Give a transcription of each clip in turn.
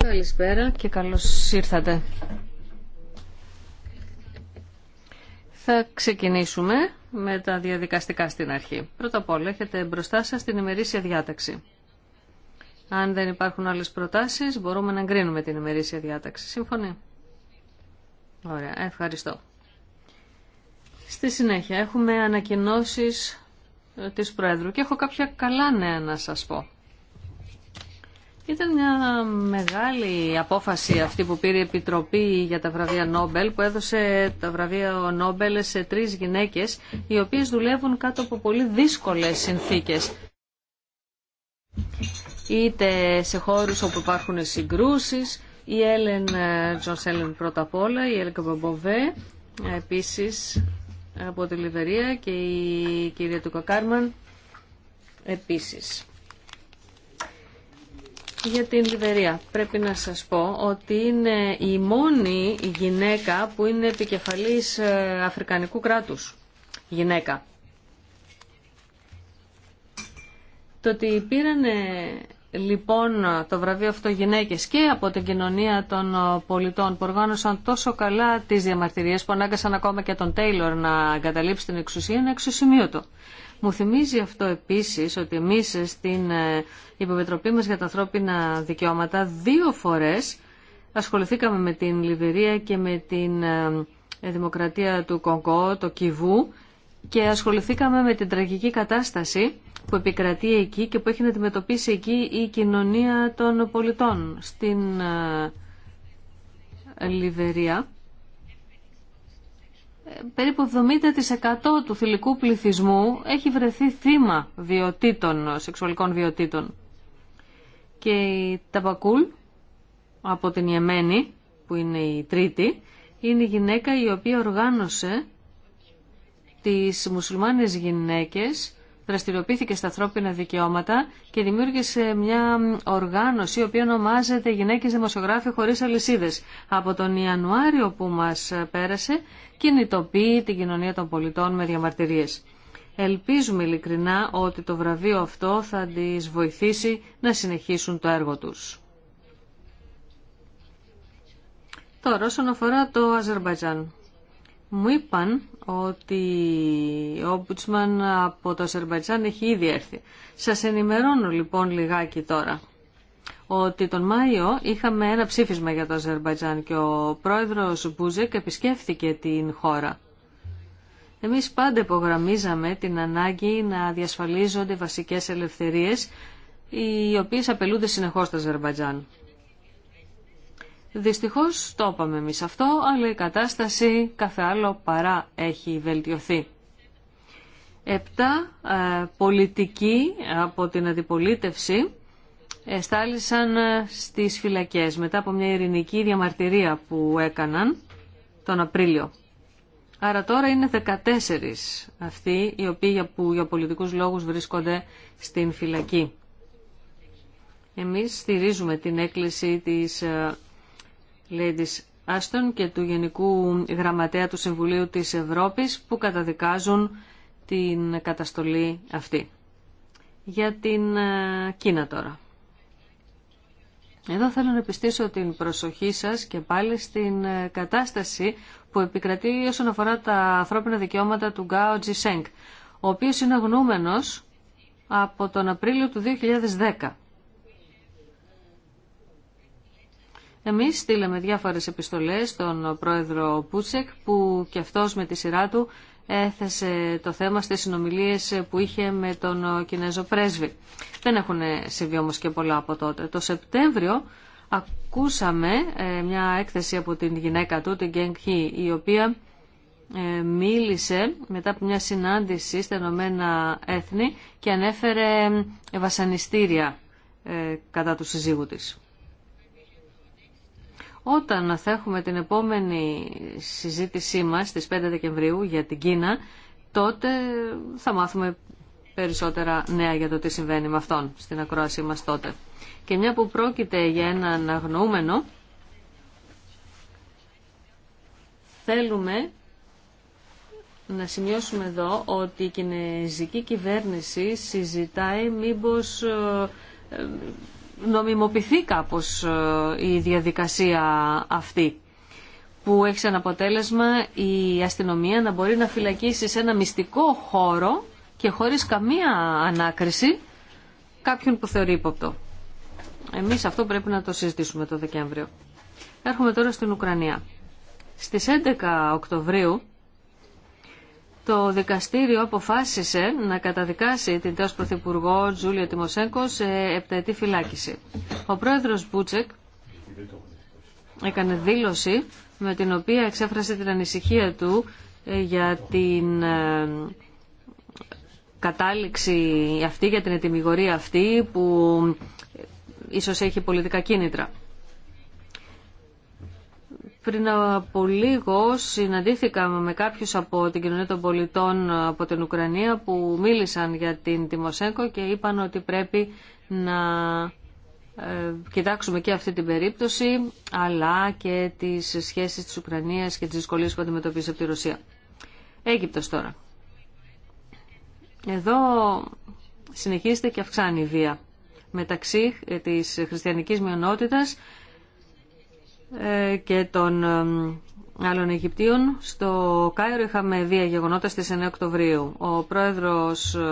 Καλησπέρα και καλώς ήρθατε. Θα ξεκινήσουμε με τα διαδικαστικά στην αρχή. Πρώτα απ' όλα έχετε μπροστά σας την ημερήσια διάταξη. Αν δεν υπάρχουν άλλες προτάσεις, μπορούμε να εγκρίνουμε την ημερήσια διάταξη. Σύμφωνοι. Ωραία, ευχαριστώ. Στη συνέχεια έχουμε ανακοινώσεις της Πρόεδρου και έχω κάποια καλά νέα να σας πω. Ήταν μια μεγάλη απόφαση αυτή που πήρε η Επιτροπή για τα βραβεία Νόμπελ που έδωσε τα βραβεία Νόμπελ σε τρεις γυναίκες οι οποίες δουλεύουν κάτω από πολύ δύσκολες συνθήκες είτε σε χώρους όπου υπάρχουν συγκρούσεις η Έλεν Τζονσέλεν πρώτα απ' όλα, η Έλκα Μπομποβέ επίσης από τη Λιβερία και η κυρία κακάρμαν επίσης. Για την Λιβερία πρέπει να σας πω ότι είναι η μόνη γυναίκα που είναι επικεφαλής ε, Αφρικανικού κράτους. Γυναίκα. Το ότι πήρανε λοιπόν το βραβείο αυτό γυναίκες και από την κοινωνία των πολιτών που οργάνωσαν τόσο καλά τις διαμαρτυρίες που ανάγκασαν ακόμα και τον Τέιλορ να εγκαταλείψει την εξουσία είναι εξωσημείωτο. Μου θυμίζει αυτό επίσης ότι εμείς στην ε, Υποπετροπή μας για τα ανθρώπινα δικαιώματα δύο φορές ασχοληθήκαμε με την Λιβερία και με την ε, Δημοκρατία του Κονγκό, το Κιβού και ασχοληθήκαμε με την τραγική κατάσταση που επικρατεί εκεί και που έχει να αντιμετωπίσει εκεί η κοινωνία των πολιτών στην ε, Λιβερία. Ε, περίπου 70% του θηλυκού πληθυσμού έχει βρεθεί θύμα βιωτήτων, σεξουαλικών βιωτήτων. Και η Ταπακούλ από την Ιεμένη, που είναι η τρίτη, είναι η γυναίκα η οποία οργάνωσε τις μουσουλμάνες γυναίκες δραστηριοποιήθηκε στα ανθρώπινα δικαιώματα και δημιούργησε μια οργάνωση η οποία ονομάζεται Γυναίκες Δημοσιογράφοι Χωρίς Αλυσίδες. Από τον Ιανουάριο που μας πέρασε κινητοποιεί την κοινωνία των πολιτών με διαμαρτυρίες. Ελπίζουμε ειλικρινά ότι το βραβείο αυτό θα τις βοηθήσει να συνεχίσουν το έργο τους. Τώρα όσον αφορά το Αζερμπαϊτζάν. Μου είπαν ότι ο Όμπουτσμαν από το Αζερβαϊτζάν έχει ήδη έρθει. Σας ενημερώνω λοιπόν λιγάκι τώρα ότι τον Μάιο είχαμε ένα ψήφισμα για το Αζερβαϊτζάν και ο πρόεδρος Μπούζεκ επισκέφθηκε την χώρα. Εμείς πάντα υπογραμμίζαμε την ανάγκη να διασφαλίζονται βασικές ελευθερίες οι οποίες απελούνται συνεχώς στο Αζερβαϊτζάν. Δυστυχώς το είπαμε εμείς αυτό, αλλά η κατάσταση κάθε άλλο παρά έχει βελτιωθεί. Επτά ε, πολιτικοί από την αντιπολίτευση εστάλησαν ε, στις φυλακές μετά από μια ειρηνική διαμαρτυρία που έκαναν τον Απρίλιο. Άρα τώρα είναι 14 αυτοί οι οποίοι που για πολιτικούς λόγους βρίσκονται στην φυλακή. Εμείς στηρίζουμε την έκκληση της ε, Λέιντις Άστον και του Γενικού Γραμματέα του Συμβουλίου της Ευρώπης που καταδικάζουν την καταστολή αυτή. Για την ε, Κίνα τώρα. Εδώ θέλω να επιστήσω την προσοχή σας και πάλι στην ε, κατάσταση που επικρατεί όσον αφορά τα ανθρώπινα δικαιώματα του Γκάο Τζισέγκ, ο οποίος είναι αγνούμενος από τον Απρίλιο του 2010. Εμείς στείλαμε διάφορες επιστολές στον πρόεδρο Πούτσεκ που και αυτός με τη σειρά του έθεσε το θέμα στις συνομιλίες που είχε με τον Κινέζο πρέσβη. Δεν έχουν συμβεί όμως και πολλά από τότε. Το Σεπτέμβριο ακούσαμε ε, μια έκθεση από την γυναίκα του, την Χι, η οποία ε, μίλησε μετά από μια συνάντηση στα Ηνωμένα Έθνη και ανέφερε ε, βασανιστήρια κατά του συζύγου της. Όταν θα έχουμε την επόμενη συζήτησή μας στις 5 Δεκεμβρίου για την Κίνα, τότε θα μάθουμε περισσότερα νέα για το τι συμβαίνει με αυτόν στην ακρόασή μας τότε. Και μια που πρόκειται για έναν αγνοούμενο, θέλουμε να σημειώσουμε εδώ ότι η κινέζικη κυβέρνηση συζητάει μήπως ε, νομιμοποιηθεί κάπως ε, η διαδικασία αυτή που έχει σαν αποτέλεσμα η αστυνομία να μπορεί να φυλακίσει σε ένα μυστικό χώρο και χωρίς καμία ανάκριση κάποιον που θεωρεί ύποπτο. Εμείς αυτό πρέπει να το συζητήσουμε το Δεκέμβριο. Έρχομαι τώρα στην Ουκρανία. Στις 11 Οκτωβρίου το δικαστήριο αποφάσισε να καταδικάσει την τέος πρωθυπουργό Τζούλια Τιμοσέγκο σε επταετή φυλάκιση. Ο πρόεδρος Μπούτσεκ έκανε δήλωση με την οποία εξέφρασε την ανησυχία του ε, για την ε, κατάληξη αυτή, για την ετοιμιγορία αυτή που ε, ίσως έχει πολιτικά κίνητρα. Πριν από λίγο συναντήθηκα με κάποιους από την κοινωνία των πολιτών από την Ουκρανία που μίλησαν για την Τιμοσέκο και είπαν ότι πρέπει να ε, κοιτάξουμε και αυτή την περίπτωση αλλά και τις σχέσεις της Ουκρανίας και τις δυσκολίες που αντιμετωπίζει από τη Ρωσία. Αίγυπτος τώρα. Εδώ συνεχίζεται και αυξάνει η βία μεταξύ ε, της χριστιανικής μειονότητας ε, και των άλλων Αιγυπτίων. Στο Κάιρο είχαμε δύο γεγονότα στις 9 Οκτωβρίου. Ο πρόεδρος ε,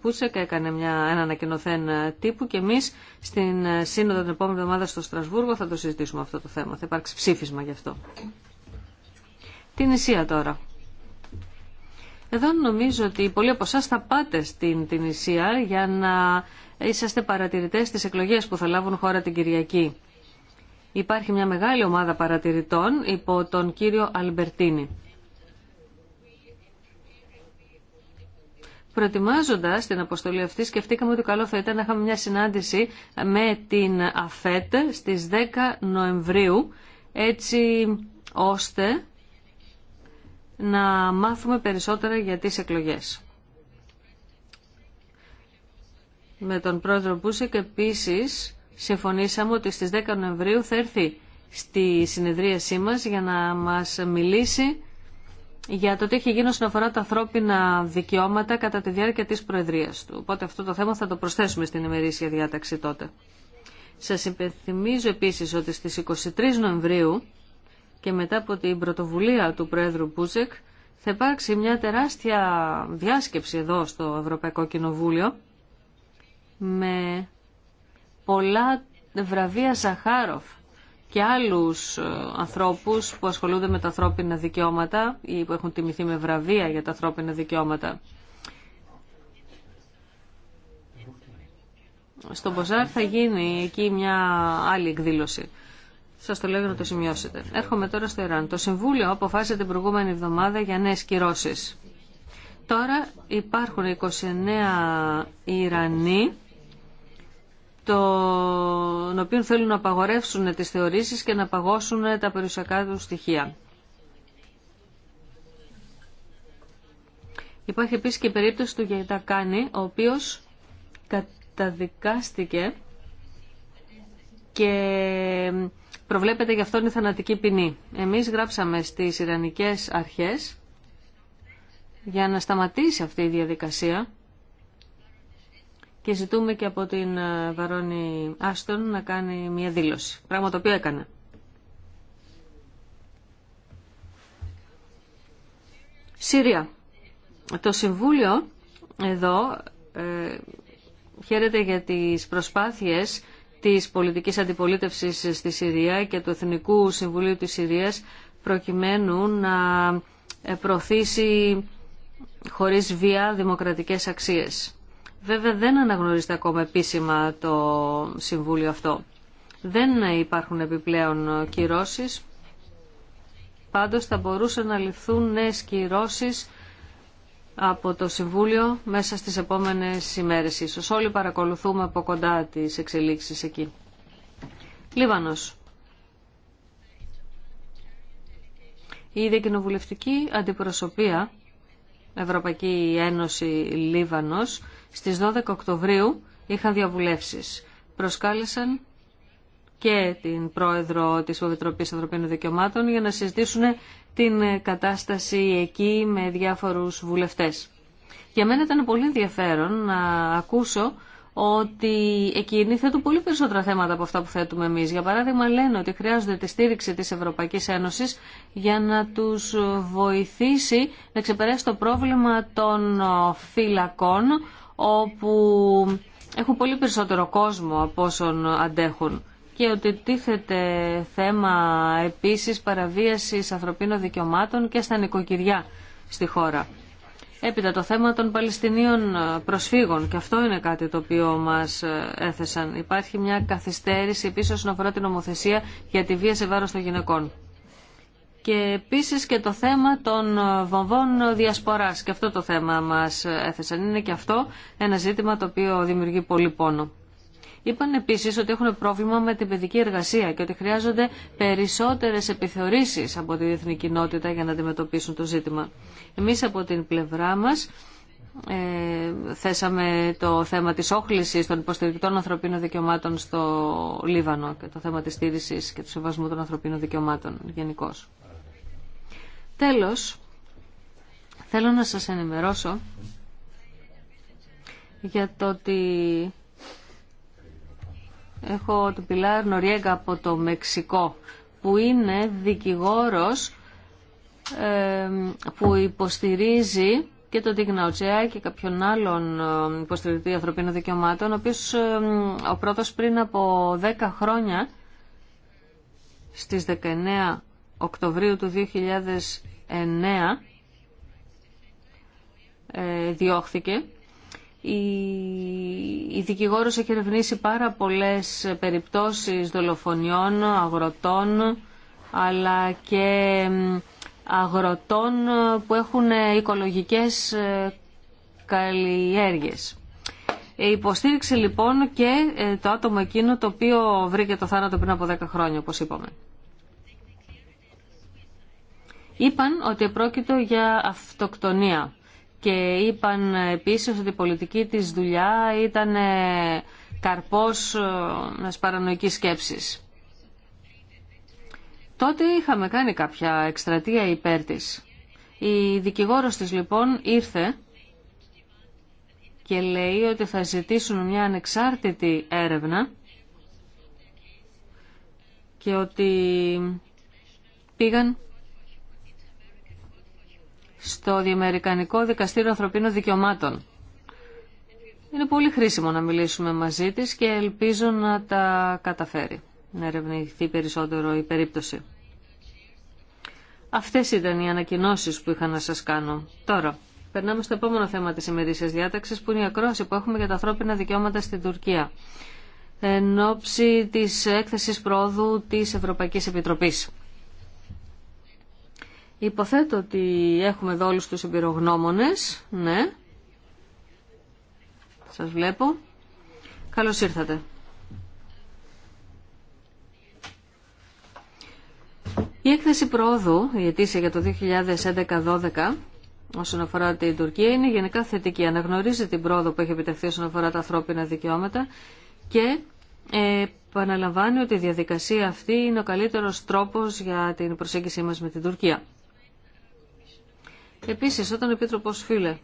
Πούτσεκ έκανε μια, ένα ανακοινωθέν ε, τύπου και εμείς στην σύνοδο την επόμενη εβδομάδα στο Στρασβούργο θα το συζητήσουμε αυτό το θέμα. Θα υπάρξει ψήφισμα γι' αυτό. Την Ισία τώρα. Εδώ νομίζω ότι πολλοί από εσά θα πάτε στην την Ισία για να είσαστε παρατηρητές στις εκλογές που θα λάβουν χώρα την Κυριακή. Υπάρχει μια μεγάλη ομάδα παρατηρητών υπό τον κύριο Αλμπερτίνη. Προετοιμάζοντα την αποστολή αυτή, σκεφτήκαμε ότι καλό θα ήταν να είχαμε μια συνάντηση με την ΑΦΕΤ στις 10 Νοεμβρίου, έτσι ώστε να μάθουμε περισσότερα για τις εκλογές. Με τον πρόεδρο Μπούσεκ επίσης συμφωνήσαμε ότι στις 10 Νοεμβρίου θα έρθει στη συνεδρίασή μας για να μας μιλήσει για το τι έχει γίνει όσον αφορά τα ανθρώπινα δικαιώματα κατά τη διάρκεια της Προεδρίας του. Οπότε αυτό το θέμα θα το προσθέσουμε στην ημερήσια διάταξη τότε. Σας υπενθυμίζω επίσης ότι στις 23 Νοεμβρίου και μετά από την πρωτοβουλία του Πρόεδρου Μπούζεκ θα υπάρξει μια τεράστια διάσκεψη εδώ στο Ευρωπαϊκό Κοινοβούλιο με πολλά βραβεία Ζαχάροφ και άλλους ε, ανθρώπους που ασχολούνται με τα ανθρώπινα δικαιώματα ή που έχουν τιμηθεί με βραβεία για τα ανθρώπινα δικαιώματα. Στο Μποζάρ θα γίνει εκεί μια άλλη εκδήλωση. Σας το λέω να το σημειώσετε. Έρχομαι τώρα στο Ιράν. Το Συμβούλιο αποφάσισε την προηγούμενη εβδομάδα για νέες κυρώσεις. Τώρα υπάρχουν 29 Ιρανοί τον οποίο θέλουν να απαγορεύσουν τις θεωρήσεις και να παγώσουν τα περιουσιακά του στοιχεία. Υπάρχει επίσης και η περίπτωση του Γιαγιτακάνη, ο οποίος καταδικάστηκε και προβλέπεται γι' αυτόν η θανατική ποινή. Εμείς γράψαμε στις Ιρανικές αρχές για να σταματήσει αυτή η διαδικασία και ζητούμε και από την ε, Βαρόνη Άστον να κάνει μια δήλωση. Πράγμα το οποίο έκανε. Σύρια. Το Συμβούλιο εδώ ε, χαίρεται για τις προσπάθειες της πολιτικής αντιπολίτευσης στη Συρία και του Εθνικού Συμβουλίου της Συρίας προκειμένου να ε, προωθήσει χωρίς βία δημοκρατικές αξίες. Βέβαια δεν αναγνωρίζεται ακόμα επίσημα το Συμβούλιο αυτό. Δεν υπάρχουν επιπλέον κυρώσεις. Πάντως θα μπορούσαν να ληφθούν νέες κυρώσεις από το Συμβούλιο μέσα στις επόμενες ημέρες ίσως. Όλοι παρακολουθούμε από κοντά τις εξελίξεις εκεί. Λίβανος. Η διακοινοβουλευτική αντιπροσωπεία Ευρωπαϊκή Ένωση Λίβανος στις 12 Οκτωβρίου είχαν διαβουλεύσεις. Προσκάλεσαν και την πρόεδρο της Επιτροπής Ανθρωπίνων Δικαιωμάτων για να συζητήσουν την κατάσταση εκεί με διάφορους βουλευτές. Για μένα ήταν πολύ ενδιαφέρον να ακούσω ότι εκείνοι θέτουν πολύ περισσότερα θέματα από αυτά που θέτουμε εμείς. Για παράδειγμα λένε ότι χρειάζονται τη στήριξη της Ευρωπαϊκής Ένωσης για να τους βοηθήσει να ξεπεράσει το πρόβλημα των φυλακών όπου έχουν πολύ περισσότερο κόσμο από όσων αντέχουν και ότι τίθεται θέμα επίσης παραβίασης ανθρωπίνων δικαιωμάτων και στα νοικοκυριά στη χώρα. Έπειτα το θέμα των Παλαιστινίων προσφύγων και αυτό είναι κάτι το οποίο μας έθεσαν. Υπάρχει μια καθυστέρηση επίσης όσον αφορά την νομοθεσία για τη βία σε βάρος των γυναικών και επίσης και το θέμα των βομβών διασποράς και αυτό το θέμα μας έθεσαν. Είναι και αυτό ένα ζήτημα το οποίο δημιουργεί πολύ πόνο. Είπαν επίσης ότι έχουν πρόβλημα με την παιδική εργασία και ότι χρειάζονται περισσότερες επιθεωρήσεις από τη διεθνή κοινότητα για να αντιμετωπίσουν το ζήτημα. Εμείς από την πλευρά μας ε, θέσαμε το θέμα της όχλησης των υποστηρικτών ανθρωπίνων δικαιωμάτων στο Λίβανο και το θέμα της στήρησης και του σεβασμού των ανθρωπίνων δικαιωμάτων γενικώ. Τέλος, θέλω να σας ενημερώσω για το ότι έχω τον Πιλάρ Νοριέγκα από το Μεξικό που είναι δικηγόρος που υποστηρίζει και τον Τίγνα και κάποιον άλλον υποστηρικτή ανθρωπίνων δικαιωμάτων, ο οποίος ο πρώτος πριν από 10 χρόνια, στις 19 Οκτωβρίου του ε, διώχθηκε. Η, η δικηγόρος έχει ερευνήσει πάρα πολλές περιπτώσεις δολοφονιών, αγροτών, αλλά και αγροτών που έχουν ε, οικολογικές ε, καλλιέργειες. Υποστήριξε λοιπόν και το άτομο εκείνο το οποίο βρήκε το θάνατο πριν από 10 χρόνια, όπως είπαμε. Είπαν ότι πρόκειτο για αυτοκτονία και είπαν επίσης ότι η πολιτική της δουλειά ήταν ε, καρπός ε, μιας παρανοϊκής σκέψης. Τότε είχαμε κάνει κάποια εκστρατεία υπέρ της. Η δικηγόρος της λοιπόν ήρθε και λέει ότι θα ζητήσουν μια ανεξάρτητη έρευνα και ότι πήγαν στο Διαμερικανικό Δικαστήριο Ανθρωπίνων Δικαιωμάτων. Είναι πολύ χρήσιμο να μιλήσουμε μαζί της και ελπίζω να τα καταφέρει, να ερευνηθεί περισσότερο η περίπτωση. Αυτές ήταν οι ανακοινώσεις που είχα να σας κάνω. Τώρα, περνάμε στο επόμενο θέμα της ημερήσιας διάταξης που είναι η ακρόαση που έχουμε για τα ανθρώπινα δικαιώματα στην Τουρκία εν ώψη της έκθεσης πρόοδου της Ευρωπαϊκής Επιτροπής. Υποθέτω ότι έχουμε εδώ όλους τους εμπειρογνώμονες. Ναι. Σας βλέπω. Καλώς ήρθατε. Η έκθεση προόδου, η αιτήσια για το 2011-12, όσον αφορά την Τουρκία, είναι γενικά θετική. Αναγνωρίζει την πρόοδο που έχει επιτευχθεί όσον αφορά τα ανθρώπινα δικαιώματα και ε, επαναλαμβάνει ότι η διαδικασία αυτή είναι ο καλύτερος τρόπος για την προσέγγιση μας με την Τουρκία. Επίσης, όταν ο Επίτροπος Φίλε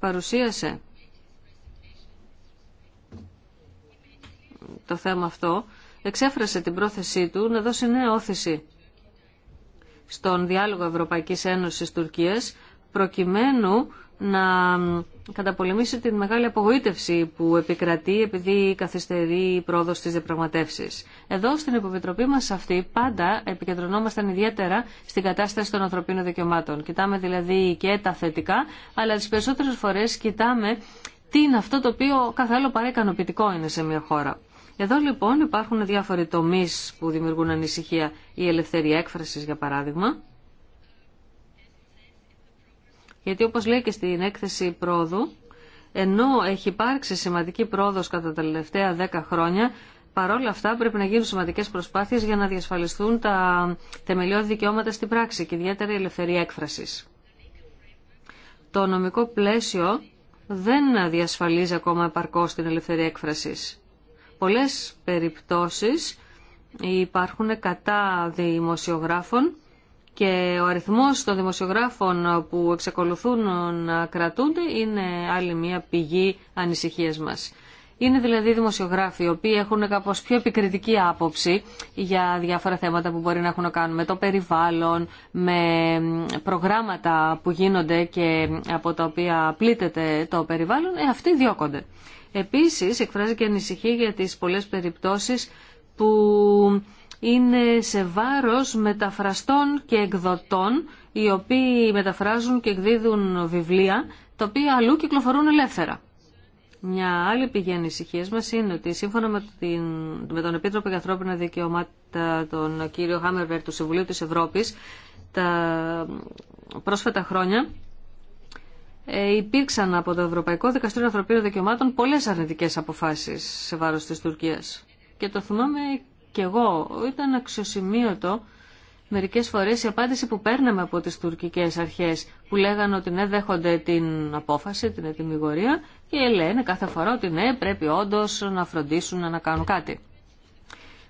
παρουσίασε το θέμα αυτό, εξέφρασε την πρόθεσή του να δώσει νέα όθηση στον διάλογο Ευρωπαϊκής Ένωσης Τουρκίας προκειμένου να καταπολεμήσει την μεγάλη απογοήτευση που επικρατεί επειδή καθυστερεί η πρόοδο στι διαπραγματεύσει. Εδώ στην Υποβιτροπή μα αυτή πάντα επικεντρωνόμασταν ιδιαίτερα στην κατάσταση των ανθρωπίνων δικαιωμάτων. Κοιτάμε δηλαδή και τα θετικά, αλλά τι περισσότερε φορέ κοιτάμε τι είναι αυτό το οποίο καθ' άλλο παρά ικανοποιητικό είναι σε μια χώρα. Εδώ λοιπόν υπάρχουν διάφοροι τομεί που δημιουργούν ανησυχία. Η ελευθερία έκφραση, για παράδειγμα, γιατί όπως λέει και στην έκθεση πρόοδου, ενώ έχει υπάρξει σημαντική πρόοδος κατά τα τελευταία 10 χρόνια, παρόλα αυτά πρέπει να γίνουν σημαντικές προσπάθειες για να διασφαλιστούν τα θεμελιώδη δικαιώματα στην πράξη και ιδιαίτερα η ελευθερία έκφρασης. Το νομικό πλαίσιο δεν διασφαλίζει ακόμα επαρκώς την ελευθερία έκφρασης. Πολλές περιπτώσεις υπάρχουν κατά δημοσιογράφων και ο αριθμός των δημοσιογράφων που εξακολουθούν να κρατούνται είναι άλλη μια πηγή ανησυχίας μας. Είναι δηλαδή δημοσιογράφοι οι οποίοι έχουν κάπως πιο επικριτική άποψη για διάφορα θέματα που μπορεί να έχουν να κάνουν με το περιβάλλον, με προγράμματα που γίνονται και από τα οποία πλήττεται το περιβάλλον, ε, αυτοί διώκονται. Επίσης εκφράζει και ανησυχία για τις πολλές περιπτώσεις που είναι σε βάρος μεταφραστών και εκδοτών οι οποίοι μεταφράζουν και εκδίδουν βιβλία τα οποία αλλού κυκλοφορούν ελεύθερα. Μια άλλη πηγή ανησυχία μα είναι ότι σύμφωνα με, την, με τον Επίτροπο για Ανθρώπινα Δικαιωμάτα, τον κύριο Χάμερβερ του Συμβουλίου τη Ευρώπη, τα πρόσφατα χρόνια ε, υπήρξαν από το Ευρωπαϊκό Δικαστήριο Ανθρωπίνων Δικαιωμάτων πολλέ αρνητικέ αποφάσει σε βάρο τη Τουρκία. Και το θυμάμαι και εγώ ήταν αξιοσημείωτο μερικές φορές η απάντηση που παίρναμε από τις τουρκικές αρχές που λέγανε ότι ναι δέχονται την απόφαση, την ετοιμιγορία και λένε κάθε φορά ότι ναι πρέπει όντως να φροντίσουν να κάνουν κάτι.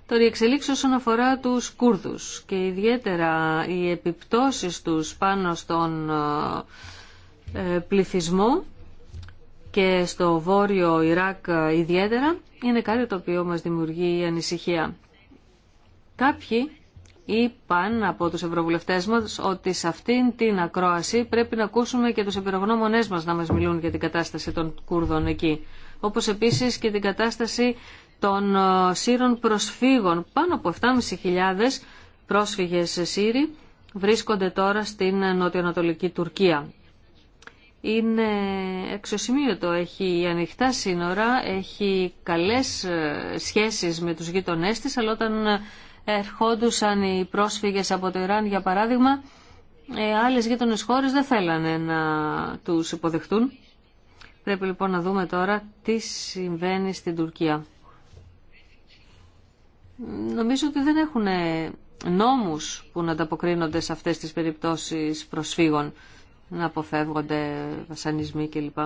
Τώρα η εξελίξη όσον αφορά τους Κούρδους και ιδιαίτερα οι επιπτώσεις τους πάνω στον ε, πληθυσμό και στο βόρειο Ιράκ ε, ιδιαίτερα είναι κάτι το οποίο μας δημιουργεί ανησυχία. Κάποιοι είπαν από τους ευρωβουλευτές μας ότι σε αυτήν την ακρόαση πρέπει να ακούσουμε και τους εμπειρογνώμονές μας να μας μιλούν για την κατάσταση των Κούρδων εκεί. Όπως επίσης και την κατάσταση των ε, Σύρων προσφύγων. Πάνω από 7.500 πρόσφυγες Σύροι βρίσκονται τώρα στην νοτιοανατολική Τουρκία. Είναι εξωσημείωτο, έχει ανοιχτά σύνορα, έχει καλές ε, σχέσεις με τους γείτονές της, αλλά όταν ε, ερχόντουσαν οι πρόσφυγες από το Ιράν για παράδειγμα, ε, άλλες γείτονες χώρες δεν θέλανε να τους υποδεχτούν. Πρέπει λοιπόν να δούμε τώρα τι συμβαίνει στην Τουρκία. Νομίζω ότι δεν έχουν νόμους που να ανταποκρίνονται σε αυτές τις περιπτώσεις προσφύγων, να αποφεύγονται βασανισμοί κλπ.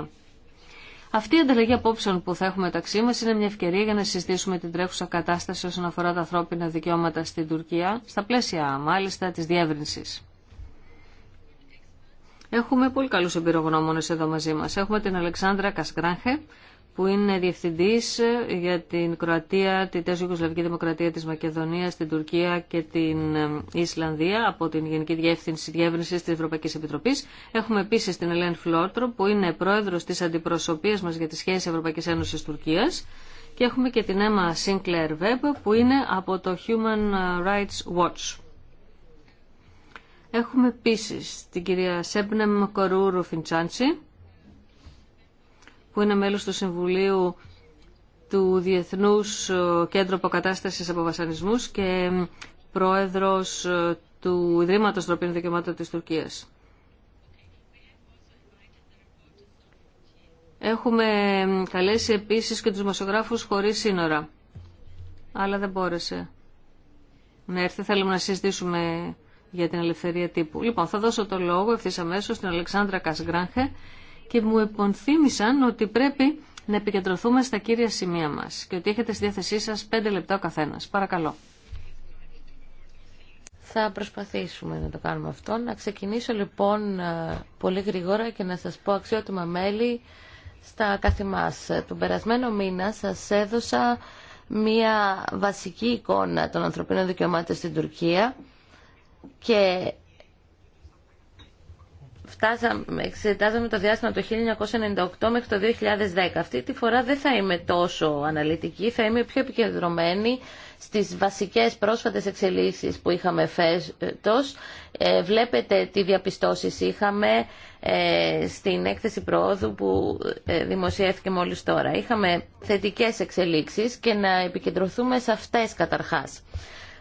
Αυτή η ανταλλαγή απόψεων που θα έχουμε μεταξύ μα είναι μια ευκαιρία για να συζητήσουμε την τρέχουσα κατάσταση όσον αφορά τα ανθρώπινα δικαιώματα στην Τουρκία, στα πλαίσια μάλιστα τη διεύρυνση. Έχουμε πολύ καλούς εμπειρογνώμονες εδώ μαζί μας. Έχουμε την Αλεξάνδρα Κασγκράνχε, που είναι διευθυντή για την Κροατία, την Τέσσερα Ιουγκοσλαβική Δημοκρατία τη Μακεδονία, την Τουρκία και την ε, Ισλανδία από την Γενική Διεύθυνση διευρυνση τη Ευρωπαϊκή Επιτροπή. Έχουμε επίση την Ελένη Φλόρτρο που είναι πρόεδρο τη Αντιπροσωπεία μα για τι σχέσει Ευρωπαϊκή Ένωση Τουρκία και έχουμε και την Έμα Σίνκλερ Βέμπ, που είναι από το Human Rights Watch. Έχουμε επίση την κυρία Σέμπνεμ Κορούρου Φιντσάντσι, που είναι μέλος του Συμβουλίου του Διεθνούς ε, Κέντρου Αποκατάστασης Αποβασανισμούς και πρόεδρος ε, του Ιδρύματος Τροπίνων Δικαιωμάτων της Τουρκίας. Έχουμε καλέσει επίσης και τους μασογράφους χωρίς σύνορα, αλλά δεν μπόρεσε να έρθει. Θέλουμε να συζητήσουμε για την ελευθερία τύπου. Λοιπόν, θα δώσω το λόγο ευθύ αμέσω στην Αλεξάνδρα Κασγκράνχε, και μου υποθύμησαν ότι πρέπει να επικεντρωθούμε στα κύρια σημεία μας και ότι έχετε στη διάθεσή σας πέντε λεπτά ο καθένας. Παρακαλώ. Θα προσπαθήσουμε να το κάνουμε αυτό. Να ξεκινήσω λοιπόν ε, πολύ γρήγορα και να σας πω αξιότιμα μέλη στα καθημάς. Τον περασμένο μήνα σας έδωσα μία βασική εικόνα των ανθρωπίνων δικαιωμάτων στην Τουρκία και φτάσαμε, εξετάζαμε το διάστημα το 1998 μέχρι το 2010. Αυτή τη φορά δεν θα είμαι τόσο αναλυτική, θα είμαι πιο επικεντρωμένη στις βασικές πρόσφατες εξελίξεις που είχαμε φέτος. Ε, βλέπετε τι διαπιστώσεις είχαμε ε, στην έκθεση προόδου που ε, δημοσιεύθηκε μόλις τώρα. Είχαμε θετικές εξελίξεις και να επικεντρωθούμε σε αυτές καταρχάς.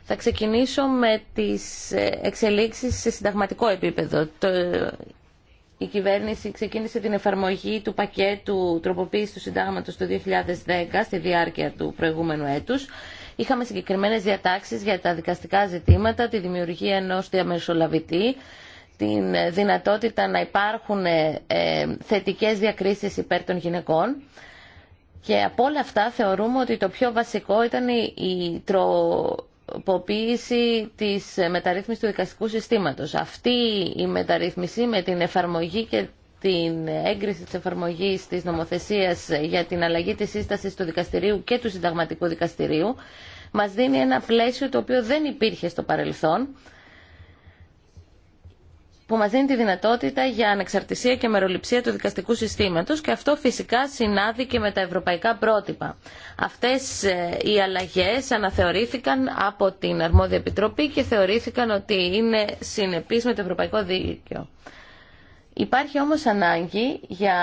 Θα ξεκινήσω με τις εξελίξεις σε συνταγματικό επίπεδο. Το η κυβέρνηση ξεκίνησε την εφαρμογή του πακέτου τροποποίησης του συντάγματος το 2010 στη διάρκεια του προηγούμενου έτους. Είχαμε συγκεκριμένες διατάξεις για τα δικαστικά ζητήματα, τη δημιουργία ενός διαμεσολαβητή, την δυνατότητα να υπάρχουν ε, ε, θετικές διακρίσεις υπέρ των γυναικών. Και από όλα αυτά θεωρούμε ότι το πιο βασικό ήταν η, τρο ποποίηση της μεταρρύθμισης του δικαστικού συστήματος. Αυτή η μεταρρύθμιση με την εφαρμογή και την έγκριση της εφαρμογής της νομοθεσίας για την αλλαγή της σύστασης του δικαστηρίου και του συνταγματικού δικαστηρίου μας δίνει ένα πλαίσιο το οποίο δεν υπήρχε στο παρελθόν που μας δίνει τη δυνατότητα για ανεξαρτησία και μεροληψία του δικαστικού συστήματος και αυτό φυσικά συνάδει και με τα ευρωπαϊκά πρότυπα. Αυτές ε, οι αλλαγές αναθεωρήθηκαν από την Αρμόδια Επιτροπή και θεωρήθηκαν ότι είναι συνεπείς με το ευρωπαϊκό δίκαιο. Υπάρχει όμως ανάγκη για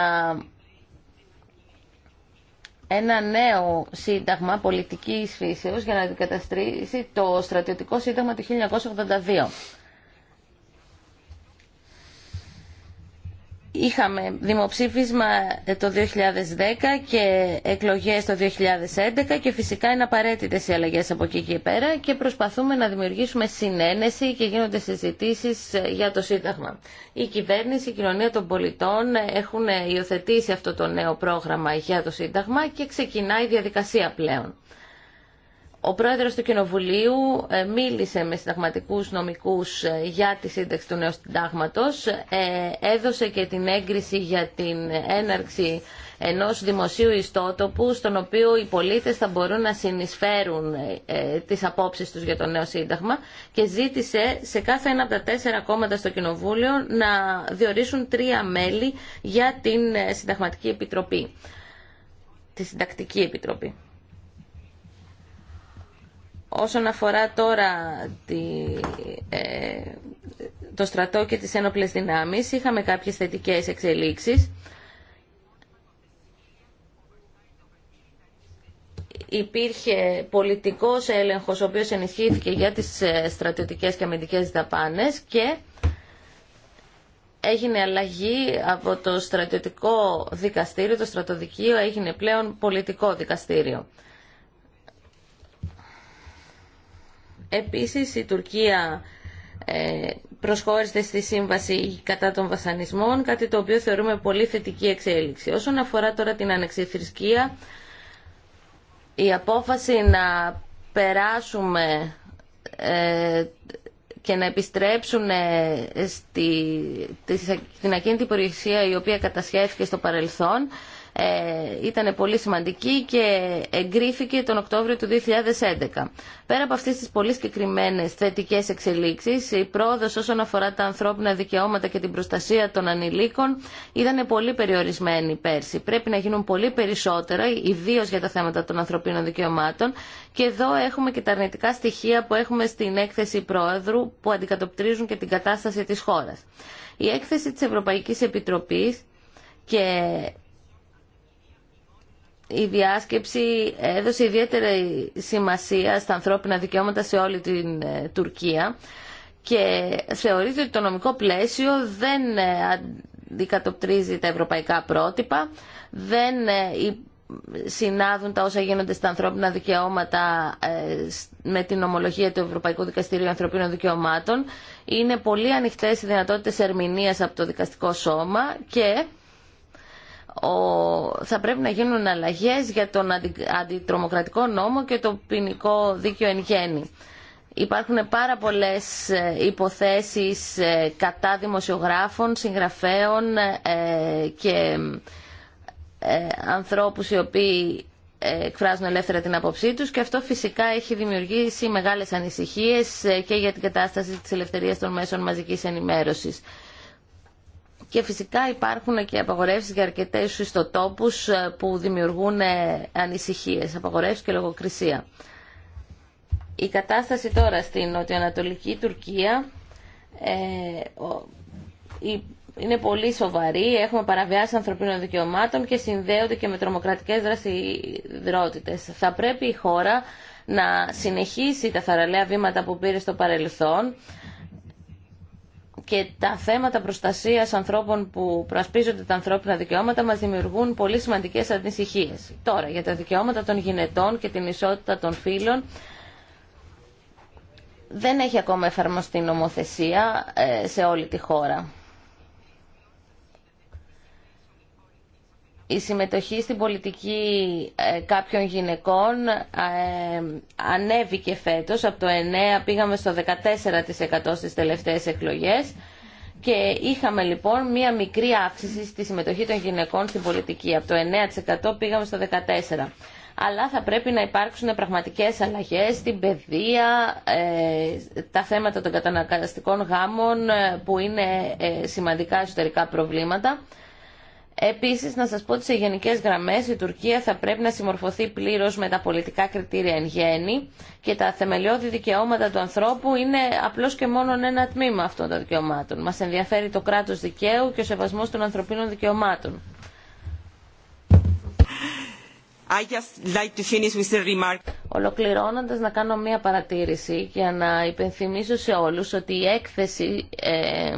ένα νέο σύνταγμα πολιτικής φύσεως για να αντικαταστρήσει το στρατιωτικό σύνταγμα του 1982. Είχαμε δημοψήφισμα ε, το 2010 και εκλογές το 2011 και φυσικά είναι απαραίτητες οι αλλαγές από εκεί και πέρα και προσπαθούμε να δημιουργήσουμε συνένεση και γίνονται συζητήσεις ε, για το Σύνταγμα. Η κυβέρνηση, η κοινωνία των πολιτών ε, έχουν υιοθετήσει αυτό το νέο πρόγραμμα για το Σύνταγμα και ξεκινάει η διαδικασία πλέον. Ο πρόεδρος του Κοινοβουλίου ε, μίλησε με συνταγματικούς νομικούς ε, για τη σύνταξη του νέου συντάγματος, ε, έδωσε και την έγκριση για την έναρξη ενός δημοσίου ιστότοπου στον οποίο οι πολίτες θα μπορούν να συνεισφέρουν ε, τις απόψεις τους για το νέο σύνταγμα και ζήτησε σε κάθε ένα από τα τέσσερα κόμματα στο Κοινοβούλιο να διορίσουν τρία μέλη για την Συνταγματική Επιτροπή, τη Συντακτική Επιτροπή. Όσον αφορά τώρα τη, ε, το στρατό και τις ένοπλες δυνάμεις, είχαμε κάποιες θετικές εξελίξεις. υπήρχε πολιτικός έλεγχος ο οποίος ενισχύθηκε για τις ε, στρατιωτικές και αμυντικές δαπάνες και έγινε αλλαγή από το στρατιωτικό δικαστήριο, το στρατοδικείο έγινε πλέον πολιτικό δικαστήριο. Επίσης η Τουρκία ε, προσχώρησε στη σύμβαση κατά των βασανισμών, κάτι το οποίο θεωρούμε πολύ θετική εξέλιξη. Όσον αφορά τώρα την ανεξιθρησκεία, η απόφαση να περάσουμε ε, και να επιστρέψουν ε, στην ακίνητη υπηρεσία η οποία κατασχέθηκε στο παρελθόν ε, ήταν πολύ σημαντική και εγκρίθηκε τον Οκτώβριο του 2011. Πέρα από αυτές τις πολύ συγκεκριμένε θετικές εξελίξεις, η πρόοδος όσον αφορά τα ανθρώπινα δικαιώματα και την προστασία των ανηλίκων ήταν πολύ περιορισμένη πέρσι. Πρέπει να γίνουν πολύ περισσότερα, ιδίω για τα θέματα των ανθρωπίνων δικαιωμάτων και εδώ έχουμε και τα αρνητικά στοιχεία που έχουμε στην έκθεση Πρόεδρου που αντικατοπτρίζουν και την κατάσταση της χώρας. Η έκθεση της Ευρωπαϊκής Επιτροπής και η διάσκεψη έδωσε ιδιαίτερη σημασία στα ανθρώπινα δικαιώματα σε όλη την ε, Τουρκία και θεωρείται ότι το νομικό πλαίσιο δεν ε, αντικατοπτρίζει τα ευρωπαϊκά πρότυπα, δεν ε, συνάδουν τα όσα γίνονται στα ανθρώπινα δικαιώματα με την ομολογία του Ευρωπαϊκού Δικαστηρίου Ανθρωπίνων Δικαιωμάτων. Είναι πολύ ανοιχτές οι δυνατότητες ερμηνείας από το δικαστικό σώμα και θα πρέπει να γίνουν αλλαγές για τον αντιτρομοκρατικό νόμο και το ποινικό δίκαιο εν γέννη. Υπάρχουν πάρα πολλές ε, υποθέσεις ε, κατά δημοσιογράφων, συγγραφέων ε, και ανθρώπους οι οποίοι εκφράζουν ελεύθερα την απόψή τους και αυτό φυσικά έχει δημιουργήσει μεγάλες ανησυχίες και για την κατάσταση της ελευθερίας των μέσων μαζικής ενημέρωσης και φυσικά υπάρχουν και απαγορεύσεις για αρκετές ιστοτόπους ε, που δημιουργούν ε, ανησυχίες, απαγορεύσεις και λογοκρισία. Η κατάσταση τώρα στην νοτιοανατολική Τουρκία ε, είναι πολύ σοβαρή. Έχουμε παραβιάσει ανθρωπίνων δικαιωμάτων και συνδέονται και με τρομοκρατικές δραστηριότητες. Θα πρέπει η χώρα να συνεχίσει τα θαραλέα βήματα που πήρε στο παρελθόν και τα θέματα προστασίας ανθρώπων που προασπίζονται τα ανθρώπινα δικαιώματα μα δημιουργούν πολύ σημαντικέ ανησυχίε. Τώρα, για τα δικαιώματα των γυναιτών και την ισότητα των φύλων, δεν έχει ακόμα εφαρμοστεί νομοθεσία ε, σε όλη τη χώρα. η συμμετοχή στην πολιτική ε, κάποιων γυναικών ε, ανέβηκε φέτος. Από το 9 πήγαμε στο 14% στις τελευταίες εκλογές και είχαμε λοιπόν μία μικρή αύξηση στη συμμετοχή των γυναικών στην πολιτική. Από το 9% πήγαμε στο 14%. Αλλά θα πρέπει να υπάρξουν πραγματικές αλλαγές στην παιδεία, ε, τα θέματα των καταναγκαστικών γάμων που είναι σημαντικά εσωτερικά προβλήματα. Επίσης, να σας πω ότι σε γενικές γραμμές η Τουρκία θα πρέπει να συμμορφωθεί πλήρως με τα πολιτικά κριτήρια εν γέννη και τα θεμελιώδη δικαιώματα του ανθρώπου είναι απλώς και μόνο ένα τμήμα αυτών των δικαιωμάτων. Μας ενδιαφέρει το κράτος δικαίου και ο σεβασμός των ανθρωπίνων δικαιωμάτων. I like Ολοκληρώνοντας να κάνω μία παρατήρηση για να υπενθυμίσω σε όλους ότι η έκθεση ε,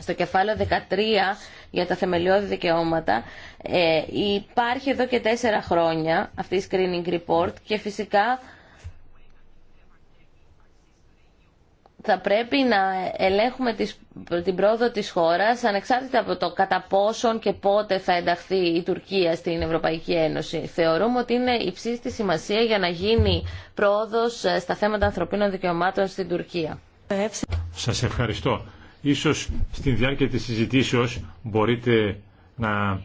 στο κεφάλαιο 13 για τα θεμελιώδη δικαιώματα ε, υπάρχει εδώ και τέσσερα χρόνια αυτή η screening report και φυσικά θα πρέπει να ελέγχουμε τις, την πρόοδο της χώρας ανεξάρτητα από το κατά πόσον και πότε θα ενταχθεί η Τουρκία στην Ευρωπαϊκή Ένωση. Θεωρούμε ότι είναι υψίστη σημασία για να γίνει πρόοδος ε, στα θέματα ανθρωπίνων δικαιωμάτων στην Τουρκία. Σας ευχαριστώ. Ίσως στην διάρκεια της συζητήσεως μπορείτε να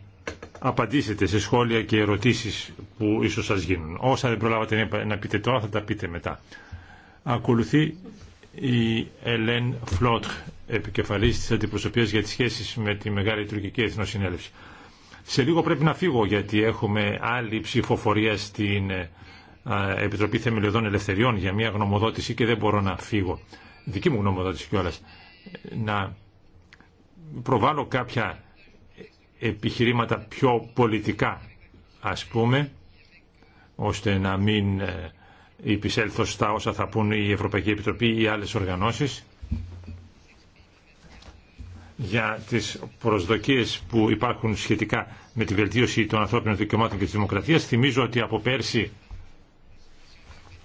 απαντήσετε σε σχόλια και ερωτήσεις που ίσως σας γίνουν. Όσα δεν προλάβατε να πείτε τώρα θα τα πείτε μετά. Ακολουθεί η Ελέν Φλότχ, επικεφαλής της Αντιπροσωπείας για τις σχέσεις με τη Μεγάλη Τουρκική Εθνοσυνέλευση. Σε λίγο πρέπει να φύγω γιατί έχουμε άλλη ψηφοφορία στην ε, Επιτροπή Θεμελιωδών Ελευθεριών για μια γνωμοδότηση και δεν μπορώ να φύγω. Δική μου γνωμοδότηση κιόλας να προβάλλω κάποια επιχειρήματα πιο πολιτικά ας πούμε ώστε να μην ε, υπησέλθω στα όσα θα πούν η Ευρωπαϊκή Επιτροπή ή άλλες οργανώσεις για τις προσδοκίες που υπάρχουν σχετικά με τη βελτίωση των ανθρώπινων δικαιωμάτων και της δημοκρατίας. Θυμίζω ότι από πέρσι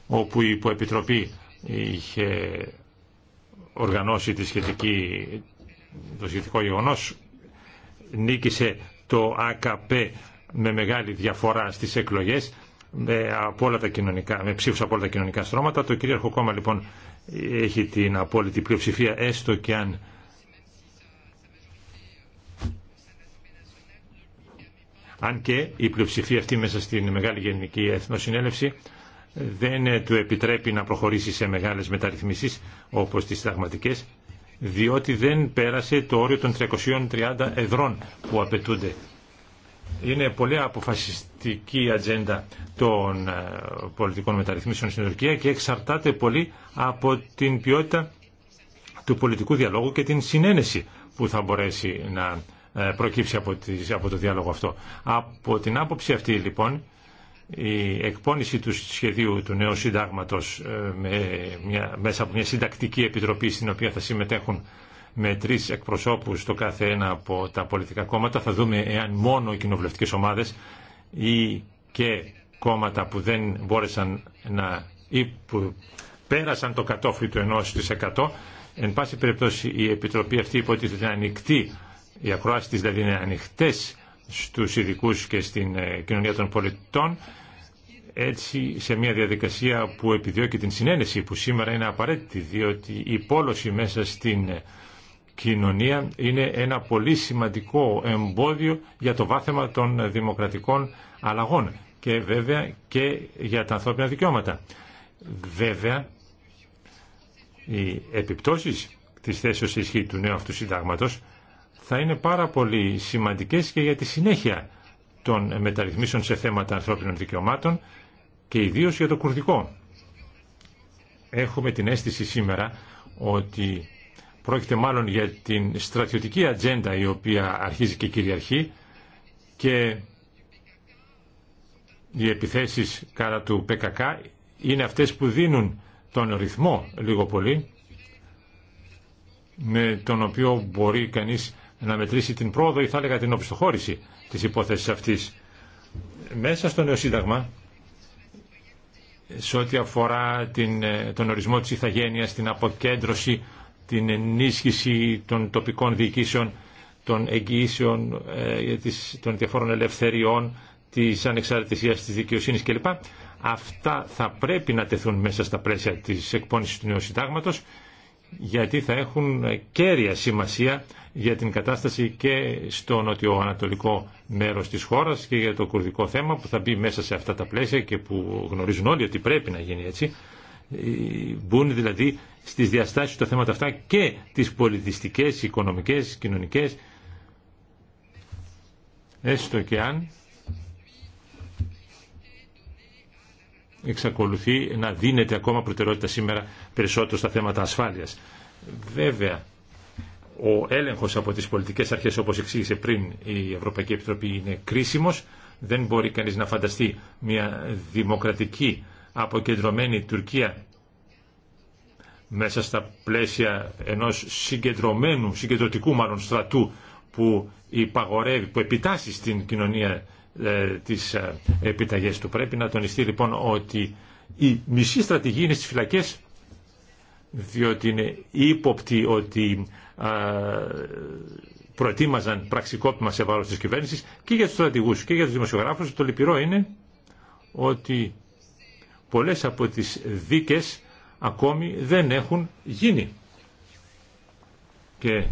όπου η Υποεπιτροπή είχε οργανώσει τη σχετική, το σχετικό γεγονό. Νίκησε το ΑΚΠ με μεγάλη διαφορά στις εκλογές με, ψήφου με ψήφους από όλα τα κοινωνικά στρώματα. Το κυρίαρχο κόμμα λοιπόν έχει την απόλυτη πλειοψηφία έστω και αν αν και η πλειοψηφία αυτή μέσα στην Μεγάλη Γενική Εθνοσυνέλευση δεν του επιτρέπει να προχωρήσει σε μεγάλες μεταρρυθμίσεις όπως τις συνταγματικές διότι δεν πέρασε το όριο των 330 εδρών που απαιτούνται. Είναι πολύ αποφασιστική η ατζέντα των ε, πολιτικών μεταρρυθμίσεων στην Τουρκία και εξαρτάται πολύ από την ποιότητα του πολιτικού διαλόγου και την συνένεση που θα μπορέσει να ε, προκύψει από το διάλογο αυτό. Από την άποψη αυτή λοιπόν η εκπόνηση του σχεδίου του νέου συντάγματος ε, με μέσα από μια συντακτική επιτροπή στην οποία θα συμμετέχουν με τρεις εκπροσώπους το κάθε ένα από τα πολιτικά κόμματα. Θα δούμε εάν μόνο οι κοινοβουλευτικές ομάδες ή και κόμματα που δεν μπόρεσαν να ή που πέρασαν το κατόφλι του 1% εν πάση περιπτώσει η Επιτροπή αυτή υποτίθεται ανοιχτή, οι ακροάσεις της δηλαδή είναι ανοιχτές στους ειδικού και στην ε, κοινωνία των πολιτών έτσι σε μια διαδικασία που επιδιώκει την συνένεση που σήμερα είναι απαραίτητη διότι η πόλωση μέσα στην ε, κοινωνία είναι ένα πολύ σημαντικό εμπόδιο για το βάθεμα των δημοκρατικών αλλαγών και βέβαια και για τα ανθρώπινα δικαιώματα. Βέβαια, οι επιπτώσεις της θέσεως ισχύ του νέου αυτού συντάγματος θα είναι πάρα πολύ σημαντικές και για τη συνέχεια των μεταρρυθμίσεων σε θέματα ανθρώπινων δικαιωμάτων και ιδίως για το κουρδικό. Έχουμε την αίσθηση σήμερα ότι πρόκειται μάλλον για την στρατιωτική ατζέντα η οποία αρχίζει και κυριαρχεί και οι επιθέσεις κατά του ΠΚΚ είναι αυτές που δίνουν τον ρυθμό λίγο πολύ με τον οποίο μπορεί κανείς να μετρήσει την πρόοδο ή θα έλεγα την οπισθοχώρηση της υπόθεσης αυτής. Μέσα στο νέο σύνταγμα, σε ό,τι αφορά την, ε, τον ορισμό της ηθαγένειας, την αποκέντρωση, την ενίσχυση των τοπικών διοικήσεων, των εγγυήσεων, ε, των διαφόρων ελευθεριών, της ανεξαρτησίας της δικαιοσύνης κλπ. Αυτά θα πρέπει να τεθούν μέσα στα πλαίσια της εκπόνησης του νέου συντάγματος, γιατί θα έχουν κέρια σημασία για την κατάσταση και στο νοτιοανατολικό μέρος της χώρας και για το κουρδικό θέμα που θα μπει μέσα σε αυτά τα πλαίσια και που γνωρίζουν όλοι ότι πρέπει να γίνει έτσι. Ε, μπουν δηλαδή στις διαστάσεις τα θέματα αυτά και τις πολιτιστικές, οικονομικές, κοινωνικές έστω και αν εξακολουθεί να δίνεται ακόμα προτεραιότητα σήμερα περισσότερο στα θέματα ασφάλειας. Βέβαια, ο έλεγχος από τις πολιτικές αρχές όπως εξήγησε πριν η Ευρωπαϊκή Επιτροπή είναι κρίσιμος. Δεν μπορεί κανείς να φανταστεί μια δημοκρατική αποκεντρωμένη Τουρκία μέσα στα πλαίσια ενός συγκεντρωμένου, συγκεντρωτικού μάλλον στρατού που υπαγορεύει, που επιτάσσει στην κοινωνία ε, τις ε, του. Πρέπει να τονιστεί λοιπόν ότι η μισή στρατηγή είναι στις φυλακές διότι είναι ύποπτη ότι προετοίμαζαν πραξικόπημα σε βάρος της κυβέρνησης και για τους στρατηγούς και για τους δημοσιογράφους. Το λυπηρό είναι ότι πολλές από τις δίκες ακόμη δεν έχουν γίνει. Και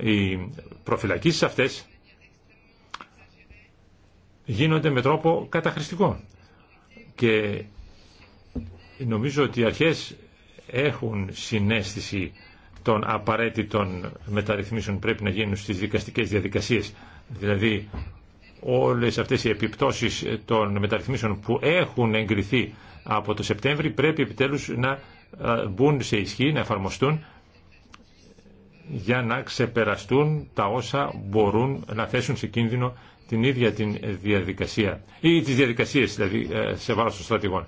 οι προφυλακίσεις αυτές γίνονται με τρόπο καταχρηστικό. Και νομίζω ότι οι αρχές έχουν συνέστηση των απαραίτητων μεταρρυθμίσεων πρέπει να γίνουν στις δικαστικές διαδικασίες. Δηλαδή όλες αυτές οι επιπτώσεις των μεταρρυθμίσεων που έχουν εγκριθεί από το Σεπτέμβριο πρέπει επιτέλους να μπουν σε ισχύ, να εφαρμοστούν για να ξεπεραστούν τα όσα μπορούν να θέσουν σε κίνδυνο την ίδια την διαδικασία ή τις διαδικασίες δηλαδή ε, σε βάρος των στρατηγών.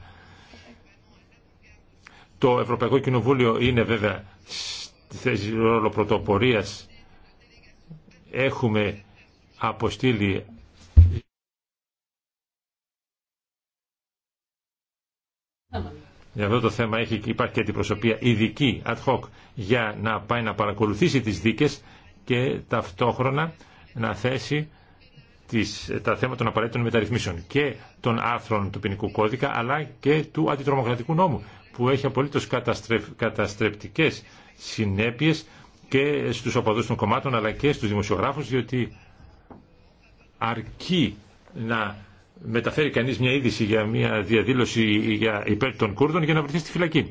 Το Ευρωπαϊκό Κοινοβούλιο είναι βέβαια τη θέση ρόλο πρωτοπορίας έχουμε αποστείλει Για αυτό το θέμα έχει, υπάρχει και αντιπροσωπεία ειδική ad hoc για να πάει να παρακολουθήσει τις δίκες και ταυτόχρονα να θέσει τις, τα θέματα των απαραίτητων μεταρρυθμίσεων και των άρθρων του ποινικού κώδικα αλλά και του αντιτρομοκρατικού νόμου που έχει απολύτως καταστρεφ, καταστρεπτικές συνέπειες και στους οπαδούς των κομμάτων αλλά και στους δημοσιογράφους διότι αρκεί να μεταφέρει κανείς μια είδηση για μια διαδήλωση για υπέρ των Κούρδων για να βρεθεί στη φυλακή.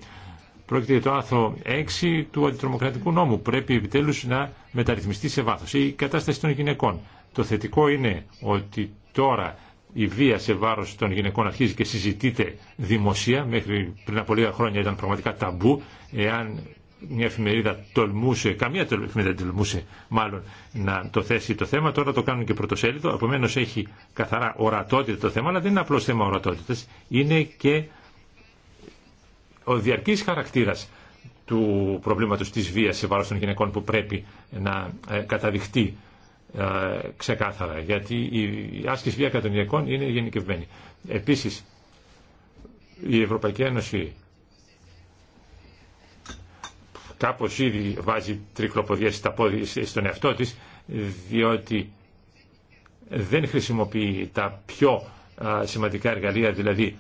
Πρόκειται για το άθρο 6 του αντιτρομοκρατικού νόμου. Πρέπει επιτέλου να μεταρρυθμιστεί σε βάθο ή η κατάσταση των γυναικών. Το θετικό είναι ότι τώρα η βία σε βαρο των γυναικών αρχίζει και συζητείται δημοσία. Μέχρι πριν από λίγα χρόνια ήταν πραγματικά ταμπού. Εάν μια εφημερίδα τολμούσε, καμία εφημερίδα τολμούσε μάλλον να το θέσει το θέμα, τώρα το κάνουν και πρωτοσέλιδο, επομένω έχει καθαρά ορατότητα το θέμα, αλλά δεν είναι απλώς θέμα ορατότητας, είναι και ο διαρκής χαρακτήρας του προβλήματος της βίας σε βάρος των γυναικών που πρέπει να ε, καταδειχτεί ε, ξεκάθαρα, γιατί η άσκηση βία κατά των γυναικών είναι γενικευμένη. Επίσης, η Ευρωπαϊκή Ένωση κάπως ήδη βάζει τρικλοποδιές στα πόδια στον εαυτό της, διότι δεν χρησιμοποιεί τα πιο σημαντικά εργαλεία, δηλαδή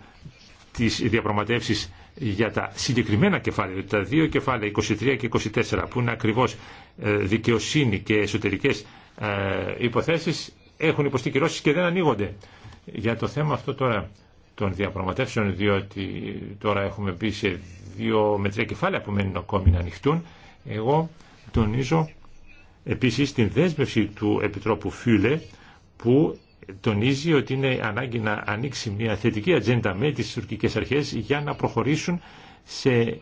τις διαπραγματεύσεις για τα συγκεκριμένα κεφάλαια, τα δύο κεφάλαια 23 και 24 που είναι ακριβώς ε, δικαιοσύνη και εσωτερικές ε, υποθέσεις έχουν υποστεί κυρώσεις και δεν ανοίγονται. Για το θέμα αυτό τώρα των διαπραγματεύσεων, διότι τώρα έχουμε μπει σε δύο με τρία κεφάλαια που μένουν ακόμη να ανοιχτούν, εγώ τονίζω επίσης την δέσμευση του Επιτρόπου Φιούλε που τονίζει ότι είναι ανάγκη να ανοίξει μια θετική ατζέντα με τις τουρκικές αρχές για να προχωρήσουν σε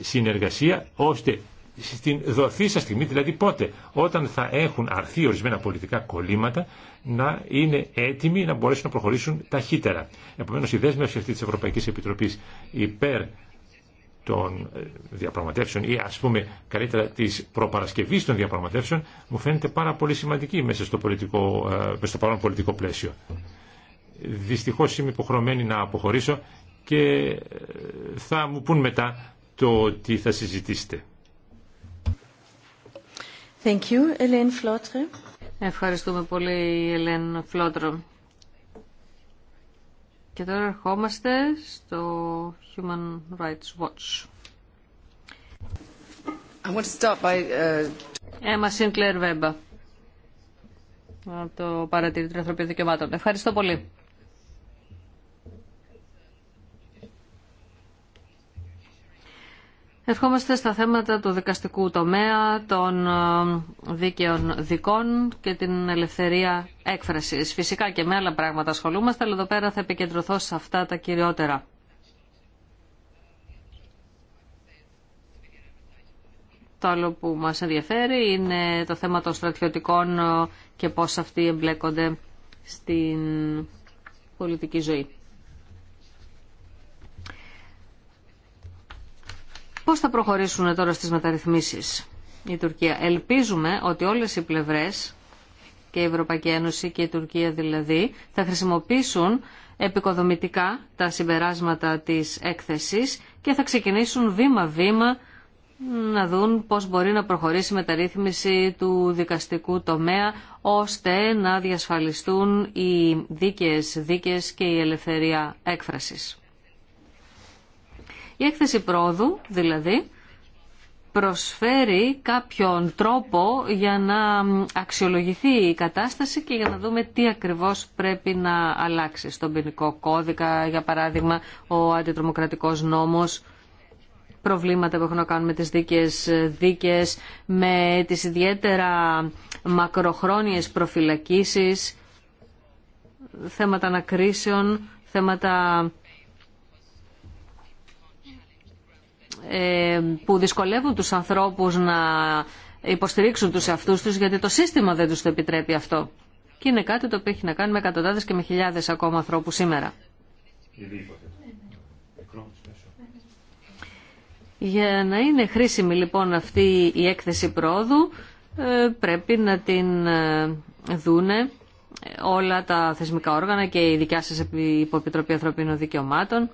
συνεργασία ώστε στην δοθήσα στιγμή, δηλαδή πότε, όταν θα έχουν αρθεί ορισμένα πολιτικά κολλήματα, να είναι έτοιμοι να μπορέσουν να προχωρήσουν ταχύτερα. Επομένω, η δέσμευση αυτή τη Ευρωπαϊκή Επιτροπή υπέρ των ε, διαπραγματεύσεων ή ας πούμε καλύτερα της προπαρασκευής των διαπραγματεύσεων μου φαίνεται πάρα πολύ σημαντική μέσα στο, πολιτικό, ε, στο παρόν πολιτικό πλαίσιο. Δυστυχώς είμαι υποχρεωμένη να αποχωρήσω και ε, θα μου πούν μετά το τι θα συζητήσετε. Ευχαριστούμε πολύ, Ελένη Φλότρο. Και τώρα ερχόμαστε στο Human Rights Watch. I want Έμα Σίνκλερ Βέμπα από το Παρατηρητήριο Ανθρωπίνων Δικαιωμάτων. Ευχαριστώ πολύ. Ευχόμαστε στα θέματα του δικαστικού τομέα, των ε, δίκαιων δικών και την ελευθερία έκφρασης. Φυσικά και με άλλα πράγματα ασχολούμαστε, αλλά εδώ πέρα θα επικεντρωθώ σε αυτά τα κυριότερα. Το άλλο που μας ενδιαφέρει είναι το θέμα των στρατιωτικών ε, και πώς αυτοί εμπλέκονται στην πολιτική ζωή. Πώς θα προχωρήσουν τώρα στις μεταρρυθμίσεις η Τουρκία. Ελπίζουμε ότι όλες οι πλευρές και η Ευρωπαϊκή Ένωση και η Τουρκία δηλαδή θα χρησιμοποιήσουν επικοδομητικά τα συμπεράσματα της έκθεσης και θα ξεκινήσουν βήμα-βήμα να δουν πώς μπορεί να προχωρήσει η μεταρρύθμιση του δικαστικού τομέα ώστε να διασφαλιστούν οι δίκαιες δίκες και η ελευθερία έκφρασης. Η έκθεση πρόοδου, δηλαδή, προσφέρει κάποιον τρόπο για να αξιολογηθεί η κατάσταση και για να δούμε τι ακριβώς πρέπει να αλλάξει στον ποινικό κώδικα, για παράδειγμα ο αντιτρομοκρατικός νόμος, προβλήματα που έχουν να κάνουν με τις δίκες δίκες, με τις ιδιαίτερα μακροχρόνιες προφυλακίσεις, θέματα ανακρίσεων, θέματα Ε, που δυσκολεύουν τους ανθρώπους να υποστηρίξουν τους αυτούς τους γιατί το σύστημα δεν τους το επιτρέπει αυτό. Και είναι κάτι το οποίο έχει να κάνει με εκατοντάδες και με χιλιάδες ακόμα ανθρώπους σήμερα. Για να είναι χρήσιμη λοιπόν αυτή η έκθεση πρόοδου ε, πρέπει να την ε, δούνε όλα τα θεσμικά όργανα και η δικιά σας Υποπιτροπή Ανθρωπίνων Δικαιωμάτων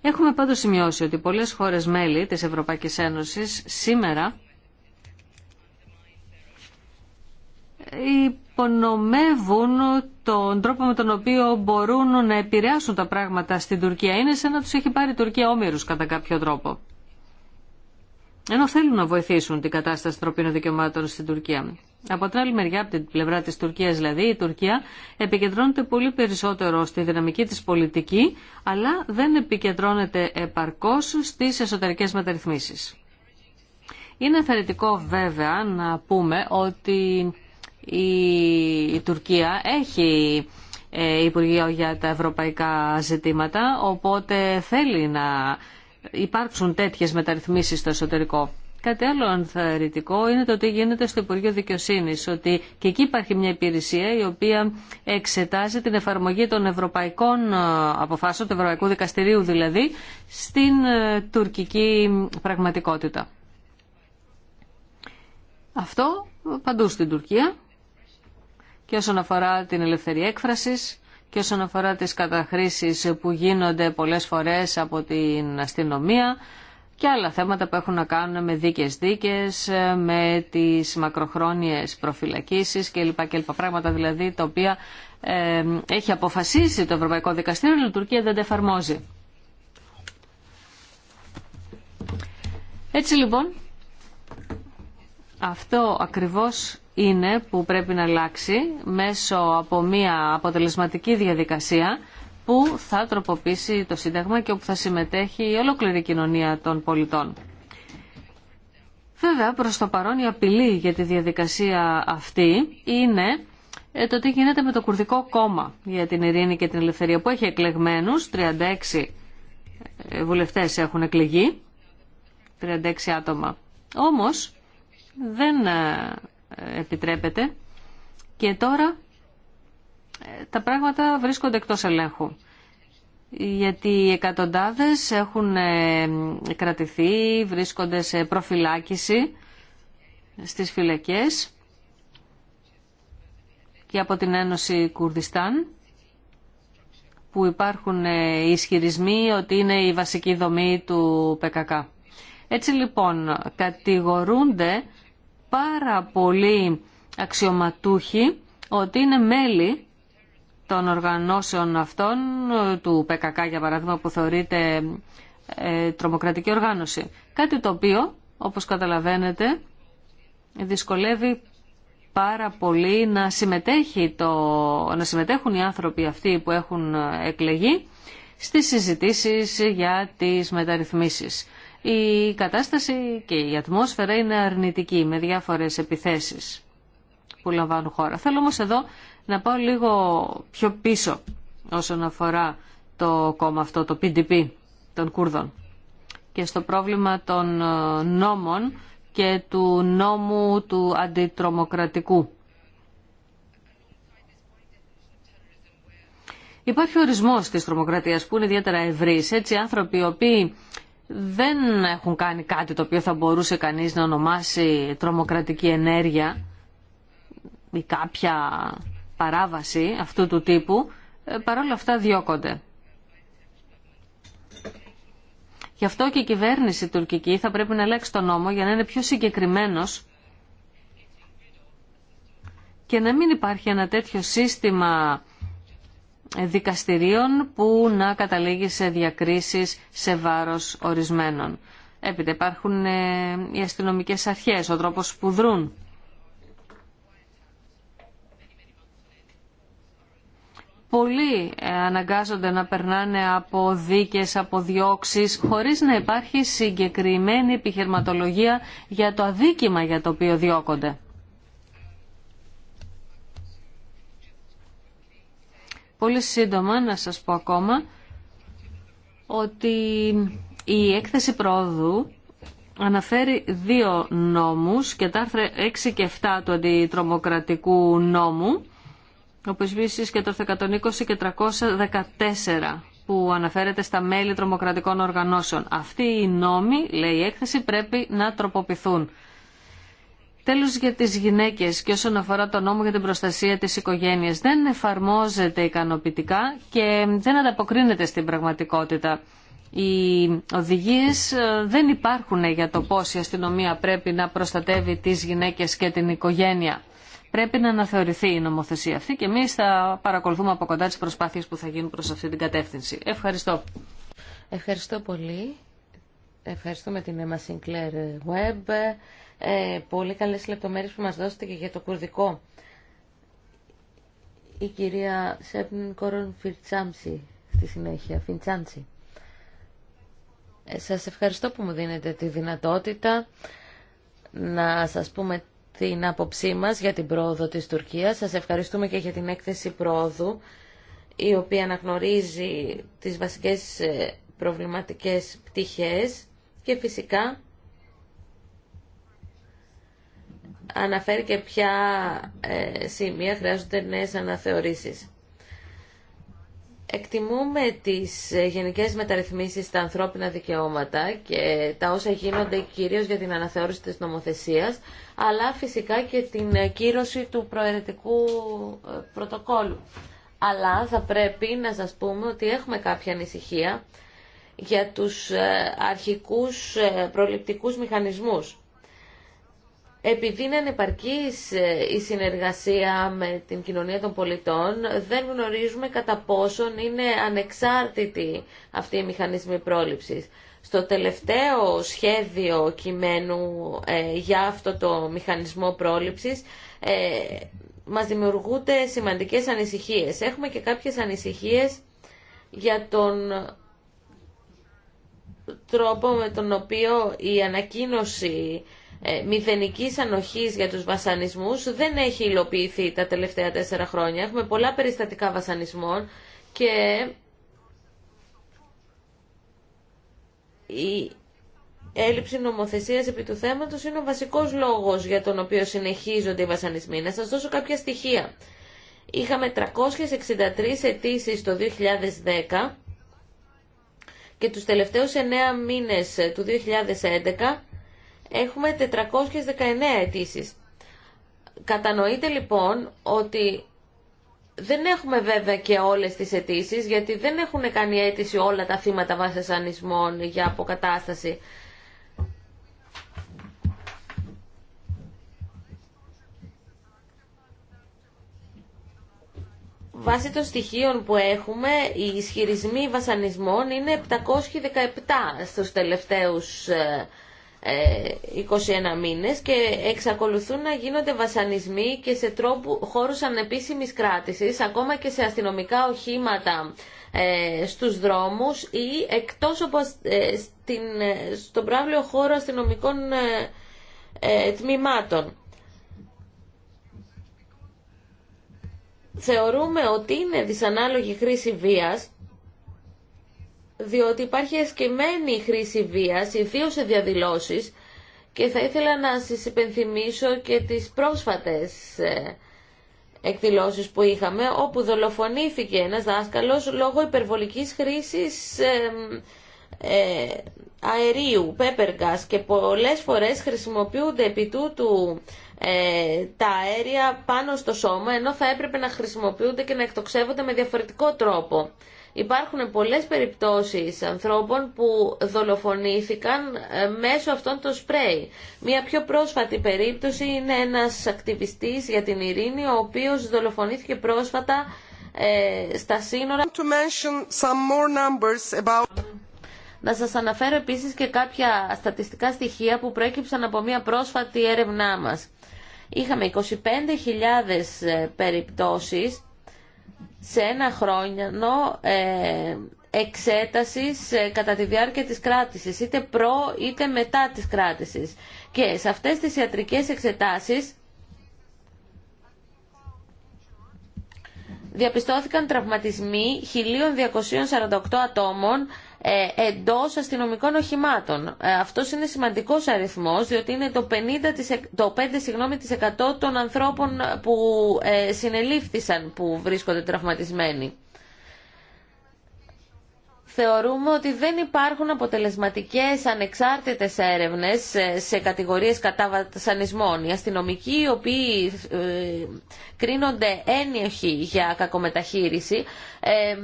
Έχουμε πάντως σημειώσει ότι πολλές χώρες μέλη της Ευρωπαϊκής Ένωσης σήμερα υπονομεύουν τον τρόπο με τον οποίο μπορούν να επηρεάσουν τα πράγματα στην Τουρκία. Είναι σαν να τους έχει πάρει η Τουρκία όμοιρους κατά κάποιο τρόπο. Ενώ θέλουν να βοηθήσουν την κατάσταση των ανθρωπίνων δικαιωμάτων στην Τουρκία. Από την άλλη μεριά, από την πλευρά της Τουρκίας δηλαδή, η Τουρκία επικεντρώνεται πολύ περισσότερο στη δυναμική της πολιτική, αλλά δεν επικεντρώνεται επαρκώς στις εσωτερικές μεταρρυθμίσεις. Είναι θεωρητικό βέβαια να πούμε ότι η Τουρκία έχει ε, Υπουργείο για τα ευρωπαϊκά ζητήματα, οπότε θέλει να υπάρξουν τέτοιες μεταρρυθμίσεις στο εσωτερικό. Κάτι άλλο ανθαρρυντικό είναι το τι γίνεται στο Υπουργείο Δικαιοσύνη, ότι και εκεί υπάρχει μια υπηρεσία η οποία εξετάζει την εφαρμογή των ευρωπαϊκών ε, αποφάσεων, του Ευρωπαϊκού Δικαστηρίου δηλαδή, στην ε, τουρκική πραγματικότητα. Αυτό παντού στην Τουρκία και όσον αφορά την ελευθερία έκφραση και όσον αφορά τις καταχρήσεις που γίνονται πολλές φορές από την αστυνομία, και άλλα θέματα που έχουν να κάνουν με δίκες δίκες, με τις μακροχρόνιες προφυλακίσεις κλπ. κλπ. Πράγματα δηλαδή τα οποία ε, έχει αποφασίσει το Ευρωπαϊκό Δικαστήριο, αλλά η Τουρκία δεν τα εφαρμόζει. Έτσι λοιπόν, αυτό ακριβώς είναι που πρέπει να αλλάξει μέσω από μια αποτελεσματική διαδικασία που θα τροποποιήσει το Σύνταγμα και όπου θα συμμετέχει η ολόκληρη κοινωνία των πολιτών. Βέβαια, προς το παρόν η απειλή για τη διαδικασία αυτή είναι ε, το τι γίνεται με το Κουρδικό Κόμμα για την Ειρήνη και την Ελευθερία που έχει εκλεγμένους, 36 ε, βουλευτές έχουν εκλεγεί, 36 άτομα. Όμως δεν ε, επιτρέπεται και τώρα τα πράγματα βρίσκονται εκτός ελέγχου. Γιατί οι εκατοντάδες έχουν ε, κρατηθεί, βρίσκονται σε προφυλάκηση στις φυλακές και από την Ένωση Κουρδιστάν που υπάρχουν ε, ισχυρισμοί ότι είναι η βασική δομή του ΠΚΚ. Έτσι λοιπόν κατηγορούνται πάρα πολλοί αξιωματούχοι ότι είναι μέλη των οργανώσεων αυτών, του ΠΚΚ για παράδειγμα που θεωρείται ε, τρομοκρατική οργάνωση. Κάτι το οποίο, όπως καταλαβαίνετε, δυσκολεύει πάρα πολύ να, συμμετέχει το, να συμμετέχουν οι άνθρωποι αυτοί που έχουν εκλεγεί στις συζητήσεις για τις μεταρρυθμίσεις. Η κατάσταση και η ατμόσφαιρα είναι αρνητική με διάφορες επιθέσεις που λαμβάνουν χώρα. Θέλω όμως εδώ να πάω λίγο πιο πίσω όσον αφορά το κόμμα αυτό, το PDP των Κούρδων και στο πρόβλημα των ε, νόμων και του νόμου του αντιτρομοκρατικού. Υπάρχει ορισμός της τρομοκρατίας που είναι ιδιαίτερα ευρύς. Έτσι άνθρωποι οι οποίοι δεν έχουν κάνει κάτι το οποίο θα μπορούσε κανείς να ονομάσει τρομοκρατική ενέργεια ή κάποια παράβαση αυτού του τύπου ε, παρόλα αυτά διώκονται. Γι' αυτό και η κυβέρνηση τουρκική θα πρέπει να αλλάξει τον νόμο για να είναι πιο συγκεκριμένος και να μην υπάρχει ένα τέτοιο σύστημα δικαστηρίων που να καταλήγει σε διακρίσεις σε βάρος ορισμένων. Έπειτα υπάρχουν ε, οι αστυνομικές αρχές, ο τρόπος που δρούν. πολλοί ε, αναγκάζονται να περνάνε από δίκες, από διώξεις, χωρίς να υπάρχει συγκεκριμένη επιχειρηματολογία για το αδίκημα για το οποίο διώκονται. Πολύ σύντομα να σας πω ακόμα ότι η έκθεση πρόοδου αναφέρει δύο νόμους και τα άρθρα 6 και 7 του αντιτρομοκρατικού νόμου όπως επίση και το 120 και 314 που αναφέρεται στα μέλη τρομοκρατικών οργανώσεων. Αυτοί οι νόμοι, λέει η έκθεση, πρέπει να τροποποιηθούν. Τέλος για τις γυναίκες και όσον αφορά το νόμο για την προστασία της οικογένειας δεν εφαρμόζεται ικανοποιητικά και δεν ανταποκρίνεται στην πραγματικότητα. Οι οδηγίες ε, δεν υπάρχουν για το πώς η αστυνομία πρέπει να προστατεύει τις γυναίκες και την οικογένεια πρέπει να αναθεωρηθεί η νομοθεσία αυτή και εμεί θα παρακολουθούμε από κοντά τις προσπάθειες που θα γίνουν προ αυτή την κατεύθυνση. Ευχαριστώ. Ευχαριστώ πολύ. Ευχαριστούμε την Emma Sinclair Web. Ε, πολύ καλές λεπτομέρειες που μας δώσετε και για το κουρδικό. Η κυρία Σέπν Κόρον Φιρτσάμψη στη συνέχεια. Φιντσάμψη. Ε, σας ευχαριστώ που μου δίνετε τη δυνατότητα να σας πούμε την άποψή μας για την πρόοδο της Τουρκίας. Σας ευχαριστούμε και για την έκθεση πρόοδου, η οποία αναγνωρίζει τις βασικές ε, προβληματικές πτυχές και φυσικά αναφέρει και ποια ε, σημεία χρειάζονται νέες αναθεωρήσεις. Εκτιμούμε τις ε, γενικές μεταρρυθμίσεις στα ανθρώπινα δικαιώματα και τα όσα γίνονται κυρίως για την αναθεώρηση της νομοθεσίας, αλλά φυσικά και την ε, κύρωση του προαιρετικού ε, πρωτοκόλου. Αλλά θα πρέπει να σας πούμε ότι έχουμε κάποια ανησυχία για τους αρχικούς προληπτικούς μηχανισμούς επειδή είναι ανεπαρκής ε, η συνεργασία με την κοινωνία των πολιτών, δεν γνωρίζουμε κατά πόσον είναι ανεξάρτητη αυτή οι μηχανισμοί πρόληψης. Στο τελευταίο σχέδιο κειμένου ε, για αυτό το μηχανισμό πρόληψης ε, μας δημιουργούνται σημαντικές ανησυχίες. Έχουμε και κάποιες ανησυχίες για τον τρόπο με τον οποίο η ανακοίνωση ε, μηδενικής ανοχής για τους βασανισμούς δεν έχει υλοποιηθεί τα τελευταία τέσσερα χρόνια. Έχουμε πολλά περιστατικά βασανισμών και η έλλειψη νομοθεσίας επί του θέματος είναι ο βασικός λόγος για τον οποίο συνεχίζονται οι βασανισμοί. Να σας δώσω κάποια στοιχεία. Είχαμε 363 αιτήσει το 2010 και τους τελευταίους 9 μήνες του 2011 έχουμε 419 αιτήσει. Κατανοείτε λοιπόν ότι δεν έχουμε βέβαια και όλες τις αιτήσει, γιατί δεν έχουν κάνει αίτηση όλα τα θύματα βασανισμών για αποκατάσταση. Βάσει των στοιχείων που έχουμε, οι ισχυρισμοί βασανισμών είναι 717 στους τελευταίους ε, 21 ε, μήνες και εξακολουθούν να γίνονται βασανισμοί και σε τρόπου, χώρους ανεπίσημης κράτησης, ακόμα και σε αστυνομικά οχήματα ε, στους δρόμους ή εκτός από ε, στην, στον πράβλιο χώρο αστυνομικών τμήματων. Θεωρούμε ότι είναι δυσανάλογη χρήση βίας διότι υπάρχει εσκεμμένη χρήση βίας, ιδίως σε διαδηλώσεις, και θα ήθελα να σας υπενθυμίσω και τις πρόσφατες ε, εκδηλώσεις που είχαμε, όπου δολοφονήθηκε ένας δάσκαλος λόγω υπερβολικής χρήσης ε, αερίου, pepper και πολλές φορές χρησιμοποιούνται επί τούτου ε, τα αέρια πάνω στο σώμα ενώ θα έπρεπε να χρησιμοποιούνται και να εκτοξεύονται με διαφορετικό τρόπο. Υπάρχουν πολλές περιπτώσεις ανθρώπων που δολοφονήθηκαν ε, μέσω αυτών των σπρέι. Μία πιο πρόσφατη περίπτωση είναι ένας ακτιβιστής για την ειρήνη, ο οποίος δολοφονήθηκε πρόσφατα ε, στα σύνορα. Να σας αναφέρω επίσης και κάποια στατιστικά στοιχεία που προέκυψαν από μία πρόσφατη έρευνά μας. Είχαμε 25.000 ε, περιπτώσεις σε ένα χρόνο ε, εξέτασης ε, κατά τη διάρκεια της κράτησης, είτε προ είτε μετά της κράτησης. Και σε αυτές τις ιατρικές εξετάσεις διαπιστώθηκαν τραυματισμοί 1.248 ατόμων ε, εντός αστυνομικών οχημάτων. Ε, αυτός είναι σημαντικός αριθμός, διότι είναι το, 50, το 5% των ανθρώπων που ε, συνελήφθησαν που βρίσκονται τραυματισμένοι θεωρούμε ότι δεν υπάρχουν αποτελεσματικές ανεξάρτητες έρευνες σε κατηγορίες κατά βασανισμών. Οι αστυνομικοί οι οποίοι ε, κρίνονται ένιωχοι για κακομεταχείριση ε,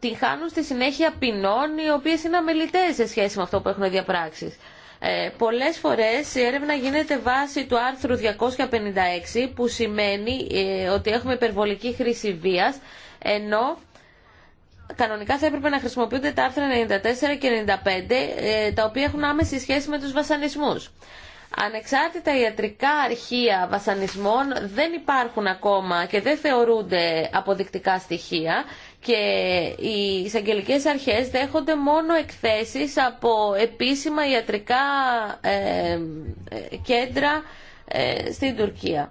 την χάνουν στη συνέχεια ποινών οι οποίες είναι αμελητές σε σχέση με αυτό που έχουν διαπράξει. Ε, πολλές φορές η έρευνα γίνεται βάση του άρθρου 256 που σημαίνει ε, ότι έχουμε υπερβολική χρήση βίας ενώ κανονικά θα έπρεπε να χρησιμοποιούνται τα άρθρα 94 και 95, ε, τα οποία έχουν άμεση σχέση με τους βασανισμούς. Ανεξάρτητα ιατρικά αρχεία βασανισμών δεν υπάρχουν ακόμα και δεν θεωρούνται αποδεικτικά στοιχεία και οι εισαγγελικέ αρχές δέχονται μόνο εκθέσεις από επίσημα ιατρικά ε, ε, κέντρα στην Τουρκία.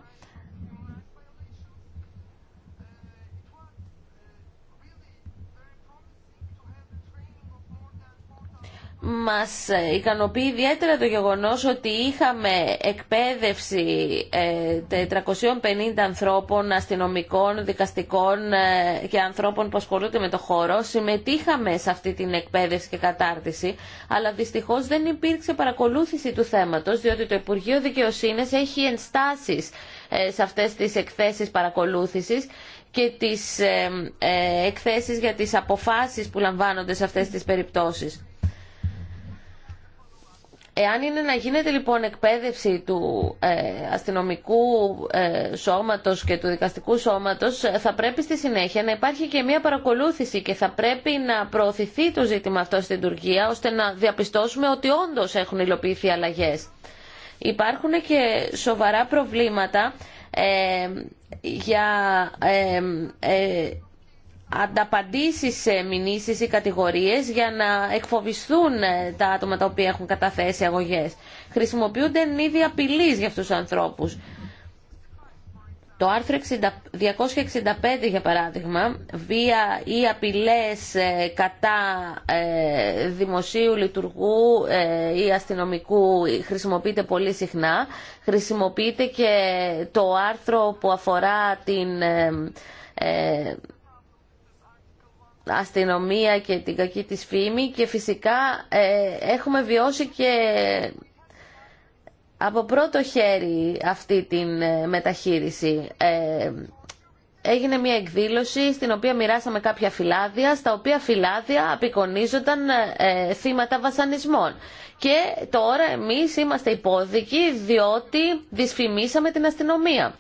Μας ικανοποιεί ιδιαίτερα το γεγονός ότι είχαμε εκπαίδευση 450 ε, ανθρώπων, αστυνομικών, δικαστικών ε, και ανθρώπων που ασχολούνται με το χώρο. Συμμετείχαμε σε αυτή την εκπαίδευση και κατάρτιση, αλλά δυστυχώς δεν υπήρξε παρακολούθηση του θέματος, διότι το Υπουργείο Δικαιοσύνης έχει ενστάσεις ε, σε αυτές τις εκθέσεις παρακολούθησης και τις εκθέσεις για τις αποφάσεις που λαμβάνονται σε αυτές τις περιπτώσεις. Εάν είναι να γίνεται λοιπόν εκπαίδευση του ε, αστυνομικού ε, σώματος και του δικαστικού σώματος, ε, θα πρέπει στη συνέχεια να υπάρχει και μια παρακολούθηση και θα πρέπει να προωθηθεί το ζήτημα αυτό στην Τουρκία, ώστε να διαπιστώσουμε ότι όντως έχουν υλοποιηθεί αλλαγές. Υπάρχουν και σοβαρά προβλήματα ε, για ανταπαντήσει σε μηνύσεις ή κατηγορίες για να εκφοβιστούν τα άτομα τα οποία έχουν καταθέσει αγωγές. Χρησιμοποιούνται εν είδη για αυτούς τους ανθρώπους. Το άρθρο 265 για παράδειγμα, βία ή απειλές ε, κατά ε, δημοσίου λειτουργού ε, ή αστυνομικού χρησιμοποιείται πολύ συχνά. Χρησιμοποιείται και το άρθρο που αφορά την αστυνομία και την κακή της φήμη και φυσικά ε, έχουμε βιώσει και από πρώτο χέρι αυτή την ε, μεταχείριση. Ε, έγινε μια εκδήλωση στην οποία μοιράσαμε κάποια φυλάδια, στα οποία φυλάδια απεικονίζονταν θύματα βασανισμών. Και τώρα εμείς είμαστε υπόδικοι διότι δυσφημίσαμε την αστυνομία.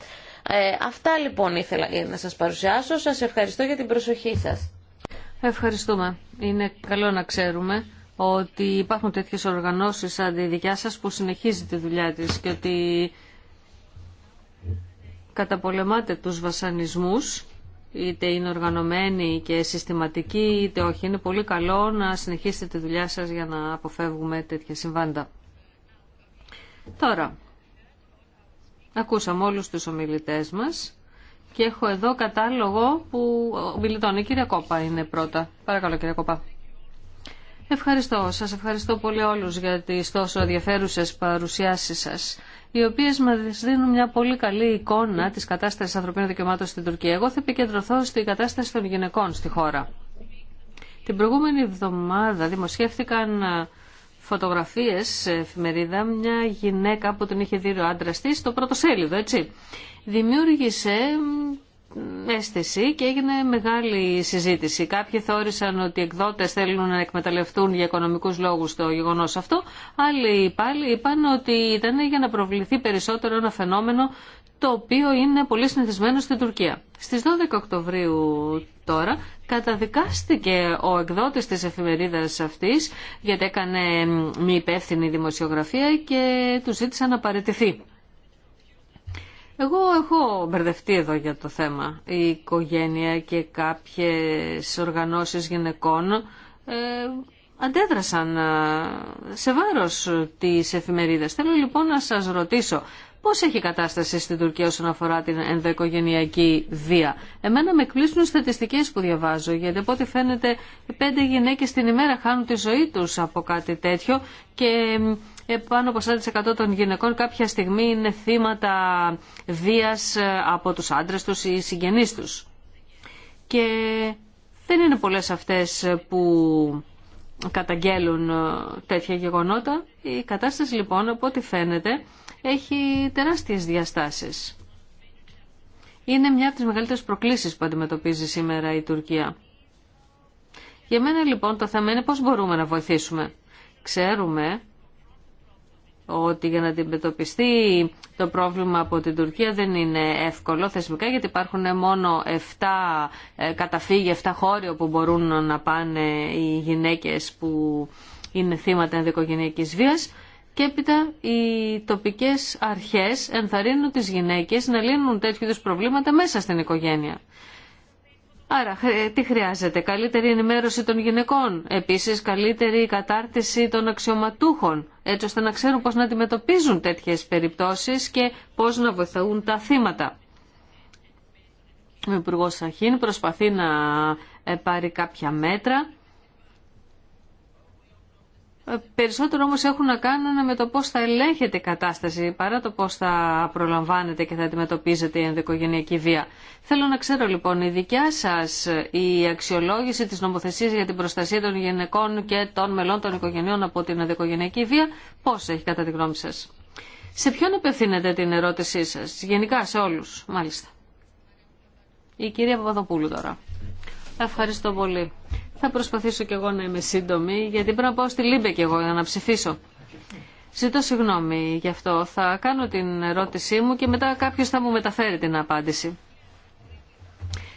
αυτά λοιπόν ήθελα να σας παρουσιάσω. Σας ευχαριστώ για την προσοχή σας. Ευχαριστούμε. Είναι καλό να ξέρουμε ότι υπάρχουν τέτοιες οργανώσεις σαν τη δικιά σας που συνεχίζει τη δουλειά της και ότι καταπολεμάτε τους βασανισμούς είτε είναι οργανωμένοι και συστηματικοί είτε όχι. Είναι πολύ καλό να συνεχίσετε τη δουλειά σας για να αποφεύγουμε τέτοια συμβάντα. Τώρα, ακούσαμε όλους τους ομιλητές μας και έχω εδώ κατάλογο που μιλητώνει. Η κυρία Κόπα είναι πρώτα. Παρακαλώ κυρία Κόπα. Ευχαριστώ. Σας ευχαριστώ πολύ όλους για τις τόσο ενδιαφέρουσες παρουσιάσεις σας, οι οποίες μας δίνουν μια πολύ καλή εικόνα της κατάστασης ανθρωπίνων δικαιωμάτων στην Τουρκία. Εγώ θα επικεντρωθώ στην κατάσταση των γυναικών στη χώρα. Την προηγούμενη εβδομάδα δημοσιεύτηκαν ε, φωτογραφίες σε εφημερίδα μια γυναίκα που την είχε δει ο άντρας της στο πρώτο σέλιδο, έτσι δημιούργησε αίσθηση και έγινε μεγάλη συζήτηση. Κάποιοι θεώρησαν ότι οι εκδότες θέλουν να εκμεταλλευτούν για οικονομικούς λόγους το γεγονός αυτό, άλλοι πάλι είπαν ότι ήταν για να προβληθεί περισσότερο ένα φαινόμενο το οποίο είναι πολύ συνηθισμένο στην Τουρκία. Στις 12 Οκτωβρίου τώρα καταδικάστηκε ο εκδότη της εφημερίδας αυτής γιατί έκανε μη υπεύθυνη δημοσιογραφία και του ζήτησαν να παραιτηθεί. Εγώ έχω μπερδευτεί εδώ για το θέμα. Η οικογένεια και κάποιες οργανώσεις γυναικών ε, αντέδρασαν ε, σε βάρος της εφημερίδας. Θέλω λοιπόν να σας ρωτήσω, πώς έχει κατάσταση στην Τουρκία όσον αφορά την ενδοοικογενειακή βία. Εμένα με εκπλήσουν στατιστικές που διαβάζω, γιατί από ό,τι φαίνεται πέντε γυναίκες την ημέρα χάνουν τη ζωή τους από κάτι τέτοιο και πάνω από 40% των γυναικών κάποια στιγμή είναι θύματα βίας ε, από τους άντρες τους ή συγγενείς τους. Και δεν είναι πολλές αυτές που καταγγέλουν ε, τέτοια γεγονότα. Η κατάσταση λοιπόν, από ό,τι φαίνεται, έχει τεράστιες διαστάσεις. Είναι μια από τις μεγαλύτερες προκλήσεις που αντιμετωπίζει σήμερα η Τουρκία. Για μένα λοιπόν το θέμα είναι πώς μπορούμε να βοηθήσουμε. Ξέρουμε ότι για να αντιμετωπιστεί το πρόβλημα από την Τουρκία δεν είναι εύκολο θεσμικά γιατί υπάρχουν μόνο 7 ε, καταφύγια, 7 χώρια όπου μπορούν να πάνε οι γυναίκες που είναι θύματα ενδοικογενειακής βίας και έπειτα οι τοπικές αρχές ενθαρρύνουν τις γυναίκες να λύνουν τέτοιου είδους προβλήματα μέσα στην οικογένεια. Άρα, τι χρειάζεται. Καλύτερη ενημέρωση των γυναικών. Επίσης, καλύτερη κατάρτιση των αξιωματούχων, έτσι ώστε να ξέρουν πώς να αντιμετωπίζουν τέτοιες περιπτώσεις και πώς να βοηθούν τα θύματα. Ο Υπουργό Σαχίν προσπαθεί να ε, πάρει κάποια μέτρα ε, περισσότερο όμως έχουν να κάνουν με το πώς θα ελέγχεται η κατάσταση παρά το πώς θα προλαμβάνετε και θα αντιμετωπίζετε η ενδοικογενειακή βία. Θέλω να ξέρω λοιπόν η δικιά σας ε, η αξιολόγηση της νομοθεσίας για την προστασία των γυναικών και των μελών των οικογενειών από την ενδοικογενειακή βία πώς έχει κατά τη γνώμη σας. Σε ποιον απευθύνεται την ερώτησή σας, γενικά σε όλους μάλιστα. Η κυρία Παπαδοπούλου τώρα. Ευχαριστώ πολύ. Θα προσπαθήσω κι εγώ να είμαι σύντομη, γιατί πρέπει να πάω στη Λίμπε κι εγώ για να ψηφίσω. Ζητώ συγγνώμη γι' αυτό. Θα κάνω την ερώτησή μου και μετά κάποιος θα μου μεταφέρει την απάντηση.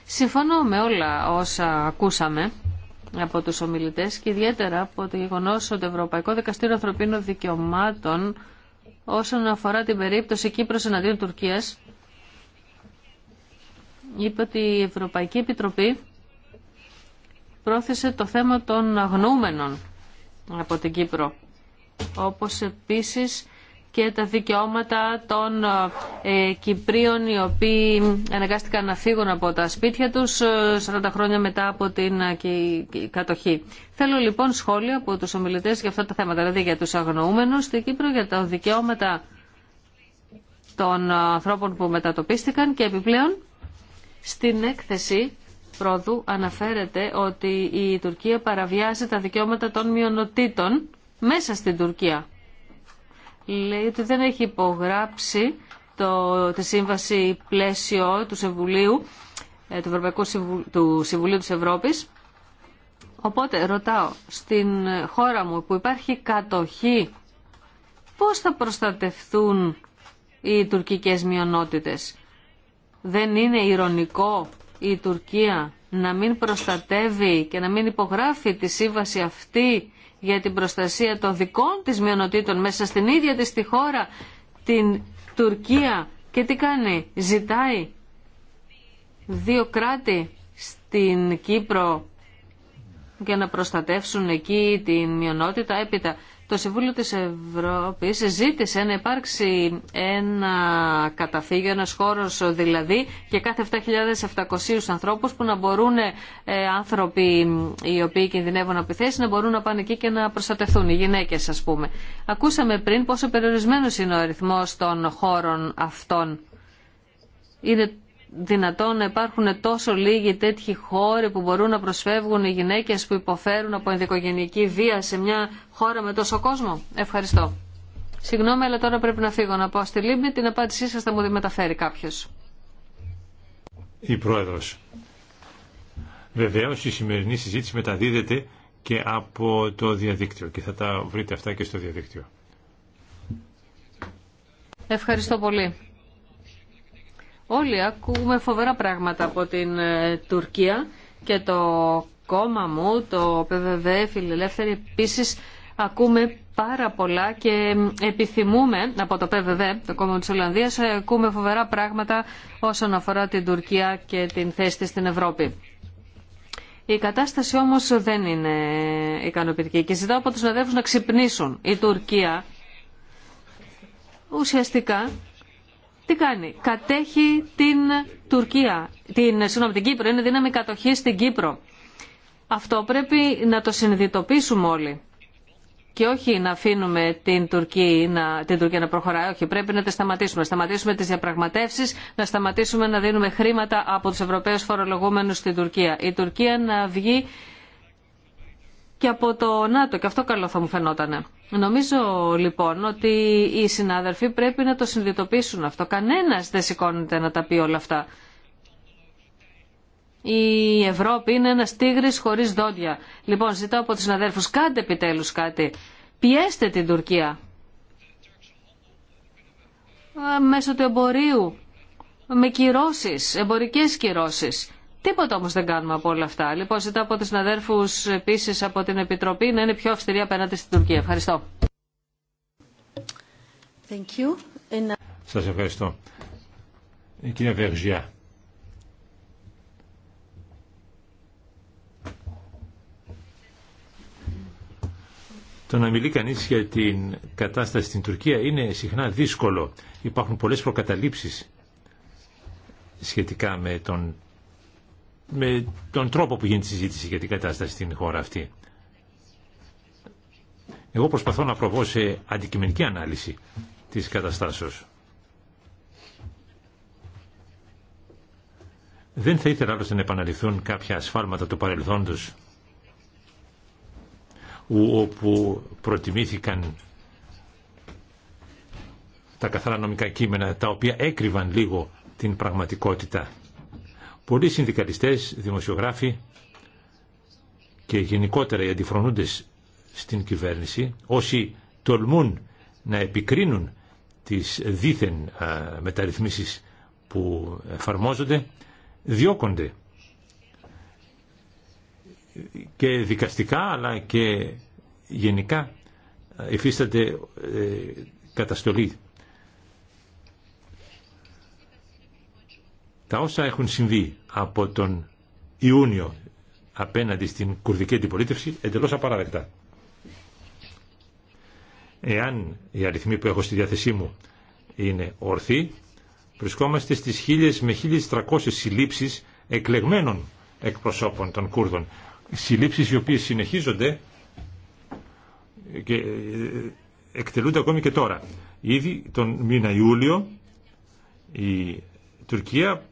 Συμφωνώ με όλα όσα ακούσαμε από τους ομιλητές και ιδιαίτερα από το γεγονό ότι το Ευρωπαϊκό Δικαστήριο Ανθρωπίνων Δικαιωμάτων όσον αφορά την περίπτωση Κύπρος εναντίον Τουρκίας είπε ότι η Ευρωπαϊκή Επιτροπή πρόθεσε το θέμα των αγνοούμενων από την Κύπρο. Όπως επίσης και τα δικαιώματα των ε, ε, Κυπρίων οι οποίοι αναγκάστηκαν να φύγουν από τα σπίτια τους 40 ε, χρόνια μετά από την κατοχή. Θέλω λοιπόν σχόλια από τους ομιλητές για αυτά τα θέματα, δηλαδή για τους αγνοούμενους στην Κύπρο, για τα δικαιώματα των ανθρώπων που μετατοπίστηκαν και επιπλέον στην έκθεση Πρόδου αναφέρεται ότι η Τουρκία παραβιάζει τα δικαιώματα των μειονοτήτων μέσα στην Τουρκία. Λέει ότι δεν έχει υπογράψει το, τη σύμβαση πλαίσιο του Συμβουλίου, ε, του Ευρωπαϊκού του Συμβουλίου της Ευρώπης. Οπότε ρωτάω, στην χώρα μου που υπάρχει κατοχή, πώς θα προστατευτούν οι τουρκικές μειονότητες. Δεν είναι ηρωνικό η Τουρκία να μην προστατεύει και να μην υπογράφει τη σύμβαση αυτή για την προστασία των δικών της μειονοτήτων μέσα στην ίδια της τη χώρα, την Τουρκία. Και τι κάνει, ζητάει δύο κράτη στην Κύπρο για να προστατεύσουν εκεί την μειονότητα έπειτα το Συμβούλιο της Ευρώπης ζήτησε να υπάρξει ένα καταφύγιο, ένας χώρος δηλαδή και κάθε 7.700 ανθρώπους που να μπορούν ε, άνθρωποι οι οποίοι κινδυνεύουν από επιθέσεις να μπορούν να πάνε εκεί και να προστατευτούν οι γυναίκες ας πούμε. Ακούσαμε πριν πόσο περιορισμένος είναι ο αριθμός των χώρων αυτών. Είναι δυνατόν να υπάρχουν τόσο λίγοι τέτοιοι χώροι που μπορούν να προσφεύγουν οι γυναίκες που υποφέρουν από ενδικογενειακή βία σε μια χώρα με τόσο κόσμο. Ευχαριστώ. Συγγνώμη, αλλά τώρα πρέπει να φύγω να πω. στη Λίμπη. Την απάντησή σας θα μου τη μεταφέρει κάποιος. Η Πρόεδρος. Βεβαίως η σημερινή συζήτηση μεταδίδεται και από το διαδίκτυο και θα τα βρείτε αυτά και στο διαδίκτυο. Ευχαριστώ πολύ. Όλοι ακούμε φοβερά πράγματα από την ε, Τουρκία και το κόμμα μου, το ΠΒΒ Φιλελεύθερη, επίσης ακούμε πάρα πολλά και επιθυμούμε από το ΠΒΒ, το κόμμα της Ολλανδίας, ε, ακούμε φοβερά πράγματα όσον αφορά την Τουρκία και την θέση της στην Ευρώπη. Η κατάσταση όμως δεν είναι ικανοποιητική και ζητάω από τους συναδέλφους να ξυπνήσουν. Η Τουρκία ουσιαστικά τι κάνει. Κατέχει την Τουρκία, την, συγγνώμη, την Κύπρο, είναι δύναμη κατοχή στην Κύπρο. Αυτό πρέπει να το συνειδητοποιήσουμε όλοι. Και όχι να αφήνουμε την Τουρκία να, την Τουρκία να προχωράει. Όχι, πρέπει να τη σταματήσουμε. Να σταματήσουμε τι διαπραγματεύσει, να σταματήσουμε να δίνουμε χρήματα από του Ευρωπαίου φορολογούμενου στην Τουρκία. Η Τουρκία να βγει και από το ΝΑΤΟ και αυτό καλό θα μου φαινότανε. Νομίζω λοιπόν ότι οι συνάδελφοι πρέπει να το συνειδητοποιήσουν αυτό. Κανένας δεν σηκώνεται να τα πει όλα αυτά. Η Ευρώπη είναι ένας τίγρης χωρίς δόντια. Λοιπόν, ζητάω από τους συναδέλφους, κάντε επιτέλους κάτι. Πιέστε την Τουρκία. Ε, μέσω του εμπορίου. Με κυρώσεις, εμπορικές κυρώσεις. Τίποτα όμω δεν κάνουμε από όλα αυτά. Λοιπόν, ζητώ από του συναδέρφους επίση από την Επιτροπή να είναι πιο αυστηρή απέναντι στην Τουρκία. Ευχαριστώ. Thank Σας ευχαριστώ. Η κυρία Βεργιά. Το να μιλεί κανείς για την κατάσταση στην Τουρκία είναι συχνά δύσκολο. Υπάρχουν πολλές προκαταλήψεις σχετικά με τον με τον τρόπο που γίνεται η συζήτηση για την κατάσταση στην χώρα αυτή. Εγώ προσπαθώ να προβώ σε αντικειμενική ανάλυση της καταστάσεως. Δεν θα ήθελα άλλωστε να επαναληφθούν κάποια ασφάλματα του παρελθόντος όπου προτιμήθηκαν τα καθαρά νομικά κείμενα τα οποία έκρυβαν λίγο την πραγματικότητα Πολλοί συνδικαλιστές, δημοσιογράφοι και γενικότερα οι αντιφρονούντες στην κυβέρνηση, όσοι τολμούν να επικρίνουν τις δίθεν μεταρρυθμίσεις που εφαρμόζονται, διώκονται και δικαστικά αλλά και γενικά ε, υφίσταται ε, καταστολή Τα όσα έχουν συμβεί από τον Ιούνιο απέναντι στην κουρδική αντιπολίτευση εντελώς απαράδεκτα. Εάν η αριθμοί που έχω στη διάθεσή μου είναι ορθοί, βρισκόμαστε στις 1000 με 1300 συλλήψεις εκλεγμένων εκπροσώπων των Κούρδων. Συλλήψεις οι οποίες συνεχίζονται και ε, ε, εκτελούνται ακόμη και τώρα. Ήδη τον μήνα Ιούλιο η Τουρκία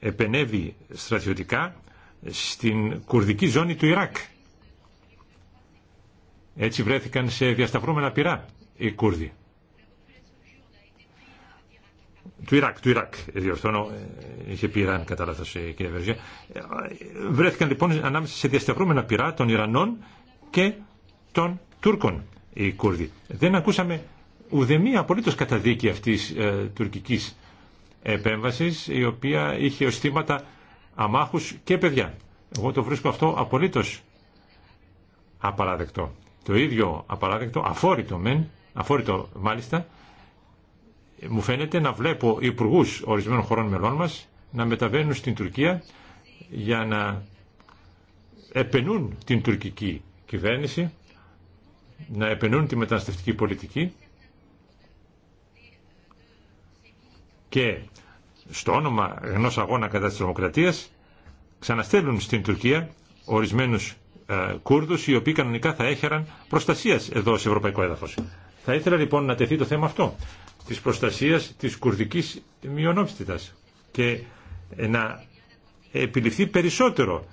επενέβη στρατιωτικά στην κουρδική ζώνη του Ιράκ. Έτσι βρέθηκαν σε διασταυρώμενα πυρά οι Κούρδοι. Του Ιράκ, του Ιράκ, διορθώνω, ε, είχε πει Ιράν κατά λάθος κυρία Βεργέ. Ε, βρέθηκαν λοιπόν ανάμεσα σε διασταυρώμενα πυρά των Ιρανών και των Τούρκων οι Κούρδοι. Δεν ακούσαμε ουδεμία απολύτως καταδίκη αυτής ε, τουρκικής επέμβασης η οποία είχε ως θύματα αμάχους και παιδιά. Εγώ το βρίσκω αυτό απολύτως απαράδεκτο. Το ίδιο απαράδεκτο, αφόρητο μεν, αφόρητο μάλιστα, μου φαίνεται να βλέπω υπουργού ορισμένων χωρών μελών μας να μεταβαίνουν στην Τουρκία για να επενούν την τουρκική κυβέρνηση, να επενούν τη μεταναστευτική πολιτική και στο όνομα ενό αγώνα κατά τη τρομοκρατία ξαναστέλνουν στην Τουρκία ορισμένους ε, Κούρδους οι οποίοι κανονικά θα έχεραν προστασίας εδώ σε ευρωπαϊκό έδαφος. Θα ήθελα λοιπόν να τεθεί το θέμα αυτό της προστασίας της κουρδικής μειονότητα και ε, να επιληφθεί περισσότερο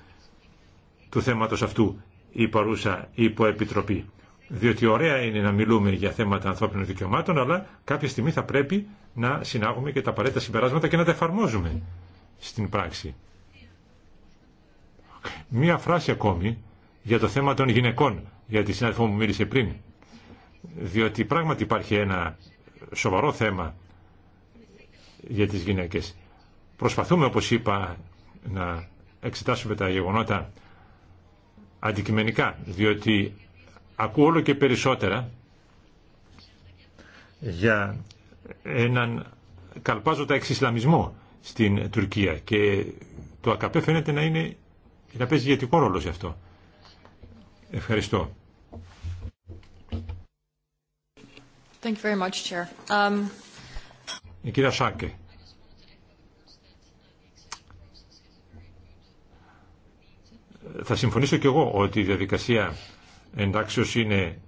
του θέματος αυτού η παρούσα υποεπιτροπή. Διότι ωραία είναι να μιλούμε για θέματα ανθρώπινων δικαιωμάτων, αλλά κάποια στιγμή θα πρέπει να συνάγουμε και τα απαραίτητα συμπεράσματα και να τα εφαρμόζουμε στην πράξη. Μία φράση ακόμη για το θέμα των γυναικών, γιατί τη συνάδελφό μου μίλησε πριν. Διότι πράγματι υπάρχει ένα σοβαρό θέμα για τις γυναίκες. Προσπαθούμε, όπως είπα, να εξετάσουμε τα γεγονότα αντικειμενικά, διότι ακούω όλο και περισσότερα για έναν καλπάζοντα εξισλαμισμό στην Τουρκία και το ΑΚΑΠΕ φαίνεται να, είναι, να παίζει ηγετικό ρόλο σε αυτό. Ευχαριστώ. Thank you very um, κυρία Σάκε. Θα συμφωνήσω και εγώ ότι η διαδικασία εντάξει είναι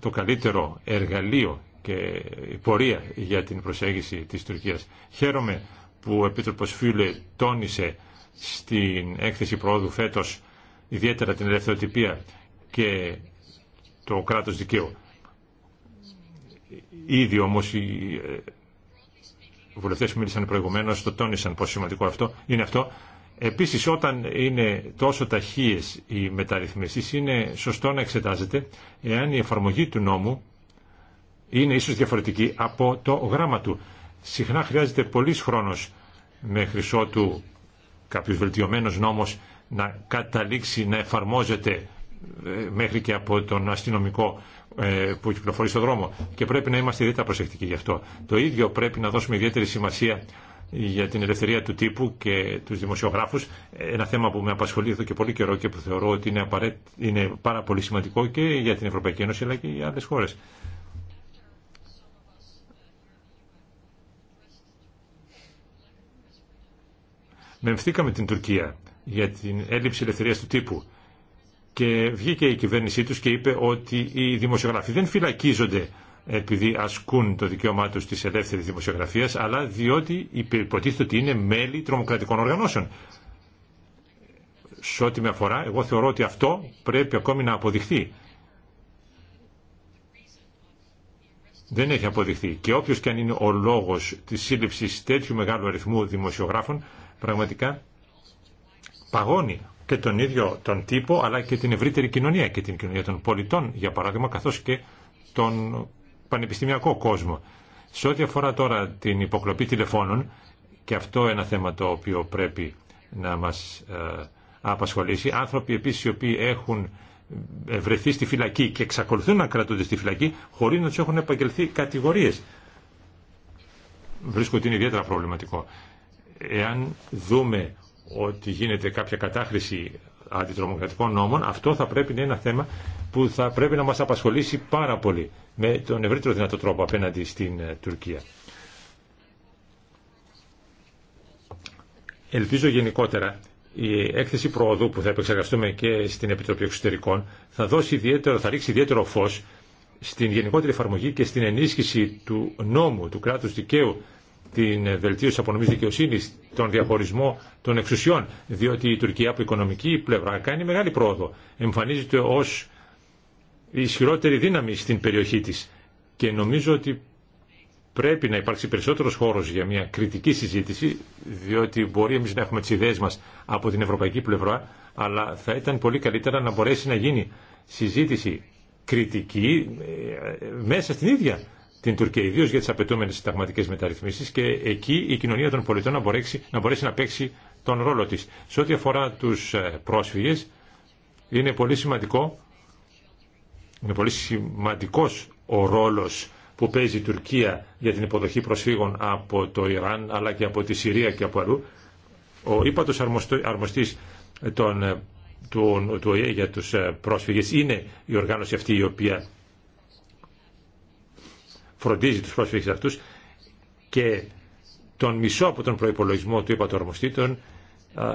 το καλύτερο εργαλείο και πορεία για την προσέγγιση της Τουρκίας. Χαίρομαι που ο Επίτροπος Φίλε τόνισε στην έκθεση πρόοδου φέτος ιδιαίτερα την ελευθεροτυπία και το κράτος δικαίου. Ήδη όμως οι ε, βουλευτές που μίλησαν προηγουμένως το τόνισαν πόσο σημαντικό αυτό είναι αυτό Επίσης όταν είναι τόσο ταχείες οι μεταρρυθμίσεις είναι σωστό να εξετάζεται εάν η εφαρμογή του νόμου είναι ίσως διαφορετική από το γράμμα του. Συχνά χρειάζεται πολλής χρόνος μέχρι ότου κάποιος βελτιωμένος νόμος να καταλήξει να εφαρμόζεται ε, μέχρι και από τον αστυνομικό ε, που κυκλοφορεί στον δρόμο και πρέπει να είμαστε ιδιαίτερα προσεκτικοί γι' αυτό. Το ίδιο πρέπει να δώσουμε ιδιαίτερη σημασία για την ελευθερία του τύπου και τους δημοσιογράφους, ένα θέμα που με απασχολεί εδώ και πολύ καιρό και που θεωρώ ότι είναι, είναι πάρα πολύ σημαντικό και για την Ευρωπαϊκή Ένωση αλλά και για άλλες χώρες. Μεμφθήκαμε την Τουρκία για την έλλειψη ελευθερίας του τύπου και βγήκε η κυβέρνησή τους και είπε ότι οι δημοσιογράφοι δεν φυλακίζονται επειδή ασκούν το δικαίωμά τους της ελεύθερης δημοσιογραφίας, αλλά διότι υποτίθεται ότι είναι μέλη τρομοκρατικών οργανώσεων. Σε ό,τι με αφορά, εγώ θεωρώ ότι αυτό πρέπει ακόμη να αποδειχθεί. Δεν έχει αποδειχθεί. Και όποιο και αν είναι ο λόγο τη σύλληψη τέτοιου μεγάλου αριθμού δημοσιογράφων, πραγματικά παγώνει και τον ίδιο τον τύπο, αλλά και την ευρύτερη κοινωνία και την κοινωνία των πολιτών, για παράδειγμα, καθώ και των πανεπιστημιακό κόσμο. Σε ό,τι αφορά τώρα την υποκλοπή τηλεφώνων, και αυτό ένα θέμα το οποίο πρέπει να μας ε, απασχολήσει, άνθρωποι επίσης οι οποίοι έχουν ε, βρεθεί στη φυλακή και εξακολουθούν να κρατούνται στη φυλακή χωρίς να τους έχουν επαγγελθεί κατηγορίες. Βρίσκω ότι είναι ιδιαίτερα προβληματικό. Εάν δούμε ότι γίνεται κάποια κατάχρηση αντιτρομοκρατικών νόμων, αυτό θα πρέπει να είναι ένα θέμα που θα πρέπει να μας απασχολήσει πάρα πολύ με τον ευρύτερο δυνατό τρόπο απέναντι στην ε, Τουρκία. Ελπίζω γενικότερα η έκθεση προοδού που θα επεξεργαστούμε και στην Επιτροπή Εξωτερικών θα, δώσει ιδιαίτερο, θα ρίξει ιδιαίτερο φως στην γενικότερη εφαρμογή και στην ενίσχυση του νόμου, του κράτους δικαίου την ε, βελτίωση απονομή δικαιοσύνη, τον διαχωρισμό των εξουσιών, διότι η Τουρκία από οικονομική πλευρά κάνει μεγάλη πρόοδο. Εμφανίζεται ω ισχυρότερη δύναμη στην περιοχή τη και νομίζω ότι πρέπει να υπάρξει περισσότερος χώρος για μια κριτική συζήτηση, διότι μπορεί εμείς να έχουμε τι ιδέε μα από την ευρωπαϊκή πλευρά, αλλά θα ήταν πολύ καλύτερα να μπορέσει να γίνει συζήτηση κριτική ε, ε, μέσα στην ίδια την Τουρκία, ιδίω για τι απαιτούμενε συνταγματικέ μεταρρυθμίσει και εκεί η κοινωνία των πολιτών να μπορέσει να, μπορέσει να παίξει τον ρόλο τη. Σε ό,τι αφορά του ε, πρόσφυγε, είναι πολύ σημαντικό. Είναι πολύ σημαντικός ο ρόλος που παίζει η Τουρκία για την υποδοχή προσφύγων από το Ιράν αλλά και από τη Συρία και από αλλού. Ο ύπατος αρμοστής ε, του, για τους ε, πρόσφυγες είναι η οργάνωση αυτή η οποία φροντίζει τους πρόσφυγες αυτούς και τον μισό από τον προϋπολογισμό του υπατορμοστήτων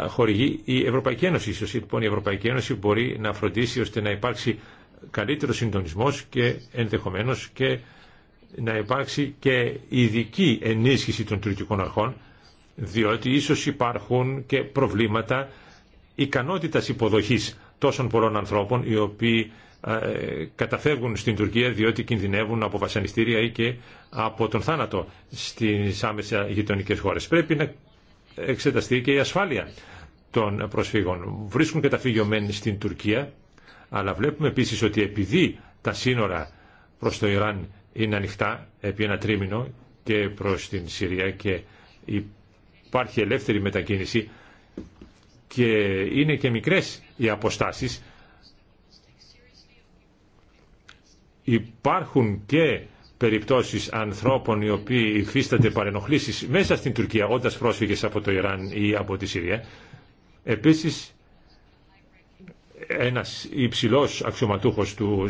χορηγεί η Ευρωπαϊκή Ένωση. Ίσως λοιπόν η Ευρωπαϊκή Ένωση μπορεί να φροντίσει ώστε να υπάρξει καλύτερο συντονισμός και ενδεχομένως και να υπάρξει και ειδική ενίσχυση των τουρκικών αρχών διότι ίσως υπάρχουν και προβλήματα ικανότητας υποδοχής τόσων πολλών ανθρώπων οι οποίοι ε, καταφεύγουν στην Τουρκία διότι κινδυνεύουν από βασανιστήρια ή και από τον θάνατο στις άμεσα γειτονικές χώρες. Πρέπει να εξεταστεί και η ασφάλεια των προσφύγων. Βρίσκουν τα στην Τουρκία, αλλά βλέπουμε επίσης ότι επειδή τα σύνορα προς το Ιράν είναι ανοιχτά επί ένα τρίμηνο και προς την Συρία και υπάρχει ελεύθερη μετακίνηση και είναι και μικρές οι αποστάσεις υπάρχουν και περιπτώσεις ανθρώπων οι οποίοι υφίστανται παρενοχλήσεις μέσα στην Τουρκία όταν πρόσφυγε από το Ιράν ή από τη Συρία. Επίσης ένας υψηλό αξιωματούχος του,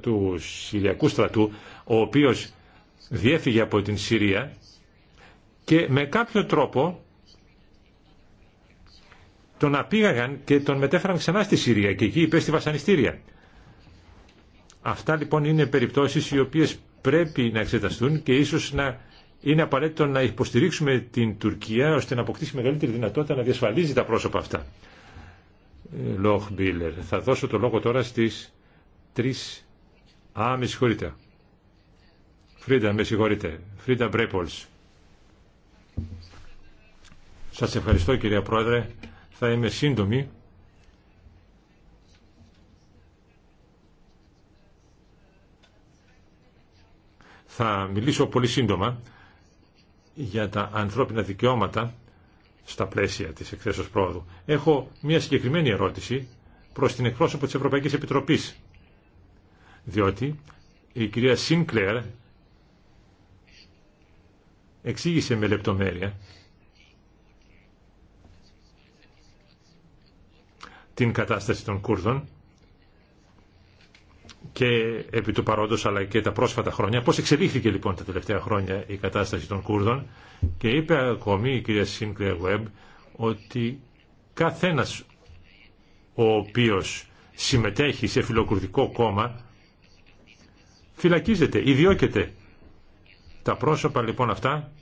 του Συριακού στρατού ο οποίος διέφυγε από την Συρία και με κάποιο τρόπο τον απήγαγαν και τον μετέφεραν ξανά στη Συρία και εκεί υπέστη βασανιστήρια. Αυτά λοιπόν είναι περιπτώσεις οι οποίες πρέπει να εξεταστούν και ίσως να είναι απαραίτητο να υποστηρίξουμε την Τουρκία ώστε να αποκτήσει μεγαλύτερη δυνατότητα να διασφαλίζει τα πρόσωπα αυτά. Ε, Λόχ Μπίλερ. Θα δώσω το λόγο τώρα στις τρεις... Α, με συγχωρείτε. Φρίντα, με συγχωρείτε. Φρίντα Μπρέπολς. Σας ευχαριστώ κυρία Πρόεδρε. Θα είμαι σύντομη. Θα μιλήσω πολύ σύντομα για τα ανθρώπινα δικαιώματα στα πλαίσια της εκθέσεως πρόοδου. Έχω μια συγκεκριμένη ερώτηση προς την εκπρόσωπο της Ευρωπαϊκής Επιτροπής. Διότι η κυρία Σίνκλερ εξήγησε με λεπτομέρεια την κατάσταση των Κούρδων και επί του παρόντος αλλά και τα πρόσφατα χρόνια. Πώς εξελίχθηκε λοιπόν τα τελευταία χρόνια η κατάσταση των Κούρδων και είπε ακόμη η κυρία Σίνκλε Βέμπ ότι καθένας ο οποίος συμμετέχει σε φιλοκουρδικό κόμμα φυλακίζεται, ιδιώκεται. Τα πρόσωπα λοιπόν αυτά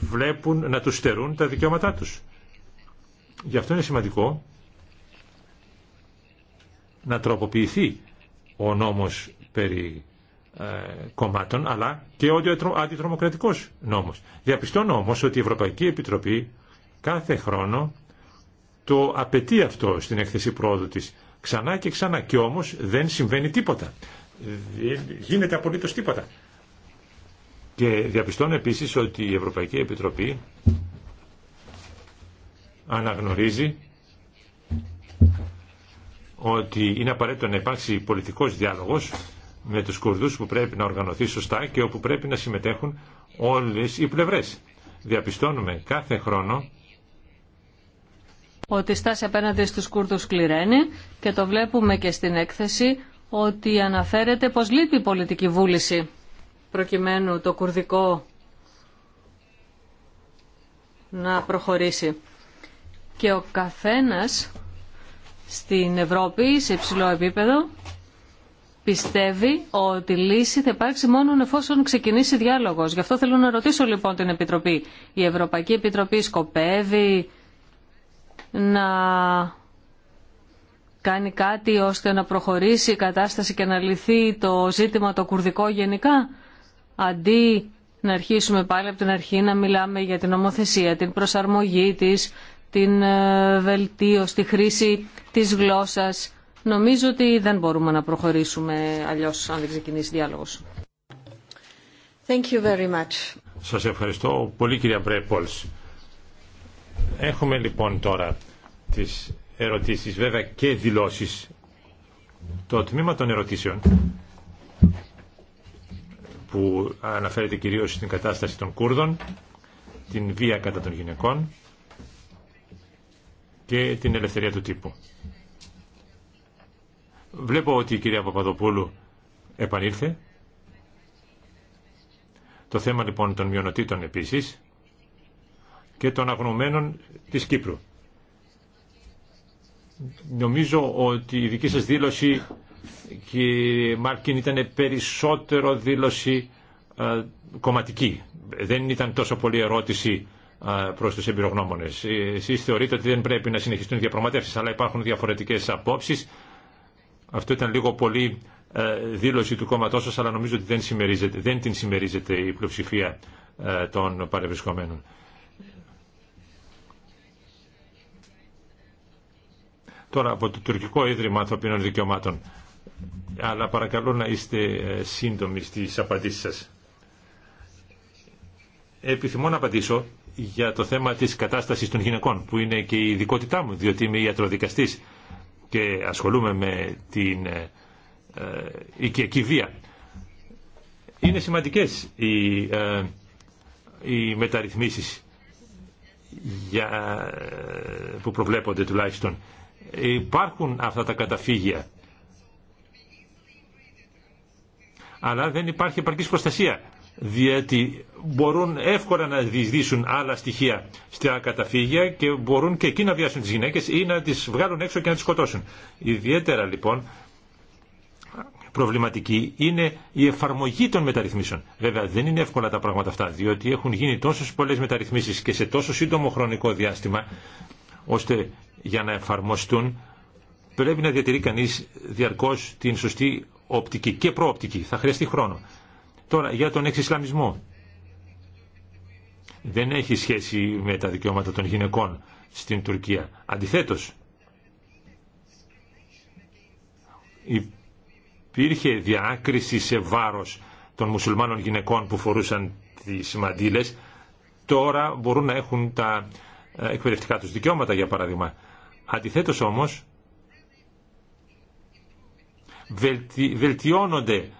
βλέπουν να τους στερούν τα δικαιώματά τους. Γι' αυτό είναι σημαντικό να τροποποιηθεί ο νόμος περί ε, κομμάτων, αλλά και ο αντιτρομοκρατικός νόμος. Διαπιστώνω όμως ότι η Ευρωπαϊκή Επιτροπή κάθε χρόνο το απαιτεί αυτό στην έκθεση πρόοδου της ξανά και ξανά και όμως δεν συμβαίνει τίποτα. Γίνεται απολύτως τίποτα. Και διαπιστώνω επίσης ότι η Ευρωπαϊκή Επιτροπή αναγνωρίζει ότι είναι απαραίτητο να υπάρξει πολιτικός διάλογος με τους Κουρδούς που πρέπει να οργανωθεί σωστά και όπου πρέπει να συμμετέχουν όλες οι πλευρές. Διαπιστώνουμε κάθε χρόνο ότι η στάση απέναντι στους Κούρδους κληραίνει και το βλέπουμε και στην έκθεση ότι αναφέρεται πως λείπει η πολιτική βούληση προκειμένου το κουρδικό να προχωρήσει. Και ο καθένας στην Ευρώπη σε υψηλό επίπεδο πιστεύει ότι η λύση θα υπάρξει μόνο εφόσον ξεκινήσει διάλογος. Γι' αυτό θέλω να ρωτήσω λοιπόν την Επιτροπή. Η Ευρωπαϊκή Επιτροπή σκοπεύει να κάνει κάτι ώστε να προχωρήσει η κατάσταση και να λυθεί το ζήτημα το κουρδικό γενικά, αντί να αρχίσουμε πάλι από την αρχή να μιλάμε για την ομοθεσία, την προσαρμογή της, την ε, βελτίωση, τη χρήση της γλώσσας. Νομίζω ότι δεν μπορούμε να προχωρήσουμε αλλιώς αν δεν ξεκινήσει διάλογος. Thank you very Σας ευχαριστώ πολύ κυρία Μπρέπολς. Έχουμε λοιπόν τώρα τις ερωτήσεις βέβαια και δηλώσεις. Το τμήμα των ερωτήσεων που αναφέρεται κυρίως στην κατάσταση των Κούρδων, την βία κατά των γυναικών, και την ελευθερία του τύπου. Βλέπω ότι η κυρία Παπαδοπούλου επανήλθε. Το θέμα λοιπόν των μειονοτήτων επίσης και των αγνωμένων της Κύπρου. Νομίζω ότι η δική σας δήλωση, κύριε Μάρκιν, ήταν περισσότερο δήλωση ε, κομματική. Δεν ήταν τόσο πολύ ερώτηση Προ του εμπειρογνώμονε. Ε, Εσεί θεωρείτε ότι δεν πρέπει να συνεχιστούν οι διαπραγματεύσει, αλλά υπάρχουν διαφορετικέ απόψει. Αυτό ήταν λίγο πολύ ε, δήλωση του κόμματό σα, αλλά νομίζω ότι δεν, δεν την συμμερίζεται η πλειοψηφία ε, των παρευρισκομένων. Τώρα από το Τουρκικό Ίδρυμα Ανθρωπίνων Δικαιωμάτων. Αλλά παρακαλώ να είστε σύντομοι στις απαντήσεις σας. Επιθυμώ να απαντήσω για το θέμα της κατάστασης των γυναικών που είναι και η ειδικότητά μου διότι είμαι ιατροδικαστής και ασχολούμαι με την ε, ε οικιακή βία. Είναι σημαντικές οι, ε, οι μεταρρυθμίσεις για, ε, που προβλέπονται τουλάχιστον. Υπάρχουν αυτά τα καταφύγια αλλά δεν υπάρχει επαρκής προστασία διότι μπορούν εύκολα να διεισδύσουν άλλα στοιχεία στα καταφύγια και μπορούν και εκεί να βιάσουν τις γυναίκες ή να τις βγάλουν έξω και να τις σκοτώσουν. Ιδιαίτερα λοιπόν προβληματική είναι η εφαρμογή των μεταρρυθμίσεων. Βέβαια δεν είναι εύκολα τα πράγματα αυτά, διότι έχουν γίνει τόσες πολλές μεταρρυθμίσεις και σε τόσο σύντομο χρονικό διάστημα, ώστε για να εφαρμοστούν πρέπει να διατηρεί κανείς διαρκώς την σωστή οπτική και προοπτική. Θα χρειαστεί χρόνο. Τώρα για τον εξισλαμισμό. Δεν έχει σχέση με τα δικαιώματα των γυναικών στην Τουρκία. Αντιθέτως, υπήρχε διάκριση σε βάρος των μουσουλμάνων γυναικών που φορούσαν τις μαντήλες. Τώρα μπορούν να έχουν τα ε, εκπαιδευτικά τους δικαιώματα, για παράδειγμα. Αντιθέτως όμως, βελτιώνονται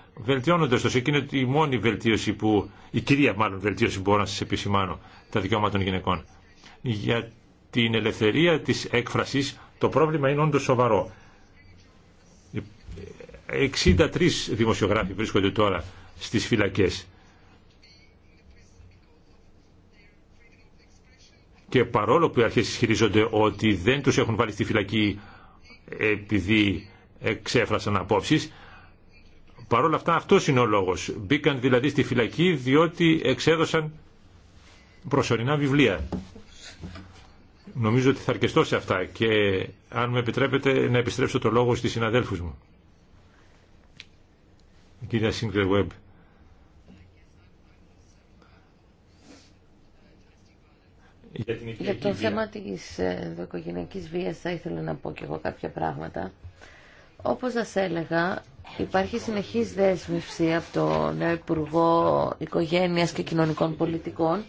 το σε Εκείνη η μόνη βελτίωση που, η κυρία μάλλον βελτίωση που μπορώ να σα επισημάνω, τα δικαιώματα των γυναικών. Για την ελευθερία της έκφρασης το πρόβλημα είναι όντως σοβαρό. 63 δημοσιογράφοι βρίσκονται τώρα στις φυλακές. Και παρόλο που οι αρχές ισχυρίζονται ότι δεν τους έχουν βάλει στη φυλακή επειδή εξέφρασαν απόψεις, Παρ' όλα αυτά αυτός είναι ο λόγος. Μπήκαν δηλαδή στη φυλακή διότι εξέδωσαν προσωρινά βιβλία. Νομίζω ότι θα αρκεστώ σε αυτά και αν με επιτρέπετε να επιστρέψω το λόγο στις συναδέλφους μου. Για, το θέμα της ε, ενδοοικογενειακής βίας θα ήθελα να πω και εγώ κάποια πράγματα. Όπως σας έλεγα, υπάρχει συνεχής δέσμευση από τον νέο Υπουργό Οικογένειας και Κοινωνικών Πολιτικών.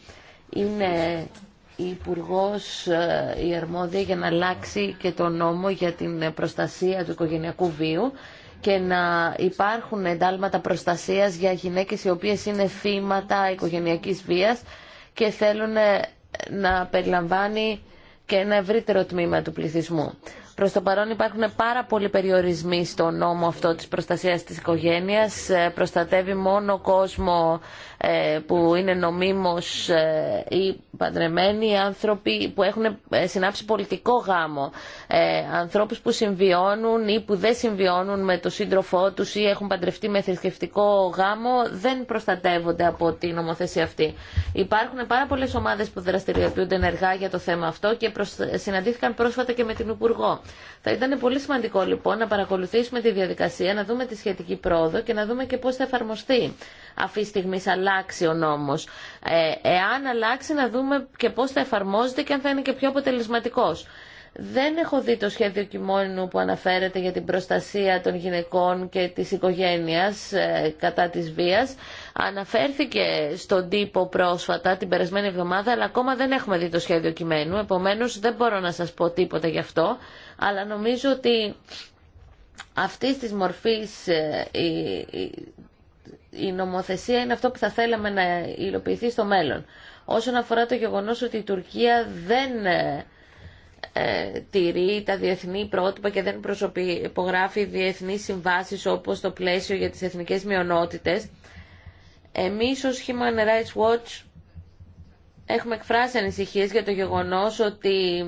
Είναι η Υπουργός ε, η αρμόδια για να αλλάξει και το νόμο για την προστασία του οικογενειακού βίου και να υπάρχουν εντάλματα προστασίας για γυναίκες οι οποίες είναι θύματα οικογενειακής βίας και θέλουν να περιλαμβάνει και ένα ευρύτερο τμήμα του πληθυσμού. Προ το παρόν υπάρχουν πάρα πολλοί περιορισμοί στο νόμο αυτό τη προστασία τη οικογένεια. Ε, προστατεύει μόνο κόσμο ε, που είναι νομίμως ε, ή παντρεμένοι άνθρωποι που έχουν συνάψει πολιτικό γάμο. Ανθρώπου που συμβιώνουν ή που δεν συμβιώνουν με τον σύντροφό του ή έχουν παντρευτεί με θρησκευτικό γάμο δεν προστατεύονται από την νομοθεσία αυτή. Υπάρχουν πάρα πολλέ ομάδε που δραστηριοποιούνται ενεργά για το θέμα αυτό και συναντήθηκαν πρόσφατα και με την Υπουργό. Θα ήταν πολύ σημαντικό λοιπόν να παρακολουθήσουμε τη διαδικασία, να δούμε τη σχετική πρόοδο και να δούμε και πώς θα εφαρμοστεί. Αυτή τη στιγμή αλλάξει ο νόμος. Ε, εάν αλλάξει να δούμε και πώς θα εφαρμόζεται και αν θα είναι και πιο αποτελεσματικός. Δεν έχω δει το σχέδιο κειμόνου που αναφέρεται για την προστασία των γυναικών και της οικογένειας ε, κατά της βίας. Αναφέρθηκε στον τύπο πρόσφατα την περασμένη εβδομάδα, αλλά ακόμα δεν έχουμε δει το σχέδιο κειμένου, επομένως δεν μπορώ να σας πω τίποτα γι' αυτό αλλά νομίζω ότι αυτή της μορφής ε, η νομοθεσία είναι αυτό που θα θέλαμε να υλοποιηθεί στο μέλλον. Όσον αφορά το γεγονός ότι η Τουρκία δεν ε, ε, τηρεί τα διεθνή πρότυπα και δεν υπογράφει διεθνεί συμβάσεις όπως το πλαίσιο για τις εθνικές μειονότητες, εμείς ως Human Rights Watch έχουμε εκφράσει ανησυχίες για το γεγονός ότι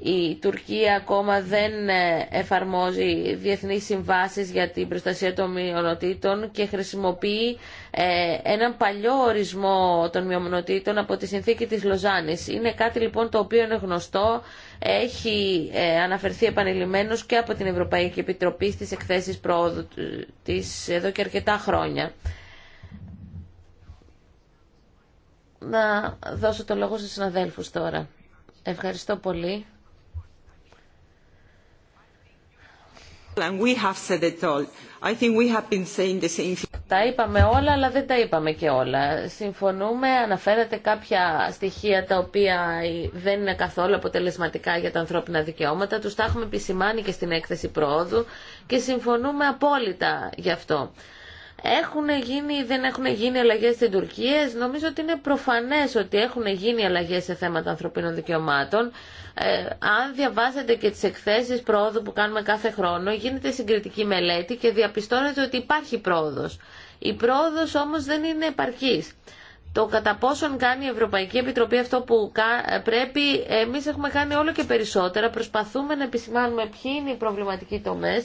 η Τουρκία ακόμα δεν ε, εφαρμόζει διεθνείς συμβάσεις για την προστασία των μειονοτήτων και χρησιμοποιεί ε, έναν παλιό ορισμό των μειονοτήτων από τη συνθήκη της Λοζάνης. Είναι κάτι λοιπόν το οποίο είναι γνωστό, έχει ε, αναφερθεί επανειλημμένως και από την Ευρωπαϊκή Επιτροπή στις εκθέσεις προόδου της εδώ και αρκετά χρόνια. Να δώσω το λόγο στους συναδέλφους τώρα. Ευχαριστώ πολύ. Τα είπαμε όλα, αλλά δεν τα είπαμε και όλα. Συμφωνούμε, αναφέρατε κάποια στοιχεία τα οποία δεν είναι καθόλου αποτελεσματικά για τα ανθρώπινα δικαιώματα. Τους τα έχουμε επισημάνει και στην έκθεση πρόοδου και συμφωνούμε απόλυτα γι' αυτό. Έχουν γίνει ή δεν έχουν γίνει αλλαγές στην Τουρκία. Νομίζω ότι είναι προφανές ότι έχουν γίνει αλλαγές σε θέματα ανθρωπίνων δικαιωμάτων. Ε, αν διαβάζετε και τις εκθέσεις πρόοδου που κάνουμε κάθε χρόνο, γίνεται συγκριτική μελέτη και διαπιστώνεται ότι υπάρχει πρόοδος. Η πρόοδος όμως δεν είναι επαρκής. Το κατά πόσον κάνει η Ευρωπαϊκή Επιτροπή αυτό που πρέπει, εμείς έχουμε κάνει όλο και περισσότερα, προσπαθούμε να επισημάνουμε ποιοι είναι οι προβληματικοί τομέ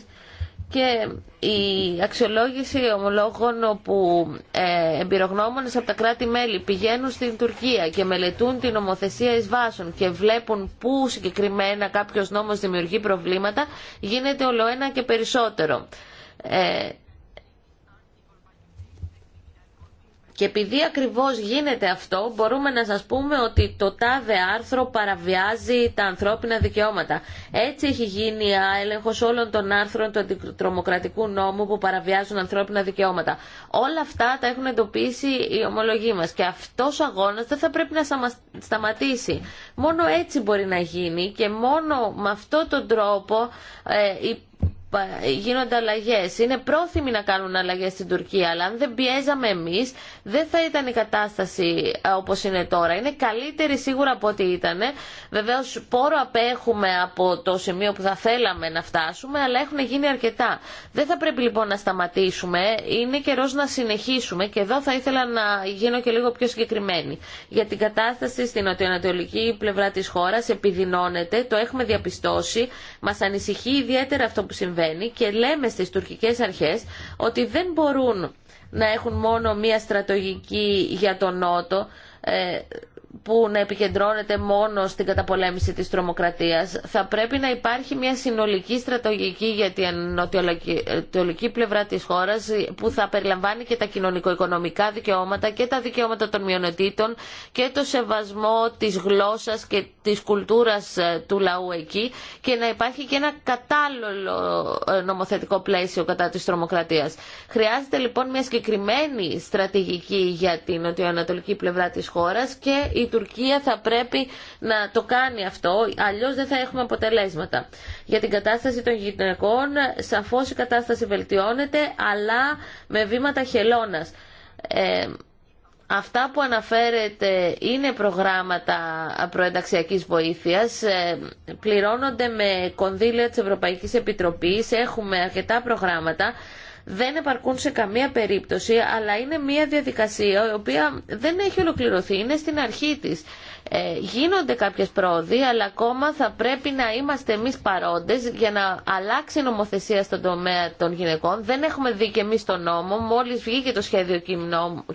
και η αξιολόγηση ομολόγων που ε, εμπειρογνώμονες από τα κράτη-μέλη πηγαίνουν στην Τουρκία και μελετούν την ομοθεσία εις και βλέπουν πού συγκεκριμένα κάποιος νόμος δημιουργεί προβλήματα γίνεται ολοένα και περισσότερο. Ε, Και επειδή ακριβώς γίνεται αυτό, μπορούμε να σας πούμε ότι το τάδε άρθρο παραβιάζει τα ανθρώπινα δικαιώματα. Έτσι έχει γίνει έλεγχος όλων των άρθρων του αντιτρομοκρατικού νόμου που παραβιάζουν ανθρώπινα δικαιώματα. Όλα αυτά τα έχουν εντοπίσει οι ομολογοί μας και αυτός ο αγώνας δεν θα πρέπει να σταματήσει. Μόνο έτσι μπορεί να γίνει και μόνο με αυτόν τον τρόπο ε, γίνονται αλλαγέ. Είναι πρόθυμοι να κάνουν αλλαγέ στην Τουρκία, αλλά αν δεν πιέζαμε εμεί, δεν θα ήταν η κατάσταση ε, όπω είναι τώρα. Είναι καλύτερη σίγουρα από ό,τι ήταν. Βεβαίω, πόρο απέχουμε από το σημείο που θα θέλαμε να φτάσουμε, αλλά έχουν γίνει αρκετά. Δεν θα πρέπει λοιπόν να σταματήσουμε. Είναι καιρό να συνεχίσουμε και εδώ θα ήθελα να γίνω και λίγο πιο συγκεκριμένη. Για την κατάσταση στην νοτιοανατολική πλευρά τη χώρα επιδεινώνεται, το έχουμε διαπιστώσει, μα ανησυχεί ιδιαίτερα αυτό που συμβαίνει και λέμε στις τουρκικές αρχές ότι δεν μπορούν να έχουν μόνο μία στρατογική για τον Νότο, ε, που να επικεντρώνεται μόνο στην καταπολέμηση της τρομοκρατίας. Θα πρέπει να υπάρχει μια συνολική στρατογική για την νοτιολογική πλευρά της χώρας που θα περιλαμβάνει και τα κοινωνικο-οικονομικά δικαιώματα και τα δικαιώματα των μειονοτήτων και το σεβασμό της γλώσσας και της κουλτούρας ε, του λαού εκεί και να υπάρχει και ένα κατάλληλο ε, νομοθετικό πλαίσιο κατά της τρομοκρατίας. Χρειάζεται λοιπόν μια συγκεκριμένη στρατηγική για την νοτιοανατολική πλευρά της χώρας και η Τουρκία θα πρέπει να το κάνει αυτό, αλλιώς δεν θα έχουμε αποτελέσματα. Για την κατάσταση των γυναικών, σαφώς η κατάσταση βελτιώνεται, αλλά με βήματα χελώνας. Ε, αυτά που αναφέρετε είναι προγράμματα προενταξιακής βοήθειας, ε, πληρώνονται με κονδύλια της Ευρωπαϊκής Επιτροπής, έχουμε αρκετά προγράμματα δεν επαρκούν σε καμία περίπτωση, αλλά είναι μια διαδικασία η οποία δεν έχει ολοκληρωθεί, είναι στην αρχή της. Ε, γίνονται κάποιες πρόοδοι, αλλά ακόμα θα πρέπει να είμαστε εμείς παρόντες για να αλλάξει η νομοθεσία στον τομέα των γυναικών. Δεν έχουμε δει και εμείς τον νόμο, μόλις βγήκε το σχέδιο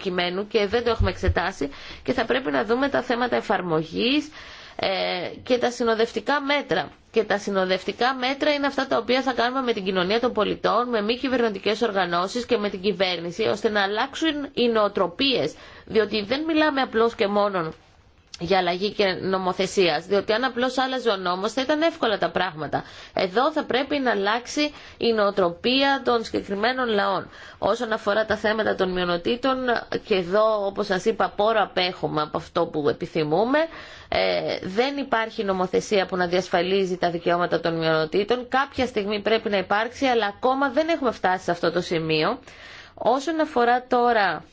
κειμένου και δεν το έχουμε εξετάσει και θα πρέπει να δούμε τα θέματα εφαρμογής, ε, και τα συνοδευτικά μέτρα. Και τα συνοδευτικά μέτρα είναι αυτά τα οποία θα κάνουμε με την κοινωνία των πολιτών, με μη κυβερνητικέ οργανώσει και με την κυβέρνηση, ώστε να αλλάξουν οι νοοτροπίε. Διότι δεν μιλάμε απλώ και μόνον για αλλαγή και νομοθεσία. διότι αν απλώ άλλαζε ο νόμο, θα ήταν εύκολα τα πράγματα. Εδώ θα πρέπει να αλλάξει η νοοτροπία των συγκεκριμένων λαών. Όσον αφορά τα θέματα των μειονοτήτων, και εδώ όπως σα είπα πόρο απέχουμε από αυτό που επιθυμούμε, ε, δεν υπάρχει νομοθεσία που να διασφαλίζει τα δικαιώματα των μειονοτήτων. Κάποια στιγμή πρέπει να υπάρξει, αλλά ακόμα δεν έχουμε φτάσει σε αυτό το σημείο. Όσον αφορά τώρα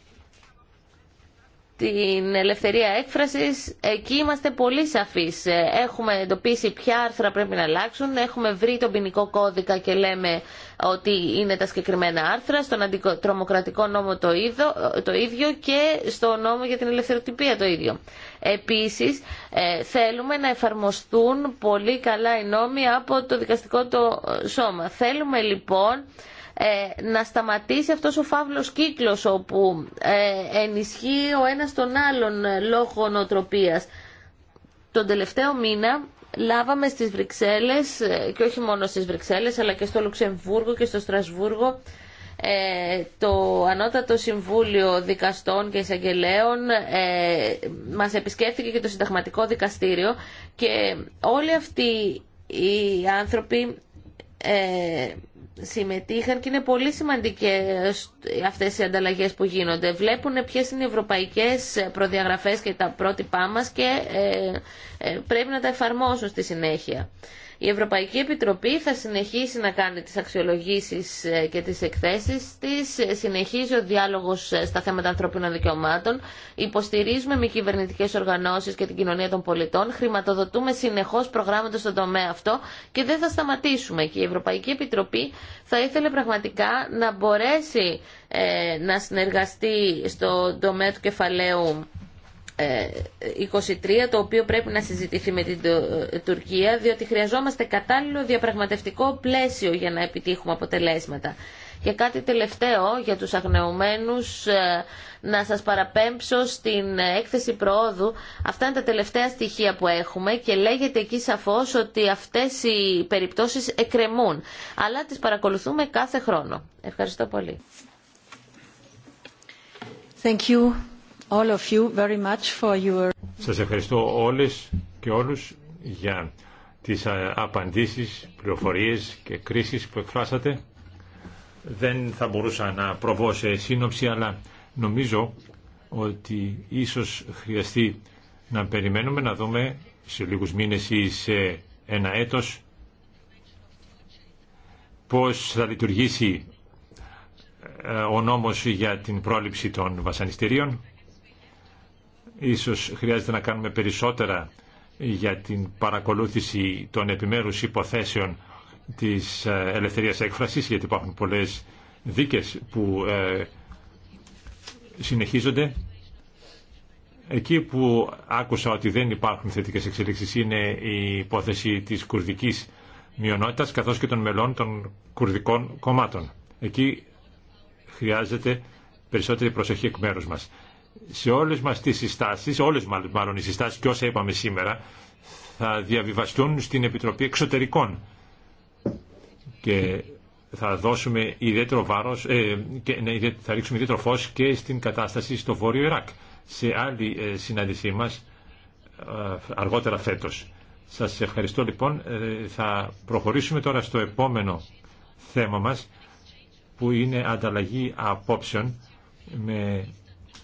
την ελευθερία έκφρασης, εκεί είμαστε πολύ σαφείς. Έχουμε εντοπίσει ποια άρθρα πρέπει να αλλάξουν, έχουμε βρει τον ποινικό κώδικα και λέμε ότι είναι τα συγκεκριμένα άρθρα, στον αντιτρομοκρατικό νόμο το, είδο, το ίδιο και στο νόμο για την ελευθεροτυπία το ίδιο. Επίσης, ε, θέλουμε να εφαρμοστούν πολύ καλά οι νόμοι από το δικαστικό το σώμα. Θέλουμε λοιπόν ε, να σταματήσει αυτός ο φαύλος κύκλος όπου ε, ενισχύει ο ένας τον άλλον ε, λόγω νοοτροπίας. Τον τελευταίο μήνα λάβαμε στις Βρυξέλλες και όχι μόνο στις Βρυξέλλες αλλά και στο Λουξεμβούργο και στο Στρασβούργο το Ανώτατο Συμβούλιο Δικαστών και Εισαγγελέων μας επισκέφθηκε και το Συνταγματικό Δικαστήριο και όλοι αυτοί οι άνθρωποι συμμετείχαν και είναι πολύ σημαντικές αυτές οι ανταλλαγές που γίνονται. Βλέπουν ποιες είναι οι ευρωπαϊκές προδιαγραφές και τα πρότυπά μας και ε, ε, πρέπει να τα εφαρμόσουν στη συνέχεια. Η Ευρωπαϊκή Επιτροπή θα συνεχίσει να κάνει τις αξιολογήσεις ε, και τις εκθέσεις της, συνεχίζει ο διάλογος ε, στα θέματα ανθρωπίνων δικαιωμάτων, υποστηρίζουμε μη κυβερνητικές οργανώσεις και την κοινωνία των πολιτών, χρηματοδοτούμε συνεχώς προγράμματα στον τομέα αυτό και δεν θα σταματήσουμε. Και η Ευρωπαϊκή Επιτροπή θα ήθελε πραγματικά να μπορέσει ε, να συνεργαστεί στον τομέα του κεφαλαίου 23 ε, ε, το οποίο πρέπει να συζητηθεί με την ε, Τουρκία διότι χρειαζόμαστε κατάλληλο διαπραγματευτικό πλαίσιο για να επιτύχουμε αποτελέσματα. Και κάτι τελευταίο για τους αγνεωμένους να σας παραπέμψω στην έκθεση προόδου. Αυτά είναι τα τελευταία στοιχεία που έχουμε και λέγεται εκεί σαφώς ότι αυτές οι περιπτώσεις εκκρεμούν. Αλλά τις παρακολουθούμε κάθε χρόνο. Ευχαριστώ πολύ all Σας ευχαριστώ όλες και όλους για τις ε, απαντήσεις, πληροφορίες και κρίσεις που εκφράσατε. Δεν θα μπορούσα να προβώ σε σύνοψη, αλλά νομίζω ότι ίσως χρειαστεί να περιμένουμε να δούμε σε λίγους μήνες ή σε ένα έτος πώς θα λειτουργήσει ε, ο νόμος για την πρόληψη των βασανιστήριων. Ίσως χρειάζεται να κάνουμε περισσότερα για την παρακολούθηση των επιμέρους υποθέσεων της ε, ελευθερίας έκφρασης, γιατί υπάρχουν πολλές δίκες που ε, συνεχίζονται. Εκεί που άκουσα ότι δεν υπάρχουν θετικές εξελίξεις είναι η υπόθεση της κουρδικής μειονότητας καθώς και των μελών των κουρδικών κομμάτων. Εκεί χρειάζεται περισσότερη προσοχή εκ μέρους μας σε όλες μας τις συστάσεις, όλες μάλλον οι συστάσεις και όσα είπαμε σήμερα, θα διαβιβαστούν στην Επιτροπή Εξωτερικών και θα δώσουμε ιδιαίτερο βάρος, ε, και, ναι, θα ρίξουμε ιδιαίτερο φως και στην κατάσταση στο Βόρειο Ιράκ σε άλλη ε, συνάντησή μας ε, αργότερα φέτος. Σας ευχαριστώ λοιπόν. Ε, θα προχωρήσουμε τώρα στο επόμενο θέμα μας που είναι ανταλλαγή απόψεων με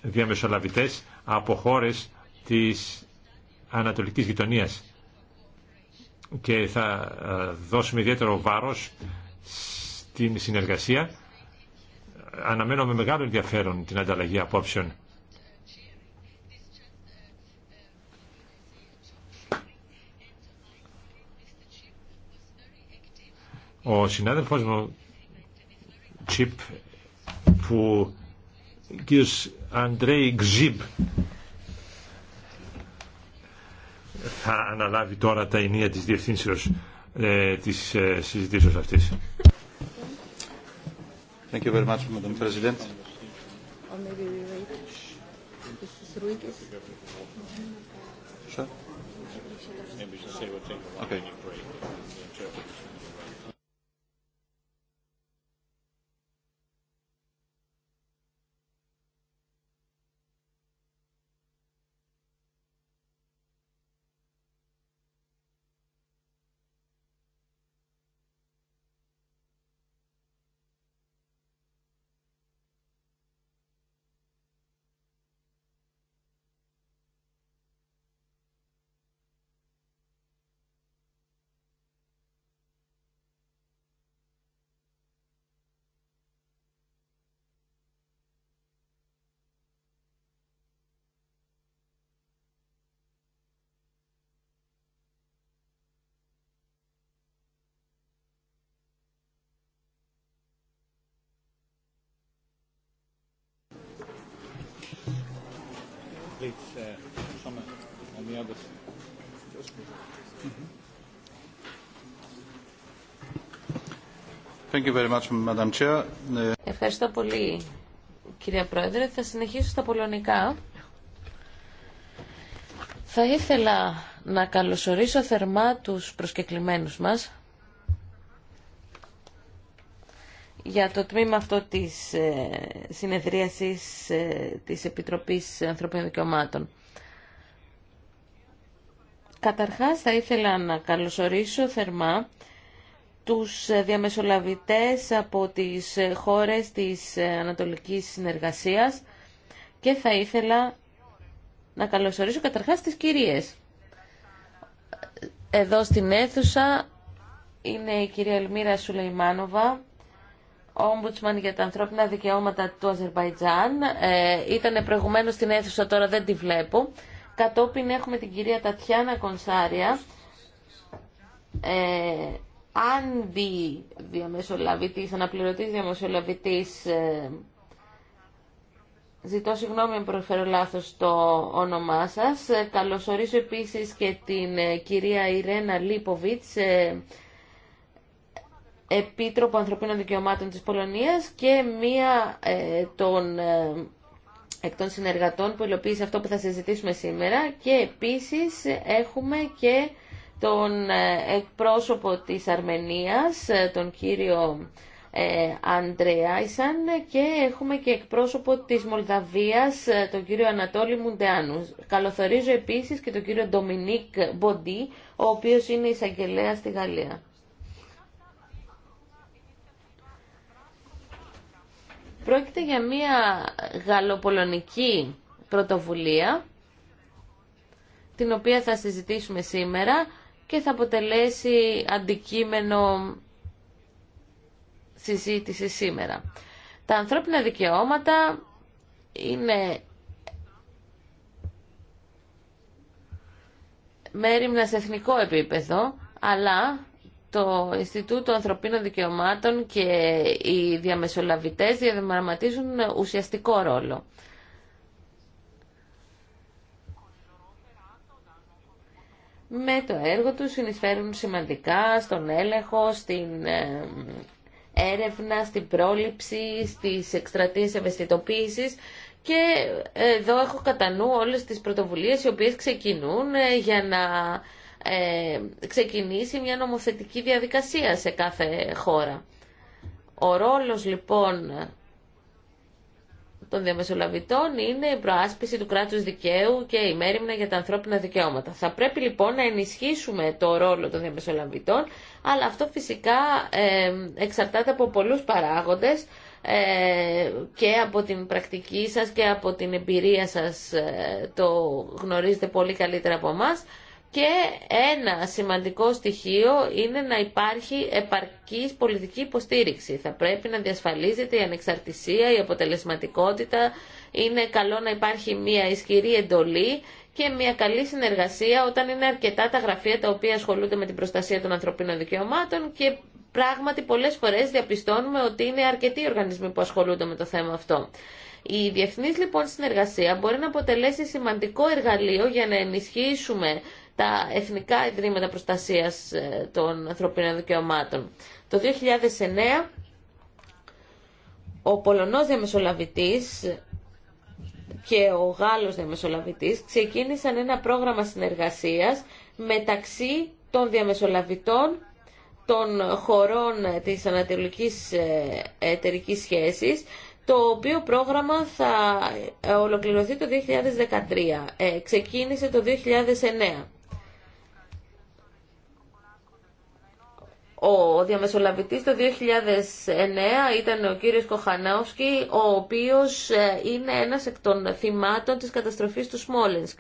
διαμεσολαβητές από χώρες της ανατολικής γειτονίας και θα ε, δώσουμε ιδιαίτερο βάρος στην συνεργασία. Αναμένω με μεγάλο ενδιαφέρον την ανταλλαγή απόψεων. Ο συνάδελφός μου, Τσίπ, που κύριος Αντρέι Γζιμπ θα αναλάβει τώρα τα ενία της διευθύνσεως ε, της ε, συζητήσεως αυτής. Thank you very much, Madam President. Okay. Ευχαριστώ πολύ, κυρία Πρόεδρε. Θα συνεχίσω στα πολωνικά. Θα ήθελα να καλωσορίσω θερμά τους προσκεκλημένους μας για το τμήμα αυτό της ε, συνεδρίασης ε, της Επιτροπής Ανθρωπίνων Δικαιωμάτων. Καταρχάς θα ήθελα να καλωσορίσω θερμά τους διαμεσολαβητές από τις χώρες της Ανατολικής Συνεργασίας και θα ήθελα να καλωσορίσω καταρχάς τις κυρίες. Εδώ στην αίθουσα είναι η κυρία Ελμύρα Σουλεϊμάνοβα, Ομπουτσμαν για τα ανθρώπινα δικαιώματα του Αζερβαϊτζάν. Ε, ήταν προηγουμένως στην αίθουσα, τώρα δεν τη βλέπω. Κατόπιν έχουμε την κυρία Τατιάνα Κονσάρια, ε, αντι διαμεσολαβητής, αναπληρωτής διαμεσολαβητής, ε, ζητώ συγγνώμη αν προφέρω λάθος το όνομά σας. Ε, καλωσορίζω επίσης και την ε, κυρία Ιρένα Λίποβιτς, ε, Επίτροπο Ανθρωπίνων Δικαιωμάτων της Πολωνίας και μία ε, των, ε, εκ των συνεργατών που υλοποίησε αυτό που θα συζητήσουμε σήμερα και επίσης έχουμε και τον ε, εκπρόσωπο της Αρμενίας, τον κύριο ε, Αντρεάισαν και έχουμε και εκπρόσωπο της Μολδαβίας, τον κύριο Ανατόλη Μουντεάνου. Καλωθορίζω επίσης και τον κύριο Ντομινίκ Μποντί, ο οποίος είναι εισαγγελέα στη Γαλλία. Πρόκειται για μια γαλλοπολωνική πρωτοβουλία, την οποία θα συζητήσουμε σήμερα και θα αποτελέσει αντικείμενο συζήτηση σήμερα. Τα ανθρώπινα δικαιώματα είναι μέρη σε εθνικό επίπεδο, αλλά το Ινστιτούτο Ανθρωπίνων Δικαιωμάτων και οι διαμεσολαβητές διαδραματίζουν ουσιαστικό ρόλο. Με το έργο τους συνεισφέρουν σημαντικά στον έλεγχο, στην ε, έρευνα, στην πρόληψη, στις εκστρατείες ευαισθητοποίησης και εδώ έχω κατά νου όλες τις πρωτοβουλίες οι οποίες ξεκινούν ε, για να ε, ξεκινήσει μια νομοθετική διαδικασία σε κάθε χώρα. Ο ρόλος λοιπόν των διαμεσολαβητών είναι η προάσπιση του κράτους δικαίου και η μέρημνα για τα ανθρώπινα δικαιώματα. Θα πρέπει λοιπόν να ενισχύσουμε το ρόλο των διαμεσολαβητών, αλλά αυτό φυσικά ε, εξαρτάται από πολλούς παράγοντες ε, και από την πρακτική σας και από την εμπειρία σας, ε, το γνωρίζετε πολύ καλύτερα από εμάς. Και ένα σημαντικό στοιχείο είναι να υπάρχει επαρκής πολιτική υποστήριξη. Θα πρέπει να διασφαλίζεται η ανεξαρτησία, η αποτελεσματικότητα. Είναι καλό να υπάρχει μια ισχυρή εντολή και μια καλή συνεργασία όταν είναι αρκετά τα γραφεία τα οποία ασχολούνται με την προστασία των ανθρωπίνων δικαιωμάτων και πράγματι πολλές φορές διαπιστώνουμε ότι είναι αρκετοί οργανισμοί που ασχολούνται με το θέμα αυτό. Η διεθνής λοιπόν συνεργασία μπορεί να αποτελέσει σημαντικό εργαλείο για να ενισχύσουμε τα Εθνικά Ιδρύματα Προστασίας ε, των Ανθρωπίνων Δικαιωμάτων. Το 2009 ο Πολωνός διαμεσολαβητής και ο Γάλλος διαμεσολαβητής ξεκίνησαν ένα πρόγραμμα συνεργασίας μεταξύ των διαμεσολαβητών των χωρών της ανατολικής ε, εταιρικής σχέσης το οποίο πρόγραμμα θα ε, ολοκληρωθεί το 2013. ξεκίνησε το 2009. Ο διαμεσολαβητής το 2009 ήταν ο κύριος Κοχανάουσκι, ο οποίος ε, είναι ένας εκ των θυμάτων της καταστροφής του Σμόλενσκ.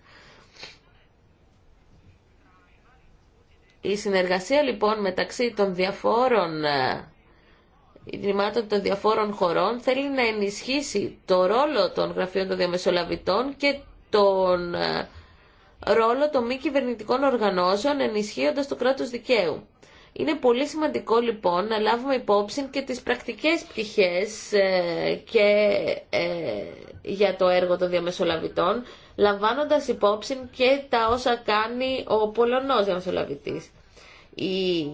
Η συνεργασία λοιπόν μεταξύ των διαφόρων ε, ιδρυμάτων των διαφόρων χωρών θέλει να ενισχύσει το ρόλο των γραφείων των διαμεσολαβητών και τον ε, ρόλο των μη κυβερνητικών οργανώσεων ενισχύοντας το κράτος δικαίου. Είναι πολύ σημαντικό λοιπόν να λάβουμε υπόψη και τις πρακτικές πτυχές ε, και ε, για το έργο των διαμεσολαβητών, λαμβάνοντας υπόψη και τα όσα κάνει ο Πολωνός διαμεσολαβητής. Η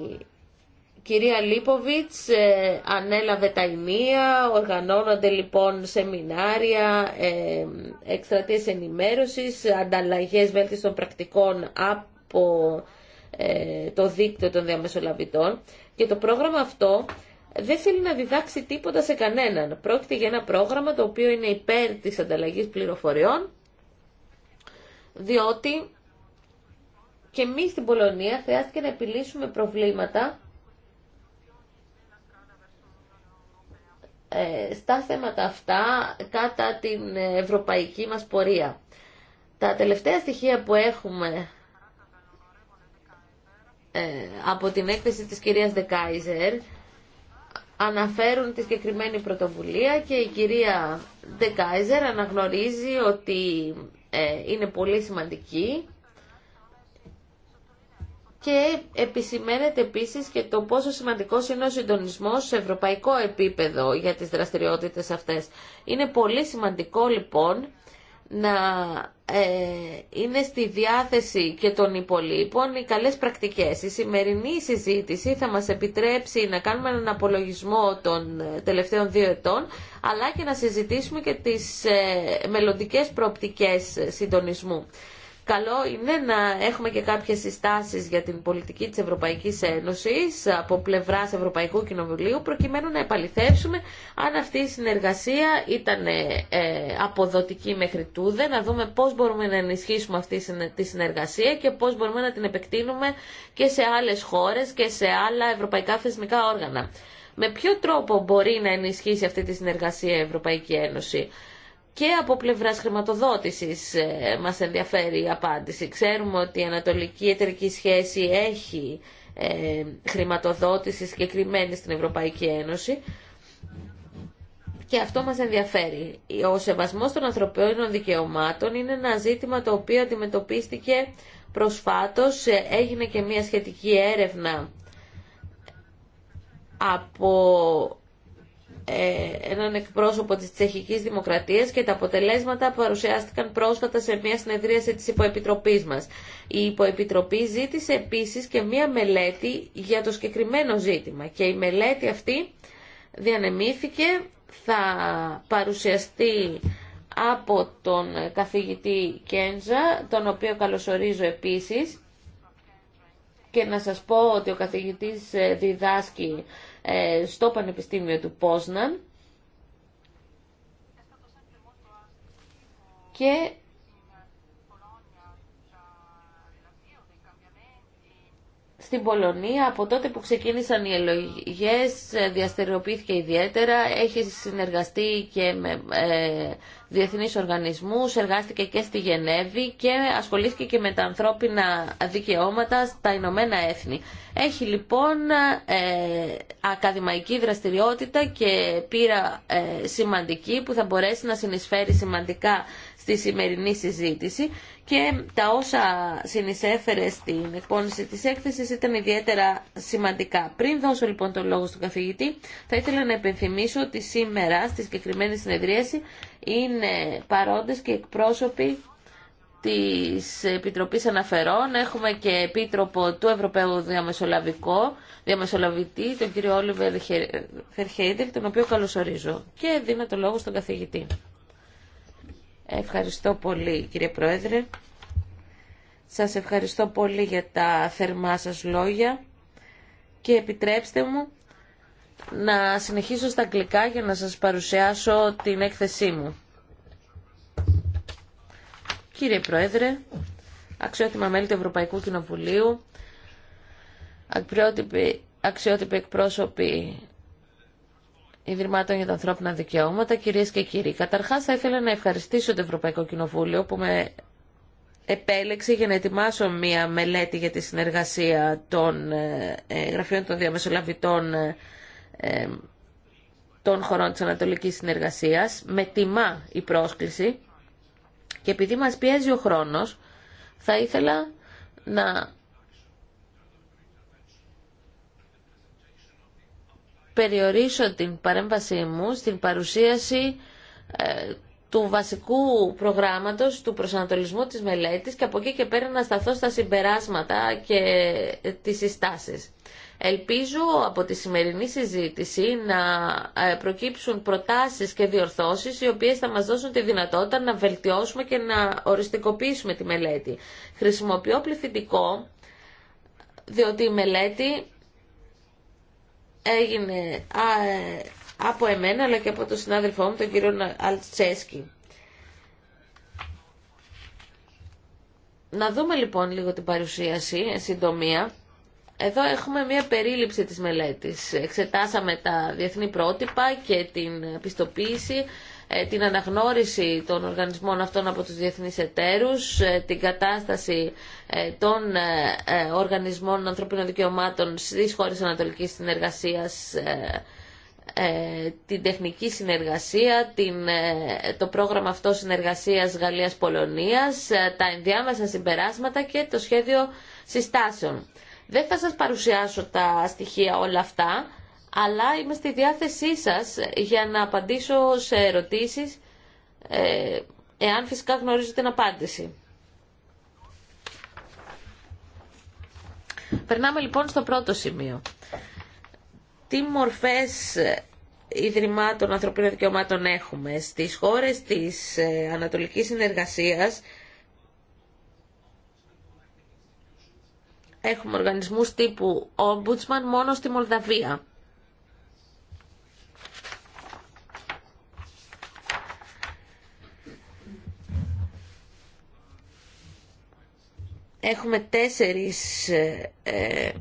κυρία Λίποβιτς ε, ανέλαβε τα ημεία, οργανώνονται λοιπόν σεμινάρια, ε, εκστρατείες ενημέρωσης, ανταλλαγές βέλτιστων πρακτικών από ε, το δίκτυο των διαμεσολαβητών και το πρόγραμμα αυτό δεν θέλει να διδάξει τίποτα σε κανέναν. Πρόκειται για ένα πρόγραμμα το οποίο είναι υπέρ της ανταλλαγής πληροφοριών διότι και εμεί στην Πολωνία χρειάστηκε να επιλύσουμε προβλήματα ε, στα θέματα αυτά κατά την ευρωπαϊκή μας πορεία. Τα τελευταία στοιχεία που έχουμε ε, από την έκθεση της κυρίας Δεκάιζερ αναφέρουν τη συγκεκριμένη πρωτοβουλία και η κυρία Δεκάιζερ αναγνωρίζει ότι ε, είναι πολύ σημαντική και επισημαίνεται επίσης και το πόσο σημαντικός είναι ο συντονισμός σε ευρωπαϊκό επίπεδο για τις δραστηριότητες αυτές. Είναι πολύ σημαντικό λοιπόν να ε, είναι στη διάθεση και των υπολείπων οι καλές πρακτικές. Η σημερινή συζήτηση θα μας επιτρέψει να κάνουμε έναν απολογισμό των ε, τελευταίων δύο ετών, αλλά και να συζητήσουμε και τις ε, μελλοντικές προοπτικές συντονισμού. Καλό είναι να έχουμε και κάποιες συστάσεις για την πολιτική της Ευρωπαϊκής Ένωσης από πλευράς Ευρωπαϊκού Κοινοβουλίου προκειμένου να επαληθεύσουμε αν αυτή η συνεργασία ήταν ε, ε, αποδοτική μέχρι τούδε, να δούμε πώς μπορούμε να ενισχύσουμε αυτή τη συνεργασία και πώς μπορούμε να την επεκτείνουμε και σε άλλες χώρες και σε άλλα ευρωπαϊκά θεσμικά όργανα. Με ποιο τρόπο μπορεί να ενισχύσει αυτή τη συνεργασία η Ευρωπαϊκή Ένωση και από πλευράς χρηματοδότησης ε, μα ενδιαφέρει η απάντηση. Ξέρουμε ότι η ανατολική εταιρική σχέση έχει ε, χρηματοδότηση συγκεκριμένη στην Ευρωπαϊκή Ένωση και αυτό μας ενδιαφέρει. Ο σεβασμός των ανθρωπίνων δικαιωμάτων είναι ένα ζήτημα το οποίο αντιμετωπίστηκε προσφάτως, ε, έγινε και μια σχετική έρευνα από ε, έναν εκπρόσωπο της τσεχικής δημοκρατίας και τα αποτελέσματα παρουσιάστηκαν πρόσφατα σε μια συνεδρίαση της υποεπιτροπής μας. Η υποεπιτροπή ζήτησε επίσης και μια μελέτη για το συγκεκριμένο ζήτημα και η μελέτη αυτή διανεμήθηκε, θα παρουσιαστεί από τον καθηγητή Κέντζα, τον οποίο καλωσορίζω επίσης και να σας πω ότι ο καθηγητής ε, διδάσκει ε, στο Πανεπιστήμιο του Πόσναν και στην Πολωνία από τότε που ξεκίνησαν οι ελογές ε, διαστερεοποιήθηκε ιδιαίτερα. Έχει συνεργαστεί και με ε, διεθνείς οργανισμούς, εργάστηκε και στη Γενέβη και ασχολήθηκε και με τα ανθρώπινα δικαιώματα στα Ηνωμένα Έθνη. Έχει λοιπόν ε, ακαδημαϊκή δραστηριότητα και πείρα ε, σημαντική που θα μπορέσει να συνεισφέρει σημαντικά στη σημερινή συζήτηση και τα όσα συνεισέφερε στην εκπόνηση της έκθεσης ήταν ιδιαίτερα σημαντικά. Πριν δώσω λοιπόν τον λόγο στον καθηγητή, θα ήθελα να επενθυμίσω ότι σήμερα στη συγκεκριμένη συνεδρίαση είναι παρόντες και εκπρόσωποι της Επιτροπής Αναφερών. Έχουμε και επίτροπο του Ευρωπαίου Διαμεσολαβικό, διαμεσολαβητή, τον κύριο Όλιβερ Φερχέιντελ, τον οποίο καλωσορίζω. Και δίνω το λόγο στον καθηγητή. Ευχαριστώ πολύ κύριε Πρόεδρε. Σας ευχαριστώ πολύ για τα θερμά σας λόγια και επιτρέψτε μου να συνεχίσω στα αγγλικά για να σας παρουσιάσω την έκθεσή μου. Κύριε Πρόεδρε, αξιότιμα μέλη του Ευρωπαϊκού Κοινοβουλίου, αξιότιμοι, αξιότιμοι εκπρόσωποι Ιδρυμάτων για τα Ανθρώπινα Δικαιώματα, κυρίες και κύριοι. Καταρχάς θα ήθελα να ευχαριστήσω το Ευρωπαϊκό Κοινοβούλιο που με επέλεξε για να ετοιμάσω μία μελέτη για τη συνεργασία των ε, ε, γραφείων των διαμεσολαβητών ε, των χωρών της Ανατολικής Συνεργασίας. Με τιμά η πρόσκληση και επειδή μας πιέζει ο χρόνος, θα ήθελα να περιορίσω την παρέμβασή μου στην παρουσίαση ε, του βασικού προγράμματος, του προσανατολισμού της μελέτης και από εκεί και πέρα να σταθώ στα συμπεράσματα και ε, τις συστάσεις. Ελπίζω από τη σημερινή συζήτηση να ε, προκύψουν προτάσεις και διορθώσεις οι οποίες θα μας δώσουν τη δυνατότητα να βελτιώσουμε και να οριστικοποιήσουμε τη μελέτη. Χρησιμοποιώ πληθυντικό διότι η μελέτη έγινε ε, από εμένα αλλά και από τον συνάδελφό μου τον κύριο Αλτσέσκι. Να δούμε λοιπόν λίγο την παρουσίαση, συντομία. Εδώ έχουμε μία περίληψη της μελέτης. Εξετάσαμε τα διεθνή πρότυπα και την πιστοποίηση, ε, την αναγνώριση των οργανισμών αυτών από τους διεθνείς εταίρους, ε, την κατάσταση ε, των οργανισμών ανθρωπίνων δικαιωμάτων στις χώρες ανατολικής συνεργασίας, την τεχνική συνεργασία, την, το πρόγραμμα αυτό συνεργασίας Γαλλίας-Πολωνίας, τα ενδιάμεσα συμπεράσματα και το σχέδιο συστάσεων. Δεν θα σας παρουσιάσω τα στοιχεία όλα αυτά, αλλά είμαι στη διάθεσή σας για να απαντήσω σε ερωτήσεις, ε, εάν φυσικά γνωρίζω την απάντηση. Περνάμε λοιπόν στο πρώτο σημείο. Τι μορφές Ιδρυμάτων Ανθρωπίνων Δικαιωμάτων έχουμε στις χώρες της ε, Ανατολικής Συνεργασίας Έχουμε οργανισμούς τύπου Ombudsman μόνο στη Μολδαβία. Έχουμε τέσσερις ε, ε,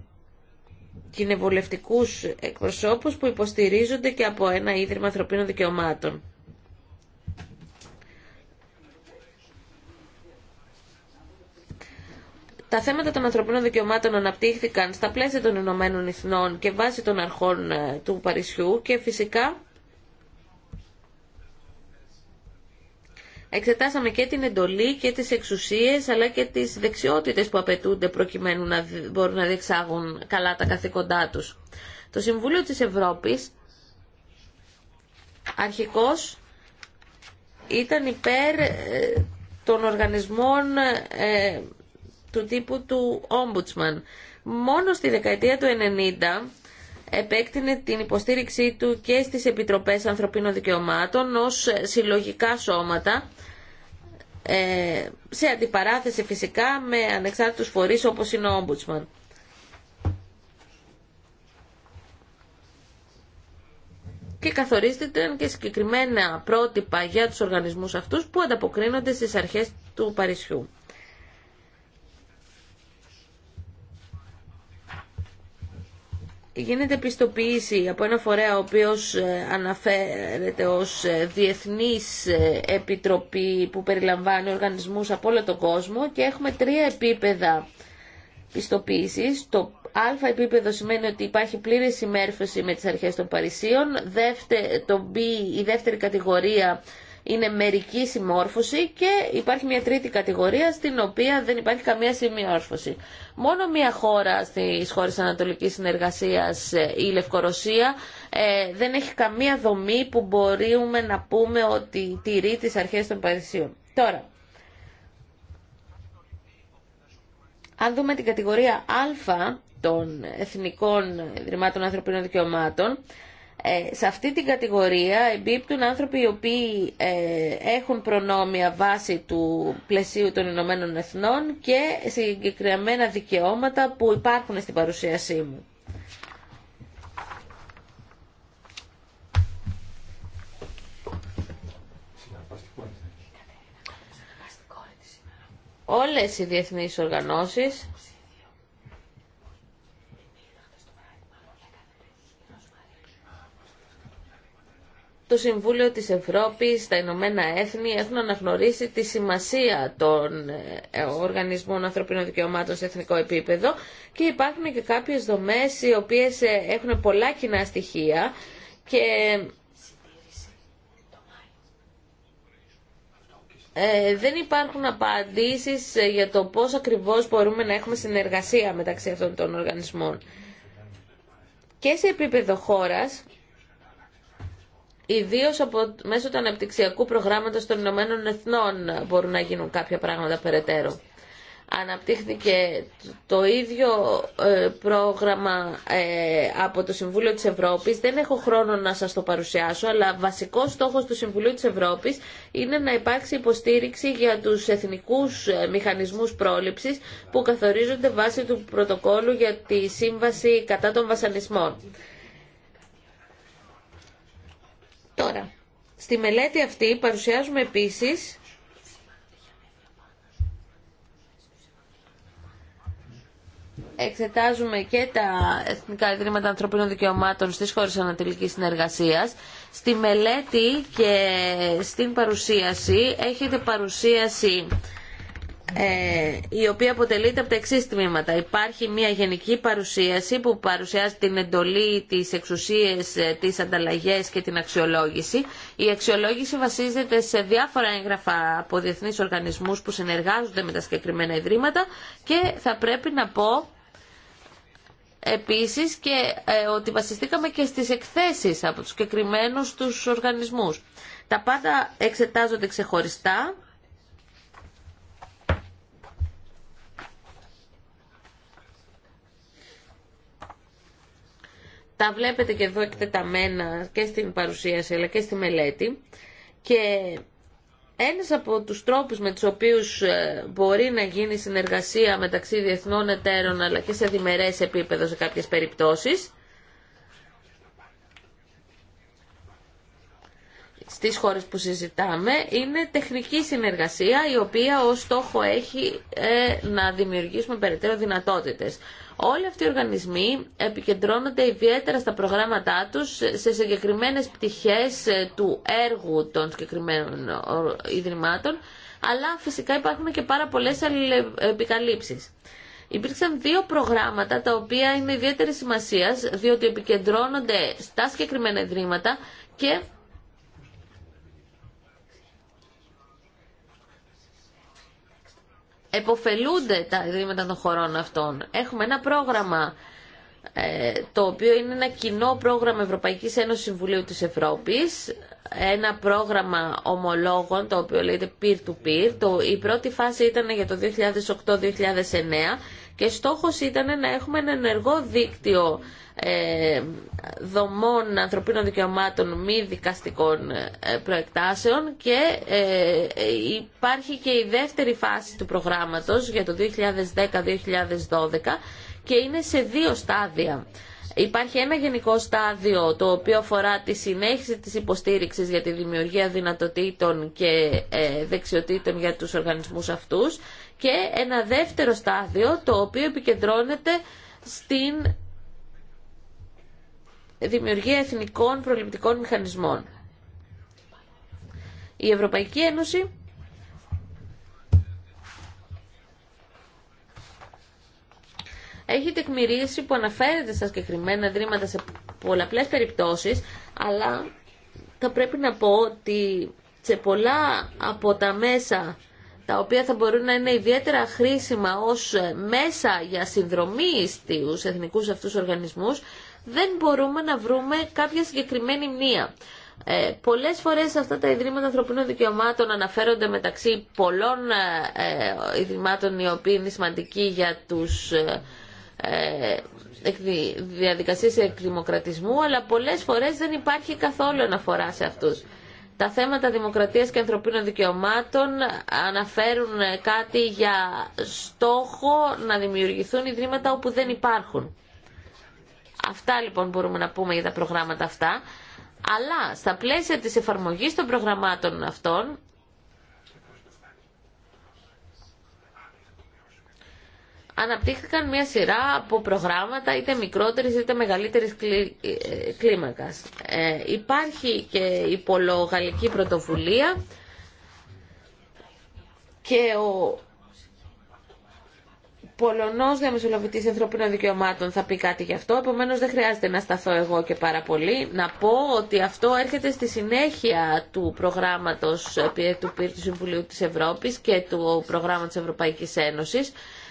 κοινοβουλευτικούς εκπροσώπους που υποστηρίζονται και από ένα Ίδρυμα Ανθρωπίνων Δικαιωμάτων. Τα θέματα των ανθρωπίνων δικαιωμάτων αναπτύχθηκαν στα πλαίσια των Ηνωμένων Εθνών και βάσει των αρχών ε, του Παρισιού και φυσικά εξετάσαμε και την εντολή και τις εξουσίες αλλά και τις δεξιότητες που απαιτούνται προκειμένου να μπορούν να διεξάγουν καλά τα καθήκοντά τους. Το Συμβούλιο της Ευρώπης αρχικώς ήταν υπέρ ε, των οργανισμών ε, του τύπου του Ombudsman. Μόνο στη δεκαετία του 90 επέκτηνε την υποστήριξή του και στις Επιτροπές Ανθρωπίνων Δικαιωμάτων ως συλλογικά σώματα ε, σε αντιπαράθεση φυσικά με ανεξάρτητους φορείς όπως είναι ο Ombudsman. και καθορίζεται και συγκεκριμένα πρότυπα για τους οργανισμούς αυτούς που ανταποκρίνονται στις αρχές του Παρισιού. γίνεται πιστοποίηση από ένα φορέα ο οποίος ε, αναφέρεται ως ε, Διεθνής ε, Επιτροπή που περιλαμβάνει οργανισμούς από όλο τον κόσμο και έχουμε τρία επίπεδα πιστοποίησης. Το α επίπεδο σημαίνει ότι υπάρχει πλήρη συμμέρφωση με τις αρχές των Παρισίων. Δεύτε, το B, η δεύτερη κατηγορία είναι μερική συμμόρφωση και υπάρχει μια τρίτη κατηγορία στην οποία δεν υπάρχει καμία συμμόρφωση. Μόνο μια χώρα στις χώρες ανατολικής συνεργασίας, ε, η Λευκορωσία, ε, δεν έχει καμία δομή που μπορούμε να πούμε ότι τηρεί τις αρχές των Παρισίων. Τώρα, αν δούμε την κατηγορία Α των Εθνικών Ιδρυμάτων Ανθρωπίνων Δικαιωμάτων, ε, σε αυτή την κατηγορία εμπίπτουν άνθρωποι οι οποίοι ε, έχουν προνόμια βάσει του πλαισίου των Ηνωμένων Εθνών και συγκεκριμένα δικαιώματα που υπάρχουν στην παρουσίασή μου. Όλες οι διεθνείς οργανώσεις το Συμβούλιο της Ευρώπης, τα Ηνωμένα Έθνη έχουν αναγνωρίσει τη σημασία των ε, οργανισμών ανθρωπίνων δικαιωμάτων σε εθνικό επίπεδο και υπάρχουν και κάποιες δομές οι οποίες ε, έχουν πολλά κοινά στοιχεία και Ε, δεν υπάρχουν απαντήσεις για το πώς ακριβώς μπορούμε να έχουμε συνεργασία μεταξύ αυτών των οργανισμών. Και σε επίπεδο χώρας Ιδίω μέσω του αναπτυξιακού προγράμματος των Ηνωμένων Εθνών μπορούν να γίνουν κάποια πράγματα περαιτέρω. Αναπτύχθηκε το ίδιο ε, πρόγραμμα ε, από το Συμβούλιο της Ευρώπης. Δεν έχω χρόνο να σας το παρουσιάσω, αλλά βασικός στόχος του Συμβουλίου της Ευρώπης είναι να υπάρξει υποστήριξη για τους εθνικούς ε, μηχανισμούς πρόληψης που καθορίζονται βάσει του πρωτοκόλου για τη Σύμβαση κατά των βασανισμών. Τώρα, στη μελέτη αυτή παρουσιάζουμε επίσης εξετάζουμε και τα Εθνικά Ιδρύματα Ανθρωπίνων Δικαιωμάτων στις χώρες ανατολικής συνεργασίας. Στη μελέτη και στην παρουσίαση έχετε παρουσίαση ε, η οποία αποτελείται από τα εξή τμήματα. Υπάρχει μια γενική παρουσίαση που παρουσιάζει την εντολή, τι εξουσίες, ε, τι ανταλλαγέ και την αξιολόγηση. Η αξιολόγηση βασίζεται σε διάφορα έγγραφα από διεθνεί οργανισμούς που συνεργάζονται με τα συγκεκριμένα ιδρύματα και θα πρέπει να πω επίσης και ε, ότι βασιστήκαμε και στις εκθέσεις από τους συγκεκριμένου τους οργανισμούς. Τα πάντα εξετάζονται ξεχωριστά Τα βλέπετε και εδώ εκτεταμένα και στην παρουσίαση αλλά και στη μελέτη. Και ένας από τους τρόπους με τους οποίους ε, μπορεί να γίνει συνεργασία μεταξύ διεθνών εταίρων αλλά και σε διμερές επίπεδο σε κάποιες περιπτώσεις στις χώρες που συζητάμε είναι τεχνική συνεργασία η οποία ως στόχο έχει ε, να δημιουργήσουμε περαιτέρω δυνατότητες. Όλοι αυτοί οι οργανισμοί επικεντρώνονται ιδιαίτερα στα προγράμματά τους σε συγκεκριμένες πτυχές ε, του έργου των συγκεκριμένων ιδρυμάτων, αλλά φυσικά υπάρχουν και πάρα πολλές επικαλύψεις. Υπήρξαν δύο προγράμματα τα οποία είναι ιδιαίτερη σημασία διότι επικεντρώνονται στα συγκεκριμένα ιδρύματα και εποφελούνται τα ιδρύματα των χωρών αυτών. Έχουμε ένα πρόγραμμα ε, το οποίο είναι ένα κοινό πρόγραμμα Ευρωπαϊκής Ένωσης Συμβουλίου της Ευρώπης, ένα πρόγραμμα ομολόγων, το οποίο λέγεται peer-to-peer. Το, η πρώτη φάση ήταν για το 2008-2009 και στόχος ήταν να έχουμε ένα ενεργό δίκτυο ε, δομών ανθρωπίνων δικαιωμάτων μη δικαστικών ε, προεκτάσεων και ε, υπάρχει και η δεύτερη φάση του προγράμματος για το 2010-2012 και είναι σε δύο στάδια. Υπάρχει ένα γενικό στάδιο το οποίο αφορά τη συνέχιση της υποστήριξης για τη δημιουργία δυνατοτήτων και δεξιοτήτων για τους οργανισμούς αυτούς και ένα δεύτερο στάδιο το οποίο επικεντρώνεται στην δημιουργία εθνικών προληπτικών μηχανισμών. Η Ευρωπαϊκή Ένωση έχει τεκμηρίσει που αναφέρεται στα συγκεκριμένα δρήματα σε πολλαπλές περιπτώσεις, αλλά θα πρέπει να πω ότι σε πολλά από τα μέσα τα οποία θα μπορούν να είναι ιδιαίτερα χρήσιμα ως μέσα για συνδρομή στους εθνικούς αυτούς οργανισμούς, δεν μπορούμε να βρούμε κάποια συγκεκριμένη μνήμα. Ε, πολλές φορές αυτά τα Ιδρύματα Ανθρωπίνων Δικαιωμάτων αναφέρονται μεταξύ πολλών ε, ε Ιδρυμάτων οι οποίοι είναι σημαντικοί για τους ε, ε διαδικασίες εκδημοκρατισμού αλλά πολλές φορές δεν υπάρχει καθόλου αναφορά σε αυτούς. Τα θέματα δημοκρατίας και ανθρωπίνων δικαιωμάτων αναφέρουν ε, κάτι για στόχο να δημιουργηθούν ιδρύματα όπου δεν υπάρχουν. Αυτά λοιπόν μπορούμε να πούμε για τα προγράμματα αυτά. Αλλά στα πλαίσια της εφαρμογής των προγραμμάτων αυτών αναπτύχθηκαν μια σειρά από προγράμματα είτε μικρότερης είτε μεγαλύτερης ε, κλίμακας. Ε, υπάρχει και η πολλογαλλική Πρωτοβουλία και ο Πολωνό διαμεσολαβητή ανθρωπίνων δικαιωμάτων θα πει κάτι γι' αυτό, Επομένω δεν χρειάζεται να σταθώ εγώ και πάρα πολύ. Να πω ότι αυτό έρχεται στη συνέχεια του προγράμματο ε, του Πύρ του Συμβουλίου τη Ευρώπη και του προγράμματος Ευρωπαϊκή Ένωση.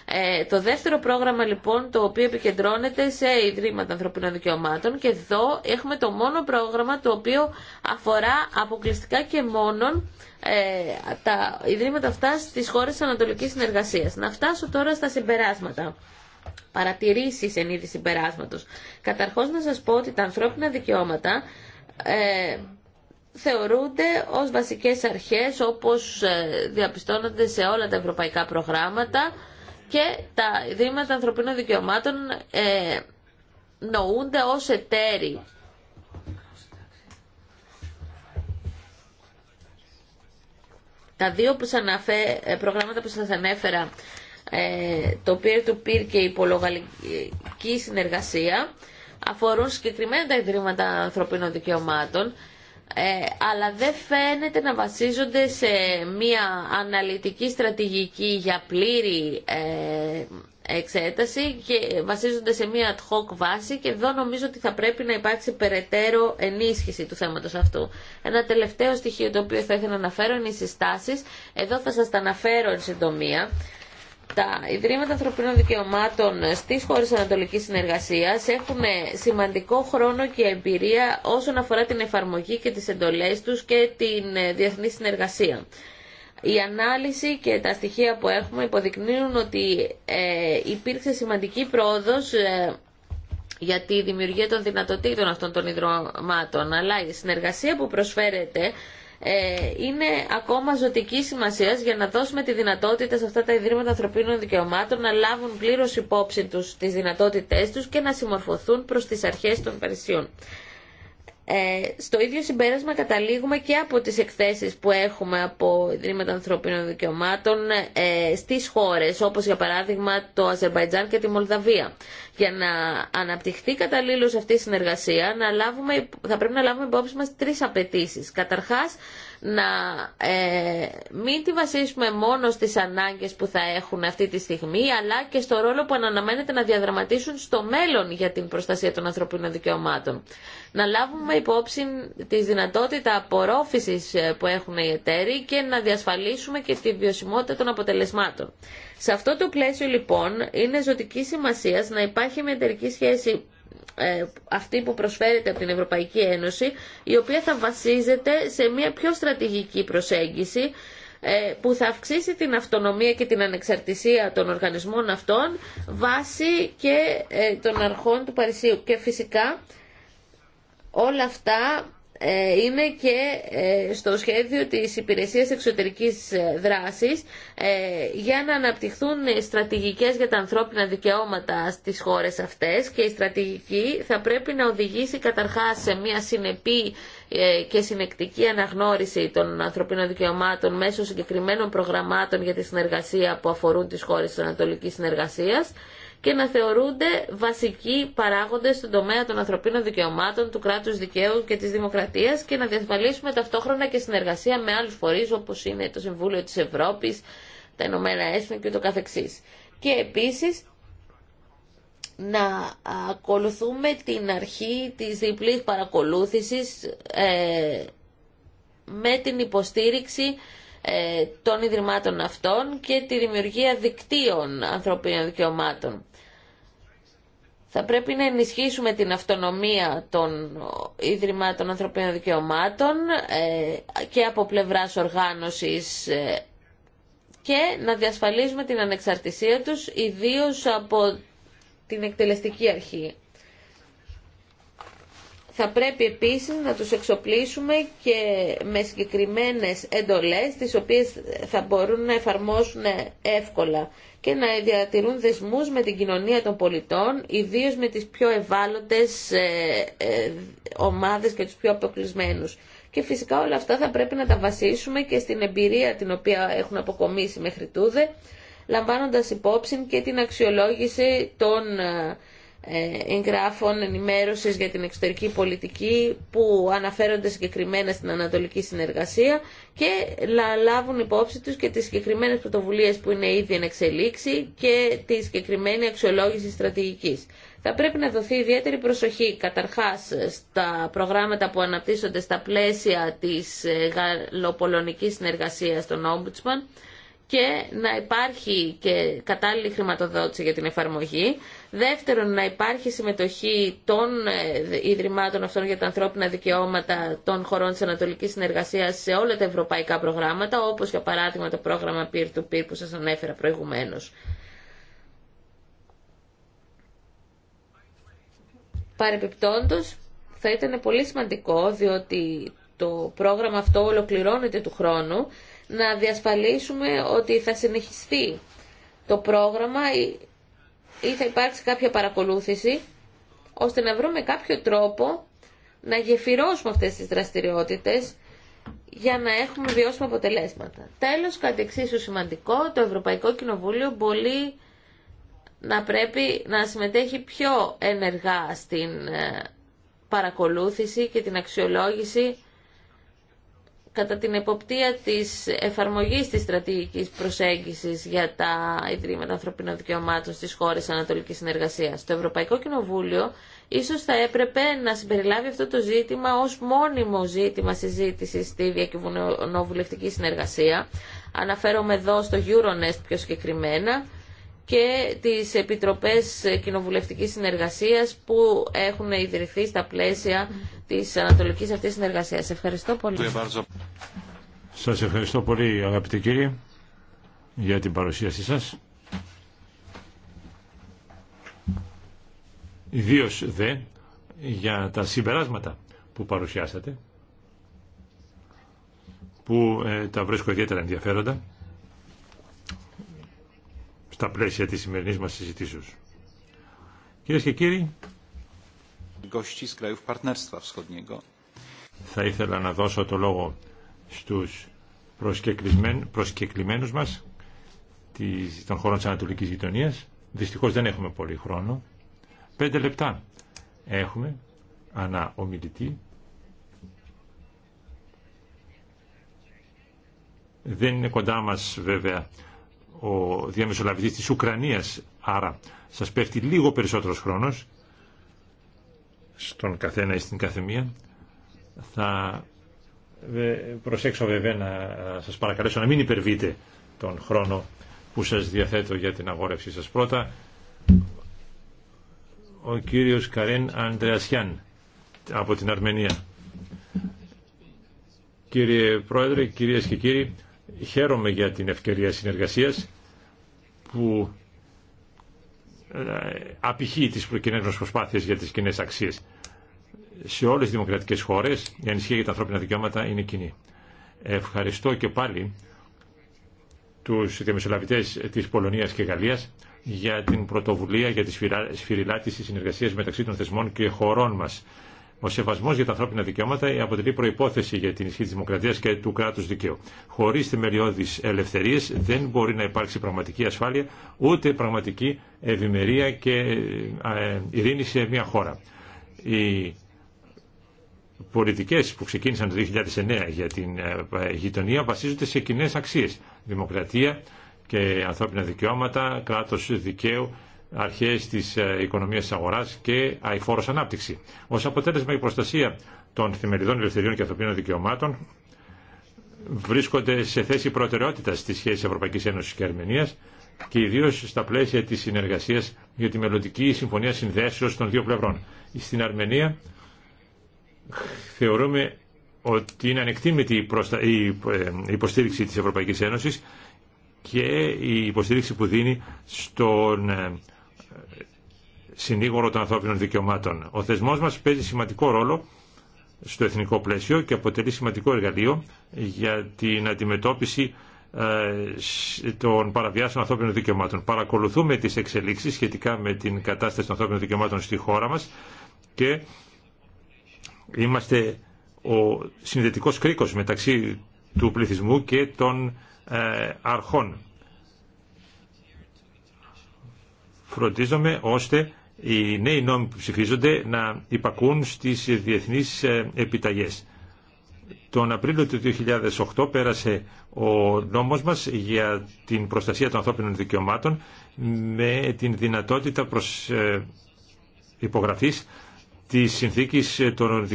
Ε, το δεύτερο πρόγραμμα λοιπόν το οποίο επικεντρώνεται σε Ιδρύματα Ανθρωπίνων Δικαιωμάτων και εδώ έχουμε το μόνο πρόγραμμα το οποίο αφορά αποκλειστικά και μόνον ε, τα Ιδρύματα αυτά στις χώρες Ανατολικής Συνεργασίας. Να φτάσω τώρα στα συμπεράσματα παρατηρήσεις εν είδη συμπεράσματος. Καταρχώς να σας πω ότι τα ανθρώπινα δικαιώματα ε, θεωρούνται ως βασικές αρχές όπως ε, διαπιστώνονται σε όλα τα ευρωπαϊκά προγράμματα και τα Ιδρύματα Ανθρωπίνων Δικαιωμάτων ε, νοούνται ως εταίροι Τα δύο που αναφέ, ε, προγράμματα που σας ανέφερα, ε, το peer to -peer και η υπολογαλική συνεργασία, αφορούν συγκεκριμένα τα Ιδρύματα Ανθρωπίνων Δικαιωμάτων ε, αλλά δεν φαίνεται να βασίζονται σε μια αναλυτική στρατηγική για πλήρη ε, εξέταση και βασίζονται σε μια ad hoc βάση και εδώ νομίζω ότι θα πρέπει να υπάρξει περαιτέρω ενίσχυση του θέματος αυτού. Ένα τελευταίο στοιχείο το οποίο θα ήθελα να αναφέρω είναι οι συστάσεις. Εδώ θα σας τα αναφέρω εν συντομία. Τα Ιδρύματα Ανθρωπίνων Δικαιωμάτων στις χώρες Ανατολικής Συνεργασίας έχουν σημαντικό χρόνο και εμπειρία όσον αφορά την εφαρμογή και τις εντολές τους και την ε, διεθνή συνεργασία. Η ανάλυση και τα στοιχεία που έχουμε υποδεικνύουν ότι ε, υπήρξε σημαντική πρόοδος ε, για τη δημιουργία των δυνατοτήτων αυτών των ιδρυμάτων, αλλά η συνεργασία που προσφέρεται ε, είναι ακόμα ζωτική σημασία για να δώσουμε τη δυνατότητα σε αυτά τα Ιδρύματα Ανθρωπίνων Δικαιωμάτων να λάβουν πλήρω υπόψη του τι δυνατότητέ του και να συμμορφωθούν προ τι αρχέ των Παρισιών. Ε, στο ίδιο συμπέρασμα καταλήγουμε και από τις εκθέσεις που έχουμε από Ιδρύματα Ανθρωπίνων Δικαιωμάτων ε, στις χώρες, όπως για παράδειγμα το Αζερβαϊτζάν και τη Μολδαβία. Για να αναπτυχθεί καταλήλως αυτή η συνεργασία, να λάβουμε, θα πρέπει να λάβουμε υπόψη μας τρεις απαιτήσει. Καταρχάς, να ε, μην τη βασίσουμε μόνο στις ανάγκες που θα έχουν αυτή τη στιγμή, αλλά και στο ρόλο που αναμένεται να διαδραματίσουν στο μέλλον για την προστασία των ανθρωπίνων δικαιωμάτων. Να λάβουμε υπόψη τη δυνατότητα απορρόφησης ε, που έχουν οι εταίροι και να διασφαλίσουμε και τη βιωσιμότητα των αποτελεσμάτων. Σε αυτό το πλαίσιο λοιπόν είναι ζωτική σημασία να υπάρχει μια εταιρική σχέση ε, αυτή που προσφέρεται από την Ευρωπαϊκή Ένωση, η οποία θα βασίζεται σε μια πιο στρατηγική προσέγγιση ε, που θα αυξήσει την αυτονομία και την ανεξαρτησία των οργανισμών αυτών βάσει και ε, των αρχών του Παρισίου. Και φυσικά όλα αυτά ε, είναι και ε, στο σχέδιο της Υπηρεσίας Εξωτερικής ε, Δράσης για να αναπτυχθούν στρατηγικές για τα ανθρώπινα δικαιώματα στις χώρες αυτές και η στρατηγική θα πρέπει να οδηγήσει καταρχάς σε μια συνεπή και συνεκτική αναγνώριση των ανθρωπίνων δικαιωμάτων μέσω συγκεκριμένων προγραμμάτων για τη συνεργασία που αφορούν τις χώρες της Ανατολικής Συνεργασίας και να θεωρούνται βασικοί παράγοντες στον τομέα των ανθρωπίνων δικαιωμάτων, του κράτους δικαίου και της δημοκρατίας και να διασφαλίσουμε ταυτόχρονα και συνεργασία με άλλους φορείς όπως είναι το Συμβούλιο της Ευρώπης, τα Ηνωμένα Έθνη και το καθεξής. Και επίσης να ακολουθούμε την αρχή της διπλής παρακολούθησης ε, με την υποστήριξη ε, των Ιδρυμάτων αυτών και τη δημιουργία δικτύων ανθρωπίνων δικαιωμάτων. Θα πρέπει να ενισχύσουμε την αυτονομία των Ιδρυμάτων Ανθρωπίνων Δικαιωμάτων ε, και από πλευράς οργάνωσης ε, και να διασφαλίζουμε την ανεξαρτησία τους ιδίως από την εκτελεστική αρχή. Θα πρέπει επίσης να τους εξοπλίσουμε και με συγκεκριμένες εντολές τις οποίες θα μπορούν να εφαρμόσουν εύκολα και να διατηρούν δεσμούς με την κοινωνία των πολιτών, ιδίως με τις πιο ευάλωτες ε, ε, ομάδες και τους πιο αποκλεισμένους. Και φυσικά όλα αυτά θα πρέπει να τα βασίσουμε και στην εμπειρία την οποία έχουν αποκομίσει μέχρι τούδε, λαμβάνοντας υπόψη και την αξιολόγηση των ε, ε, εγγράφων ενημέρωσης για την εξωτερική πολιτική που αναφέρονται συγκεκριμένα στην ανατολική συνεργασία και λάβουν υπόψη τους και τις συγκεκριμένες πρωτοβουλίες που είναι ήδη εν εξελίξη και τη συγκεκριμένη αξιολόγηση στρατηγικής. Θα πρέπει να δοθεί ιδιαίτερη προσοχή καταρχάς στα προγράμματα που αναπτύσσονται στα πλαίσια της ε, γαλλοπολωνικής συνεργασίας των Ombudsman και να υπάρχει και κατάλληλη χρηματοδότηση για την εφαρμογή Δεύτερον, να υπάρχει συμμετοχή των ε, Ιδρυμάτων αυτών για τα ανθρώπινα δικαιώματα των χωρών της Ανατολικής Συνεργασίας σε όλα τα ευρωπαϊκά προγράμματα, όπως για παράδειγμα το πρόγραμμα Peer-to-Peer που σας ανέφερα προηγουμένως. Παρεπιπτόντως, θα ήταν πολύ σημαντικό, διότι το πρόγραμμα αυτό ολοκληρώνεται του χρόνου, να διασφαλίσουμε ότι θα συνεχιστεί το πρόγραμμα ή θα υπάρξει κάποια παρακολούθηση ώστε να βρούμε κάποιο τρόπο να γεφυρώσουμε αυτές τις δραστηριότητες για να έχουμε βιώσιμα αποτελέσματα. Τέλος, κάτι εξίσου σημαντικό, το Ευρωπαϊκό Κοινοβούλιο μπορεί να πρέπει να συμμετέχει πιο ενεργά στην ε, παρακολούθηση και την αξιολόγηση κατά την εποπτεία της εφαρμογής της στρατηγικής προσέγγισης για τα Ιδρύματα Ανθρωπίνων Δικαιωμάτων στις χώρες Ανατολικής Συνεργασίας. Το Ευρωπαϊκό Κοινοβούλιο ίσως θα έπρεπε να συμπεριλάβει αυτό το ζήτημα ως μόνιμο ζήτημα συζήτηση στη διακυβουνοβουλευτική συνεργασία. Αναφέρομαι εδώ στο Euronest πιο συγκεκριμένα και τις Επιτροπές Κοινοβουλευτικής Συνεργασίας που έχουν ιδρυθεί στα πλαίσια της Ανατολικής αυτής συνεργασίας. Ευχαριστώ πολύ. Σας ευχαριστώ πολύ αγαπητοί κύριοι για την παρουσίασή σας. Ιδίω δε για τα συμπεράσματα που παρουσιάσατε που ε, τα βρίσκω ιδιαίτερα ενδιαφέροντα στα πλαίσια της σημερινής μας συζητήσεως. Κυρίε και κύριοι, θα ήθελα να δώσω το λόγο στους προσκεκλημένους μας των χωρών της Ανατολικής Γειτονίας. Δυστυχώς δεν έχουμε πολύ χρόνο. Πέντε λεπτά έχουμε ανά ομιλητή. Δεν είναι κοντά μας βέβαια ο διαμεσολαβητής της Ουκρανίας. Άρα σας πέφτει λίγο περισσότερος χρόνος στον καθένα ή στην καθεμία. Θα προσέξω βέβαια να σας παρακαλέσω να μην υπερβείτε τον χρόνο που σας διαθέτω για την αγόρευση σας. Πρώτα, ο κύριος Καρέν Αντρεασιάν από την Αρμενία. Κύριε Πρόεδρε, κυρίες και κύριοι, Χαίρομαι για την ευκαιρία συνεργασίας που ε, απηχεί τις προκειμένες προσπάθειες για τις κοινέ αξίες. Σε όλες τις δημοκρατικές χώρες η ανησυχία για τα ανθρώπινα δικαιώματα είναι κοινή. Ευχαριστώ και πάλι τους διαμεσολαβητές της Πολωνίας και Γαλλίας για την πρωτοβουλία για τη σφυριλάτηση συνεργασίας μεταξύ των θεσμών και χωρών μας. Ο σεβασμό για τα ανθρώπινα δικαιώματα αποτελεί προπόθεση για την ισχύ τη δημοκρατία και του κράτου δικαίου. Χωρί θεμελιώδει ελευθερίε δεν μπορεί να υπάρξει πραγματική ασφάλεια ούτε πραγματική ευημερία και ε, ε, ειρήνη σε μια χώρα. Οι πολιτικέ που ξεκίνησαν το 2009 για την ε, γειτονία βασίζονται σε κοινέ αξίε. Δημοκρατία και ανθρώπινα δικαιώματα, κράτο δικαίου Αρχέ τη ε, οικονομία τη αγοράς και αηφόρο ανάπτυξη. Ω αποτέλεσμα η προστασία των θεμελιδών ελευθεριών και ανθρωπίνων δικαιωμάτων βρίσκονται σε θέση προτεραιότητα στι σχέσει Ευρωπαϊκή Ένωση και Αρμενία και ιδίω στα πλαίσια τη συνεργασία για τη μελλοντική συμφωνία συνδέσεω των δύο πλευρών. Στην Αρμενία θεωρούμε ότι είναι ανεκτήμητη η ε, υποστήριξη της Ευρωπαϊκής Ένωσης και η υποστήριξη που δίνει στον ε, συνήγορο των ανθρώπινων δικαιωμάτων. Ο θεσμός μας παίζει σημαντικό ρόλο στο εθνικό πλαίσιο και αποτελεί σημαντικό εργαλείο για την αντιμετώπιση ε, των παραβιάσεων ανθρώπινων δικαιωμάτων. Παρακολουθούμε τις εξελίξεις σχετικά με την κατάσταση των ανθρώπινων δικαιωμάτων στη χώρα μας και είμαστε ο συνδετικό κρίκος μεταξύ του πληθυσμού και των ε, αρχών. Φροντίζομαι ώστε οι νέοι νόμοι που ψηφίζονται να υπακούν στις διεθνείς ε, επιταγές. Τον Απρίλιο του 2008 πέρασε ο νόμος μας για την προστασία των ανθρώπινων δικαιωμάτων με την δυνατότητα προς ε, υπογραφής της συνθήκης ε, των,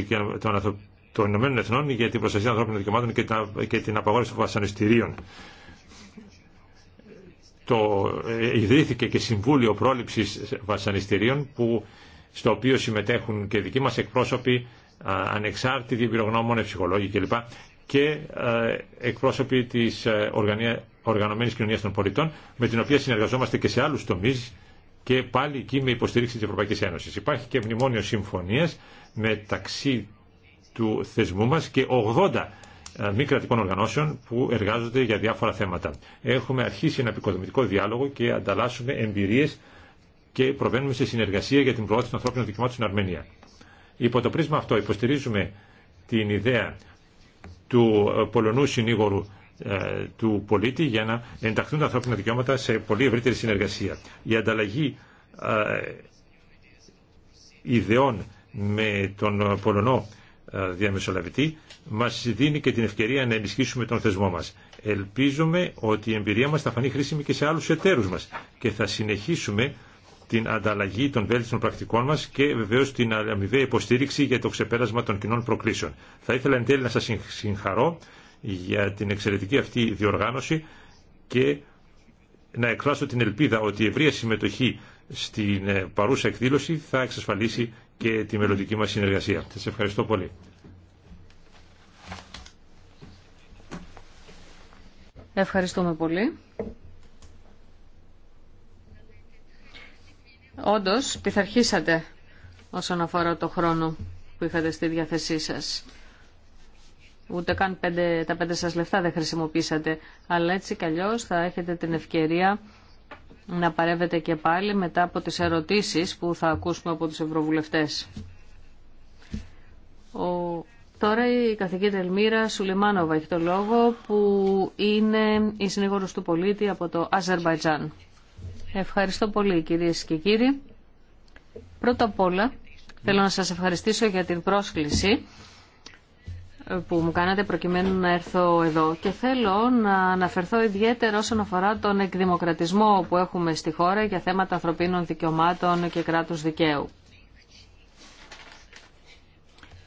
των Ηνωμένων Εθνών για την προστασία των ανθρώπινων δικαιωμάτων και την απαγόρευση των βασανιστήριων το, ιδρύθηκε και Συμβούλιο Πρόληψης Βασανιστήριων που, στο οποίο συμμετέχουν και δικοί μας εκπρόσωποι ανεξάρτητοι εμπειρογνώμονες, ψυχολόγοι κλπ. και εκπρόσωποι της Οργανωμένης Κοινωνίας των Πολιτών με την οποία συνεργαζόμαστε και σε άλλους τομείς και πάλι εκεί με υποστήριξη της Ευρωπαϊκής Ένωσης. Υπάρχει και μνημόνιο συμφωνίας μεταξύ του θεσμού μας και 80 ε, μη κρατικών οργανώσεων που εργάζονται για διάφορα θέματα. Έχουμε αρχίσει ένα επικοδομητικό διάλογο και ανταλλάσσουμε εμπειρίε και προβαίνουμε σε συνεργασία για την προώθηση των ανθρώπινων δικαιωμάτων στην Αρμενία. Υπό το πρίσμα αυτό υποστηρίζουμε την ιδέα του Πολωνού συνήγορου ε, του πολίτη για να ενταχθούν τα ανθρώπινα δικαιώματα σε πολύ ευρύτερη συνεργασία. Η ανταλλαγή ε, ιδεών με τον Πολωνό ε, διαμεσολαβητή μα δίνει και την ευκαιρία να ενισχύσουμε τον θεσμό μα. Ελπίζουμε ότι η εμπειρία μα θα φανεί χρήσιμη και σε άλλου εταίρους μα και θα συνεχίσουμε την ανταλλαγή των βέλτιστων πρακτικών μα και βεβαίω την αμοιβαία υποστήριξη για το ξεπέρασμα των κοινών προκλήσεων. Θα ήθελα εν τέλει να σα συγχαρώ για την εξαιρετική αυτή διοργάνωση και να εκφράσω την ελπίδα ότι η ευρεία συμμετοχή στην ε, παρούσα εκδήλωση θα εξασφαλίσει και τη μελλοντική μας συνεργασία. Σας ευχαριστώ πολύ. Ευχαριστούμε πολύ. Όντως, πειθαρχήσατε όσον αφορά το χρόνο που είχατε στη διάθεσή σας. Ούτε καν πέντε, τα πέντε σας λεφτά δεν χρησιμοποίησατε, αλλά έτσι κι θα έχετε την ευκαιρία να παρεύετε και πάλι μετά από τις ερωτήσεις που θα ακούσουμε από τους ευρωβουλευτές. Ο... Τώρα η καθηγήτρια Ελμύρα Σουλιμάνοβα έχει το λόγο που είναι η συνήγορος του πολίτη από το Αζερβαϊτζάν. Ευχαριστώ πολύ κυρίες και κύριοι. Πρώτα απ' όλα θέλω να σας ευχαριστήσω για την πρόσκληση που μου κάνατε προκειμένου να έρθω εδώ και θέλω να αναφερθώ ιδιαίτερα όσον αφορά τον εκδημοκρατισμό που έχουμε στη χώρα για θέματα ανθρωπίνων δικαιωμάτων και κράτους δικαίου.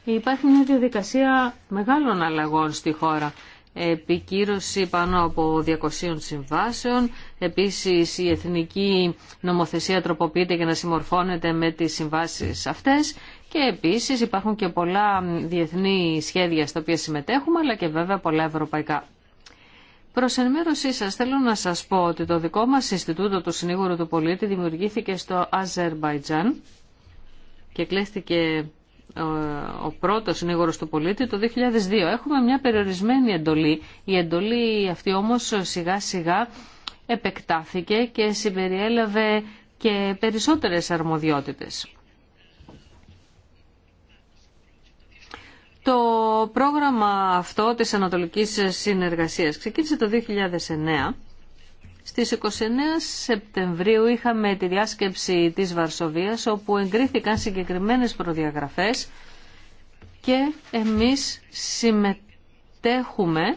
Υπάρχει μια διαδικασία μεγάλων αλλαγών στη χώρα επικύρωση πάνω από 200 συμβάσεων. Επίσης η εθνική νομοθεσία τροποποιείται για να συμμορφώνεται με τις συμβάσεις αυτές. Και επίσης υπάρχουν και πολλά διεθνή σχέδια στα οποία συμμετέχουμε, αλλά και βέβαια πολλά ευρωπαϊκά. Προς ενημέρωσή σα, θέλω να σας πω ότι το δικό μας Ινστιτούτο του Συνήγορου του Πολίτη δημιουργήθηκε στο Αζερβαϊτζάν και κλέστηκε ο πρώτος συνήγορος του πολίτη το 2002. Έχουμε μια περιορισμένη εντολή. Η εντολή αυτή όμως σιγά σιγά επεκτάθηκε και συμπεριέλαβε και περισσότερες αρμοδιότητες. Το πρόγραμμα αυτό της Ανατολικής Συνεργασίας ξεκίνησε το 2009 στις 29 Σεπτεμβρίου είχαμε τη διάσκεψη της Βαρσοβίας όπου εγκρίθηκαν συγκεκριμένες προδιαγραφές και εμείς συμμετέχουμε,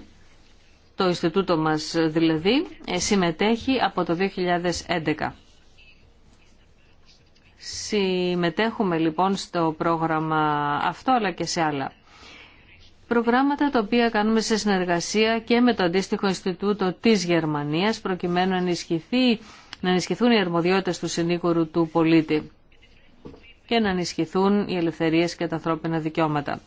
το Ινστιτούτο μας δηλαδή, ε, συμμετέχει από το 2011. Συμμετέχουμε λοιπόν στο πρόγραμμα αυτό αλλά και σε άλλα. Προγράμματα τα οποία κάνουμε σε συνεργασία και με το αντίστοιχο Ινστιτούτο της Γερμανίας προκειμένου να, να ενισχυθούν οι αρμοδιότητες του συνήγορου του πολίτη και να ενισχυθούν οι ελευθερίες και τα ανθρώπινα δικαιώματα.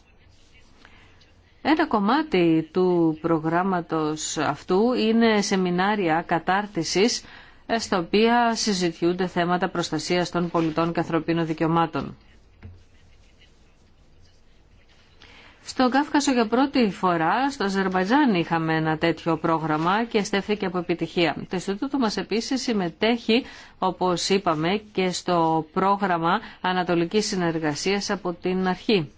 Ένα κομμάτι του προγράμματος αυτού είναι σεμινάρια κατάρτισης στα οποία συζητιούνται θέματα προστασίας των πολιτών και ανθρωπίνων δικαιωμάτων. Στον Κάφκασο για πρώτη φορά, στο Αζερβαϊτζάν είχαμε ένα τέτοιο πρόγραμμα και στέφθηκε από επιτυχία. Το Ινστιτούτο μας επίσης συμμετέχει, όπως είπαμε, και στο πρόγραμμα Ανατολικής Συνεργασίας από την αρχή.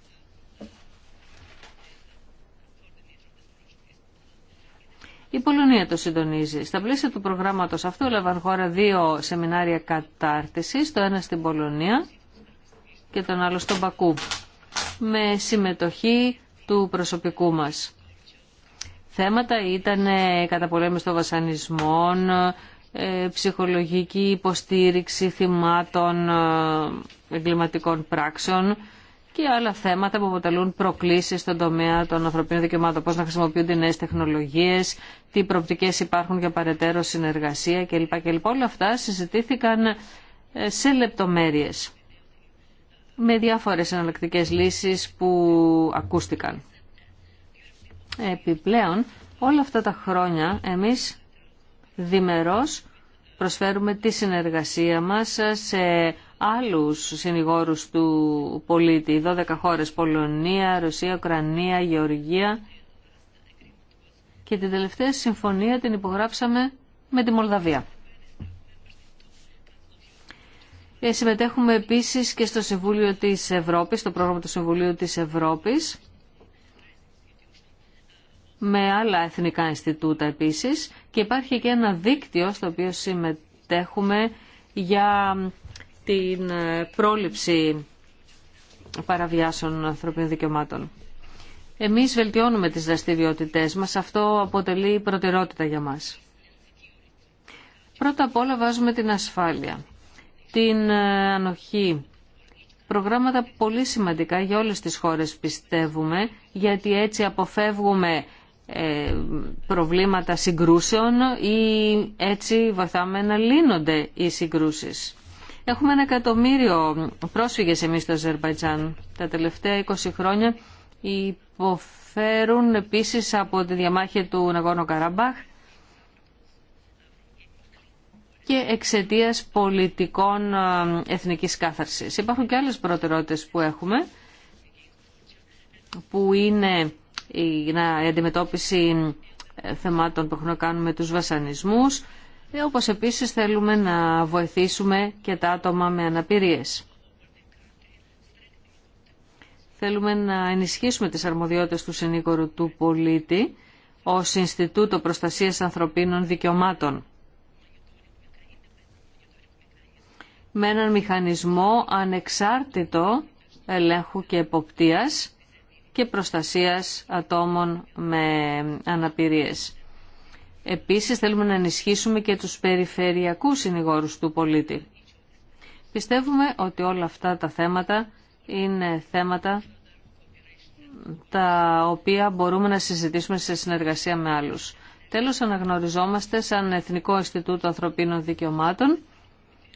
Η Πολωνία το συντονίζει. Στα πλαίσια του προγράμματος αυτού έλαβαν χώρα δύο σεμινάρια κατάρτιση το ένα στην Πολωνία και τον άλλο στον Πακού με συμμετοχή του προσωπικού μας. Θέματα ήταν ε, καταπολέμηση των βασανισμών, ε, ψυχολογική υποστήριξη θυμάτων ε, εγκληματικών πράξεων και άλλα θέματα που αποτελούν προκλήσεις στον τομέα των ανθρωπίνων δικαιωμάτων, πώς να χρησιμοποιούνται νέες τεχνολογίες, τι προοπτικές υπάρχουν για παρετέρω συνεργασία κλπ. Όλα αυτά συζητήθηκαν σε λεπτομέρειες με διάφορες εναλλακτικές λύσεις που ακούστηκαν. Επιπλέον, όλα αυτά τα χρόνια εμείς διμερώς προσφέρουμε τη συνεργασία μας σε άλλους συνηγόρους του πολίτη, 12 χώρες, Πολωνία, Ρωσία, Ουκρανία, Γεωργία και την τελευταία συμφωνία την υπογράψαμε με τη Μολδαβία. Ε, συμμετέχουμε επίσης και στο Συμβούλιο της Ευρώπης, στο πρόγραμμα του Συμβουλίου της Ευρώπης, με άλλα εθνικά Ινστιτούτα επίσης και υπάρχει και ένα δίκτυο στο οποίο συμμετέχουμε για την ε, πρόληψη παραβιάσεων ανθρωπίνων δικαιωμάτων. Εμείς βελτιώνουμε τις δραστηριότητές μας, αυτό αποτελεί προτεραιότητα για μας. Πρώτα απ' όλα βάζουμε την ασφάλεια την ε, ανοχή. Προγράμματα πολύ σημαντικά για όλες τις χώρες πιστεύουμε, γιατί έτσι αποφεύγουμε ε, προβλήματα συγκρούσεων ή έτσι βοηθάμε να λύνονται οι συγκρούσεις. Έχουμε ένα εκατομμύριο πρόσφυγες εμείς στο Αζερβαϊτζάν. Τα τελευταία 20 χρόνια υποφέρουν επίσης από τη διαμάχη του Ναγόνο Καραμπάχ και εξαιτία πολιτικών ε, εθνικής κάθαρσης. Υπάρχουν και άλλες προτεραιότητες που έχουμε, που είναι η αντιμετώπιση ε, θεμάτων που έχουν να κάνουν με τους βασανισμούς, ε, όπως επίσης θέλουμε να βοηθήσουμε και τα άτομα με αναπηρίες. Θέλουμε να ενισχύσουμε τις αρμοδιότητες του συνήγορου του πολίτη ως Ινστιτούτο Προστασίας Ανθρωπίνων Δικαιωμάτων με έναν μηχανισμό ανεξάρτητο ελέγχου και εποπτείας και προστασίας ατόμων με αναπηρίες. Επίσης θέλουμε να ενισχύσουμε και τους περιφερειακούς συνηγόρους του πολίτη. Πιστεύουμε ότι όλα αυτά τα θέματα είναι θέματα τα οποία μπορούμε να συζητήσουμε σε συνεργασία με άλλους. Τέλος, αναγνωριζόμαστε σαν Εθνικό Ινστιτούτο Ανθρωπίνων Δικαιωμάτων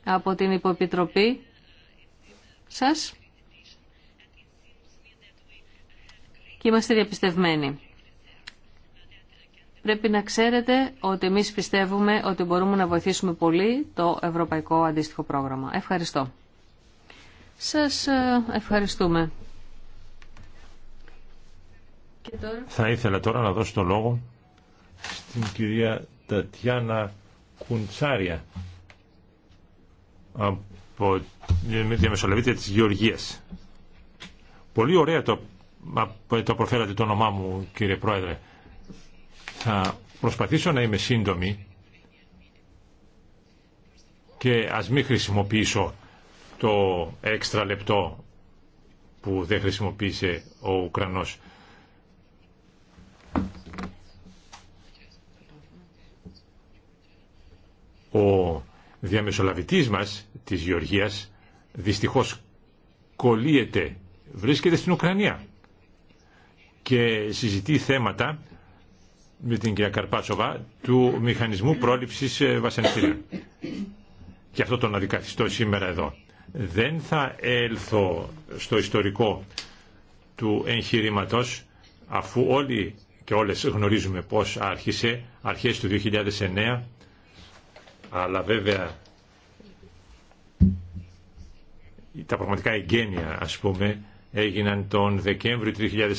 από την Υποπιτροπή σας και είμαστε διαπιστευμένοι. Πρέπει να ξέρετε ότι εμείς πιστεύουμε ότι μπορούμε να βοηθήσουμε πολύ το Ευρωπαϊκό Αντίστοιχο Πρόγραμμα. Ευχαριστώ. Σας ε, ευχαριστούμε. Θα ήθελα τώρα να δώσω το λόγο στην κυρία Τατιάνα Κουντσάρια από διαμεσολαβήτρια της Γεωργίας. Πολύ ωραία το, το προφέρατε το όνομά μου κύριε Πρόεδρε. Θα προσπαθήσω να είμαι σύντομη και ας μην χρησιμοποιήσω το έξτρα λεπτό που δεν χρησιμοποίησε ο Ουκρανός. Ο διαμεσολαβητής μας της Γεωργίας δυστυχώς κολλείεται, βρίσκεται στην Ουκρανία και συζητεί θέματα με την κυρία Καρπάσοβα του μηχανισμού πρόληψης ε, βασανιστήριων. Και αυτό τον δικαθιστώ σήμερα εδώ. Δεν θα έλθω στο ιστορικό του εγχειρήματο αφού όλοι και όλες γνωρίζουμε πώς άρχισε αρχές του 2009 αλλά βέβαια τα πραγματικά εγκαίνια ας πούμε έγιναν τον Δεκέμβριο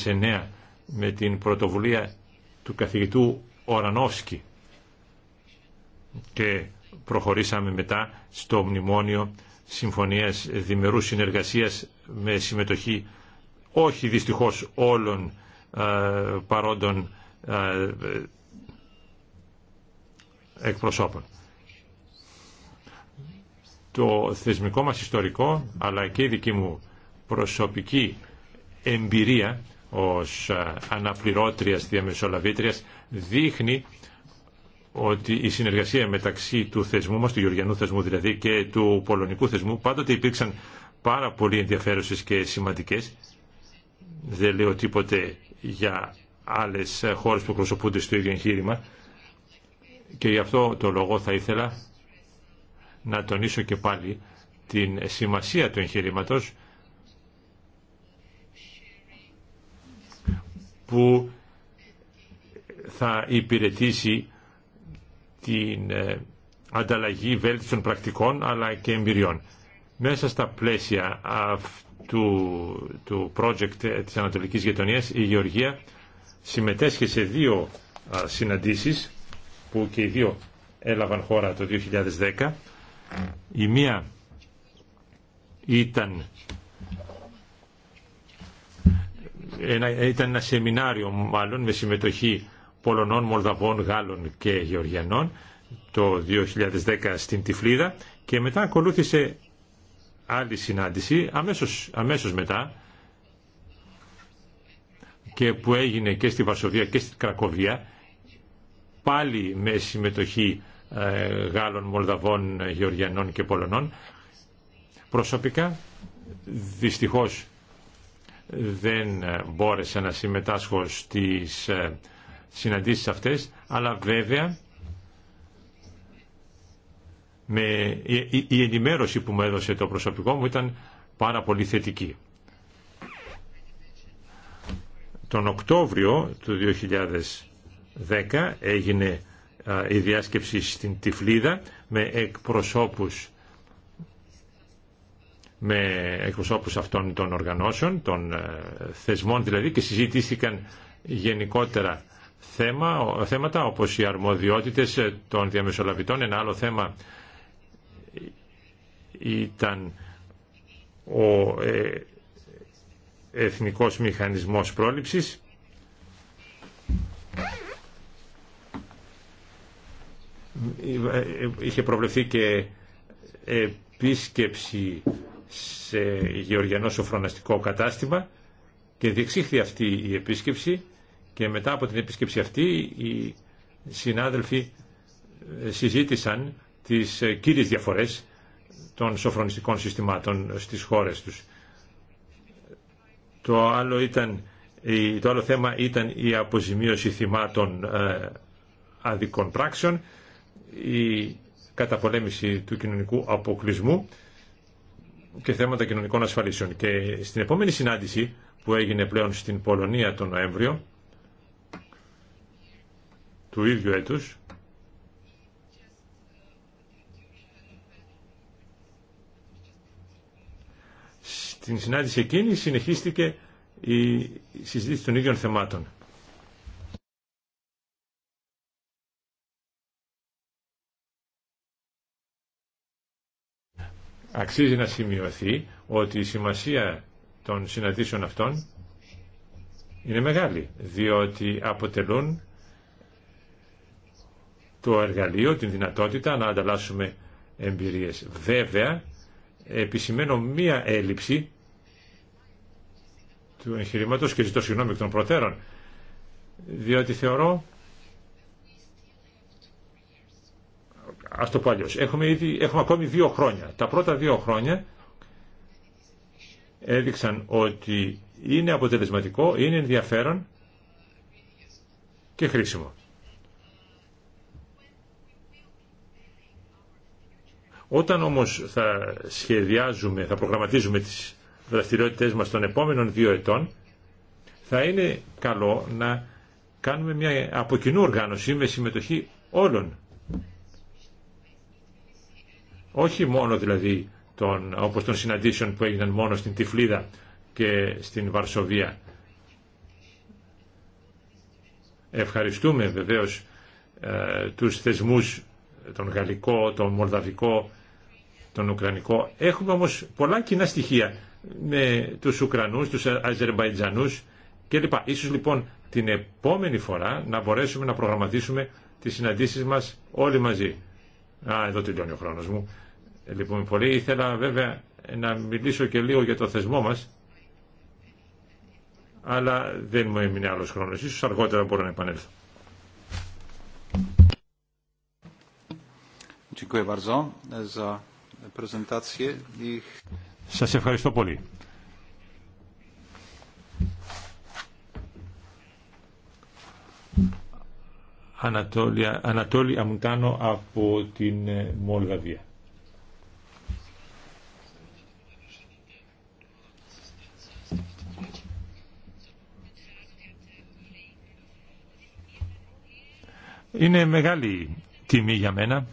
2009 με την πρωτοβουλία του καθηγητού Ορανόφσκι και προχωρήσαμε μετά στο μνημόνιο συμφωνίας διμερούς συνεργασίας με συμμετοχή όχι δυστυχώς όλων ε, παρόντων ε, εκπροσώπων το θεσμικό μας ιστορικό αλλά και η δική μου προσωπική εμπειρία ως αναπληρώτριας διαμεσολαβήτριας δείχνει ότι η συνεργασία μεταξύ του θεσμού μας, του Γεωργιανού θεσμού δηλαδή και του Πολωνικού θεσμού πάντοτε υπήρξαν πάρα πολύ ενδιαφέρουσες και σημαντικές. Δεν λέω τίποτε για άλλες χώρες που προσωπούνται στο ίδιο εγχείρημα και γι' αυτό το λόγο θα ήθελα να τονίσω και πάλι την σημασία του εγχειρήματο που θα υπηρετήσει την ε, ανταλλαγή βέλτιστων πρακτικών αλλά και εμπειριών. Μέσα στα πλαίσια αυτού του project της Ανατολικής Γειτονίας η Γεωργία συμμετέσχε σε δύο συναντήσεις που και οι δύο έλαβαν χώρα το 2010 η μία ήταν ένα, ήταν ένα σεμινάριο μάλλον με συμμετοχή Πολωνών, Μολδαβών, Γάλλων και Γεωργιανών το 2010 στην Τυφλίδα και μετά ακολούθησε άλλη συνάντηση αμέσως, αμέσως μετά και που έγινε και στη Βασοβία και στην Κρακοβία πάλι με συμμετοχή ε, Γάλλων, Μολδαβών, Γεωργιανών και Πολωνών. Προσωπικά, δυστυχώς δεν μπόρεσα να συμμετάσχω στις ε, συναντήσεις αυτές, αλλά βέβαια με, η ενημέρωση που μου έδωσε το προσωπικό μου ήταν πάρα πολύ θετική. Τον Οκτώβριο του 2010 έγινε η διάσκεψη στην Τυφλίδα με εκπροσώπους με εκπροσώπους αυτών των οργανώσεων, των ε, θεσμών δηλαδή και συζητήθηκαν γενικότερα θέμα, θέματα όπως οι αρμοδιότητες ε, των διαμεσολαβητών. Ένα άλλο θέμα ήταν ο ε, Εθνικός Μηχανισμός Πρόληψης είχε προβλεφθεί και επίσκεψη σε γεωργιανό σοφροναστικό κατάστημα και διεξήχθη αυτή η επίσκεψη και μετά από την επίσκεψη αυτή οι συνάδελφοι συζήτησαν τις κύριες διαφορές των σοφρονιστικών συστημάτων στις χώρες τους. Το άλλο, ήταν, το άλλο θέμα ήταν η αποζημίωση θυμάτων ε, αδικών πράξεων η καταπολέμηση του κοινωνικού αποκλεισμού και θέματα κοινωνικών ασφαλίσεων. Και στην επόμενη συνάντηση που έγινε πλέον στην Πολωνία τον Νοέμβριο του ίδιου έτους στην συνάντηση εκείνη συνεχίστηκε η συζήτηση των ίδιων θεμάτων. Αξίζει να σημειωθεί ότι η σημασία των συναντήσεων αυτών είναι μεγάλη, διότι αποτελούν το εργαλείο, την δυνατότητα να ανταλλάσσουμε εμπειρίες. Βέβαια, επισημαίνω μία έλλειψη του εγχειρήματο και ζητώ συγγνώμη εκ των προτέρων, διότι θεωρώ Α το πω αλλιώς, έχουμε, έχουμε ακόμη δύο χρόνια. Τα πρώτα δύο χρόνια έδειξαν ότι είναι αποτελεσματικό, είναι ενδιαφέρον και χρήσιμο. Όταν όμως θα σχεδιάζουμε, θα προγραμματίζουμε τις δραστηριότητες μας των επόμενων δύο ετών, θα είναι καλό να κάνουμε μια αποκοινού οργάνωση με συμμετοχή όλων όχι μόνο δηλαδή των, όπως των συναντήσεων που έγιναν μόνο στην Τυφλίδα και στην Βαρσοβία. Ευχαριστούμε βεβαίως ε, τους θεσμούς, τον γαλλικό, τον μολδαβικό, τον ουκρανικό. Έχουμε όμως πολλά κοινά στοιχεία με τους Ουκρανούς, τους Αζερμπαϊτζανούς κλπ. Ίσως λοιπόν την επόμενη φορά να μπορέσουμε να προγραμματίσουμε τις συναντήσεις μας όλοι μαζί. Α, εδώ τελειώνει ο χρόνος μου. Ε, λοιπόν, πολύ ήθελα βέβαια να μιλήσω και λίγο για το θεσμό μας, αλλά δεν μου έμεινε άλλος χρόνος. Ίσως αργότερα μπορώ να επανέλθω. Σας ευχαριστώ πολύ Ανατόλη Αμουντάνο από την ε, Μολδαβία. Είναι μεγάλη τιμή για μένα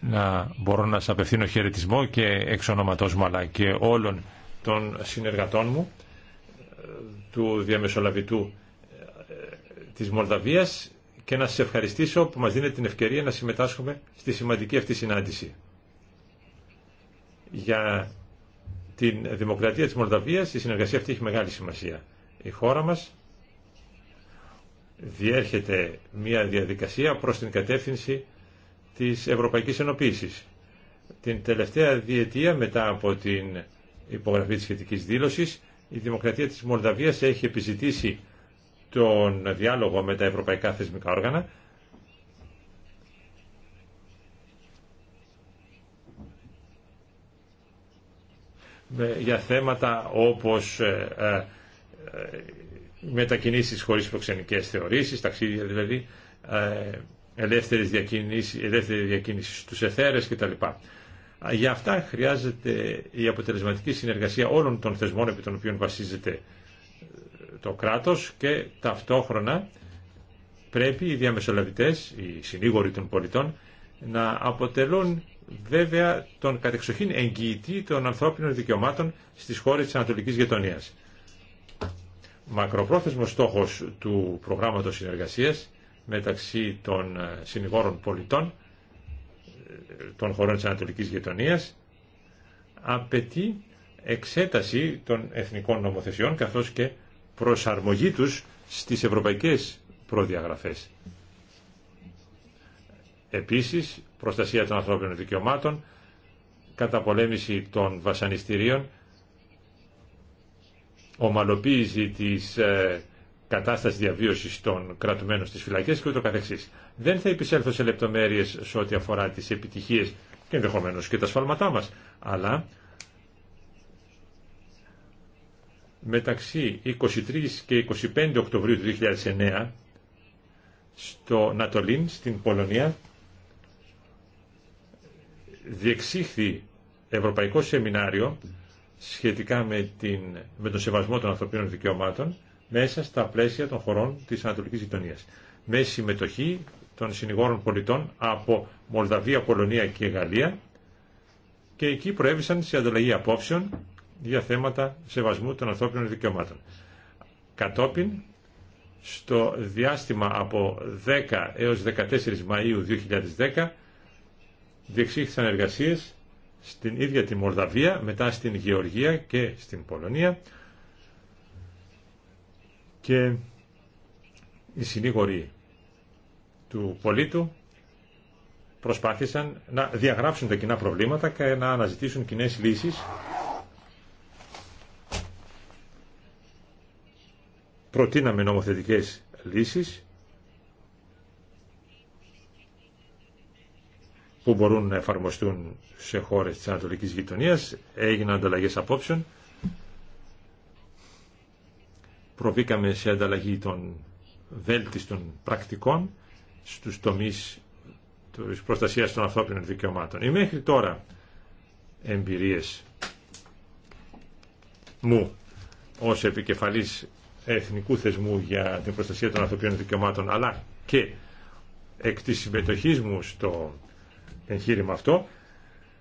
να μπορώ να σας απευθύνω χαιρετισμό και εξ ονόματός μου αλλά και όλων των συνεργατών μου ε, του διαμεσολαβητού ε, της Μολδαβίας και να σα ευχαριστήσω που μας δίνετε την ευκαιρία να συμμετάσχουμε στη σημαντική αυτή συνάντηση. Για την δημοκρατία της Μολδαβίας η συνεργασία αυτή έχει μεγάλη σημασία. Η χώρα μας διέρχεται μια διαδικασία προς την κατεύθυνση της Ευρωπαϊκής Ενοποίησης. Την τελευταία διετία μετά από την υπογραφή της σχετικής δήλωσης η Δημοκρατία της Μολδαβίας έχει επιζητήσει τον διάλογο με τα ευρωπαϊκά θεσμικά όργανα για θέματα όπως ε, ε, ε, μετακινήσεις χωρίς προξενικές θεωρήσεις, ταξίδια δηλαδή, ελεύθερη διακίνηση, ελεύθερη διακίνηση στους εθέρες κτλ. Για αυτά χρειάζεται η αποτελεσματική συνεργασία όλων των θεσμών επί των οποίων βασίζεται το κράτος και ταυτόχρονα πρέπει οι διαμεσολαβητές, οι συνήγοροι των πολιτών, να αποτελούν βέβαια τον κατεξοχήν εγγυητή των ανθρώπινων δικαιωμάτων στις χώρες της Ανατολικής Γετωνίας. Μακροπρόθεσμος στόχος του προγράμματος συνεργασίας μεταξύ των ε, συνηγόρων πολιτών ε, των χωρών της Ανατολικής Γετωνίας απαιτεί εξέταση των εθνικών νομοθεσιών καθώς και προσαρμογή τους στις ευρωπαϊκές προδιαγραφές. Επίσης, προστασία των ανθρώπινων δικαιωμάτων, καταπολέμηση των βασανιστήριων, ομαλοποίηση της ε, κατάσταση διαβίωσης των κρατουμένων στις φυλακές και ούτω καθεξής. Δεν θα επισέλθω σε λεπτομέρειε σε ό,τι αφορά τις επιτυχίες, και ενδεχομένω και τα σφάλματά μα, αλλά μεταξύ 23 και 25 Οκτωβρίου 2009 στο Νατολίν στην Πολωνία διεξήχθη ευρωπαϊκό σεμινάριο σχετικά με, την, με τον σεβασμό των ανθρωπίνων δικαιωμάτων μέσα στα πλαίσια των χωρών της Ανατολικής Γειτονίας. Με συμμετοχή των συνηγόρων πολιτών από Μολδαβία, Πολωνία και Γαλλία και εκεί προέβησαν σε ανταλλαγή απόψεων για θέματα σεβασμού των ανθρώπινων δικαιωμάτων. Κατόπιν, στο διάστημα από 10 έως 14 Μαΐου 2010 διεξήχθησαν εργασίες στην ίδια τη Μορδαβία, μετά στην Γεωργία και στην Πολωνία και οι συνήγοροι του πολίτου προσπάθησαν να διαγράψουν τα κοινά προβλήματα και να αναζητήσουν κοινέ λύσεις προτείναμε νομοθετικές λύσεις που μπορούν να εφαρμοστούν σε χώρες της Ανατολικής Γειτονίας. Έγιναν ανταλλαγές απόψεων. Προβήκαμε σε ανταλλαγή των βέλτιστων πρακτικών στους τομείς της προστασίας των ανθρώπινων δικαιωμάτων. Οι μέχρι τώρα εμπειρίες μου ως επικεφαλής Εθνικού Θεσμού για την Προστασία των Ανθρωπίνων Δικαιωμάτων αλλά και εκ της συμμετοχή μου στο εγχείρημα αυτό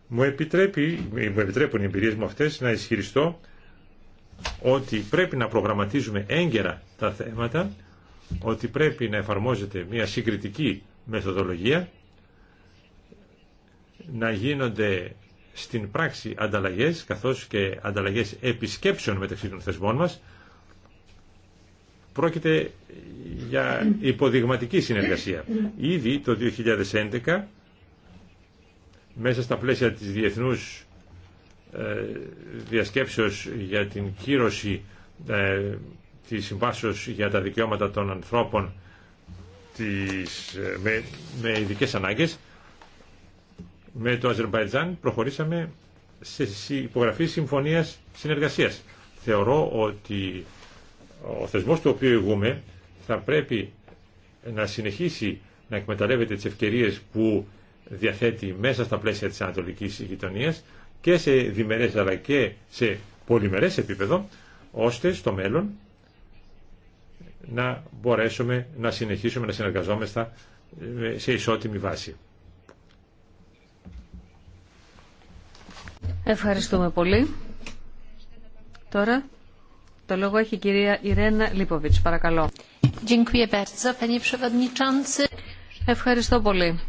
μου, επιτρέπει, μου επιτρέπουν οι εμπειρίες μου αυτές να ισχυριστώ ότι πρέπει να προγραμματίζουμε έγκαιρα τα θέματα ότι πρέπει να εφαρμόζεται μια συγκριτική μεθοδολογία να γίνονται στην πράξη ανταλλαγές καθώς και ανταλλαγές επισκέψεων μεταξύ των θεσμών μας Πρόκειται για υποδειγματική συνεργασία. Ήδη το 2011, μέσα στα πλαίσια της διεθνούς ε, διασκέψεως για την κύρωση ε, της συμβάσεως για τα δικαιώματα των ανθρώπων της, ε, με, με ειδικέ ανάγκες, με το Αζερμπαϊτζάν προχωρήσαμε σε υπογραφή συμφωνίας συνεργασίας. Θεωρώ ότι ο θεσμός του οποίου ηγούμε θα πρέπει να συνεχίσει να εκμεταλλεύεται τις ευκαιρίες που διαθέτει μέσα στα πλαίσια της ανατολικής γειτονίας και σε διμερές αλλά και σε πολυμερές επίπεδο ώστε στο μέλλον να μπορέσουμε να συνεχίσουμε να συνεργαζόμαστε σε ισότιμη βάση. Ευχαριστούμε πολύ. Τώρα το λόγο έχει η κυρία Ιρένα Λίποβιτς. Παρακαλώ. Ευχαριστώ πολύ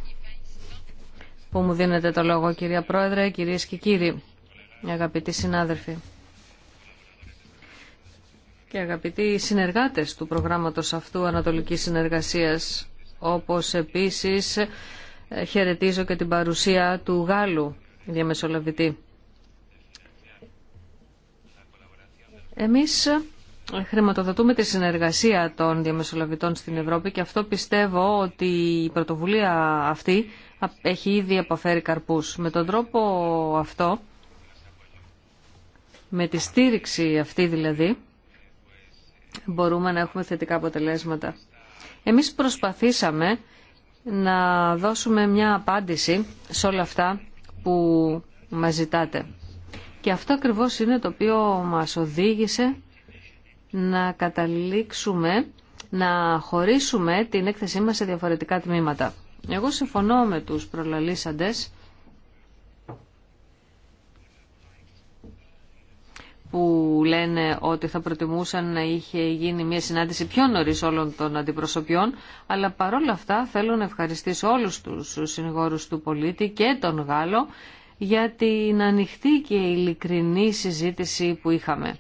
που μου δίνετε το λόγο κυρία Πρόεδρε, κυρίες και κύριοι, αγαπητοί συνάδελφοι και αγαπητοί συνεργάτες του προγράμματος αυτού Ανατολικής Συνεργασίας, όπως επίσης ε, χαιρετίζω και την παρουσία του Γάλλου διαμεσολαβητή. Εμείς χρηματοδοτούμε τη συνεργασία των διαμεσολαβητών στην Ευρώπη και αυτό πιστεύω ότι η πρωτοβουλία αυτή έχει ήδη αποφέρει καρπούς. Με τον τρόπο αυτό, με τη στήριξη αυτή δηλαδή, μπορούμε να έχουμε θετικά αποτελέσματα. Εμείς προσπαθήσαμε να δώσουμε μια απάντηση σε όλα αυτά που μας ζητάτε. Και αυτό ακριβώς είναι το οποίο μας οδήγησε να καταλήξουμε, να χωρίσουμε την έκθεσή μας σε διαφορετικά τμήματα. Εγώ συμφωνώ με τους προλαλήσαντες που λένε ότι θα προτιμούσαν να είχε γίνει μια συνάντηση πιο νωρίς όλων των αντιπροσωπιών, αλλά παρόλα αυτά θέλω να ευχαριστήσω όλους τους συνηγόρους του πολίτη και τον Γάλλο για την ανοιχτή και ειλικρινή συζήτηση που είχαμε.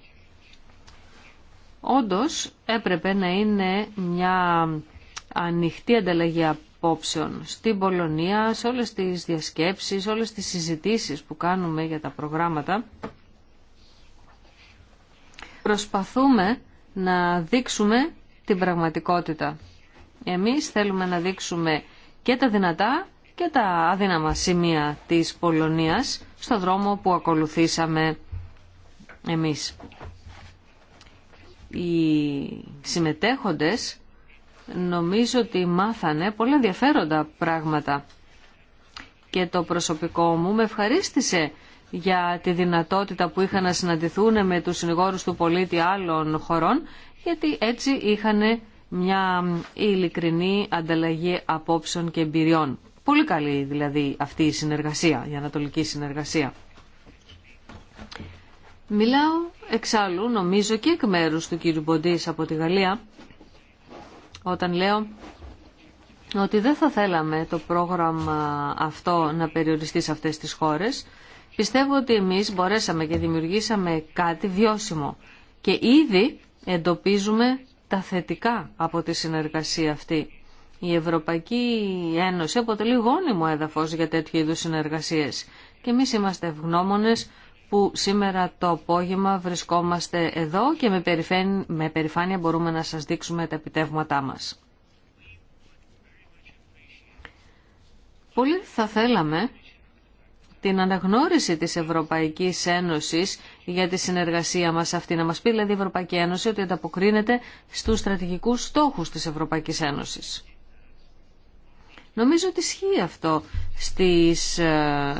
Όντως έπρεπε να είναι μια ανοιχτή ανταλλαγή απόψεων στην Πολωνία, σε όλες τις διασκέψεις, σε όλες τις συζητήσεις που κάνουμε για τα προγράμματα. Προσπαθούμε να δείξουμε την πραγματικότητα. Εμείς θέλουμε να δείξουμε και τα δυνατά και τα αδύναμα σημεία της Πολωνίας στο δρόμο που ακολουθήσαμε εμείς. Οι συμμετέχοντες νομίζω ότι μάθανε πολλά ενδιαφέροντα πράγματα και το προσωπικό μου με ευχαρίστησε για τη δυνατότητα που είχαν να συναντηθούν με τους συνηγόρους του πολίτη άλλων χωρών γιατί έτσι είχαν μια ειλικρινή ανταλλαγή απόψεων και εμπειριών. Πολύ καλή δηλαδή αυτή η συνεργασία, η ανατολική συνεργασία. Μιλάω εξάλλου νομίζω και εκ μέρους του κύριου Μποντής από τη Γαλλία όταν λέω ότι δεν θα θέλαμε το πρόγραμμα αυτό να περιοριστεί σε αυτές τις χώρες. Πιστεύω ότι εμείς μπορέσαμε και δημιουργήσαμε κάτι βιώσιμο και ήδη εντοπίζουμε τα θετικά από τη συνεργασία αυτή. Η Ευρωπαϊκή Ένωση αποτελεί γόνιμο έδαφος για τέτοιου είδους συνεργασίες. Και εμείς είμαστε ευγνώμονες που σήμερα το απόγευμα βρισκόμαστε εδώ και με, με περηφάνεια μπορούμε να σας δείξουμε τα επιτεύγματά μας. Πολύ θα θέλαμε την αναγνώριση της Ευρωπαϊκής Ένωσης για τη συνεργασία μας αυτή. Να μας πει δηλαδή η Ευρωπαϊκή Ένωση ότι ανταποκρίνεται στους στρατηγικούς στόχους της Ευρωπαϊκής Ένωσης. Νομίζω ότι ισχύει αυτό στις, ε,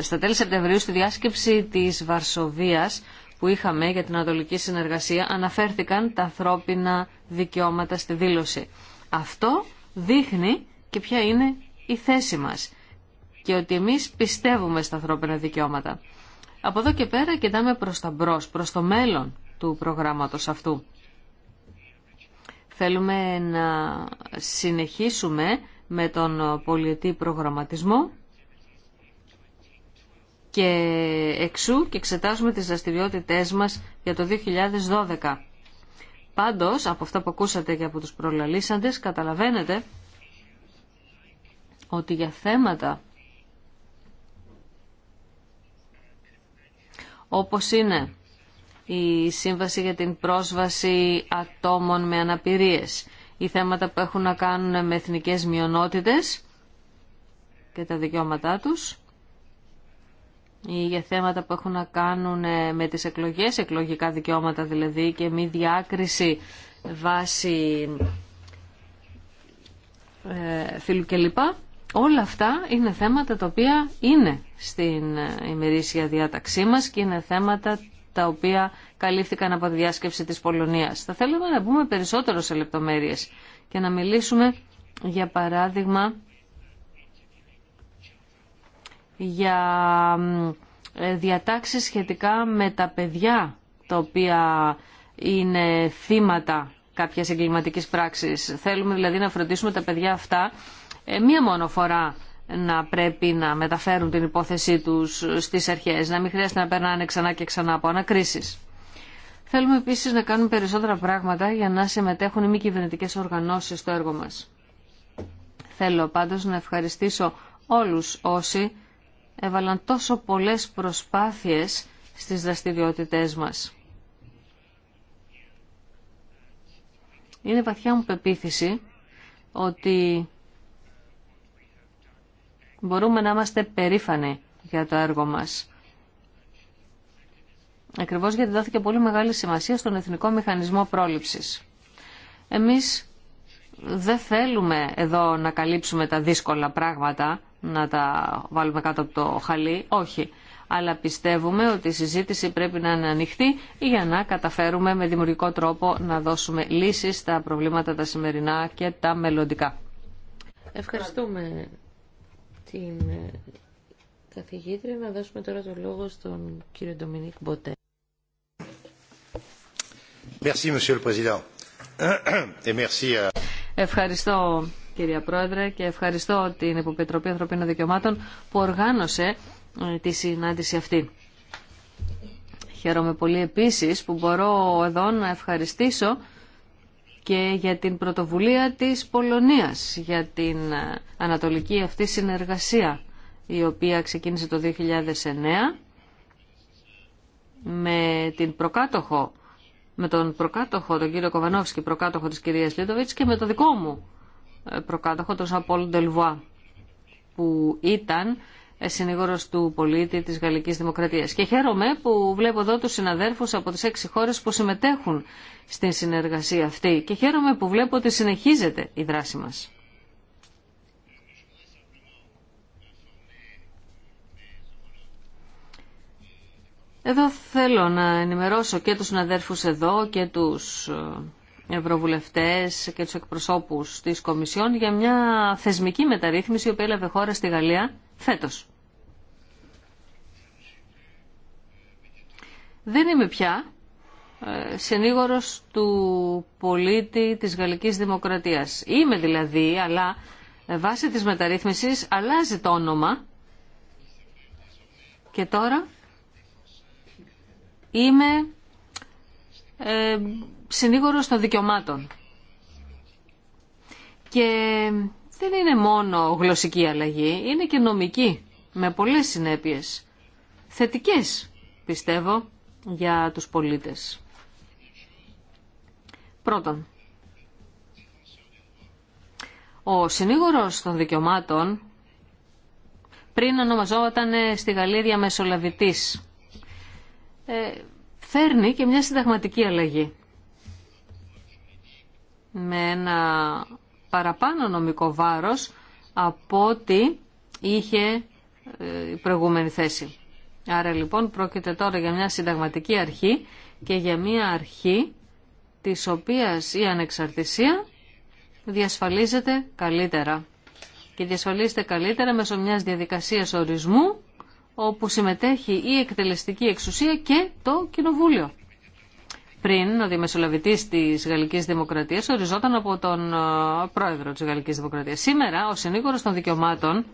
στα τέλη Σεπτεμβρίου στη διάσκεψη της Βαρσοβίας που είχαμε για την Ανατολική Συνεργασία αναφέρθηκαν τα ανθρώπινα δικαιώματα στη δήλωση. Αυτό δείχνει και ποια είναι η θέση μας και ότι εμείς πιστεύουμε στα ανθρώπινα δικαιώματα. Από εδώ και πέρα κοιτάμε προς τα μπρος, προς το μέλλον του προγράμματος αυτού. Θέλουμε να συνεχίσουμε με τον πολιετή προγραμματισμό και εξού και εξετάζουμε τις δραστηριότητε μας για το 2012. Πάντως, από αυτά που ακούσατε και από τους προλαλήσαντες, καταλαβαίνετε ότι για θέματα όπως είναι η Σύμβαση για την Πρόσβαση Ατόμων με Αναπηρίες, οι θέματα που έχουν να κάνουν με εθνικές μειονότητες και τα δικαιώματά τους ή για θέματα που έχουν να κάνουν ε, με τις εκλογές, εκλογικά δικαιώματα δηλαδή και μη διάκριση βάση ε, κλπ. Όλα αυτά είναι θέματα τα οποία είναι στην ε, ημερήσια διάταξή μας και είναι θέματα τα οποία καλύφθηκαν από τη διάσκεψη της Πολωνίας. Θα θέλαμε να πούμε περισσότερο σε λεπτομέρειες και να μιλήσουμε για παράδειγμα για ε, διατάξεις σχετικά με τα παιδιά τα οποία είναι θύματα κάποιας εγκληματικής πράξης. Θέλουμε δηλαδή να φροντίσουμε τα παιδιά αυτά ε, μία μόνο φορά να πρέπει να μεταφέρουν την υπόθεσή τους στις αρχές, να μην χρειάζεται να περνάνε ξανά και ξανά από ανακρίσεις. Θέλουμε επίσης να κάνουμε περισσότερα πράγματα για να συμμετέχουν οι μη κυβερνητικέ οργανώσεις στο έργο μας. Θέλω πάντως να ευχαριστήσω όλους όσοι έβαλαν τόσο πολλές προσπάθειες στις δραστηριότητές μας. Είναι βαθιά μου πεποίθηση ότι μπορούμε να είμαστε περήφανοι για το έργο μας Ακριβώς γιατί δόθηκε πολύ μεγάλη σημασία στον Εθνικό Μηχανισμό πρόληψη. Εμεί δεν θέλουμε εδώ να καλύψουμε τα δύσκολα πράγματα, να τα βάλουμε κάτω από το χαλί, όχι. Αλλά πιστεύουμε ότι η συζήτηση πρέπει να είναι ανοιχτή για να καταφέρουμε με δημιουργικό τρόπο να δώσουμε λύσεις στα προβλήματα τα σημερινά και τα μελλοντικά. Ευχαριστούμε την καθηγήτρια. Να δώσουμε τώρα το λόγο στον κύριο Ντομινίκ Μποτέ. Ευχαριστώ κυρία Πρόεδρε και ευχαριστώ την Επιτροπή Ανθρωπίνων Δικαιωμάτων που οργάνωσε ε, τη συνάντηση αυτή. Χαίρομαι πολύ επίσης που μπορώ εδώ να ευχαριστήσω και για την πρωτοβουλία της Πολωνίας, για την ε, ανατολική αυτή συνεργασία η οποία ξεκίνησε το 2009 με την προκάτοχο με τον προκάτοχο, τον κύριο Κοβανόφσκι, προκάτοχο της κυρίας Λίτοβιτς και με το δικό μου ε, προκάτοχο, τον Σαπόλ Ντελβουά, που ήταν ε, συνήγορος του πολίτη της Γαλλικής Δημοκρατίας. Και χαίρομαι που βλέπω εδώ τους συναδέρφους από τις έξι χώρες που συμμετέχουν στην συνεργασία αυτή και χαίρομαι που βλέπω ότι συνεχίζεται η δράση μας. Εδώ θέλω να ενημερώσω και τους συναδέρφους εδώ και τους ε, ευρωβουλευτές και τους εκπροσώπους της Κομισιόν για μια θεσμική μεταρρύθμιση που έλαβε χώρα στη Γαλλία φέτος. Δεν είμαι πια ε, συνήγορος του πολίτη της γαλλικής δημοκρατίας. Είμαι δηλαδή, αλλά ε, βάσει της μεταρρύθμισης αλλάζει το όνομα και τώρα είμαι ε, συνήγορος των δικαιωμάτων. Και δεν είναι μόνο γλωσσική αλλαγή, είναι και νομική, με πολλές συνέπειες. Θετικές, πιστεύω, για τους πολίτες. Πρώτον, ο συνήγορος των δικαιωμάτων πριν ονομαζόταν στη Γαλλία διαμεσολαβητής ε, φέρνει και μια συνταγματική αλλαγή. Με ένα παραπάνω νομικό βάρος από ό,τι είχε ε, η προηγούμενη θέση. Άρα λοιπόν πρόκειται τώρα για μια συνταγματική αρχή και για μια αρχή της οποίας η ανεξαρτησία διασφαλίζεται καλύτερα. Και διασφαλίζεται καλύτερα μέσω μιας διαδικασίας ορισμού όπου συμμετέχει η εκτελεστική εξουσία και το κοινοβούλιο. Πριν ο διαμεσολαβητή τη Γαλλική Δημοκρατία οριζόταν από τον ε, πρόεδρο τη Γαλλική Δημοκρατία. Σήμερα ο συνήγορο των δικαιωμάτων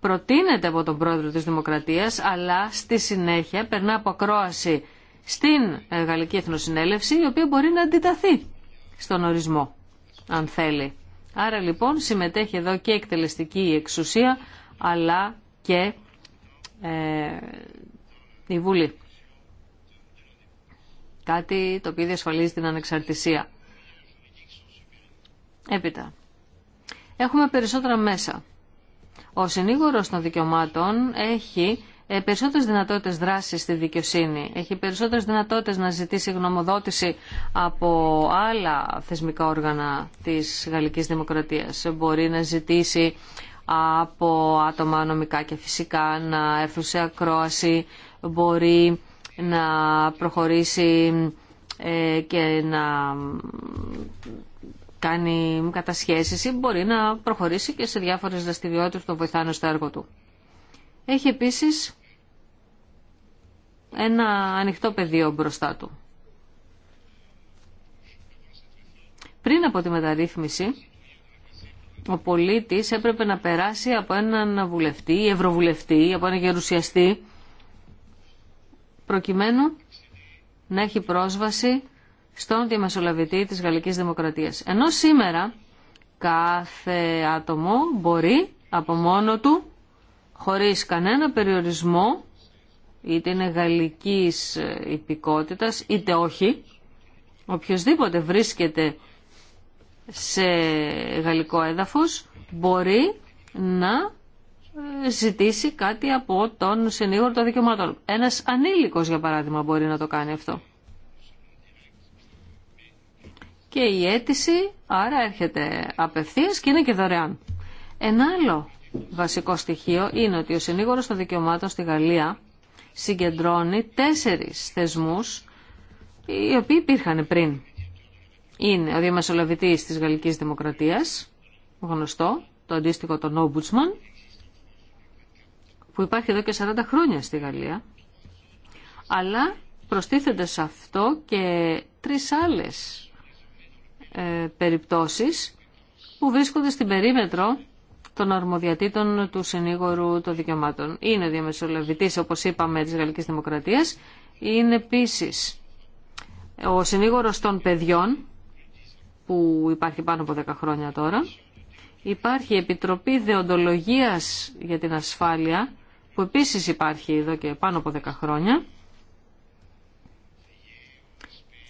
προτείνεται από τον πρόεδρο της Δημοκρατίας, αλλά στη συνέχεια περνά από ακρόαση στην ε, Γαλλική Εθνοσυνέλευση, η οποία μπορεί να αντιταθεί στον ορισμό, αν θέλει. Άρα λοιπόν συμμετέχει εδώ και εκτελεστική εξουσία, αλλά και ε, η Βουλή. Κάτι το οποίο διασφαλίζει την ανεξαρτησία. Έπειτα, έχουμε περισσότερα μέσα. Ο συνήγορος των δικαιωμάτων έχει ε, περισσότερες δυνατότητες δράσης στη δικαιοσύνη, έχει περισσότερες δυνατότητες να ζητήσει γνωμοδότηση από άλλα θεσμικά όργανα της Γαλλικής Δημοκρατίας. Μπορεί να ζητήσει από άτομα νομικά και φυσικά να έρθουν σε ακρόαση, μπορεί να προχωρήσει ε, και να κάνει κατασχέσεις ή μπορεί να προχωρήσει και σε διάφορες δραστηριότητε που τον βοηθάνε στο έργο του. Έχει επίσης ένα ανοιχτό πεδίο μπροστά του. Πριν από τη μεταρρύθμιση, ο πολίτης έπρεπε να περάσει από έναν βουλευτή, ευρωβουλευτή, από έναν γερουσιαστή, προκειμένου να έχει πρόσβαση στον διαμεσολαβητή της Γαλλικής Δημοκρατίας. Ενώ σήμερα κάθε άτομο μπορεί από μόνο του, χωρίς κανένα περιορισμό, είτε είναι γαλλικής υπηκότητας, είτε όχι, οποιοδήποτε βρίσκεται σε γαλλικό έδαφος μπορεί να ζητήσει κάτι από τον συνήγορο των δικαιωμάτων. Ένας ανήλικος για παράδειγμα μπορεί να το κάνει αυτό. Και η αίτηση άρα έρχεται απευθείας και είναι και δωρεάν. Ένα άλλο βασικό στοιχείο είναι ότι ο συνήγορος των δικαιωμάτων στη Γαλλία συγκεντρώνει τέσσερις θεσμούς οι οποίοι υπήρχαν πριν είναι ο διαμεσολαβητής της Γαλλικής Δημοκρατίας, γνωστό, το αντίστοιχο τον Ombudsman, που υπάρχει εδώ και 40 χρόνια στη Γαλλία, αλλά προστίθενται σε αυτό και τρεις άλλες ε, περιπτώσεις που βρίσκονται στην περίμετρο των αρμοδιατήτων του συνήγορου των δικαιωμάτων. Είναι ο διαμεσολαβητής, όπως είπαμε, της Γαλλικής Δημοκρατίας. Είναι επίσης ο συνήγορος των παιδιών, που υπάρχει πάνω από 10 χρόνια τώρα. Υπάρχει η Επιτροπή Δεοντολογίας για την Ασφάλεια, που επίσης υπάρχει εδώ και πάνω από 10 χρόνια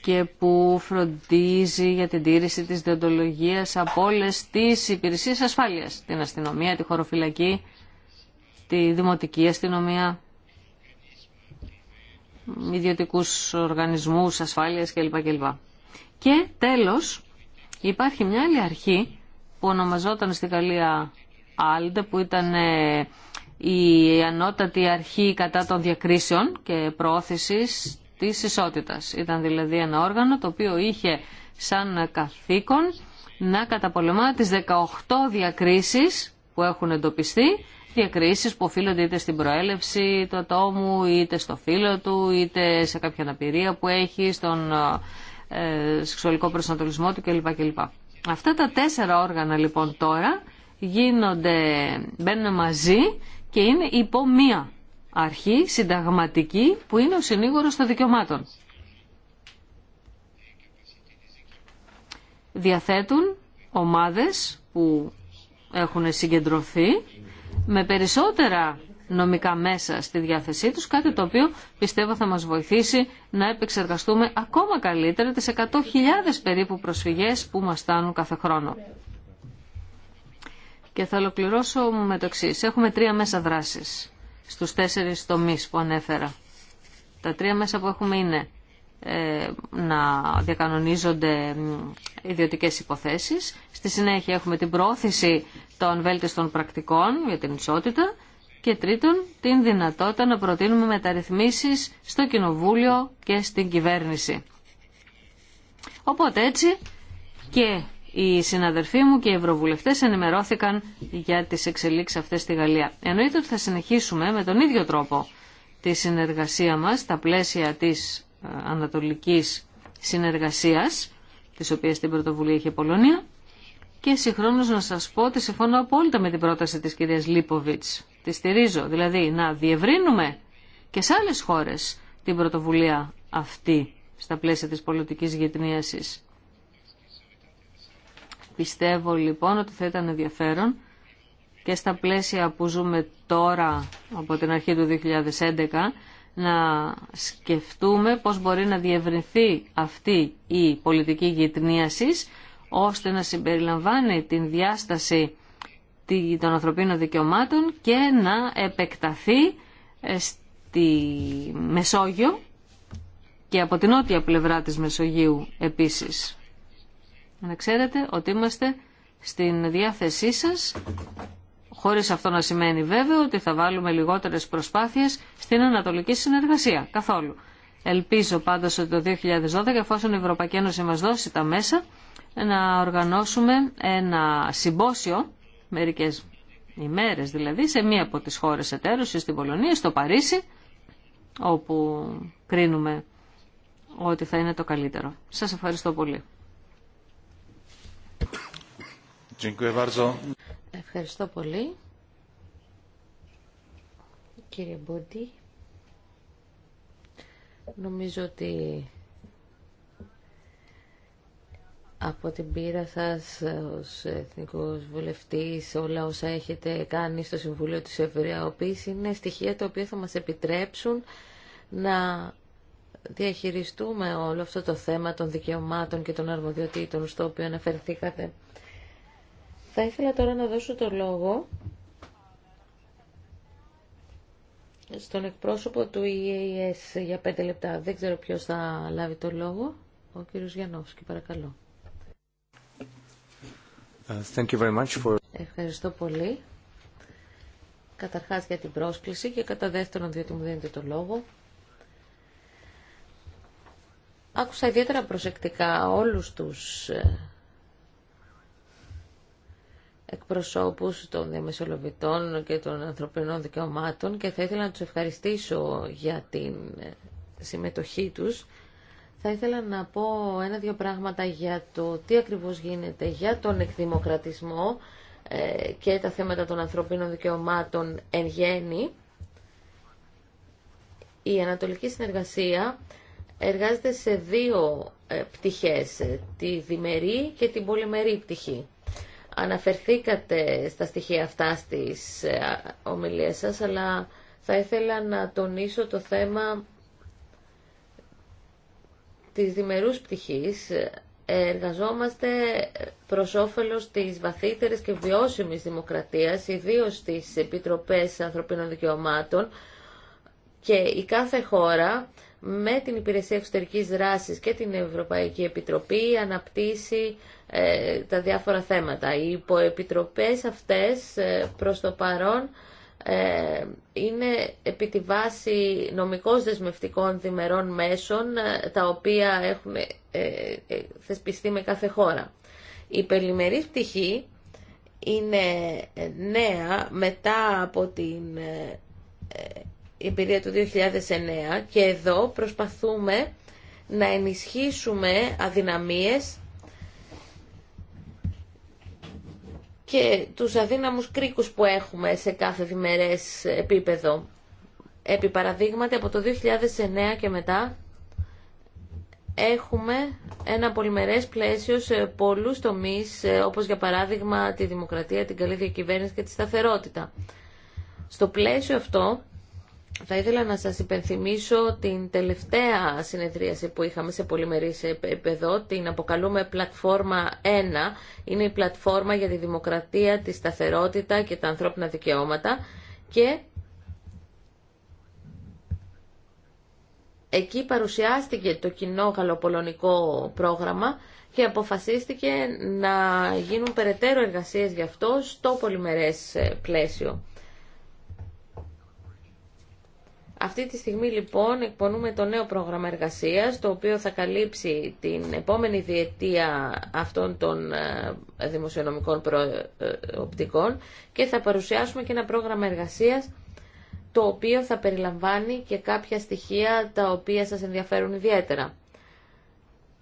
και που φροντίζει για την τήρηση της διοντολογίας από όλε τις υπηρεσίες ασφάλειας. Την αστυνομία, τη χωροφυλακή, τη δημοτική αστυνομία, ιδιωτικούς οργανισμούς ασφάλειας κλπ. Και τέλος, Υπάρχει μια άλλη αρχή που ονομαζόταν στη Γαλλία Άλντε, που ήταν ε, η ανώτατη αρχή κατά των διακρίσεων και προώθησης της ισότητας. Ήταν δηλαδή ένα όργανο το οποίο είχε σαν καθήκον να καταπολεμά τις 18 διακρίσεις που έχουν εντοπιστεί, διακρίσεις που οφείλονται είτε στην προέλευση του ατόμου, είτε στο φίλο του, είτε σε κάποια αναπηρία που έχει, στον ε, ε, σεξουαλικό προσανατολισμό του κλπ. Αυτά τα τέσσερα όργανα λοιπόν τώρα γίνονται, μπαίνουν μαζί και είναι υπό μία αρχή συνταγματική που είναι ο συνήγορος των δικαιωμάτων. Διαθέτουν ομάδες που έχουν συγκεντρωθεί με περισσότερα νομικά μέσα στη διάθεσή τους, κάτι το οποίο πιστεύω θα μας βοηθήσει να επεξεργαστούμε ακόμα καλύτερα τις 100.000 περίπου προσφυγές που μας στάνουν κάθε χρόνο. Και θα ολοκληρώσω με το εξή. Έχουμε τρία μέσα δράσης στους τέσσερις τομείς που ανέφερα. Τα τρία μέσα που έχουμε είναι ε, να διακανονίζονται ιδιωτικέ υποθέσεις. Στη συνέχεια έχουμε την πρόθεση των βέλτιστων πρακτικών για την ισότητα και τρίτον την δυνατότητα να προτείνουμε μεταρρυθμίσεις στο Κοινοβούλιο και στην κυβέρνηση. Οπότε έτσι και οι συναδελφοί μου και οι ευρωβουλευτές ενημερώθηκαν για τις εξελίξεις αυτές στη Γαλλία. Εννοείται ότι θα συνεχίσουμε με τον ίδιο τρόπο τη συνεργασία μας τα πλαίσια της ε, ανατολικής συνεργασίας, της οποίας την πρωτοβουλία είχε η Πολωνία, και συγχρόνω να σας πω ότι συμφωνώ απόλυτα με την πρόταση της κυρίας Λίποβιτς. Τη στηρίζω, δηλαδή να διευρύνουμε και σε άλλες χώρες την πρωτοβουλία αυτή στα πλαίσια της πολιτικής γετνίασης. Πιστεύω λοιπόν ότι θα ήταν ενδιαφέρον και στα πλαίσια που ζούμε τώρα από την αρχή του 2011 να σκεφτούμε πώς μπορεί να διευρυνθεί αυτή η πολιτική γυτνίασης ώστε να συμπεριλαμβάνει την διάσταση των ανθρωπίνων δικαιωμάτων και να επεκταθεί ε, στη Μεσόγειο και από την νότια πλευρά της Μεσογείου επίσης. Να ξέρετε ότι είμαστε στην διάθεσή σας, χωρίς αυτό να σημαίνει βέβαια ότι θα βάλουμε λιγότερες προσπάθειες στην ανατολική συνεργασία, καθόλου. Ελπίζω πάντως ότι το 2012, εφόσον η Ευρωπαϊκή Ένωση μας δώσει τα μέσα, να οργανώσουμε ένα συμπόσιο, μερικές ημέρες δηλαδή, σε μία από τις χώρες εταίρους, στην Πολωνία, στο Παρίσι, όπου κρίνουμε ότι θα είναι το καλύτερο. Σας ευχαριστώ πολύ. Ευχαριστώ πολύ. Κύριε Μπούντι. νομίζω ότι από την πείρα σας ως εθνικός βουλευτής, όλα όσα έχετε κάνει στο Συμβούλιο της Ευρώπης, είναι στοιχεία τα οποία θα μας επιτρέψουν να διαχειριστούμε όλο αυτό το θέμα των δικαιωμάτων και των αρμοδιοτήτων στο οποίο αναφερθήκατε. Θα ήθελα τώρα να δώσω το λόγο στον εκπρόσωπο του EAS για πέντε λεπτά. Δεν ξέρω ποιος θα λάβει το λόγο. Ο κύριος Γιαννόφσκι, παρακαλώ. Thank you very much Ευχαριστώ πολύ. Καταρχάς για την πρόσκληση και κατά δεύτερον διότι μου δίνετε το λόγο. Άκουσα ιδιαίτερα προσεκτικά όλους τους ε, εκπροσώπους των διαμεσολαβητών και των ανθρωπινών δικαιωμάτων και θα ήθελα να τους ευχαριστήσω για την ε, συμμετοχή τους θα ήθελα να πω ένα-δύο πράγματα για το τι ακριβώς γίνεται για τον εκδημοκρατισμό ε, και τα θέματα των ανθρωπίνων δικαιωμάτων εν γέννη. Η Ανατολική Συνεργασία εργάζεται σε δύο ε, πτυχές, ε, τη διμερή και την πολυμερή πτυχή. Αναφερθήκατε στα στοιχεία αυτά στις ομιλίες σας, αλλά θα ήθελα να τονίσω το θέμα της διμερούς πτυχής ε, εργαζόμαστε προς όφελος της βαθύτερης και βιώσιμης δημοκρατίας, ιδίως στις Επιτροπές Ανθρωπίνων Δικαιωμάτων και η κάθε χώρα με την Υπηρεσία Εξωτερικής Δράσης και την Ευρωπαϊκή Επιτροπή αναπτύσσει ε, τα διάφορα θέματα. Οι υποεπιτροπές αυτές ε, προς το παρόν ε, είναι επί τη βάση νομικώς δεσμευτικών διμερών μέσων ε, τα οποία έχουν ε, θεσπιστεί με κάθε χώρα. Η περιμερή πτυχή είναι νέα μετά από την εμπειρία του 2009 και εδώ προσπαθούμε να ενισχύσουμε αδυναμίες και τους αδύναμους κρίκους που έχουμε σε κάθε διμερές επίπεδο. Επί παραδείγματι, από το 2009 και μετά έχουμε ένα πολυμερές πλαίσιο σε πολλούς τομείς, όπως για παράδειγμα τη δημοκρατία, την καλή διακυβέρνηση και τη σταθερότητα. Στο πλαίσιο αυτό θα ήθελα να σας υπενθυμίσω την τελευταία συνεδρίαση που είχαμε σε πολυμερή επίπεδο, την αποκαλούμε πλατφόρμα 1, είναι η πλατφόρμα για τη δημοκρατία, τη σταθερότητα και τα ανθρώπινα δικαιώματα και εκεί παρουσιάστηκε το κοινό γαλλοπολωνικό πρόγραμμα και αποφασίστηκε να γίνουν περαιτέρω εργασίες γι' αυτό στο πολυμερές πλαίσιο. Αυτή τη στιγμή λοιπόν εκπονούμε το νέο πρόγραμμα εργασίας, το οποίο θα καλύψει την επόμενη διετία αυτών των ε, δημοσιονομικών προοπτικών ε, και θα παρουσιάσουμε και ένα πρόγραμμα εργασίας το οποίο θα περιλαμβάνει και κάποια στοιχεία τα οποία σας ενδιαφέρουν ιδιαίτερα.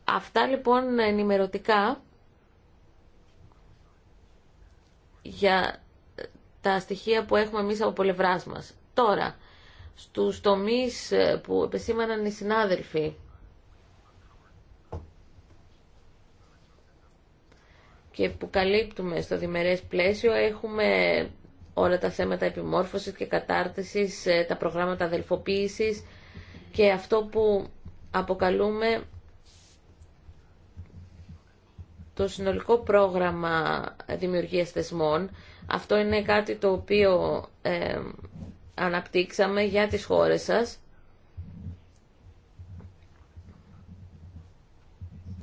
Αυτά λοιπόν ενημερωτικά για τα στοιχεία που έχουμε εμείς από πολευράς μας. Τώρα, στους τομείς ε, που επεσήμαναν οι συνάδελφοι. και που καλύπτουμε στο διμερές πλαίσιο έχουμε όλα τα θέματα επιμόρφωσης και κατάρτισης, ε, τα προγράμματα αδελφοποίησης και αυτό που αποκαλούμε το συνολικό πρόγραμμα δημιουργίας θεσμών. Αυτό είναι κάτι το οποίο ε, αναπτύξαμε για τις χώρες σας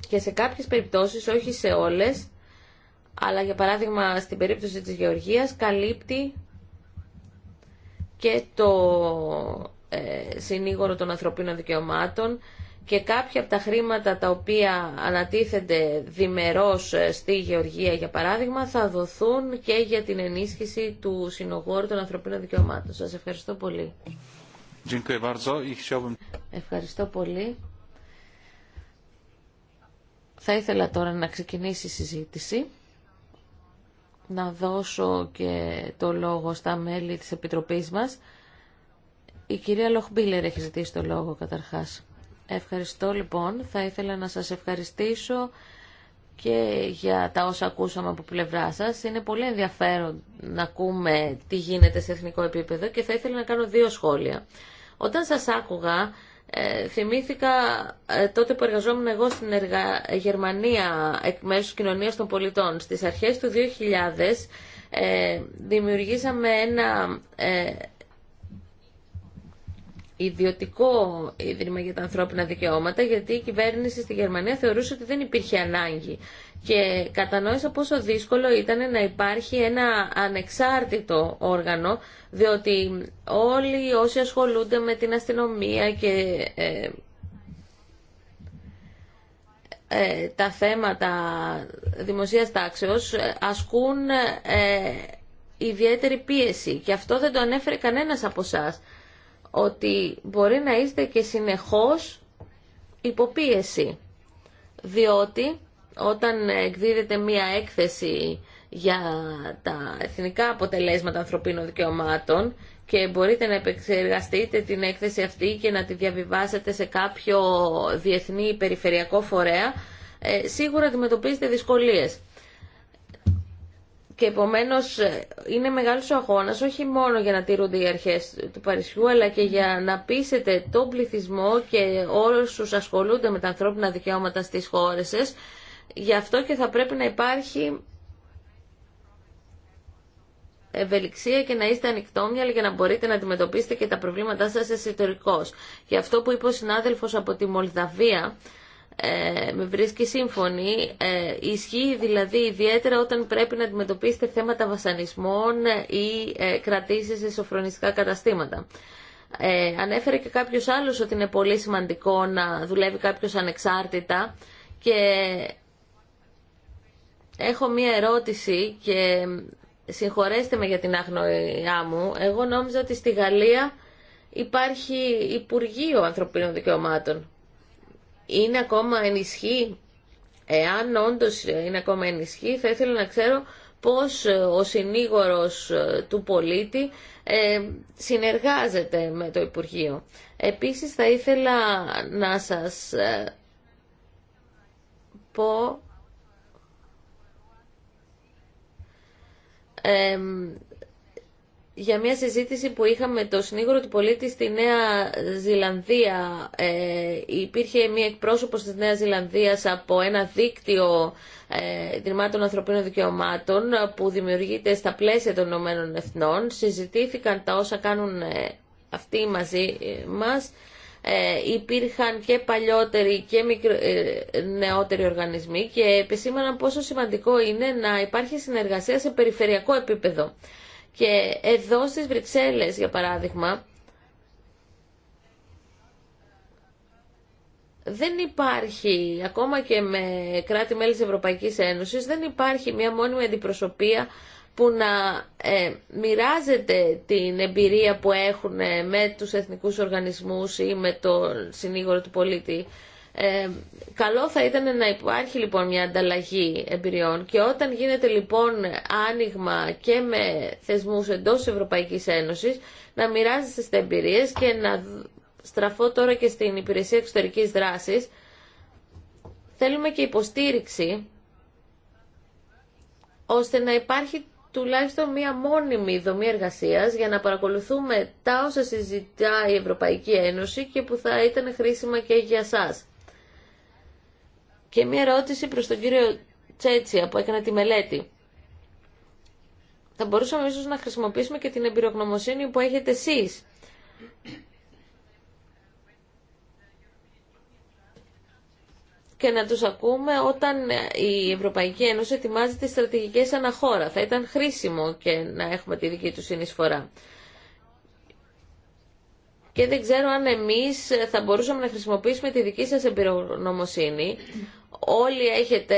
και σε κάποιες περιπτώσεις, όχι σε όλες, αλλά για παράδειγμα στην περίπτωση της Γεωργίας καλύπτει και το ε, συνήγορο των ανθρωπίνων δικαιωμάτων και κάποια από τα χρήματα τα οποία ανατίθενται διμερώς ε, στη Γεωργία για παράδειγμα θα δοθούν και για την ενίσχυση του συνογόρου των ανθρωπίνων δικαιωμάτων. Σας ευχαριστώ πολύ. Ευχαριστώ πολύ. Θα ήθελα τώρα να ξεκινήσει η συζήτηση. Να δώσω και το λόγο στα μέλη της Επιτροπής μας. Η κυρία Λοχμπίλερ έχει ζητήσει το λόγο καταρχάς. Ευχαριστώ λοιπόν. Θα ήθελα να σας ευχαριστήσω και για τα όσα ακούσαμε από πλευρά σας. Είναι πολύ ενδιαφέρον να ακούμε τι γίνεται σε εθνικό επίπεδο και θα ήθελα να κάνω δύο σχόλια. Όταν σας άκουγα, ε, θυμήθηκα ε, τότε που εργαζόμουν εγώ στην Εργα... Γερμανία εκ μέρους κοινωνίας των πολιτών. Στις αρχές του 2000 ε, δημιουργήσαμε ένα ιδιωτικό ίδρυμα για τα ανθρώπινα δικαιώματα, γιατί η κυβέρνηση στη Γερμανία θεωρούσε ότι δεν υπήρχε ανάγκη. Και κατανόησα πόσο δύσκολο ήταν να υπάρχει ένα ανεξάρτητο όργανο, διότι όλοι όσοι ασχολούνται με την αστυνομία και ε, ε, τα θέματα δημοσίας τάξεως ε, ασκούν ε, ιδιαίτερη πίεση. Και αυτό δεν το ανέφερε κανένας από εσά ότι μπορεί να είστε και συνεχώς υποπίεση. Διότι όταν εκδίδεται μία έκθεση για τα εθνικά αποτελέσματα ανθρωπίνων δικαιωμάτων και μπορείτε να επεξεργαστείτε την έκθεση αυτή και να τη διαβιβάσετε σε κάποιο διεθνή περιφερειακό φορέα, ε, σίγουρα αντιμετωπίζετε δυσκολίες και επομένω, ε, είναι μεγάλο ο αγώνας όχι μόνο για να τηρούνται οι αρχές του Παρισιού αλλά και για να πείσετε τον πληθυσμό και τους ασχολούνται με τα ανθρώπινα δικαιώματα στις χώρε. σα. Γι' αυτό και θα πρέπει να υπάρχει ευελιξία και να είστε ανοιχτόμυαλοι για να μπορείτε να αντιμετωπίσετε και τα προβλήματά σας εσωτερικώς. Γι' αυτό που είπε ο συνάδελφος από τη Μολδαβία, ε, με βρίσκει σύμφωνη. Ε, ισχύει δηλαδή ιδιαίτερα όταν πρέπει να αντιμετωπίσετε θέματα βασανισμών ή ε, κρατήσεις σε σοφρονιστικά καταστήματα. Ε, ανέφερε και κάποιος άλλος ότι είναι πολύ σημαντικό να δουλεύει κάποιος ανεξάρτητα και έχω μία ερώτηση και συγχωρέστε με για την αγνοία μου. Εγώ νόμιζα ότι στη Γαλλία υπάρχει Υπουργείο Ανθρωπίνων Δικαιωμάτων είναι ακόμα ενισχύ. Εάν όντω είναι ακόμα ενισχύ, θα ήθελα να ξέρω πώς ο συνήγορος του πολίτη ε, συνεργάζεται με το Υπουργείο. Επίσης θα ήθελα να σας ε, πω ε, για μια συζήτηση που είχαμε με το συνήγορο του πολίτη στη Νέα Ζηλανδία. Ε, υπήρχε μια εκπρόσωπο τη νέα Ζηλανδία από ένα δίκτυο ε, Ανθρωπίνων Δικαιωμάτων που δημιουργείται στα πλαίσια των Ηνωμένων Εθνών. Συζητήθηκαν τα όσα κάνουν ε, αυτοί μαζί ε, μας. Ε, υπήρχαν και παλιότεροι και ε, νεότεροι οργανισμοί και επισήμαναν πόσο σημαντικό είναι να υπάρχει συνεργασία σε περιφερειακό επίπεδο. Και εδώ στις Βρυξέλλες, για παράδειγμα, δεν υπάρχει, ακόμα και με κράτη-μέλη της Ευρωπαϊκής Ένωσης, δεν υπάρχει μια μόνιμη αντιπροσωπεία που να ε, μοιράζεται την εμπειρία που έχουν ε, με τους εθνικούς οργανισμούς ή με τον συνήγορο του πολίτη. Ε, καλό θα ήταν να υπάρχει λοιπόν μια ανταλλαγή εμπειριών και όταν γίνεται λοιπόν άνοιγμα και με θεσμούς εντός Ευρωπαϊκής Ένωσης να μοιράζεστε εμπειρίες και να στραφώ τώρα και στην Υπηρεσία Εξωτερικής Δράσης θέλουμε και υποστήριξη ώστε να υπάρχει τουλάχιστον μία μόνιμη δομή εργασίας για να παρακολουθούμε τα όσα συζητά η Ευρωπαϊκή Ένωση και που θα ήταν χρήσιμα και για σας. Και μια ερώτηση προς τον κύριο Τσέτσια που έκανε τη μελέτη. Θα μπορούσαμε ίσως να χρησιμοποιήσουμε και την εμπειρογνωμοσύνη που έχετε εσείς. και να τους ακούμε όταν η Ευρωπαϊκή Ένωση ετοιμάζει τις στρατηγικές αναχώρα. Θα ήταν χρήσιμο και να έχουμε τη δική του συνεισφορά. Και δεν ξέρω αν εμείς θα μπορούσαμε να χρησιμοποιήσουμε τη δική σας εμπειρογνωμοσύνη, όλοι έχετε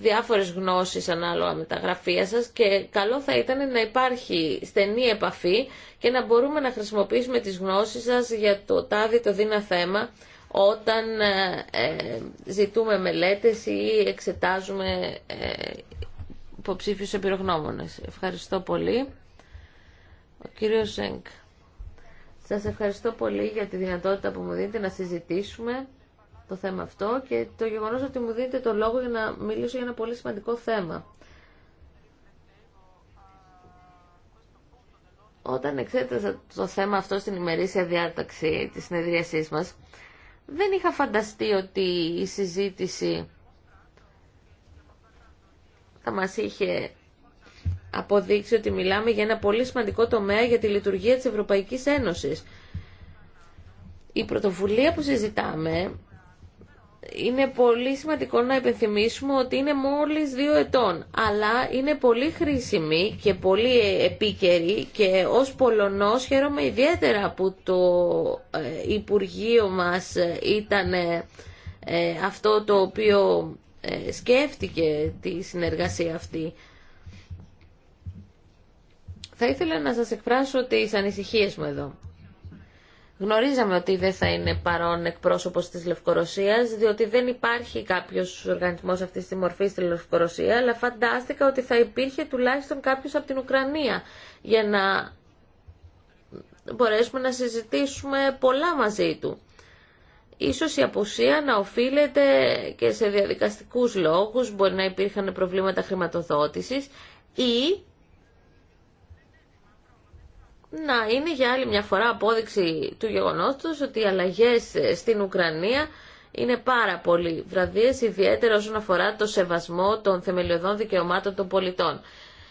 διάφορες γνώσεις ανάλογα με τα γραφεία σας και καλό θα ήταν να υπάρχει στενή επαφή και να μπορούμε να χρησιμοποιήσουμε τις γνώσεις σας για το τάδι το δίνα θέμα όταν ε, ε, ζητούμε μελέτες ή εξετάζουμε ε, υποψήφιους Ευχαριστώ πολύ. Ο κύριος Ζέγκ. Σας ευχαριστώ πολύ για τη δυνατότητα που μου δίνετε να συζητήσουμε το θέμα αυτό και το γεγονός ότι μου δίνετε το λόγο για να μιλήσω για ένα πολύ σημαντικό θέμα. Όταν εξέτασα το θέμα αυτό στην ημερήσια διάταξη της συνεδρίασής μας, δεν είχα φανταστεί ότι η συζήτηση θα μας είχε αποδείξει ότι μιλάμε για ένα πολύ σημαντικό τομέα για τη λειτουργία της Ευρωπαϊκής Ένωσης. Η πρωτοβουλία που συζητάμε είναι πολύ σημαντικό να υπενθυμίσουμε ότι είναι μόλις δύο ετών, αλλά είναι πολύ χρήσιμη και πολύ επίκαιρη και ως Πολωνός χαίρομαι ιδιαίτερα που το ε, Υπουργείο μας ε, ήταν ε, αυτό το οποίο σκέφτηκε τη συνεργασία αυτή. Θα ήθελα να σας εκφράσω τις ανησυχίες μου εδώ. Γνωρίζαμε ότι δεν θα είναι παρόν εκπρόσωπος της Λευκορωσία, διότι δεν υπάρχει κάποιο οργανισμός αυτής της μορφής στη Λευκορωσία, αλλά φαντάστηκα ότι θα υπήρχε τουλάχιστον κάποιος από την Ουκρανία, για να μπορέσουμε να συζητήσουμε πολλά μαζί του. Ίσως η απουσία να οφείλεται και σε διαδικαστικούς λόγους, μπορεί να υπήρχαν προβλήματα χρηματοδότησης ή να είναι για άλλη μια φορά απόδειξη του γεγονότος ότι οι αλλαγές ε, στην Ουκρανία είναι πάρα πολύ βραδίες, ιδιαίτερα όσον αφορά το σεβασμό των θεμελιωδών δικαιωμάτων των πολιτών.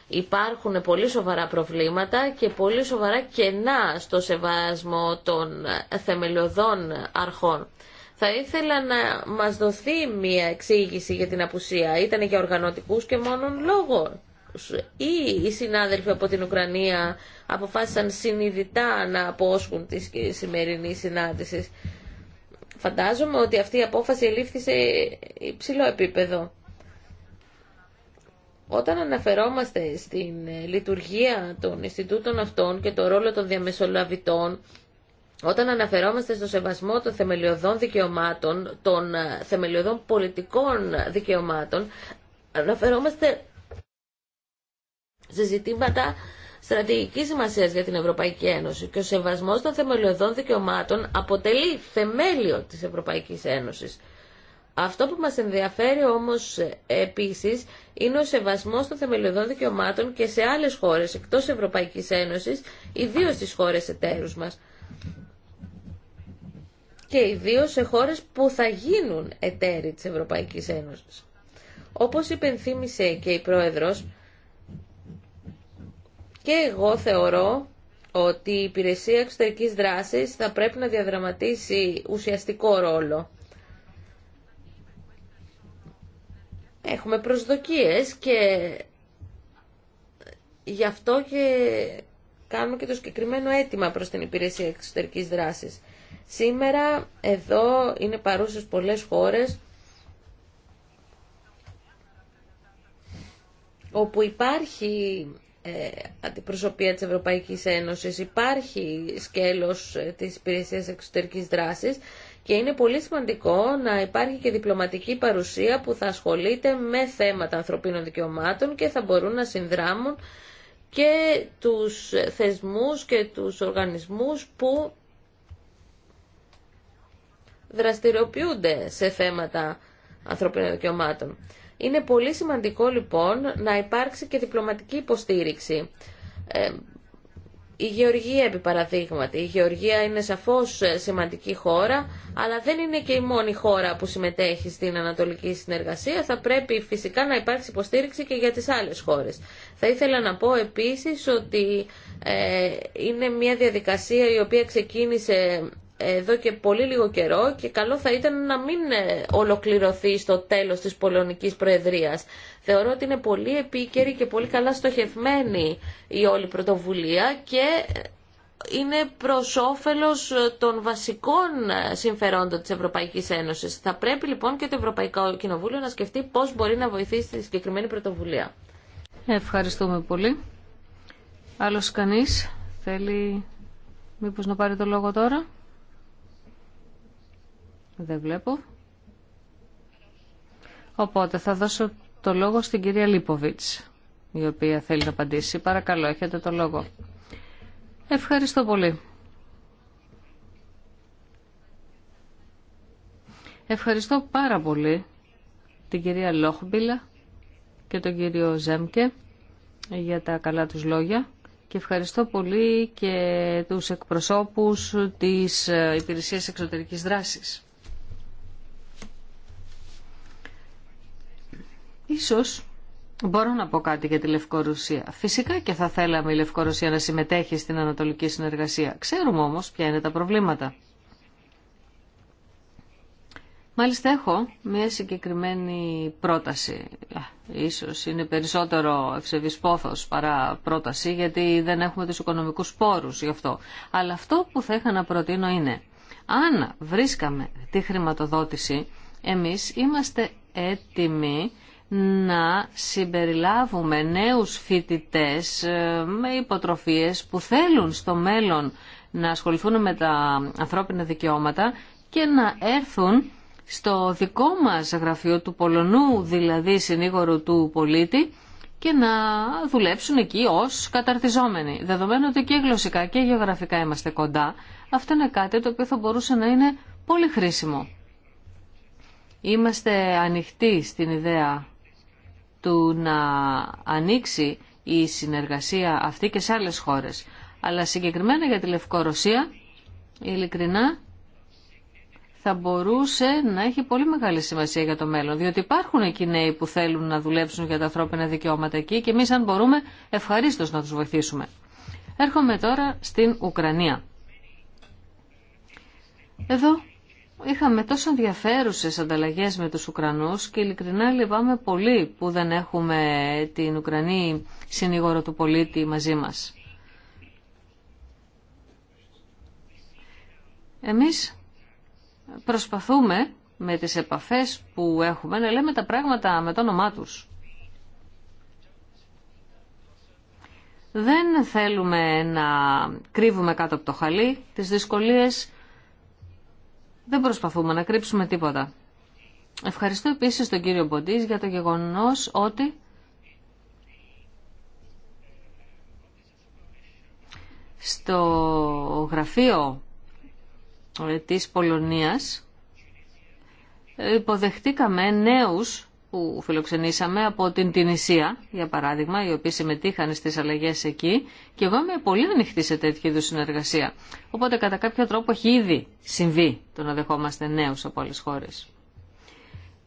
Υπάρχουν πολύ σοβαρά προβλήματα και πολύ σοβαρά κενά στο σεβασμό των ε, θεμελιωδών αρχών. Θα ήθελα να μας δοθεί μία εξήγηση για την απουσία. Ήταν για οργανωτικούς και μόνον λόγων ή οι συνάδελφοι από την Ουκρανία αποφάσισαν συνειδητά να απόσχουν της σημερινή συνάντηση. Φαντάζομαι ότι αυτή η απόφαση τη σημερινη συναντηση φανταζομαι οτι αυτη η αποφαση εληφθη σε υψηλό επίπεδο. Όταν αναφερόμαστε στην ε, λειτουργία των Ινστιτούτων αυτών και το ρόλο των διαμεσολαβητών, όταν αναφερόμαστε στο σεβασμό των θεμελιωδών δικαιωμάτων, των ε, θεμελιωδών πολιτικών δικαιωμάτων, αναφερόμαστε σε ζητήματα στρατηγική σημασία για την Ευρωπαϊκή Ένωση και ο σεβασμός των θεμελιωδών δικαιωμάτων αποτελεί θεμέλιο της Ευρωπαϊκής Ένωσης. Αυτό που μα ενδιαφέρει όμως ε, επίσης είναι ο σεβασμός των θεμελιωδών δικαιωμάτων και σε άλλες χώρες εκτός Ευρωπαϊκής Ένωσης, ιδίω στι χώρες εταίρους μα. Και ιδίω σε χώρες που θα γίνουν εταίροι τη Ευρωπαϊκή Ένωση. Όπως υπενθύμησε και η Πρόεδρος, και εγώ θεωρώ ότι η υπηρεσία εξωτερικής δράσης θα πρέπει να διαδραματίσει ουσιαστικό ρόλο. Έχουμε προσδοκίες και γι' αυτό και κάνουμε και το συγκεκριμένο αίτημα προς την υπηρεσία εξωτερικής δράσης. Σήμερα εδώ είναι παρούσες πολλές χώρες όπου υπάρχει ε, αντιπροσωπεία της Ευρωπαϊκής Ένωσης υπάρχει σκέλος ε, της υπηρεσία εξωτερικής δράσης και είναι πολύ σημαντικό να υπάρχει και διπλωματική παρουσία που θα ασχολείται με θέματα ανθρωπίνων δικαιωμάτων και θα μπορούν να συνδράμουν και τους θεσμούς και τους οργανισμούς που δραστηριοποιούνται σε θέματα ανθρωπίνων δικαιωμάτων. Είναι πολύ σημαντικό λοιπόν να υπάρξει και διπλωματική υποστήριξη. Ε, η Γεωργία, επί παραδείγματι. Η Γεωργία είναι σαφώς ε, σημαντική χώρα, αλλά δεν είναι και η μόνη χώρα που συμμετέχει στην Ανατολική Συνεργασία. Θα πρέπει φυσικά να υπάρξει υποστήριξη και για τις άλλες χώρες. Θα ήθελα να πω επίσης ότι ε, είναι μια διαδικασία η οποία ξεκίνησε εδώ και πολύ λίγο καιρό και καλό θα ήταν να μην ε, ολοκληρωθεί στο τέλος της Πολωνικής Προεδρίας. Θεωρώ ότι είναι πολύ επίκαιρη και πολύ καλά στοχευμένη η όλη πρωτοβουλία και ε, είναι προ όφελο ε, των βασικών συμφερόντων της Ευρωπαϊκής Ένωσης. Θα πρέπει λοιπόν και το Ευρωπαϊκό Κοινοβούλιο να σκεφτεί πώ μπορεί να βοηθήσει τη συγκεκριμένη πρωτοβουλία. Ευχαριστούμε πολύ. Άλλο κανείς θέλει μήπως να πάρει το λόγο τώρα. Δεν βλέπω. Οπότε θα δώσω το λόγο στην κυρία Λίποβιτς, η οποία θέλει να απαντήσει. Παρακαλώ, έχετε το λόγο. Ευχαριστώ πολύ. Ευχαριστώ πάρα πολύ την κυρία Λόχμπιλα και τον κύριο Ζέμκε για τα καλά τους λόγια και ευχαριστώ πολύ και τους εκπροσώπους της Υπηρεσίας Εξωτερικής Δράσης. Ίσως μπορώ να πω κάτι για τη Λευκορωσία. Φυσικά και θα θέλαμε η Λευκορωσία να συμμετέχει στην Ανατολική Συνεργασία. Ξέρουμε όμως ποια είναι τα προβλήματα. Μάλιστα έχω μια συγκεκριμένη πρόταση. Ε, ίσως είναι περισσότερο ευσεβής παρά πρόταση γιατί δεν έχουμε τους οικονομικούς πόρους γι' αυτό. Αλλά αυτό που θα είχα να προτείνω είναι αν βρίσκαμε τη χρηματοδότηση εμείς είμαστε έτοιμοι να συμπεριλάβουμε νέους φοιτητές ε, με υποτροφίες που θέλουν στο μέλλον να ασχοληθούν με τα ανθρώπινα δικαιώματα και να έρθουν στο δικό μας γραφείο του Πολωνού, δηλαδή συνήγορου του πολίτη, και να δουλέψουν εκεί ως καταρτιζόμενοι. Δεδομένου ότι και γλωσσικά και γεωγραφικά είμαστε κοντά, αυτό είναι κάτι το οποίο θα μπορούσε να είναι πολύ χρήσιμο. Είμαστε ανοιχτοί στην ιδέα του να ανοίξει η συνεργασία αυτή και σε άλλες χώρες. Αλλά συγκεκριμένα για τη Λευκορωσία, ειλικρινά, θα μπορούσε να έχει πολύ μεγάλη σημασία για το μέλλον. Διότι υπάρχουν εκεί νέοι που θέλουν να δουλέψουν για τα ανθρώπινα δικαιώματα εκεί και εμείς αν μπορούμε, ευχαρίστως να τους βοηθήσουμε. Έρχομαι τώρα στην Ουκρανία. Εδώ Είχαμε τόσο ενδιαφέρουσε ανταλλαγές με τους Ουκρανούς και ειλικρινά λυπάμαι πολύ που δεν έχουμε την Ουκρανή συνήγορο του πολίτη μαζί μας. Εμείς προσπαθούμε με τις επαφές που έχουμε να λέμε τα πράγματα με το όνομά τους. Δεν θέλουμε να κρύβουμε κάτω από το χαλί τις δυσκολίες δεν προσπαθούμε να κρύψουμε τίποτα. Ευχαριστώ επίσης τον κύριο Μποντής για το γεγονός ότι στο γραφείο ε, της Πολωνίας υποδεχτήκαμε νέους που φιλοξενήσαμε από την Τινησία, για παράδειγμα, οι οποίοι συμμετείχαν στις αλλαγές εκεί και εγώ είμαι πολύ ανοιχτή σε τέτοιου είδου συνεργασία. Οπότε κατά κάποιο τρόπο έχει ήδη συμβεί το να δεχόμαστε νέους από άλλες χώρες.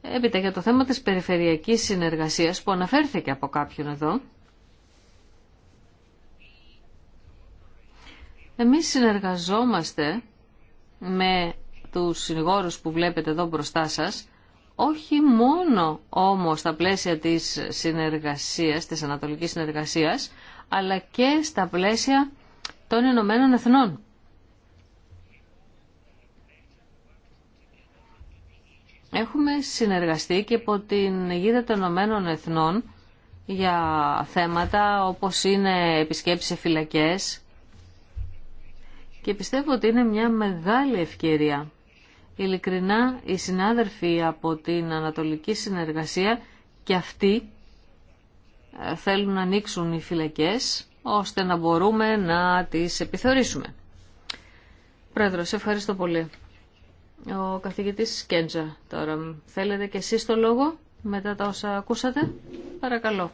Έπειτα για το θέμα της περιφερειακής συνεργασίας που αναφέρθηκε από κάποιον εδώ, εμείς συνεργαζόμαστε με τους συνηγόρους που βλέπετε εδώ μπροστά σας, όχι μόνο όμως στα πλαίσια της συνεργασίας, της ανατολικής συνεργασίας, αλλά και στα πλαίσια των Ηνωμένων Εθνών. Έχουμε συνεργαστεί και υπό την αιγύδα των Ηνωμένων Εθνών για θέματα όπως είναι επισκέψεις σε φυλακές και πιστεύω ότι είναι μια μεγάλη ευκαιρία ειλικρινά οι συνάδελφοι από την Ανατολική Συνεργασία και αυτοί ε, θέλουν να ανοίξουν οι φυλακές ώστε να μπορούμε να τις επιθεωρήσουμε. Πρόεδρος, ευχαριστώ πολύ. Ο καθηγητής Κέντζα τώρα. Θέλετε και εσείς το λόγο μετά τα όσα ακούσατε. Παρακαλώ.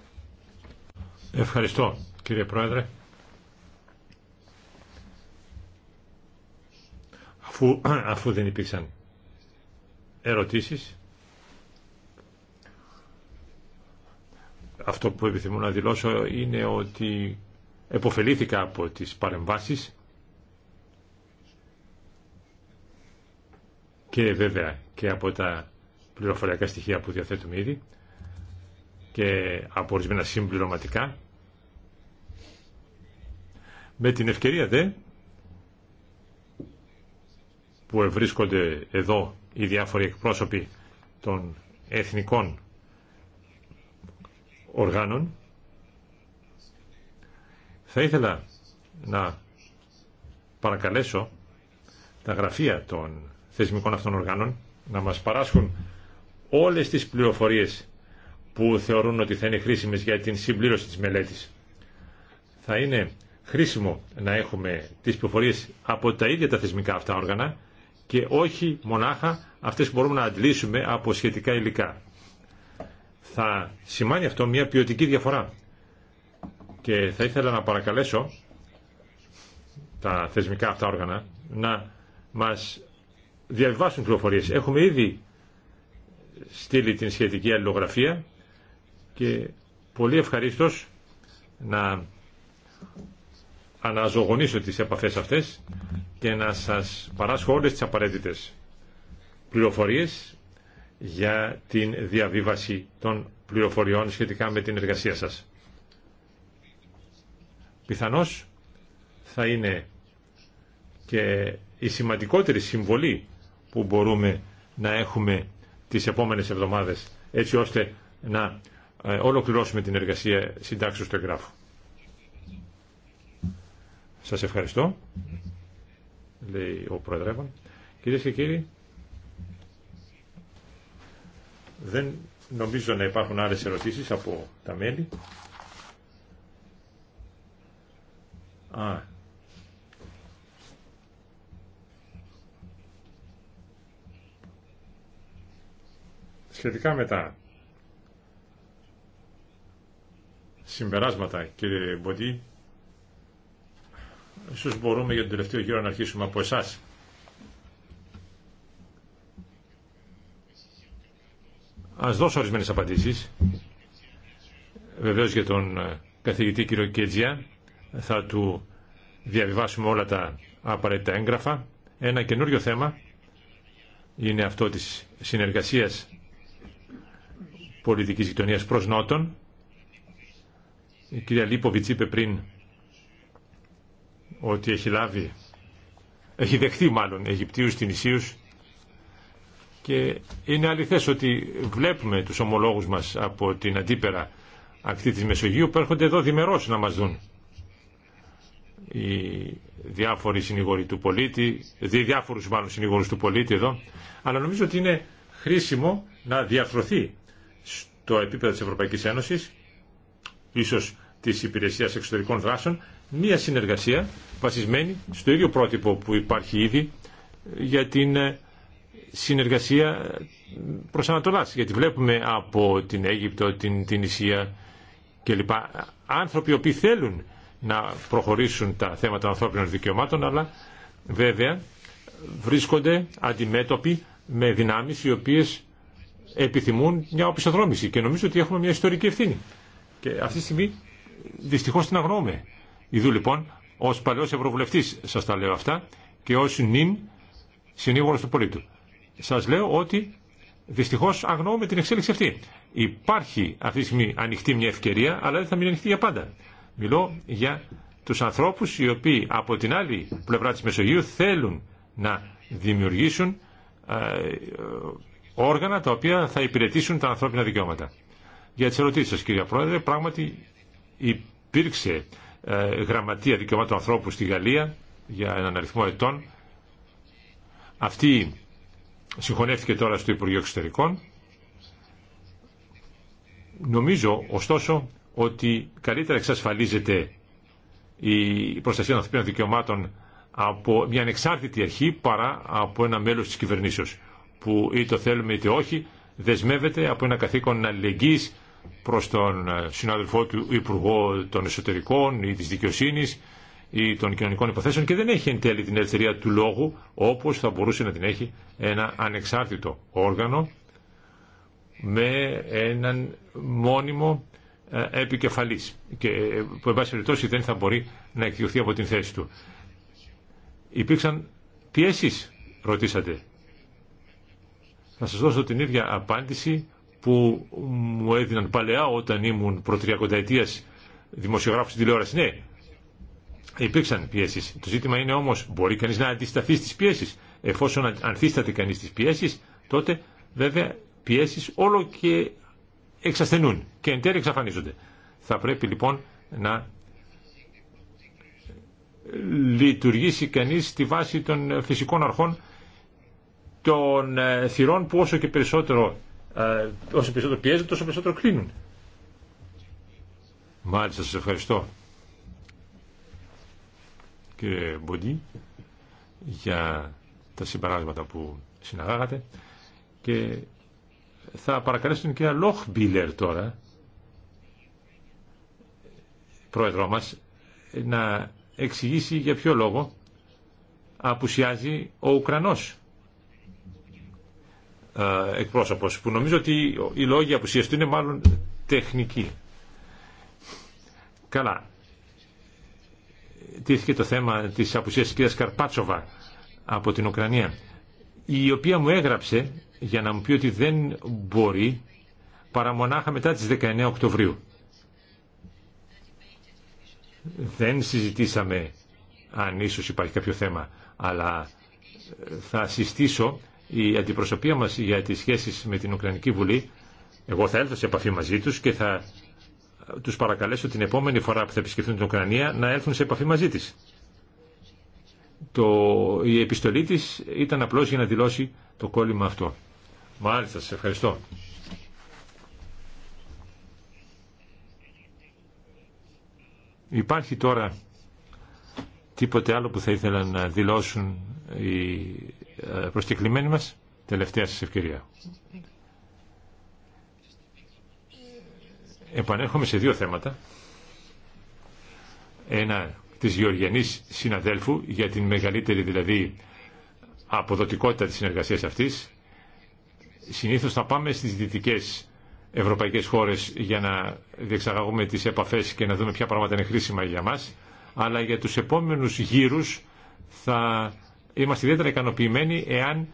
Ευχαριστώ κύριε Πρόεδρε. αφού, αφού δεν υπήρξαν ερωτήσεις. Αυτό που επιθυμώ να δηλώσω είναι ότι εποφελήθηκα από τις παρεμβάσεις και βέβαια και από τα πληροφοριακά στοιχεία που διαθέτουμε ήδη και από ορισμένα συμπληρωματικά. Με την ευκαιρία δε που ευρίσκονται εδώ οι διάφοροι εκπρόσωποι των εθνικών οργάνων. Θα ήθελα να παρακαλέσω τα γραφεία των θεσμικών αυτών οργάνων να μας παράσχουν όλες τις πληροφορίες που θεωρούν ότι θα είναι χρήσιμες για την συμπλήρωση της μελέτης. Θα είναι χρήσιμο να έχουμε τις πληροφορίες από τα ίδια τα θεσμικά αυτά όργανα και όχι μονάχα αυτές που μπορούμε να αντλήσουμε από σχετικά υλικά. Θα σημάνει αυτό μια ποιοτική διαφορά. Και θα ήθελα να παρακαλέσω τα θεσμικά αυτά όργανα να μας τις πληροφορίες. Έχουμε ήδη στείλει την σχετική αλληλογραφία και πολύ ευχαρίστως να αναζωογονήσω τις επαφές αυτές και να σας παράσχω όλες τις απαραίτητες πληροφορίες για την διαβίβαση των πληροφοριών σχετικά με την εργασία σας. Πιθανώς θα είναι και η σημαντικότερη συμβολή που μπορούμε να έχουμε τις επόμενες εβδομάδες έτσι ώστε να ε, ολοκληρώσουμε την εργασία συντάξεως του εγγράφου. Σα ευχαριστώ, λέει ο Προεδρεύων. Κυρίε και κύριοι, δεν νομίζω να υπάρχουν άλλε ερωτήσεις από τα μέλη. Α, σχετικά με τα συμπεράσματα, κύριε Μποντή, Ίσως μπορούμε για τον τελευταίο γύρο να αρχίσουμε από εσάς. Ας δώσω ορισμένες απαντήσεις. Βεβαίως για τον ε, καθηγητή κύριο Κέτζια θα του διαβιβάσουμε όλα τα απαραίτητα έγγραφα. Ένα καινούριο θέμα είναι αυτό της συνεργασίας πολιτικής γειτονίας προς Νότον. Η κυρία Λίποβιτς είπε πριν ότι έχει λάβει, έχει δεχτεί μάλλον Αιγυπτίους, Τινησίους και είναι αληθές ότι βλέπουμε τους ομολόγους μας από την αντίπερα ακτή της Μεσογείου που έρχονται εδώ διμερώς να μας δουν. Οι διάφοροι συνηγοροί του πολίτη, δι, διάφορους μάλλον συνηγορούς του πολίτη εδώ, αλλά νομίζω ότι είναι χρήσιμο να διαφροθεί στο επίπεδο της Ευρωπαϊκής Ένωσης, ίσως της Υπηρεσίας Εξωτερικών Δράσεων, μία συνεργασία βασισμένη στο ίδιο πρότυπο που υπάρχει ήδη για την ε, συνεργασία προς Ανατολάς. Γιατί βλέπουμε από την Αίγυπτο, την, την και κλπ. Άνθρωποι οποίοι θέλουν να προχωρήσουν τα θέματα ανθρώπινων δικαιωμάτων, αλλά βέβαια βρίσκονται αντιμέτωποι με δυνάμεις οι οποίες επιθυμούν μια οπισθοδρόμηση και νομίζω ότι έχουμε μια ιστορική ευθύνη. Και αυτή τη στιγμή δυστυχώς την αγνοούμε. Ιδού λοιπόν, ως παλαιό Ευρωβουλευτή σας τα λέω αυτά και ως νυν συνήγορο του πολίτου. Σας λέω ότι δυστυχώς με την εξέλιξη αυτή. Υπάρχει αυτή τη στιγμή ανοιχτή μια ευκαιρία, αλλά δεν θα μείνει ανοιχτή για πάντα. Μιλώ για τους ανθρώπους οι οποίοι από την άλλη πλευρά της Μεσογείου θέλουν να δημιουργήσουν ε, ε, όργανα τα οποία θα υπηρετήσουν τα ανθρώπινα δικαιώματα. Για τι ερωτήσει σα, κύριε Πρόεδρε, πράγματι υπήρξε ε, γραμματεία δικαιωμάτων ανθρώπου στη Γαλλία για έναν αριθμό ετών. Αυτή συγχωνεύτηκε τώρα στο Υπουργείο Εξωτερικών. Νομίζω, ωστόσο, ότι καλύτερα εξασφαλίζεται η προστασία των ανθρωπίνων δικαιωμάτων από μια ανεξάρτητη αρχή παρά από ένα μέλος της κυβερνήσεως που είτε το θέλουμε είτε όχι δεσμεύεται από ένα καθήκον αλληλεγγύης προς τον ε, συνάδελφό του Υπουργό των Εσωτερικών ή της Δικαιοσύνης ή των Κοινωνικών Υποθέσεων και δεν έχει εν τέλει την ελευθερία του λόγου όπως θα μπορούσε να την έχει ένα ανεξάρτητο όργανο με έναν μόνιμο ε, επικεφαλής και ε, που εν πάση περιπτώσει δεν θα μπορεί να εκδιωθεί από την θέση του. Υπήρξαν πιέσεις, ρωτήσατε. Θα σας δώσω την ίδια απάντηση που μου έδιναν παλαιά όταν ήμουν δημοσιογράφο δημοσιογράφος τηλεόραση. Ναι, υπήρξαν πιέσει. Το ζήτημα είναι όμως, μπορεί κανείς να αντισταθεί στις πιέσει, Εφόσον ανθίσταται κανείς στις πιέσει, τότε βέβαια πιέσει όλο και εξασθενούν και εν τέλει εξαφανίζονται. Θα πρέπει λοιπόν να λειτουργήσει κανείς στη βάση των φυσικών αρχών των ε, θυρών που όσο και περισσότερο όσο περισσότερο πιέζουν, τόσο περισσότερο κλείνουν. Μάλιστα, σας ευχαριστώ. Κύριε Μποντή, για τα συμπαράσματα που συναγάγατε και θα παρακαλέσω την κυρία Μπίλερ τώρα, πρόεδρό μας, να εξηγήσει για ποιο λόγο απουσιάζει ο Ουκρανός ε, εκπρόσωπος που νομίζω ότι οι λόγοι απουσίας του είναι μάλλον τεχνικοί. Καλά. Τήθηκε το θέμα της απουσίας της κυρίας Καρπάτσοβα από την Ουκρανία η οποία μου έγραψε για να μου πει ότι δεν μπορεί παρά μονάχα μετά τις 19 Οκτωβρίου. Δεν συζητήσαμε αν ίσως υπάρχει κάποιο θέμα, αλλά θα συστήσω η αντιπροσωπεία μας για τις σχέσεις με την Ουκρανική Βουλή, εγώ θα έλθω σε επαφή μαζί τους και θα τους παρακαλέσω την επόμενη φορά που θα επισκεφθούν την Ουκρανία να έλθουν σε επαφή μαζί της. Το, η επιστολή της ήταν απλώς για να δηλώσει το κόλλημα αυτό. Μάλιστα, σας ευχαριστώ. Υπάρχει τώρα τίποτε άλλο που θα ήθελα να δηλώσουν οι ε, προσκεκλημένη μας. Τελευταία σας ευκαιρία. Επανέρχομαι σε δύο θέματα. Ένα της Γεωργιανής συναδέλφου για την μεγαλύτερη δηλαδή αποδοτικότητα της συνεργασίας αυτής. Συνήθως θα πάμε στις δυτικές ευρωπαϊκές χώρες για να διεξαγάγουμε τις επαφές και να δούμε ποια πράγματα είναι χρήσιμα για μας, αλλά για τους επόμενους γύρους θα είμαστε ιδιαίτερα ικανοποιημένοι εάν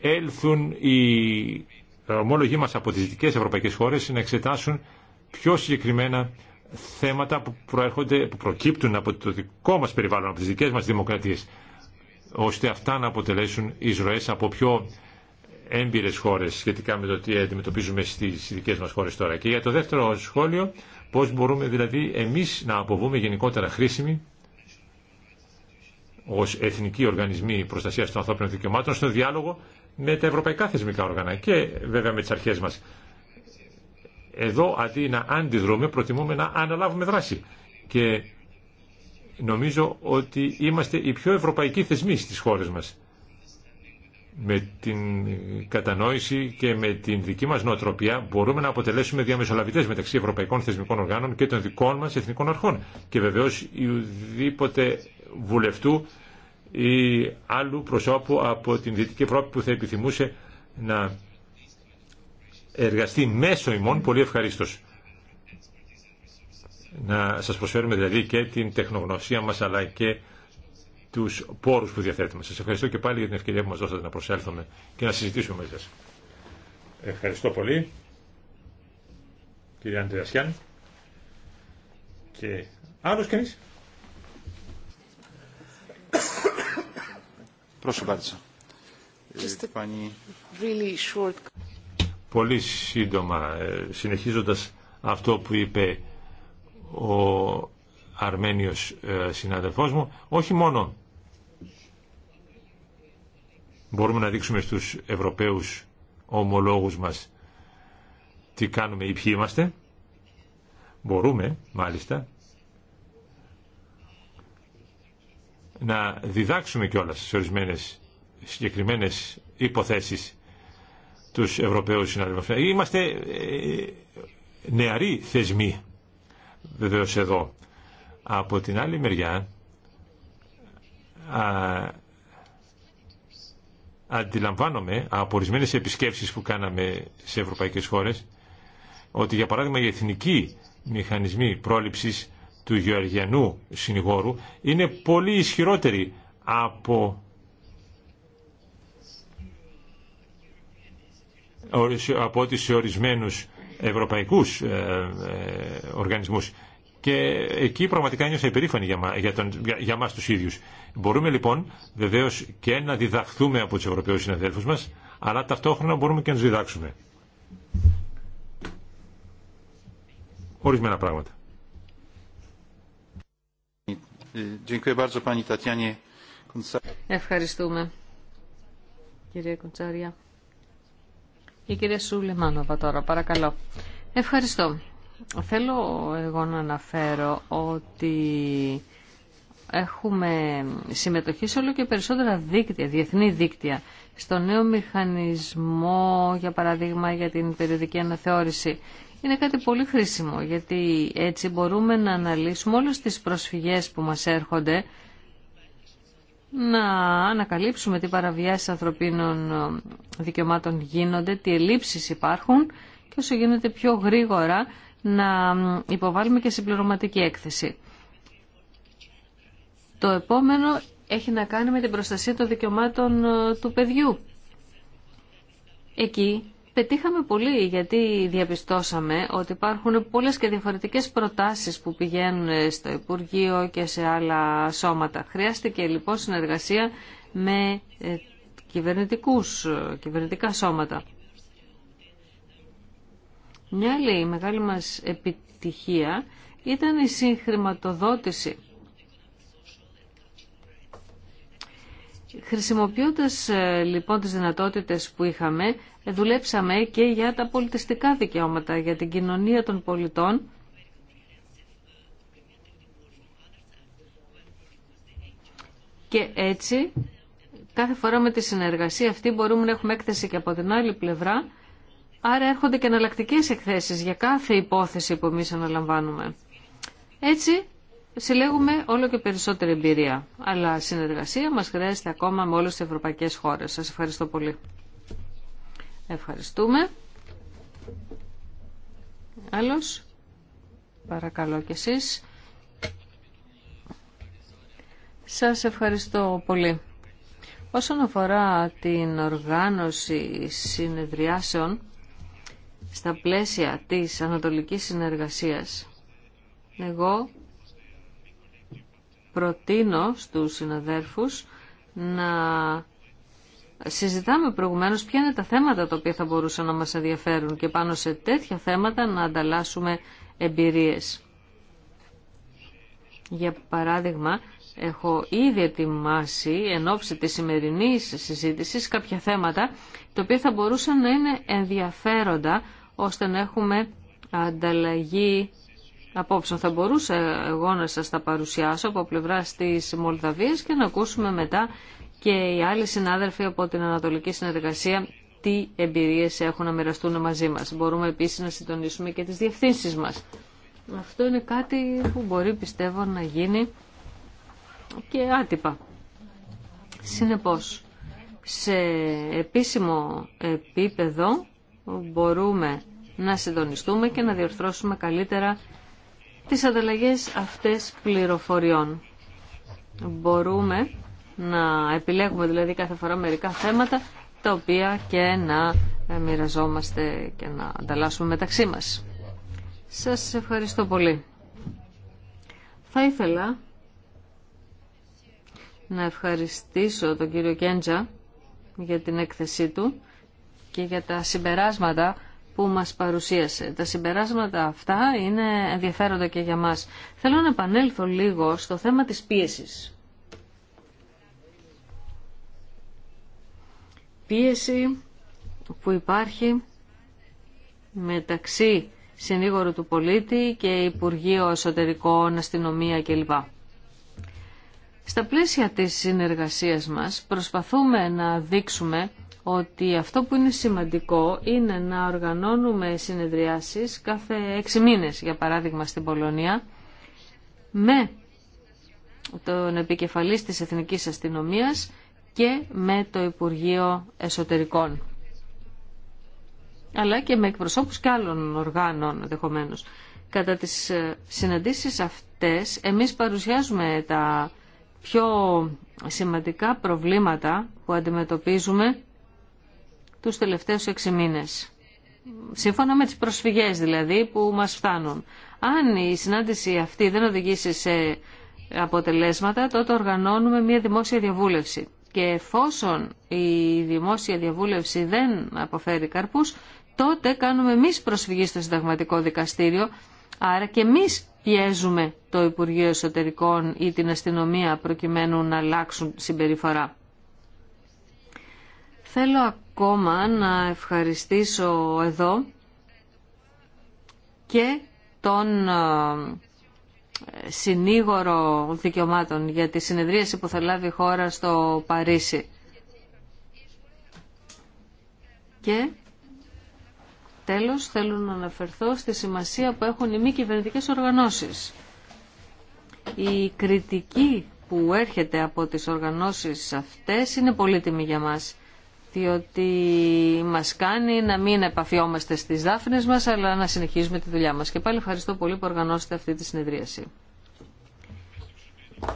έλθουν οι ομόλογοι μας από τις δυτικές ευρωπαϊκές χώρες να εξετάσουν πιο συγκεκριμένα θέματα που, προέρχονται, που προκύπτουν από το δικό μας περιβάλλον, από τις δικές μας δημοκρατίες, ώστε αυτά να αποτελέσουν εισρωές από πιο έμπειρες χώρες σχετικά με το τι αντιμετωπίζουμε στις δικές μας χώρες τώρα. Και για το δεύτερο σχόλιο, πώς μπορούμε δηλαδή εμείς να αποβούμε γενικότερα χρήσιμοι ω εθνικοί οργανισμοί προστασίας των ανθρώπινων δικαιωμάτων στο διάλογο με τα ευρωπαϊκά θεσμικά όργανα και βέβαια με τις αρχές μας. Εδώ αντί να αντιδρούμε προτιμούμε να αναλάβουμε δράση και νομίζω ότι είμαστε οι πιο ευρωπαϊκοί θεσμοί στις χώρες μας με την κατανόηση και με την δική μας νοοτροπία μπορούμε να αποτελέσουμε διαμεσολαβητές μεταξύ ευρωπαϊκών θεσμικών οργάνων και των δικών μας εθνικών αρχών και βεβαίως ουδήποτε βουλευτού ή άλλου προσώπου από την Δυτική Ευρώπη που θα επιθυμούσε να εργαστεί μέσω ημών πολύ ευχαρίστως. Να σας προσφέρουμε δηλαδή και την τεχνογνωσία μας αλλά και τους πόρους που διαθέτουμε. Σας ευχαριστώ και πάλι για την ευκαιρία που μας δώσατε να προσέλθουμε και να συζητήσουμε μαζί Ευχαριστώ πολύ, κύριε Αντιδασιάν. Και άλλος κανείς. Really Πολύ σύντομα, ε, συνεχίζοντας αυτό που είπε ο Αρμένιος ε, συναδελφός μου, όχι μόνο μπορούμε να δείξουμε στους Ευρωπαίους ομολόγους μας τι κάνουμε ή ποιοι είμαστε. Μπορούμε, μάλιστα, να διδάξουμε κιόλας σε ορισμένες συγκεκριμένες υποθέσεις τους Ευρωπαίους συναδελφούς. Είμαστε ε, νεαροί θεσμοί βεβαίως εδώ. Από την άλλη μεριά αντιλαμβάνομαι από ορισμένε επισκέψεις που κάναμε σε ευρωπαϊκές χώρες ότι για παράδειγμα οι εθνικοί μηχανισμοί πρόληψης του γεωργιανού συνηγόρου είναι πολύ ισχυρότεροι από από ό,τι σε ορισμένους ευρωπαϊκούς ε, ε, οργανισμούς και εκεί πραγματικά νιώσα υπερήφανη για, για, τον, για, μας τους ίδιους. Μπορούμε λοιπόν βεβαίως και να διδαχθούμε από τους Ευρωπαίους συναδέλφους μας, αλλά ταυτόχρονα μπορούμε και να τους διδάξουμε. Ορισμένα πράγματα. Ευχαριστούμε, κυρία Κουντσάρια. Η κυρία Σούλεμάνοβα τώρα, παρακαλώ. Ευχαριστώ. Θέλω εγώ να αναφέρω ότι έχουμε συμμετοχή σε όλο και περισσότερα δίκτυα, διεθνή δίκτυα, στο νέο μηχανισμό, για παράδειγμα, για την περιοδική αναθεώρηση. Είναι κάτι πολύ χρήσιμο, γιατί έτσι μπορούμε να αναλύσουμε όλες τις προσφυγές που μας έρχονται, να ανακαλύψουμε τι παραβιάσεις ανθρωπίνων δικαιωμάτων γίνονται, τι ελλείψεις υπάρχουν και όσο γίνεται πιο γρήγορα να υποβάλουμε και συμπληρωματική έκθεση. Το επόμενο έχει να κάνει με την προστασία των δικαιωμάτων ε, του παιδιού. Εκεί πετύχαμε πολύ γιατί διαπιστώσαμε ότι υπάρχουν πολλές και διαφορετικές προτάσεις που πηγαίνουν στο Υπουργείο και σε άλλα σώματα. Χρειάστηκε λοιπόν συνεργασία με ε, κυβερνητικούς, ε, κυβερνητικά σώματα. Μια άλλη μεγάλη μας επιτυχία ήταν η συγχρηματοδότηση. Χρησιμοποιώντας ε, λοιπόν τις δυνατότητες που είχαμε, ε, δουλέψαμε και για τα πολιτιστικά δικαιώματα, για την κοινωνία των πολιτών, Και έτσι, κάθε φορά με τη συνεργασία αυτή μπορούμε να έχουμε έκθεση και από την άλλη πλευρά Άρα έρχονται και εναλλακτικέ εκθέσεις για κάθε υπόθεση που εμείς αναλαμβάνουμε. Έτσι συλλέγουμε όλο και περισσότερη εμπειρία. Αλλά συνεργασία μας χρειάζεται ακόμα με όλες τις ευρωπαϊκές χώρες. Σας ευχαριστώ πολύ. Ευχαριστούμε. Άλλος. Παρακαλώ κι εσείς. Σας ευχαριστώ πολύ. Όσον αφορά την οργάνωση συνεδριάσεων, στα πλαίσια της ανατολικής συνεργασίας. Εγώ προτείνω στους συναδέρφους να συζητάμε προηγουμένως ποια είναι τα θέματα τα οποία θα μπορούσαν να μας ενδιαφέρουν και πάνω σε τέτοια θέματα να ανταλλάσσουμε εμπειρίες. Για παράδειγμα, έχω ήδη ετοιμάσει εν ώψη της σημερινής συζήτησης κάποια θέματα τα οποία θα μπορούσαν να είναι ενδιαφέροντα ώστε να έχουμε ανταλλαγή απόψεων. Θα μπορούσα εγώ να σας τα παρουσιάσω από πλευρά της Μολδαβίας και να ακούσουμε μετά και οι άλλοι συνάδελφοι από την Ανατολική Συνεργασία τι εμπειρίες έχουν να μοιραστούν μαζί μας. Μπορούμε επίσης να συντονίσουμε και τις διευθύνσεις μας. Αυτό είναι κάτι που μπορεί πιστεύω να γίνει και άτυπα. Συνεπώς, σε επίσημο επίπεδο μπορούμε να συντονιστούμε και να διορθώσουμε καλύτερα τις ανταλλαγές αυτές πληροφοριών. Μπορούμε να επιλέγουμε δηλαδή κάθε φορά μερικά θέματα τα οποία και να μοιραζόμαστε και να ανταλλάσσουμε μεταξύ μας. Σας ευχαριστώ πολύ. Θα ήθελα να ευχαριστήσω τον κύριο Κέντζα για την έκθεσή του και για τα συμπεράσματα που μας παρουσίασε. Τα συμπεράσματα αυτά είναι ενδιαφέροντα και για μας. Θέλω να επανέλθω λίγο στο θέμα της πίεσης. Πίεση που υπάρχει μεταξύ συνήγορου του πολίτη και Υπουργείο Εσωτερικών, Αστυνομία κλπ. Στα πλαίσια της συνεργασίας μας προσπαθούμε να δείξουμε ότι αυτό που είναι σημαντικό είναι να οργανώνουμε συνεδριάσεις κάθε έξι μήνες, για παράδειγμα στην Πολωνία, με τον επικεφαλής της Εθνικής Αστυνομίας και με το Υπουργείο Εσωτερικών αλλά και με εκπροσώπους και άλλων οργάνων ενδεχομένω. Κατά τις ε, συναντήσεις αυτές εμείς παρουσιάζουμε τα πιο σημαντικά προβλήματα που αντιμετωπίζουμε τους τελευταίους έξι μήνες. Σύμφωνα με τις προσφυγές δηλαδή που μας φτάνουν. Αν η συνάντηση αυτή δεν οδηγήσει σε αποτελέσματα, τότε οργανώνουμε μια δημόσια διαβούλευση. Και εφόσον η δημόσια διαβούλευση δεν αποφέρει καρπούς, τότε κάνουμε εμεί προσφυγή στο Συνταγματικό Δικαστήριο, άρα και εμεί πιέζουμε το Υπουργείο Εσωτερικών ή την αστυνομία προκειμένου να αλλάξουν συμπεριφορά. Θέλω ακόμα να ευχαριστήσω εδώ και τον ε, συνήγορο δικαιωμάτων για τη συνεδρίαση που θα λάβει η χώρα στο Παρίσι. Και τέλος θέλω να αναφερθώ στη σημασία που έχουν οι μη κυβερνητικέ οργανώσεις. Η κριτική που έρχεται από τις οργανώσεις αυτές είναι πολύτιμη για μας διότι μας κάνει να μην επαφιόμαστε στις δάφνες μας, αλλά να συνεχίζουμε τη δουλειά μας. Και πάλι ευχαριστώ πολύ που οργανώσετε αυτή τη συνεδρίαση.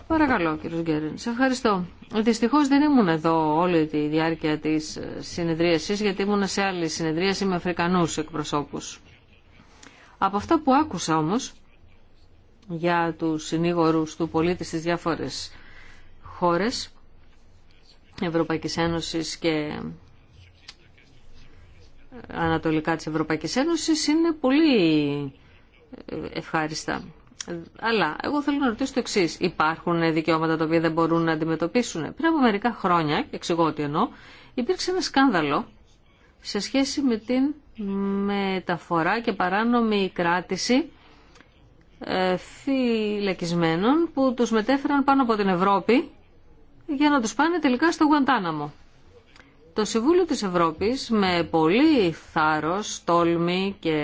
Παρακαλώ, κύριο Γκέριν. Σε ευχαριστώ. Δυστυχώ δεν ήμουν εδώ όλη τη διάρκεια τη συνεδρίαση, γιατί ήμουν σε άλλη συνεδρίαση με Αφρικανού εκπροσώπου. Από αυτά που άκουσα όμω για του συνήγορου του πολίτη στι διάφορε χώρε. Ευρωπαϊκής Ένωσης και ανατολικά της Ευρωπαϊκής Ένωσης είναι πολύ ε, ευχάριστα. Αλλά εγώ θέλω να ρωτήσω το εξή. Υπάρχουν δικαιώματα τα οποία δεν μπορούν να αντιμετωπίσουν. Πριν από μερικά χρόνια, εξηγώ ότι εννοώ, υπήρξε ένα σκάνδαλο σε σχέση με την μεταφορά και παράνομη κράτηση ε, φυλακισμένων που τους μετέφεραν πάνω από την Ευρώπη για να τους πάνε τελικά στο Γουαντάναμο. Το Συμβούλιο της Ευρώπης με πολύ θάρρος, τόλμη και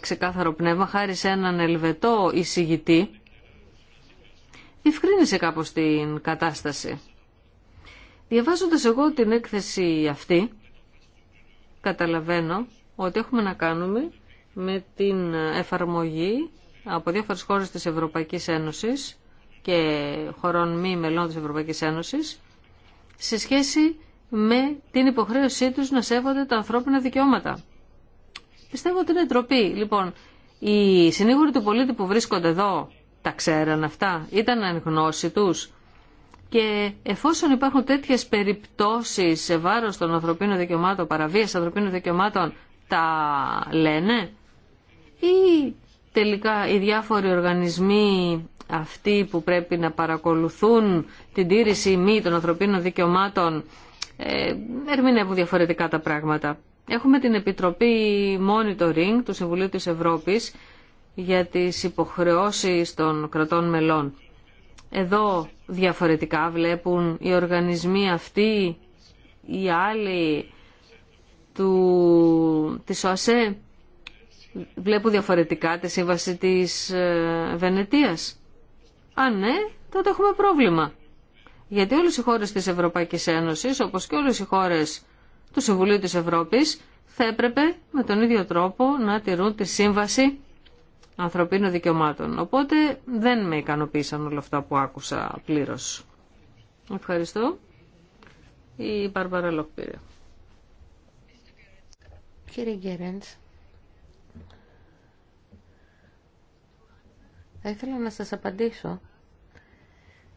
ξεκάθαρο πνεύμα χάρη σε έναν ελβετό εισηγητή διευκρίνησε κάπως την κατάσταση. Διαβάζοντας εγώ την έκθεση αυτή καταλαβαίνω ότι έχουμε να κάνουμε με την εφαρμογή από διάφορες χώρες της Ευρωπαϊκής Ένωσης και χωρών μη μελών της Ευρωπαϊκής Ένωσης σε σχέση με την υποχρέωσή τους να σέβονται τα ανθρώπινα δικαιώματα. Πιστεύω ότι είναι τροπή. Λοιπόν, οι συνήγοροι του πολίτη που βρίσκονται εδώ τα ξέραν αυτά, ήταν εν γνώση τους. Και εφόσον υπάρχουν τέτοιες περιπτώσεις σε βάρος των ανθρωπίνων δικαιωμάτων, παραβίας ανθρωπίνων δικαιωμάτων, τα λένε ή τελικά οι διάφοροι οργανισμοί αυτοί που πρέπει να παρακολουθούν την τήρηση ή μη των ανθρωπίνων δικαιωμάτων ε, ερμηνεύουν διαφορετικά τα πράγματα. Έχουμε την Επιτροπή Monitoring του Συμβουλίου της Ευρώπης για τις υποχρεώσεις των κρατών μελών. Εδώ διαφορετικά βλέπουν οι οργανισμοί αυτοί, ή άλλοι του, της ΟΑΣΕ, βλέπουν διαφορετικά τη σύμβαση της ε, Βενετίας. Αν ναι, τότε έχουμε πρόβλημα. Γιατί όλες οι χώρες της Ευρωπαϊκής Ένωσης, όπως και όλες οι χώρες του Συμβουλίου της Ευρώπης, θα έπρεπε με τον ίδιο τρόπο να τηρούν τη σύμβαση ανθρωπίνων δικαιωμάτων. Οπότε δεν με ικανοποίησαν όλα αυτά που άκουσα πλήρως. Ευχαριστώ. Η Μπαρμπαρα Κύριε Γκέρεντς, Θα ήθελα να σας απαντήσω,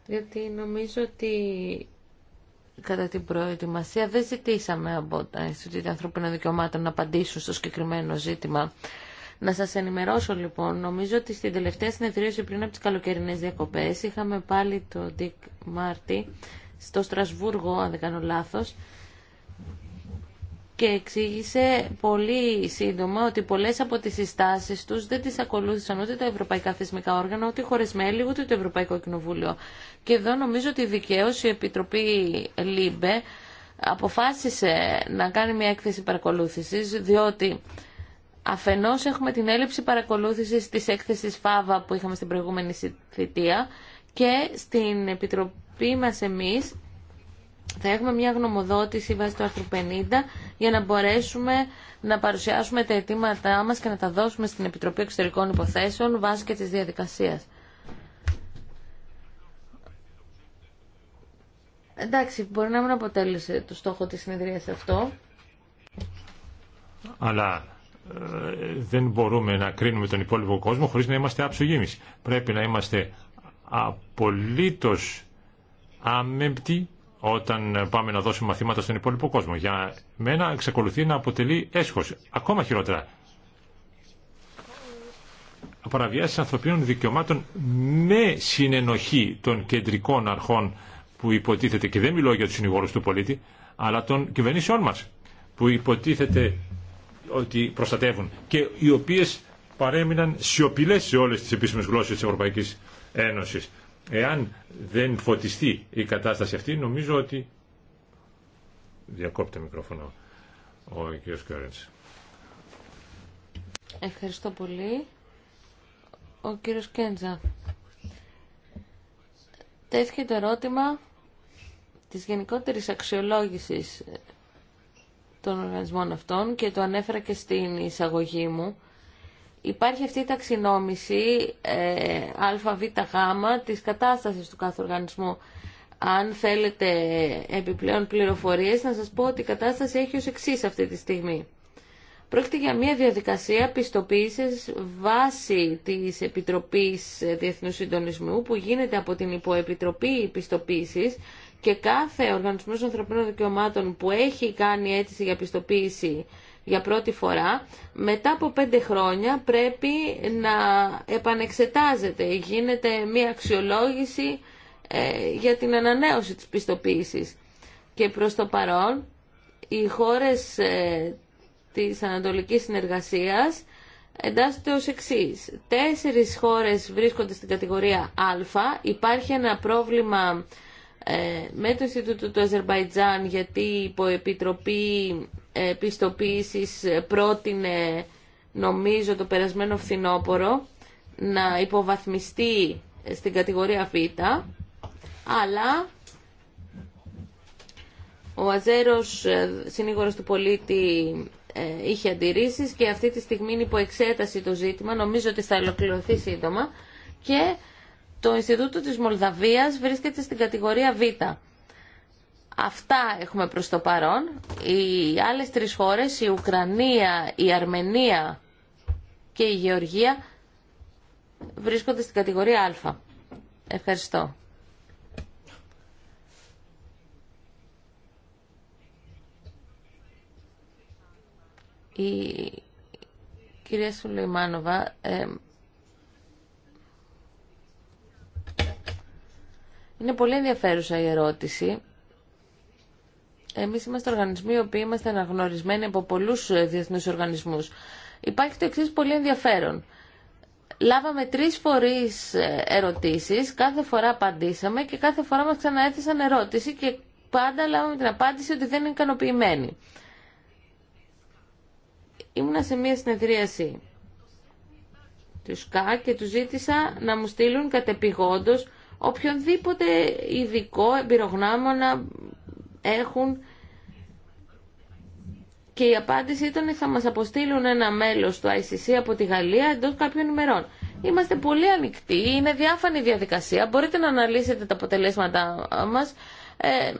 γιατί νομίζω ότι κατά την προετοιμασία δεν ζητήσαμε από τα Ινστιτούτια Ανθρωπίνων Δικαιωμάτων να απαντήσουν στο συγκεκριμένο ζήτημα. Να σας ενημερώσω λοιπόν, νομίζω ότι στην τελευταία συνεδρίαση πριν από τις καλοκαιρινές διακοπές είχαμε πάλι το ΔΙΚ Μάρτι στο Στρασβούργο, αν δεν κάνω λάθος, και εξήγησε πολύ σύντομα ότι πολλέ από τις συστάσεις τους δεν τις ακολούθησαν ούτε τα ευρωπαϊκά θεσμικά όργανα, ούτε οι μέλη, ούτε το Ευρωπαϊκό Κοινοβούλιο. Και εδώ νομίζω ότι δικαίω η Επιτροπή ΛΥΜΠΕ αποφάσισε να κάνει μια έκθεση παρακολούθησης, διότι αφενός έχουμε την έλλειψη παρακολούθηση τη έκθεση ΦΑΒΑ που είχαμε στην προηγούμενη θητεία και στην Επιτροπή μα εμεί θα έχουμε μια γνωμοδότηση βάσει του άρθρου 50 για να μπορέσουμε να παρουσιάσουμε τα αιτήματά μας και να τα δώσουμε στην Επιτροπή Εξωτερικών Υποθέσεων βάσει και της διαδικασίας. Εντάξει, μπορεί να μην αποτέλεσε το στόχο της συνεδρίας αυτό. Αλλά ε, δεν μπορούμε να κρίνουμε τον υπόλοιπο κόσμο χωρίς να είμαστε άψογοι Πρέπει να είμαστε απολύτως άμεμπτοι όταν πάμε να δώσουμε μαθήματα στον υπόλοιπο κόσμο. Για μένα εξακολουθεί να αποτελεί έσχος, ακόμα χειρότερα. Απαραβιάσει ανθρωπίνων δικαιωμάτων με συνενοχή των κεντρικών αρχών που υποτίθεται, και δεν μιλώ για τους συνηγόρους του πολίτη, αλλά των κυβερνήσεών μας, που υποτίθεται ότι προστατεύουν και οι οποίες παρέμειναν σιωπηλέ σε όλες τις επίσημες γλώσσες της Ευρωπαϊκής Ένωσης. Εάν δεν φωτιστεί η κατάσταση αυτή, νομίζω ότι... Διακόπτε μικρόφωνο ο κ. Κιόρενς. Ευχαριστώ πολύ. Ο κύριος Κέντζα. Τέθηκε το ερώτημα της γενικότερης αξιολόγησης των οργανισμών αυτών και το ανέφερα και στην εισαγωγή μου υπάρχει αυτή η ταξινόμηση ε, γ της κατάστασης του κάθε οργανισμού. Αν θέλετε επιπλέον πληροφορίες, να σας πω ότι η κατάσταση έχει ως εξής αυτή τη στιγμή. Πρόκειται για μια διαδικασία πιστοποίησης βάσει της Επιτροπής Διεθνούς Συντονισμού που γίνεται από την Υποεπιτροπή Πιστοποίησης και κάθε οργανισμός ανθρωπίνων δικαιωμάτων που έχει κάνει αίτηση για πιστοποίηση για πρώτη φορά, μετά από πέντε χρόνια πρέπει να επανεξετάζεται, γίνεται μια αξιολόγηση ε, για την ανανέωση της πιστοποίησης. Και προς το παρόν, οι χώρες ε, της Ανατολικής Συνεργασίας εντάσσονται ως εξής. Τέσσερις χώρες βρίσκονται στην κατηγορία Α, υπάρχει ένα πρόβλημα ε, με το Ινστιτούτο του Αζερβαϊτζάν γιατί η υποεπιτροπή ε, πιστοποίησης πρότεινε νομίζω το περασμένο φθινόπωρο να υποβαθμιστεί στην κατηγορία Β αλλά ο Αζέρος ε, συνήγορος του πολίτη είχε αντιρρήσεις και αυτή τη στιγμή είναι υπό εξέταση το ζήτημα νομίζω ότι θα ολοκληρωθεί σύντομα και το Ινστιτούτο της Μολδαβίας βρίσκεται στην κατηγορία Β. Αυτά έχουμε προς το παρόν. Οι άλλες τρεις χώρες, η Ουκρανία, η Αρμενία και η Γεωργία βρίσκονται στην κατηγορία Α. Ευχαριστώ. Η κυρία Σουλεϊμάνοβα, ε, Είναι πολύ ενδιαφέρουσα η ερώτηση. Εμείς είμαστε οργανισμοί οι οποίοι είμαστε αναγνωρισμένοι από πολλούς ε, διεθνούς οργανισμούς. Υπάρχει το εξή πολύ ενδιαφέρον. Λάβαμε τρεις φορείς ε, ερωτήσεις, κάθε φορά απαντήσαμε και κάθε φορά μας ξαναέθεσαν ερώτηση και πάντα λάβαμε την απάντηση ότι δεν είναι ικανοποιημένοι. Ήμουνα σε μια συνεδρίαση του ΣΚΑ και του ζήτησα να μου στείλουν κατεπηγόντως οποιονδήποτε ειδικό εμπειρογνώμονα έχουν και η απάντηση ήταν θα μας αποστείλουν ένα μέλος του ICC από τη Γαλλία εντός κάποιων ημερών. Είμαστε πολύ ανοιχτοί, είναι διάφανη διαδικασία, μπορείτε να αναλύσετε τα αποτελέσματά μας. Ε,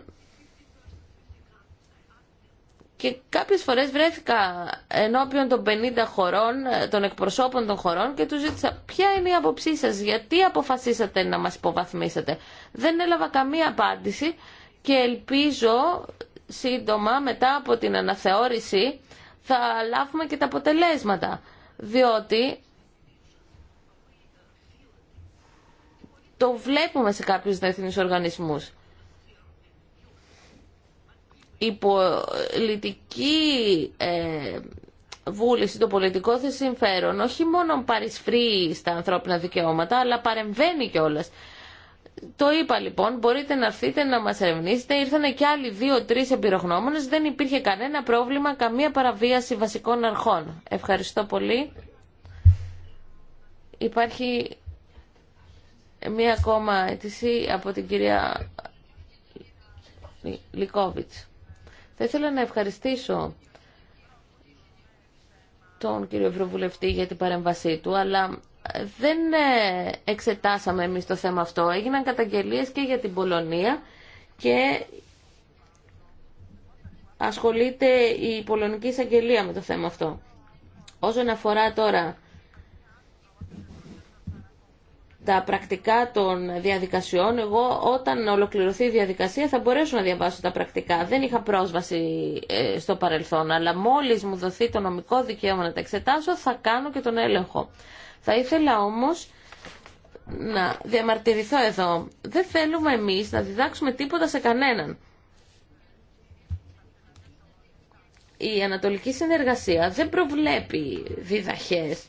και κάποιες φορές βρέθηκα ενώπιον των 50 χωρών, των εκπροσώπων των χωρών και τους ζήτησα ποια είναι η άποψή σας, γιατί αποφασίσατε να μας υποβαθμίσετε. Δεν έλαβα καμία απάντηση και ελπίζω σύντομα μετά από την αναθεώρηση θα λάβουμε και τα αποτελέσματα, διότι το βλέπουμε σε κάποιους διεθνείς οργανισμούς η πολιτική ε, βούληση, το πολιτικό της συμφέρον όχι μόνο παρισφρεί στα ανθρώπινα δικαιώματα αλλά παρεμβαίνει κιόλα. Το είπα λοιπόν, μπορείτε να έρθετε να μας ερευνήσετε. Ήρθαν και άλλοι δύο-τρεις εμπειρογνώμονες, δεν υπήρχε κανένα πρόβλημα, καμία παραβίαση βασικών αρχών. Ευχαριστώ πολύ. Υπάρχει μία ακόμα αίτηση από την κυρία Λικόβιτς. Θα ήθελα να ευχαριστήσω τον κύριο Ευρωβουλευτή για την παρέμβασή του, αλλά δεν ε, εξετάσαμε εμείς το θέμα αυτό. Έγιναν καταγγελίες και για την Πολωνία και ασχολείται η Πολωνική Εισαγγελία με το θέμα αυτό. Όσον αφορά τώρα τα πρακτικά των διαδικασιών. Εγώ όταν ολοκληρωθεί η διαδικασία θα μπορέσω να διαβάσω τα πρακτικά. Δεν είχα πρόσβαση ε, στο παρελθόν, αλλά μόλις μου δοθεί το νομικό δικαίωμα να τα εξετάσω θα κάνω και τον έλεγχο. Θα ήθελα όμως να διαμαρτυρηθώ εδώ. Δεν θέλουμε εμείς να διδάξουμε τίποτα σε κανέναν. Η ανατολική συνεργασία δεν προβλέπει διδαχές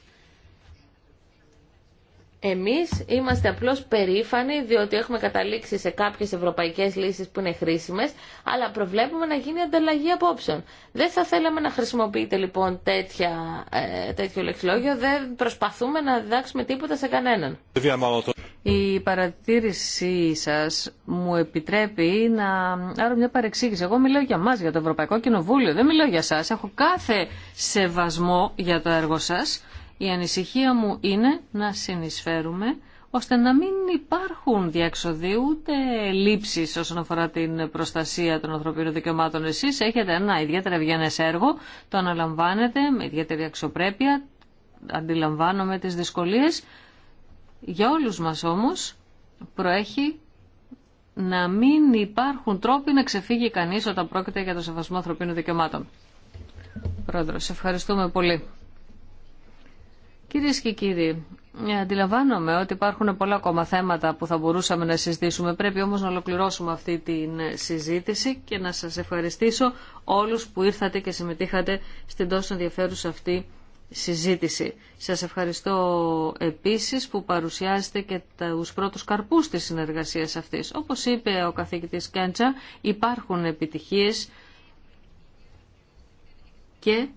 εμείς είμαστε απλώς περήφανοι διότι έχουμε καταλήξει σε κάποιες ευρωπαϊκές λύσεις που είναι χρήσιμες, αλλά προβλέπουμε να γίνει ανταλλαγή απόψεων. Δεν θα θέλαμε να χρησιμοποιείτε λοιπόν τέτοια, ε, τέτοιο λεξιλόγιο, δεν προσπαθούμε να διδάξουμε τίποτα σε κανέναν. Η παρατήρησή σας μου επιτρέπει να άρω μια παρεξήγηση. Εγώ μιλάω για μας, για το Ευρωπαϊκό Κοινοβούλιο, δεν μιλάω για σας. Έχω κάθε σεβασμό για το έργο σας η ανησυχία μου είναι να συνεισφέρουμε ώστε να μην υπάρχουν διεξοδοί ούτε λήψει όσον αφορά την προστασία των ανθρωπίνων δικαιωμάτων. Εσείς έχετε ένα ιδιαίτερα ευγενές έργο, το αναλαμβάνετε με ιδιαίτερη αξιοπρέπεια, αντιλαμβάνομαι τις δυσκολίες. Για όλους μας όμως προέχει να μην υπάρχουν τρόποι να ξεφύγει κανείς όταν πρόκειται για το σεβασμό ανθρωπίνων δικαιωμάτων. Πρόεδρος, ευχαριστούμε πολύ. Κυρίε και κύριοι, ε, αντιλαμβάνομαι ότι υπάρχουν πολλά ακόμα θέματα που θα μπορούσαμε να συζητήσουμε. Πρέπει όμως να ολοκληρώσουμε αυτή τη ε, συζήτηση και να σας ευχαριστήσω όλους που ήρθατε και συμμετείχατε στην τόσο ενδιαφέρουσα αυτή συζήτηση. Σας ευχαριστώ επίσης που παρουσιάζετε και τους πρώτους καρπούς της συνεργασίας αυτής. Όπως είπε ο καθηγητής Κέντσα, υπάρχουν επιτυχίες και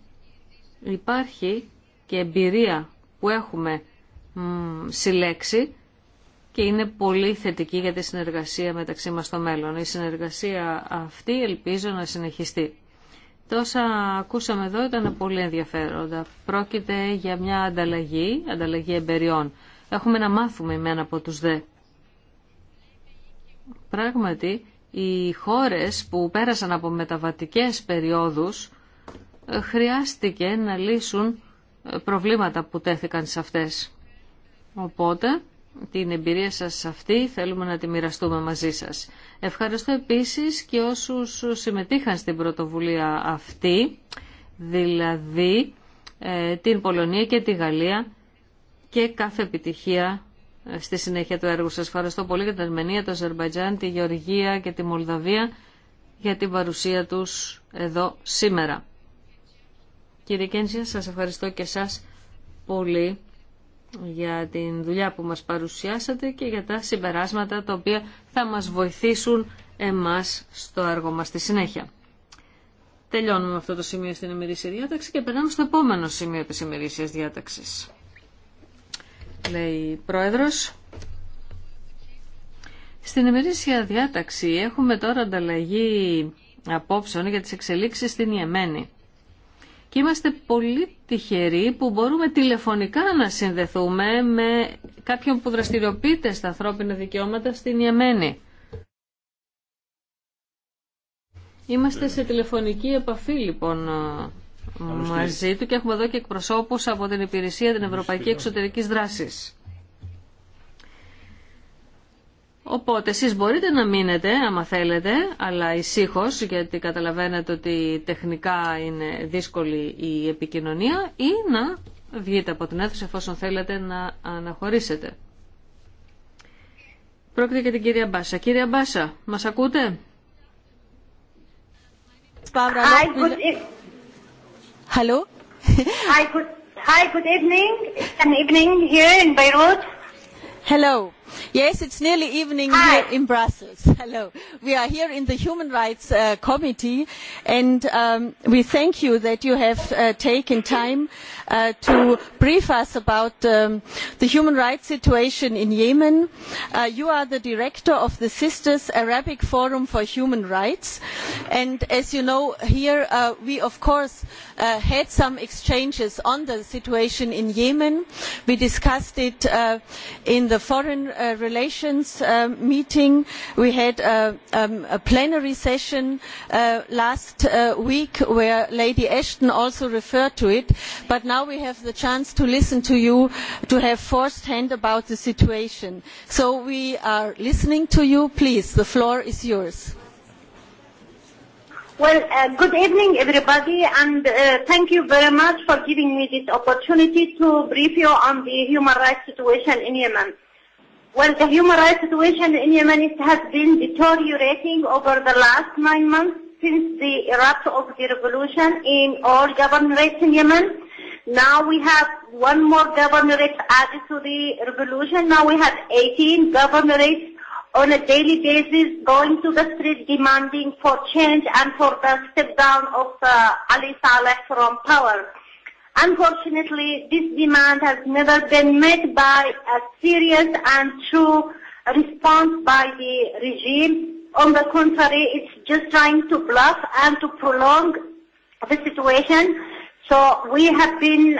υπάρχει και εμπειρία που έχουμε συλλέξει και είναι πολύ θετική για τη συνεργασία μεταξύ μας στο μέλλον. Η συνεργασία αυτή ελπίζω να συνεχιστεί. Τόσα ακούσαμε εδώ ήταν πολύ ενδιαφέροντα. Πρόκειται για μια ανταλλαγή, ανταλλαγή εμπεριών. Έχουμε να μάθουμε με ένα από τους δε. Πράγματι, οι χώρες που πέρασαν από μεταβατικές περιόδους ε, χρειάστηκε να λύσουν προβλήματα που τέθηκαν σε αυτές. Οπότε, την εμπειρία σας αυτή θέλουμε να τη μοιραστούμε μαζί σας. Ευχαριστώ επίσης και όσους συμμετείχαν στην πρωτοβουλία αυτή, δηλαδή ε, την Πολωνία και τη Γαλλία και κάθε επιτυχία ε, στη συνέχεια του έργου σας. Ευχαριστώ πολύ για την Αρμενία, το Αζερμπαϊτζάν, τη Γεωργία και τη Μολδαβία για την παρουσία τους εδώ σήμερα. Κύριε Κένσια, σας ευχαριστώ και σας πολύ για την δουλειά που μας παρουσιάσατε και για τα συμπεράσματα τα οποία θα μας βοηθήσουν εμάς στο έργο μας στη συνέχεια. Τελειώνουμε αυτό το σημείο στην ημερήσια διάταξη και περνάμε στο επόμενο σημείο της ημερήσιας διάταξης. Λέει Πρόεδρος. Στην ημερήσια διάταξη έχουμε τώρα ανταλλαγή απόψεων για τις εξελίξεις στην Ιεμένη. Και είμαστε πολύ τυχεροί που μπορούμε τηλεφωνικά να συνδεθούμε με κάποιον που δραστηριοποιείται στα ανθρώπινα δικαιώματα στην Ιεμένη. Είμαστε σε τηλεφωνική επαφή λοιπόν μαζί του και έχουμε εδώ και εκπροσώπους από την Υπηρεσία την Ευρωπαϊκή Εξωτερικής Δράσης. Οπότε εσείς μπορείτε να μείνετε άμα θέλετε, αλλά ησύχω γιατί καταλαβαίνετε ότι τεχνικά είναι δύσκολη η επικοινωνία ή να βγείτε από την αίθουσα εφόσον θέλετε να αναχωρήσετε. Πρόκειται για την κυρία Μπάσα. Κυρία Μπάσα, μας ακούτε? E- hi, good, Yes, it's nearly evening here in Brussels. Hello. We are here in the Human Rights Committee and we thank you that you have taken time to brief us about the human rights situation in Yemen. You are the director of the Sisters Arabic Forum for Human Rights. And as you know, here we, of course, had some exchanges on the situation in Yemen. We discussed it in the Foreign Relations meeting. We had a plenary session last week where Lady Ashton also referred to it. But now we have the chance to listen to you, to have first hand about the situation. So we are listening to you. Please, the floor is yours. Well, good evening, everybody, and thank you very much for giving me this opportunity to brief you on the human rights situation in Yemen. Well, the human rights situation in Yemen has been deteriorating over the last nine months since the erupt of the revolution in all rights in Yemen. Now we have one more governorate added to the revolution. Now we have 18 governorates on a daily basis going to the street demanding for change and for the step down of Ali Saleh from power. Unfortunately, this demand has never been met by a serious and true response by the regime. On the contrary, it's just trying to bluff and to prolong the situation So we have been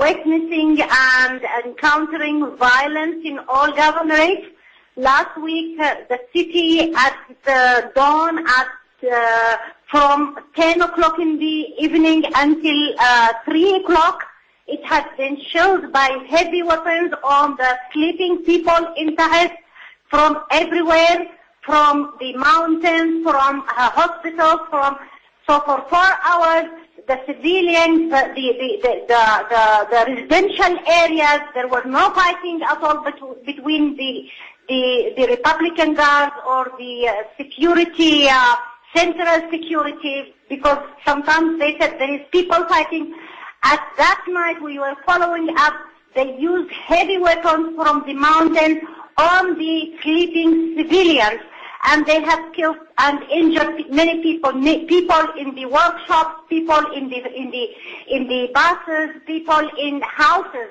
witnessing and encountering violence in all governorates. Last week, the city at the dawn at from 10 o'clock in the evening until 3 o'clock, it has been shelled by heavy weapons on the sleeping people in Tahes from everywhere, from the mountains, from hospitals, from so for four hours the civilians, the, the, the, the, the residential areas, there was no fighting at all between the, the, the Republican guards or the security, uh, central security, because sometimes they said there is people fighting. At that night we were following up, they used heavy weapons from the mountain on the sleeping civilians and they have killed and injured many people, people in the workshops, people in the in the in the buses, people in houses.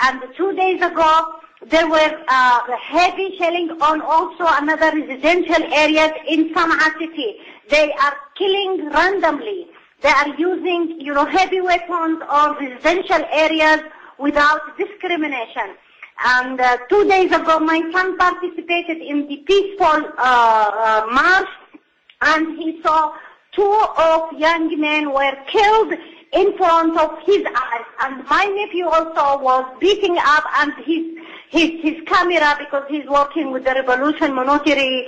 And two days ago, there were uh, heavy shelling on also another residential area in Sana'a city. They are killing randomly. They are using, you know, heavy weapons on residential areas without discrimination. And two days ago, my son participated in the peaceful march, and he saw two of young men were killed in front of his eyes. And my nephew also was beating up, and his his his camera because he's working with the Revolution Monetary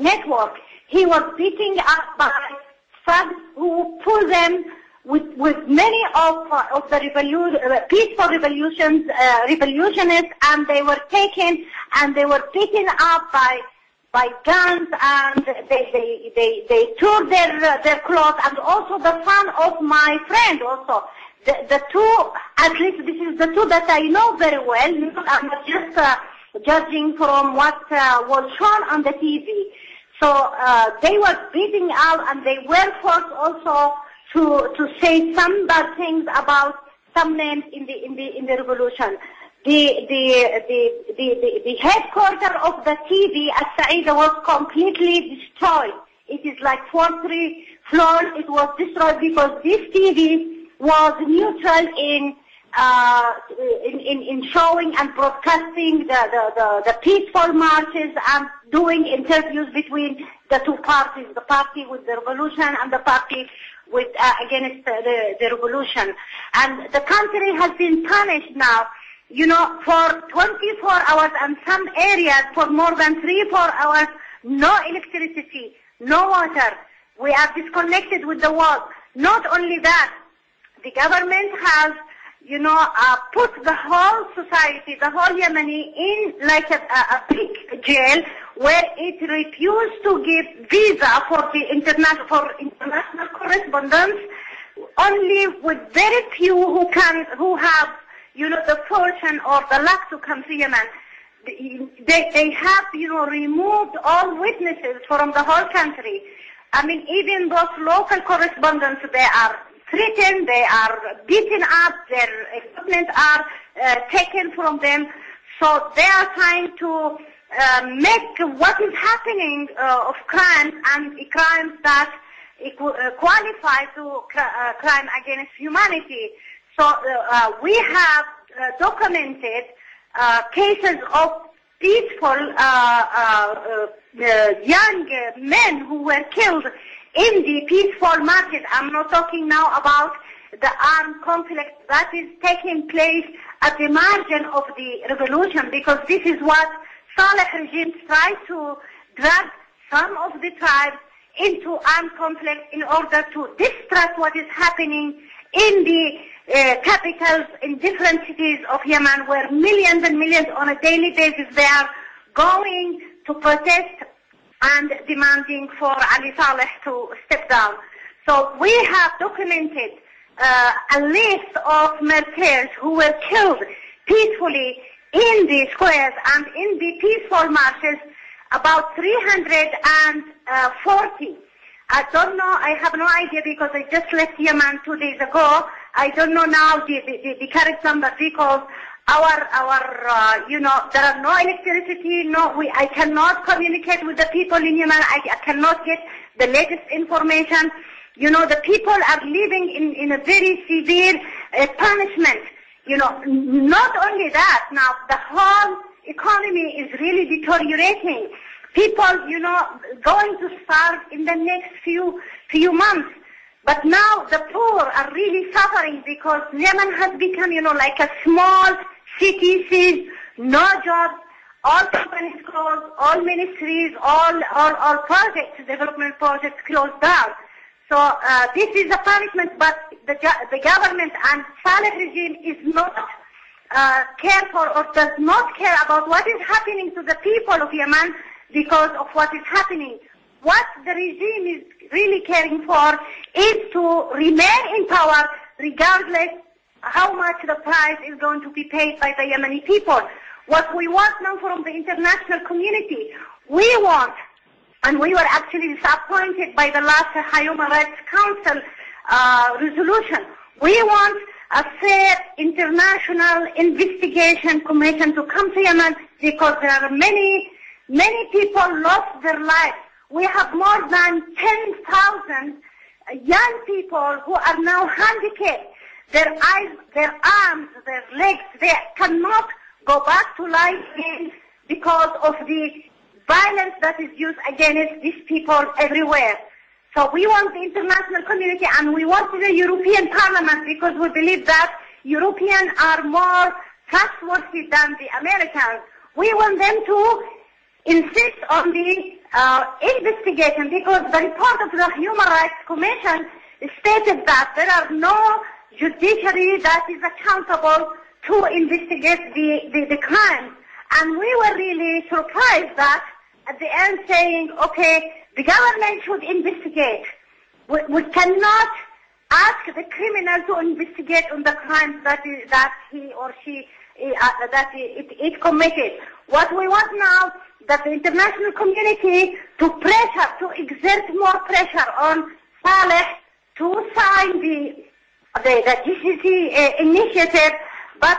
Network. He was beating up by thugs who pulled them with with many of of the revolution peaceful revolutions revolutionists and they were taken and they were beaten up by by guns and they they they they tore their their clothes and also the son of my friend also the the two at least this is the two that I know very well I'm just judging from what was shown on the TV so they were beating out and they were forced also to to say some bad things about some names in the in the in the revolution. The the the the the headquarter of the TV at Saida was completely destroyed. It is like four three floors. It was destroyed because this TV was neutral in uh in in in showing and broadcasting the the the the peaceful marches and doing interviews between the two parties, the party with the revolution and the party with against the, the revolution. And the country has been punished now, you know, for 24 hours and some areas for more than three, four hours, no electricity, no water. We are disconnected with the world. Not only that, the government has, you know, uh, put the whole society, the whole Yemeni in like a, a, a big jail where it refused to give visa for the international for international correspondence only with very few who can who have you know the fortune or the luck to come to Yemen. They they have you know removed all witnesses from the whole country. I mean even those local correspondents they are threatened, they are beaten up, their equipment are taken from them. So they are trying to make what is happening of crimes and crimes that qualify to crime against humanity. So we have documented cases of peaceful young men who were killed in the peaceful market. I'm not talking now about the armed conflict that is taking place at the margin of the revolution because this is what Saleh regime tried to drag some of the tribes into armed conflict in order to distract what is happening in the capitals in different cities of Yemen where millions and millions on a daily basis they are going to protest and demanding for Ali Saleh to step down. So we have documented a list of martyrs who were killed peacefully in the squares and in the peaceful marches, about 340. I don't know, I have no idea because I just left Yemen two days ago. I don't know now the, the, the current number because our, our, uh, you know, there are no electricity, no, we, I cannot communicate with the people in Yemen. I, I cannot get the latest information. You know, the people are living in, in a very severe uh, punishment you know, not only that, now the whole economy is really deteriorating. People, you know, going to starve in the next few few months. But now the poor are really suffering because Yemen has become, you know, like a small city, no jobs, all companies closed, all ministries, all, all, all projects, development projects closed down. So uh, this is a punishment, but the, the government and Saleh regime is not uh, for or does not care about what is happening to the people of Yemen because of what is happening. What the regime is really caring for is to remain in power regardless how much the price is going to be paid by the Yemeni people. What we want now from the international community, we want And we were actually disappointed by the last Human Rights Council uh, resolution. We want a fair international investigation commission to come to Yemen because there are many, many people lost their lives. We have more than 10,000 young people who are now handicapped. Their eyes, their arms, their legs, they cannot go back to life again because of the violence that is used against these people everywhere. So we want the international community and we want the European Parliament because we believe that Europeans are more trustworthy than the Americans. We want them to insist on the uh, investigation because the report of the Human Rights Commission stated that there are no judiciary that is accountable to investigate the, the, the crime. And we were really surprised that at the end saying, okay, the government should investigate. We, we cannot ask the criminal to investigate on the crimes that, that he or she that it, committed. What we want now that the international community to pressure, to exert more pressure on Saleh to sign the the, the GCC initiative, but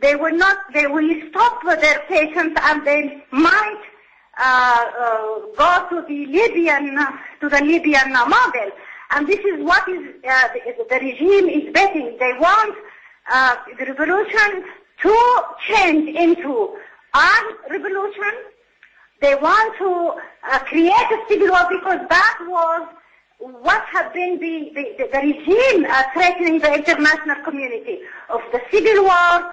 They will not. They will stop their patients and they might go to the Libyan to the Libyan model. And this is what is the regime is betting. They want the revolution to change into armed revolution. They want to create a civil war because that was what had been the, the, the regime threatening the international community of the civil war,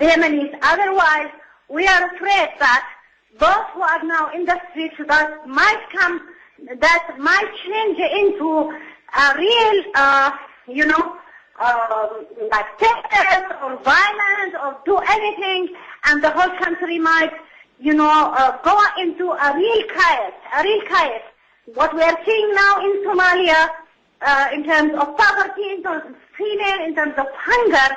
Otherwise, we are afraid that those who are now in the streets that might come, that might change into a real, uh, you know, like terror or violence or do anything, and the whole country might, you know, go into a real chaos, a real chaos. What we are seeing now in Somalia, in terms of poverty, in terms of female, in terms of hunger,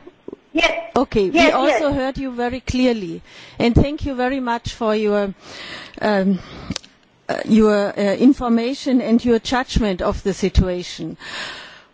Yes. Okay. We also heard you very clearly, and thank you very much for your your information and your judgment of the situation.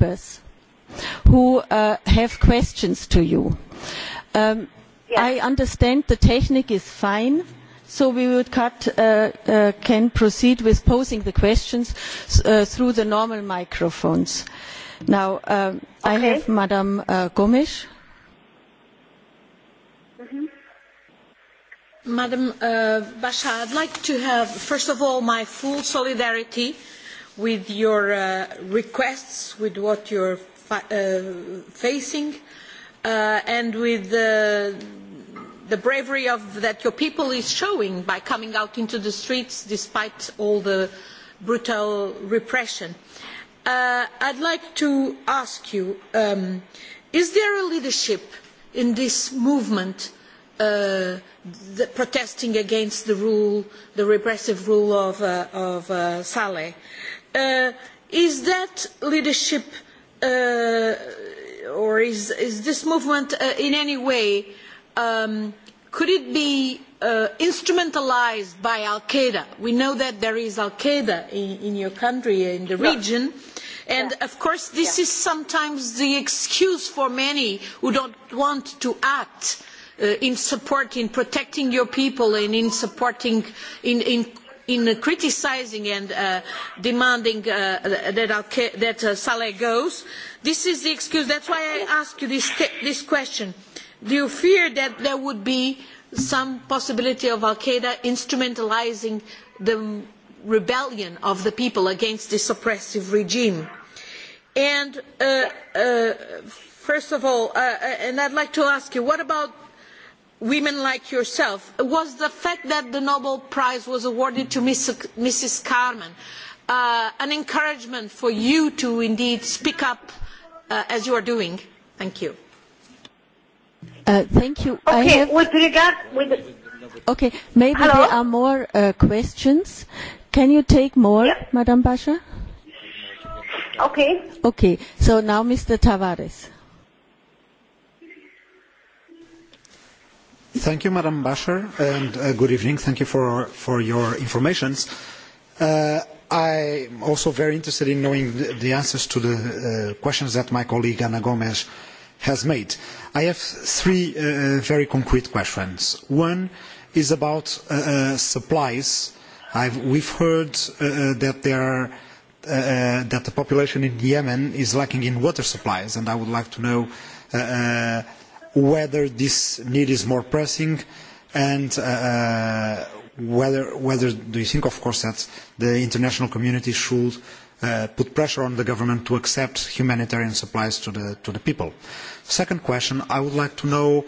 members who have questions to you. I understand the technique is fine, so we would can proceed with posing the questions through the normal microphones. Now, I have Madam Gomes. Madam Basha, I'd like to have, first of all, my full solidarity with your requests, with what you are facing, and with the bravery that your people is showing by coming out into the streets despite all the brutal repression. I'd like to ask you, is there a leadership in this movement protesting against the rule, the repressive rule of Saleh? Is that leadership or is this movement in any way could it be instrumentalised by Al Qaeda? We know that there is Al Qaeda in your country in the region, and of course this is sometimes the excuse for many who don't want to act in support, in protecting your people and in supporting, in in criticising and demanding that Saleh goes. This is the excuse. That's why I ask you this question. Do you fear that there would be some possibility of Al-Qaeda instrumentalising the rebellion of the people against this oppressive regime? And first of all, and I'd like to ask you, what about women like yourself was the fact that the Nobel Prize was awarded to Mrs. Carmen an encouragement for you to indeed speak up as you are doing. Thank you. Thank you. Okay, with regard Okay, maybe there are more questions. Can you take more, Madam Basha? Okay. Okay, so now Mr. Tavares. Thank you, Madam Basher, and good evening. Thank you for for your information. I am also very interested in knowing the answers to the questions that my colleague Ana Gomes has made. I have three very concrete questions. One is about supplies. We've heard that the population in Yemen is lacking in water supplies, and I would like to know whether this need is more pressing and whether whether do you think of course that the international community should put pressure on the government to accept humanitarian supplies to the to the people second question i would like to know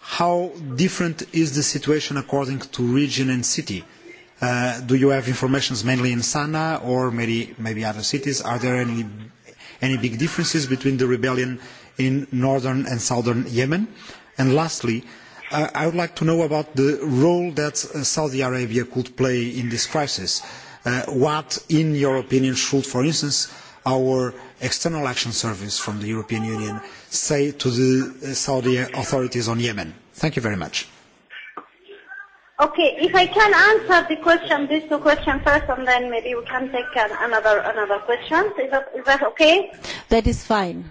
how different is the situation according to region and city do you have information mainly in sana or maybe maybe other cities are there any any big differences between the rebellion in northern and southern Yemen? And lastly, I would like to know about the role that Saudi Arabia could play in this crisis. What, in your opinion, should, for instance, our External Action Service from the European Union say to the Saudi authorities on Yemen? Thank you very much. Okay, if I can answer the question, these two questions first, and then maybe we can take another another question. Is that okay? That is fine.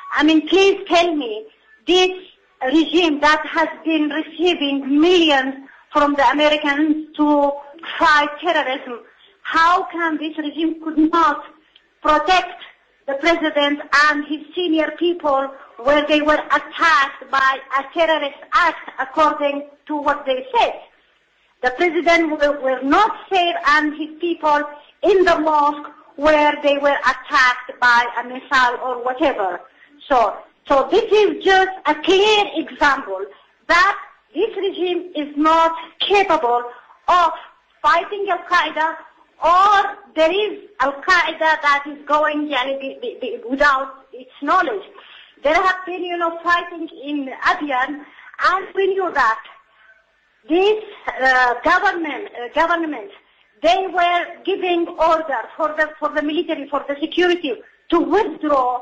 I mean, please tell me, this regime that has been receiving millions from the Americans to fight terrorism, how can this regime could not protect the president and his senior people where they were attacked by a terrorist act according to what they said? The president will not save and his people in the mosque where they were attacked by a missile or whatever. So, so this is just a clear example that this regime is not capable of fighting Al Qaeda, or there is Al Qaeda that is going without its knowledge. There have been, you know, fighting in Abyan, and we knew that this uh, government, uh, government, they were giving orders for the for the military, for the security to withdraw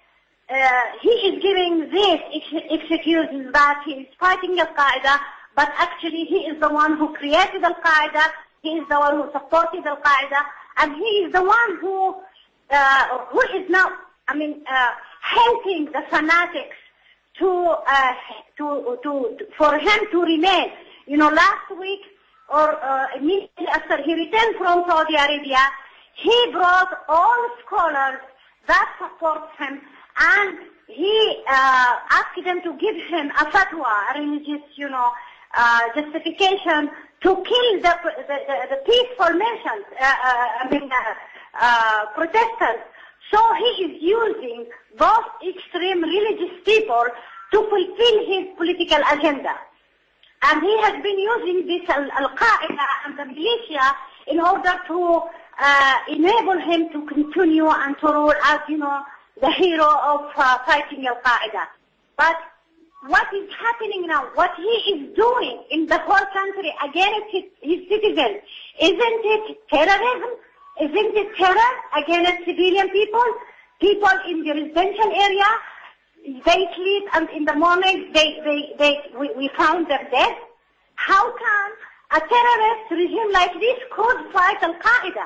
he is giving this execution that he is fighting Al-Qaeda, but actually he is the one who created Al-Qaeda, he is the one who supported Al-Qaeda, and he is the one who, uh, who is now, I mean, uh, helping the fanatics to, uh, to, to, for him to remain. You know, last week, or uh, immediately after he returned from Saudi Arabia, he brought all scholars that support him and he uh, asked them to give him a fatwa, a religious, you know, uh, justification to kill the, the, the, the peaceful merchants, uh, uh, I mean, uh, uh, So he is using both extreme religious people to fulfill his political agenda. And he has been using this al-Qaeda and the militia in order to uh, enable him to continue and to rule as, you know, the hero of uh, fighting Al-Qaeda. But what is happening now, what he is doing in the whole country against his, his citizens, isn't it terrorism? Isn't it terror against civilian people? People in the residential area, they sleep and in the morning they, they, they, we, we found their death. How can a terrorist regime like this could fight Al-Qaeda?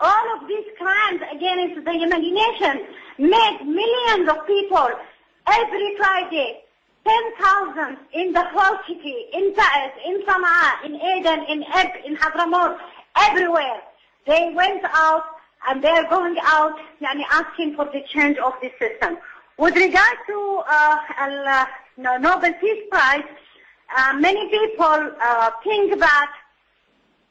all of these crimes against the imagination make millions of people every Friday, 10,000 in the whole city, in Taiz, in Sama'a, in Aden, in Eb, in Hadramaut, everywhere. They went out and they are going out and asking for the change of the system. With regard to uh, the Nobel Peace Prize, uh, many people uh, think that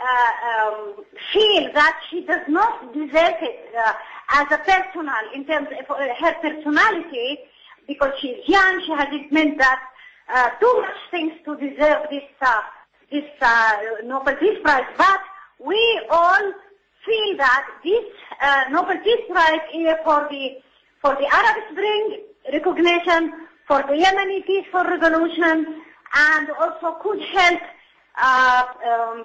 um, feel that she does not deserve it as a personal, in terms of her personality, because she is young, she hasn't meant that uh, too much things to deserve this uh, this uh, Nobel Peace Prize. But we all feel that this uh, Nobel Peace Prize here for the for the Arab Spring recognition, for the Yemeni peaceful Revolution and also could help. Uh, um,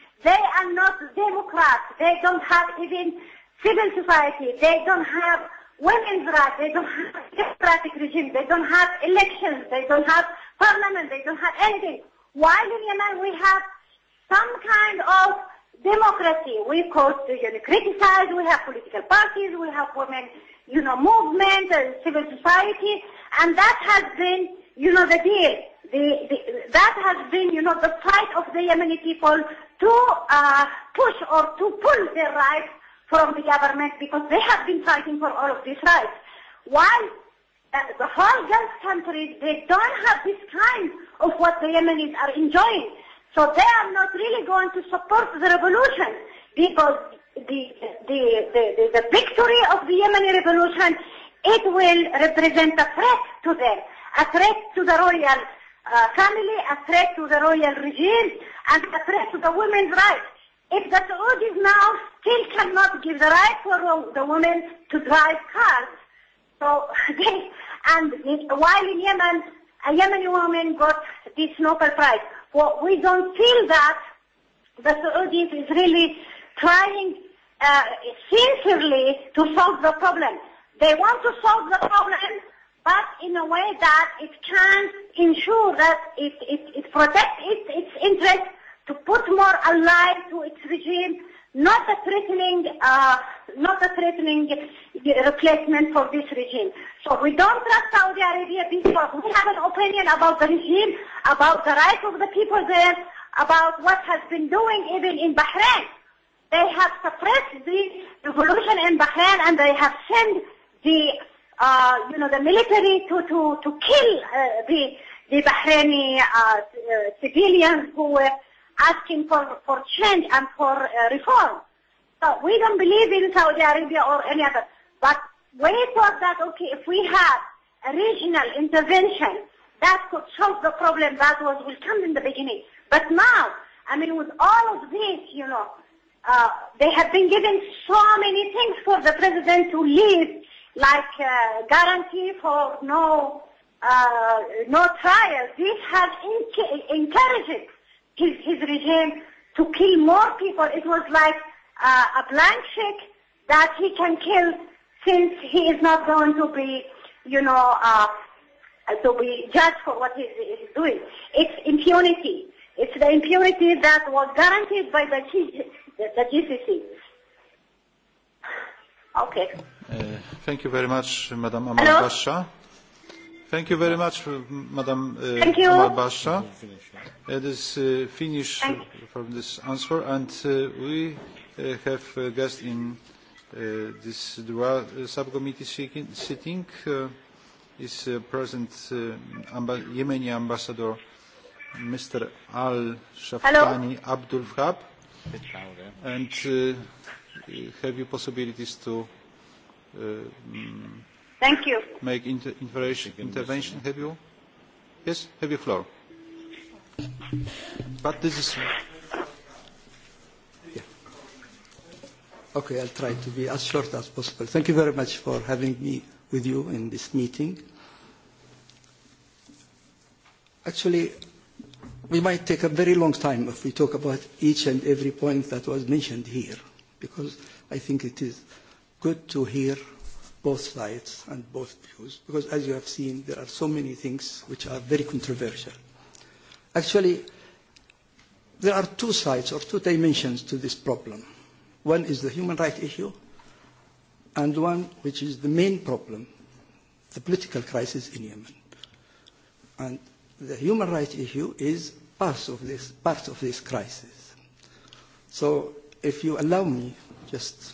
They are not democrats. They don't have even civil society. They don't have women's rights. They don't have democratic regime. They don't have elections. They don't have parliament. They don't have anything. Why in Yemen we have some kind of democracy. We cause to criticize. We have political parties. We have women, you know, movement and civil society. And that has been, you know, the deal. The, the, that has been, you know, the fight of the Yemeni people to uh, push or to pull their rights from the government because they have been fighting for all of these rights. While the whole Gulf countries, they don't have this kind of what the Yemenis are enjoying. So they are not really going to support the revolution because the, the, the, the, victory of the Yemeni revolution, it will represent a threat to them, a threat to the royal family, a threat to the royal regime, and a threat to the women's rights. If the Saudis now still cannot give the right for the women to drive cars, so and while in Yemen, a Yemeni woman got this Nobel Prize. Well, we don't feel that the Saudis is really trying uh, sincerely to solve the problem. They want to solve the problem but in a way that it can ensure that it, it, it protects its, its interest to put more alive to its regime, not a threatening, uh, not a threatening replacement for this regime. So we don't trust Saudi Arabia because we have an opinion about the regime, about the rights of the people there, about what has been doing even in Bahrain. They have suppressed the revolution in Bahrain and they have sent the uh, you know, the military to, to, to kill uh, the, the Bahraini uh, uh, civilians who were asking for, for change and for uh, reform. So we don't believe in Saudi Arabia or any other. But we thought that, okay, if we had a regional intervention, that could solve the problem that was will come in the beginning. But now, I mean, with all of this, you know, uh, they have been given so many things for the president to leave like uh guarantee for no uh, no trial. This has encouraged his, his regime to kill more people. It was like uh, a blank check that he can kill since he is not going to be, you know, uh, to be judged for what he is doing. It's impunity. It's the impunity that was guaranteed by the, the GCC. Okay. Thank you very much, Madam Amal Thank you very much, Madam Amal Basha. It is finished from this answer, and we have a guest in this dual subcommittee sitting. Is present Yemeni Ambassador Mr. Al Shafani Abdul Wahab, and have you possibilities to Thank you. Make intervention. Have you? Yes, have you floor. But this is. Okay, I'll try to be as short as possible. Thank you very much for having me with you in this meeting. Actually, we might take a very long time if we talk about each and every point that was mentioned here, because I think it is good to hear both sides and both views, because as you have seen, there are so many things which are very controversial. Actually, there are two sides or two dimensions to this problem. One is the human rights issue, and one which is the main problem, the political crisis in Yemen. And the human rights issue is part of this, part of this crisis. So if you allow me just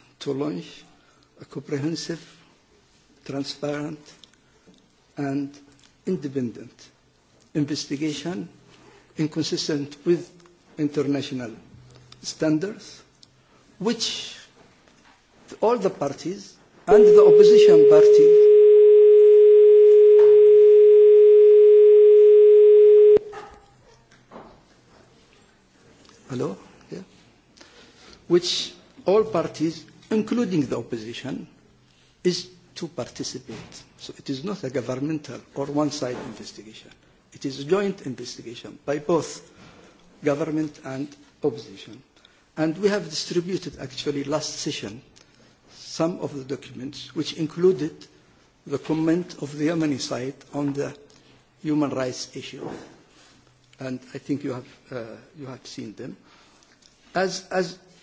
to launch a comprehensive, transparent and independent investigation inconsistent with international standards, which all the parties and the opposition party Hello? Yeah. Which all parties including the opposition, is to participate. So it is not a governmental or one-side investigation. It is a joint investigation by both government and opposition. And we have distributed, actually, last session, some of the documents which included the comment of the Yemeni side on the human rights issue. And I think you have seen them. As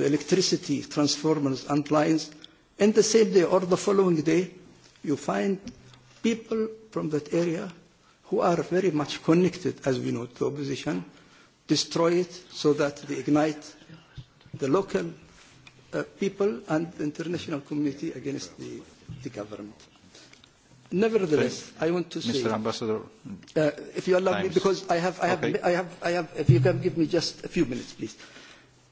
the electricity transformers and lines, and the same day or the following day, you find people from that area who are very much connected, as we know, to opposition, destroy it so that they ignite the local people and the international community against the, the government. Nevertheless, I want to say, Mr. Ambassador, if you allow me, because I have, I have, I have, I have, if you can give me just a few minutes, please.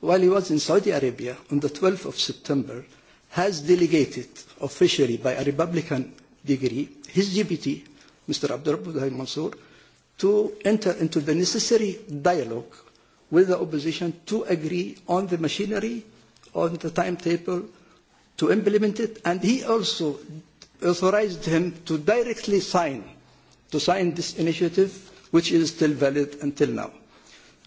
while he was in Saudi Arabia on the 12th of September, has delegated officially by a Republican degree his GPT, Mr. Abdurrahman Mansour, to enter into the necessary dialogue with the opposition to agree on the machinery, on the timetable, to implement it, and he also authorized him to directly to sign this initiative, which is still valid until now.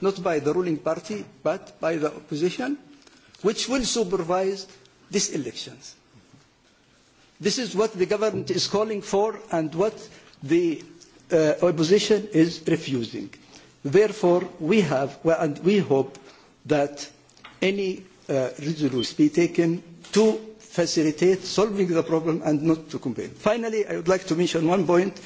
not by the ruling party, but by the opposition, which will supervise these elections. This is what the government is calling for and what the opposition is refusing. Therefore, we have and we hope that any resolution be taken to facilitate solving the problem and not to complain. Finally, I would like to mention one point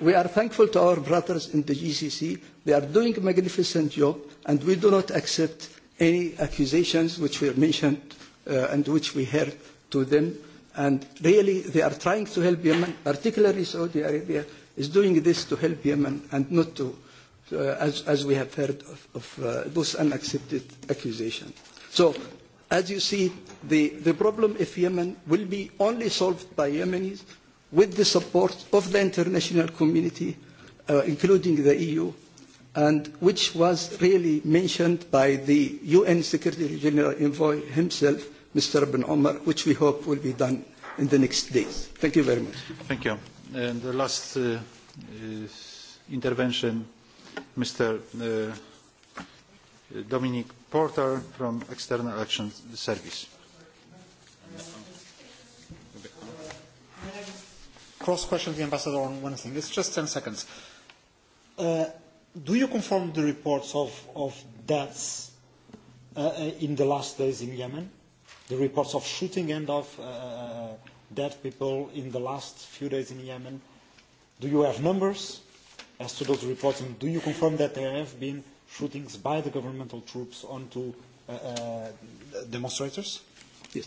We are thankful to our brothers in the GCC. They are doing a magnificent job, and we do not accept any accusations which were mentioned and which we heard to them. And really, they are trying to help Yemen, particularly Saudi Arabia is doing this to help Yemen and not to, as we have heard of those unaccepted accusations. So, as you see, the problem of Yemen will be only solved by Yemenis with the support of the international community, including the EU, and which was really mentioned by the UN Secretary General Envoy himself, Mr. Ben Omar, which we hope will be done in the next days. Thank you very much. Thank you. And the last intervention, Mr. Dominic Porter from External Action Service. cross-question the ambassador on one thing. It's just 10 seconds. Do you confirm the reports of deaths in the last days in Yemen? The reports of shooting and of dead people in the last few days in Yemen. Do you have numbers as to those reports? And do you confirm that there have been shootings by the governmental troops onto demonstrators? Yes.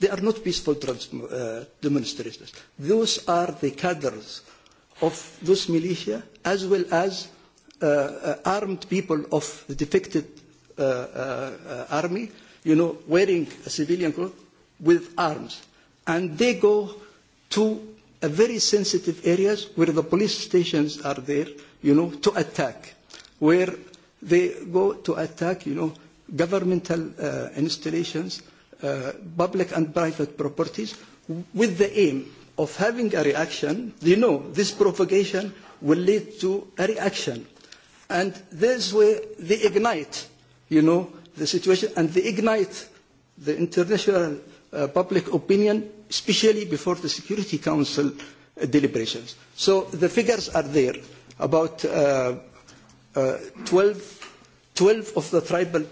They are not peaceful demonstrators. Those are the cadres of those militia as well as armed people of the defected army, you know, wearing a civilian clothes with arms. And they go to very sensitive areas where the police stations are there, you know, to attack, where they go to attack, you know, governmental installations public and private properties with the aim of having a reaction. you know this propagation will lead to a reaction. And this way they ignite, you know, the situation and they ignite the international public opinion, especially before the Security Council deliberations. So the figures are there. About 12 of the tribal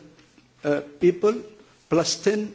people plus 10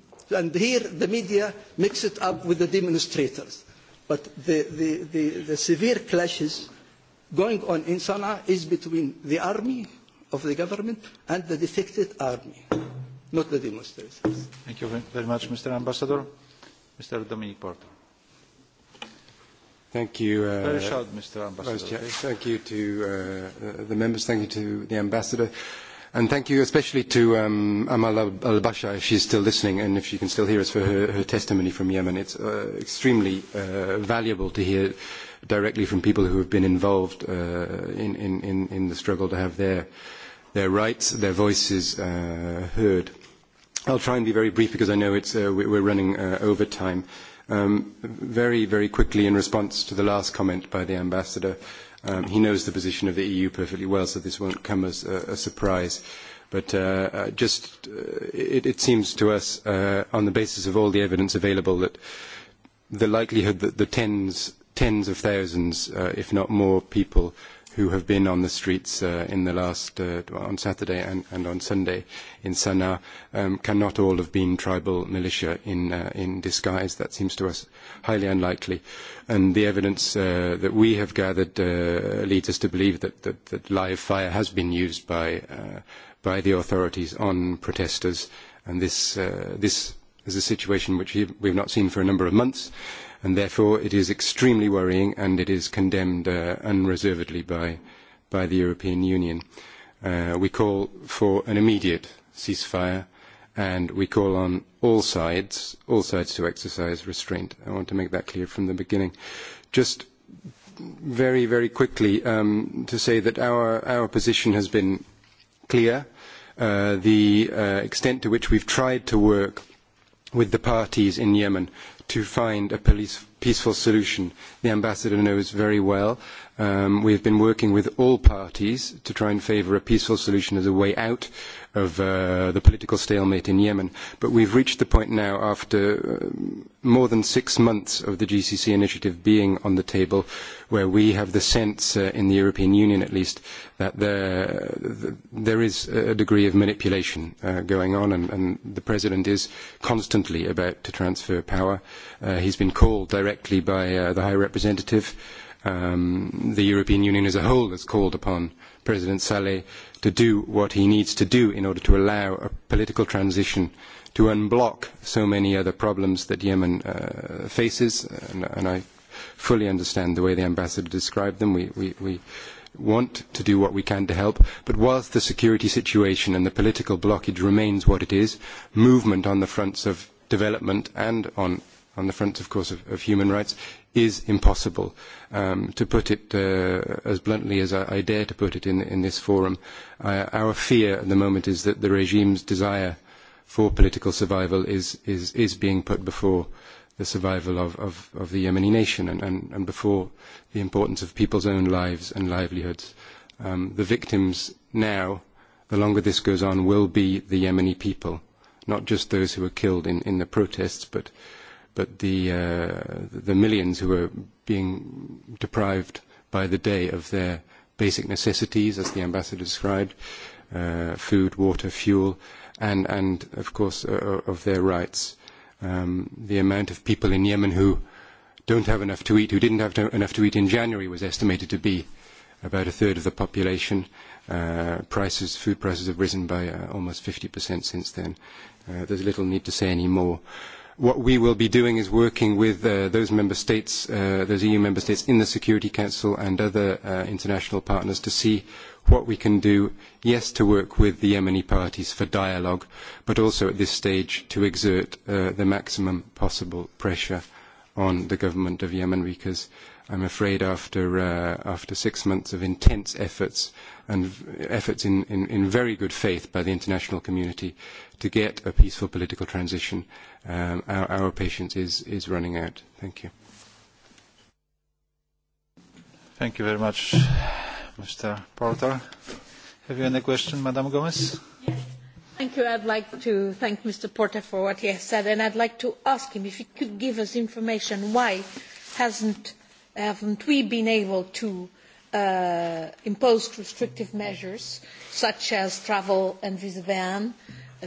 And here the media mix it up with the demonstrators. But the the the severe clashes going on in Sana'a is between the army of the government and the defected army, not the demonstrators. Thank you very much, Mr. Ambassador. Mr. Dominic Porter. Thank you. Very short, Mr. Ambassador. Thank you to the members. Thank you to the ambassador. And thank you especially to Amal al-Basha, if she's still listening and if she can still hear us, for her testimony from Yemen. It's extremely valuable to hear directly from people who have been involved in the struggle to have their rights, their voices heard. I'll try and be very brief because I know we're running over time. Very, very quickly in response to the last comment by the ambassador He knows the position of the EU perfectly well, so this won't come as a surprise. But just it seems to us, on the basis of all the evidence available, that the likelihood that the tens of thousands, if not more, people who have been on the streets in the last on Saturday and on Sunday in Sana'a cannot all have been tribal militia in disguise. That seems to us highly unlikely, and the evidence that we have gathered leads us to believe that live fire has been used by by the authorities on protesters, and this this is a situation which we have not seen for a number of months and therefore it is extremely worrying and it is condemned unreservedly by the European Union. We call for an immediate ceasefire and we call on all sides, all sides to exercise restraint. I want to make that clear from the beginning. Just very, very quickly to say that our position has been clear. The extent to which we've tried to work with the parties in Yemen to find a police peaceful solution. The ambassador knows very well. We have been working with all parties to try and favour a peaceful solution as a way out of the political stalemate in Yemen. But we've reached the point now, after more than six months of the GCC initiative being on the table, where we have the sense, in the European Union at least, that there is a degree of manipulation going on, and the President is constantly about to transfer power. He's been called directly directly by the High Representative. The European Union as a whole has called upon President Saleh to do what he needs to do in order to allow a political transition to unblock so many other problems that Yemen faces, and I fully understand the way the ambassador described them. We want to do what we can to help, but whilst the security situation and the political blockage remains what it is, movement on the fronts of development and on on the front, of course, of human rights, is impossible. To put it as bluntly as I dare to put it in this forum, our fear at the moment is that the regime's desire for political survival is is is being put before the survival of the Yemeni nation and and before the importance of people's own lives and livelihoods. The victims now, the longer this goes on, will be the Yemeni people, not just those who were killed in in the protests, but but the the millions who are being deprived by the day of their basic necessities, as the ambassador described, food, water, fuel, and and of course of their rights. The amount of people in Yemen who don't have enough to eat, who didn't have enough to eat in January, was estimated to be about a third of the population. Prices, food prices have risen by almost 50% since then. There's little need to say any more. What we will be doing is working with those member states, those EU member states in the Security Council and other international partners to see what we can do, yes, to work with the Yemeni parties for dialogue, but also at this stage to exert the maximum possible pressure on the government of Yemen because I'm afraid after six months of intense efforts, and efforts in very good faith by the international community to get a peaceful political transition our patience is is running out thank you thank you very much mr porter have you any question madam gomez thank you i'd like to thank mr porter for what he has said and i'd like to ask him if he could give us information why hasn't haven't we been able to imposed restrictive measures such as travel and visa ban,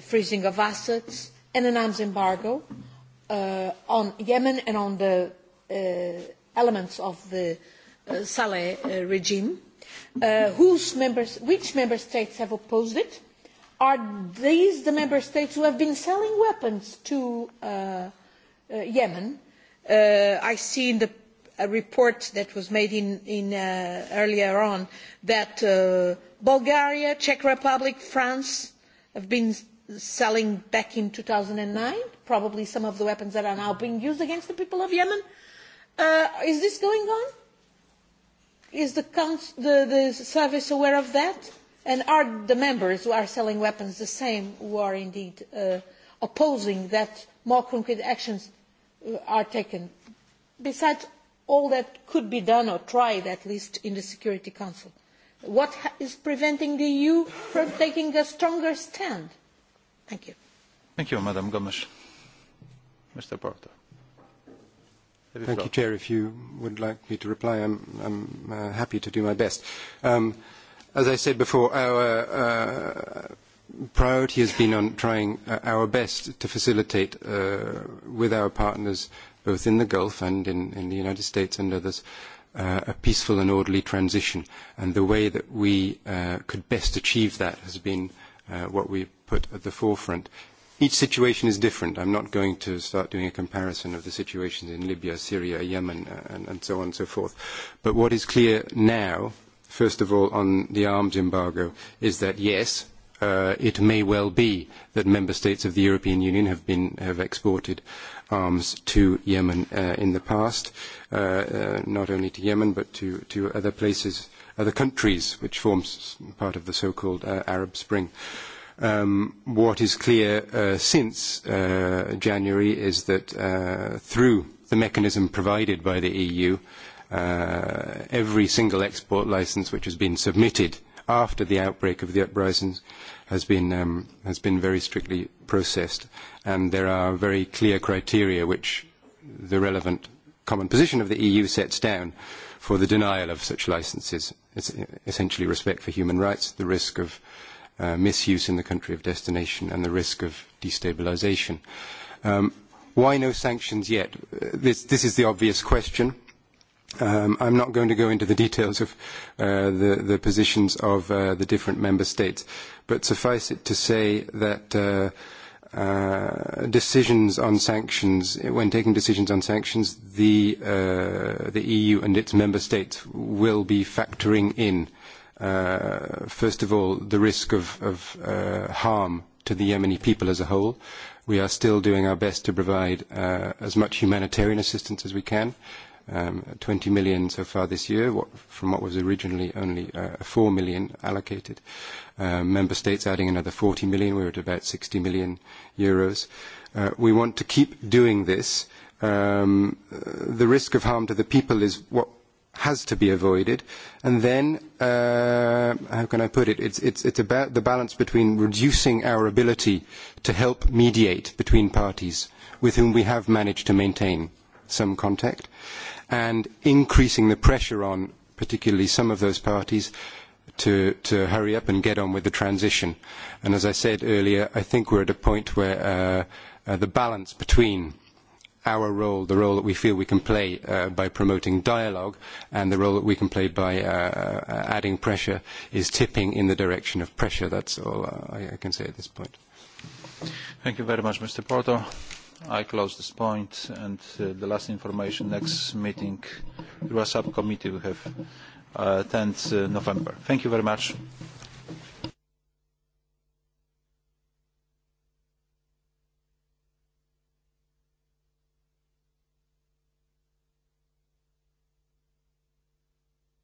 freezing of assets and an arms embargo on Yemen and on the elements of the Saleh regime. Which member states have opposed it? Are these the member states who have been selling weapons to Yemen? I see in the a report that was made earlier on that Bulgaria, Czech Republic, France have been selling back in 2009 probably some of the weapons that are now being used against the people of Yemen. Is this going on? Is the service aware of that? And are the members who are selling weapons the same who are indeed opposing that more concrete actions are taken? Besides all that could be done or tried at least in the Security Council. What is preventing the EU from taking a stronger stand? Thank you. Thank you, Madam Gomes. Mr. Porter. Thank you, Chair. If you would like me to reply, I'm happy to do my best. As I said before, our priority has been on trying our best to facilitate with our partners both in the Gulf and in the United States and others, a peaceful and orderly transition. And the way that we could best achieve that has been what we put at the forefront. Each situation is different. I'm not going to start doing a comparison of the situations in Libya, Syria, Yemen, and so on and so forth. But what is clear now, first of all, on the arms embargo, is that, yes, it may well be that member states of the European Union have exported arms to Yemen in the past, not only to Yemen but to other places, other countries, which forms part of the so-called Arab Spring. What is clear since January is that through the mechanism provided by the EU, every single export license which has been submitted after the outbreak of the uprisings has been has been very strictly processed and there are very clear criteria which the relevant common position of the EU sets down for the denial of such licenses essentially respect for human rights the risk of misuse in the country of destination and the risk of destabilization why no sanctions yet this is the obvious question I'm not going to go into the details of the positions of the different member states, but suffice it to say that decisions on sanctions, when taking decisions on sanctions, the EU and its member states will be factoring in, first of all, the risk of harm to the Yemeni people as a whole. We are still doing our best to provide as much humanitarian assistance as we can 20 million so far this year, from what was originally only 4 million allocated. Member states adding another 40 million. We're at about 60 million euros. We want to keep doing this. The risk of harm to the people is what has to be avoided. And then, how can I put it? It's about the balance between reducing our ability to help mediate between parties with whom we have managed to maintain some contact and increasing the pressure on particularly some of those parties to hurry up and get on with the transition. And as I said earlier, I think we're at a point where the balance between our role, the role that we feel we can play by promoting dialogue, and the role that we can play by adding pressure is tipping in the direction of pressure. That's all I can say at this point. Thank you very much, Mr. Porto. I close this point. And the last information, next meeting, through a subcommittee, we have 10th November. Thank you very much.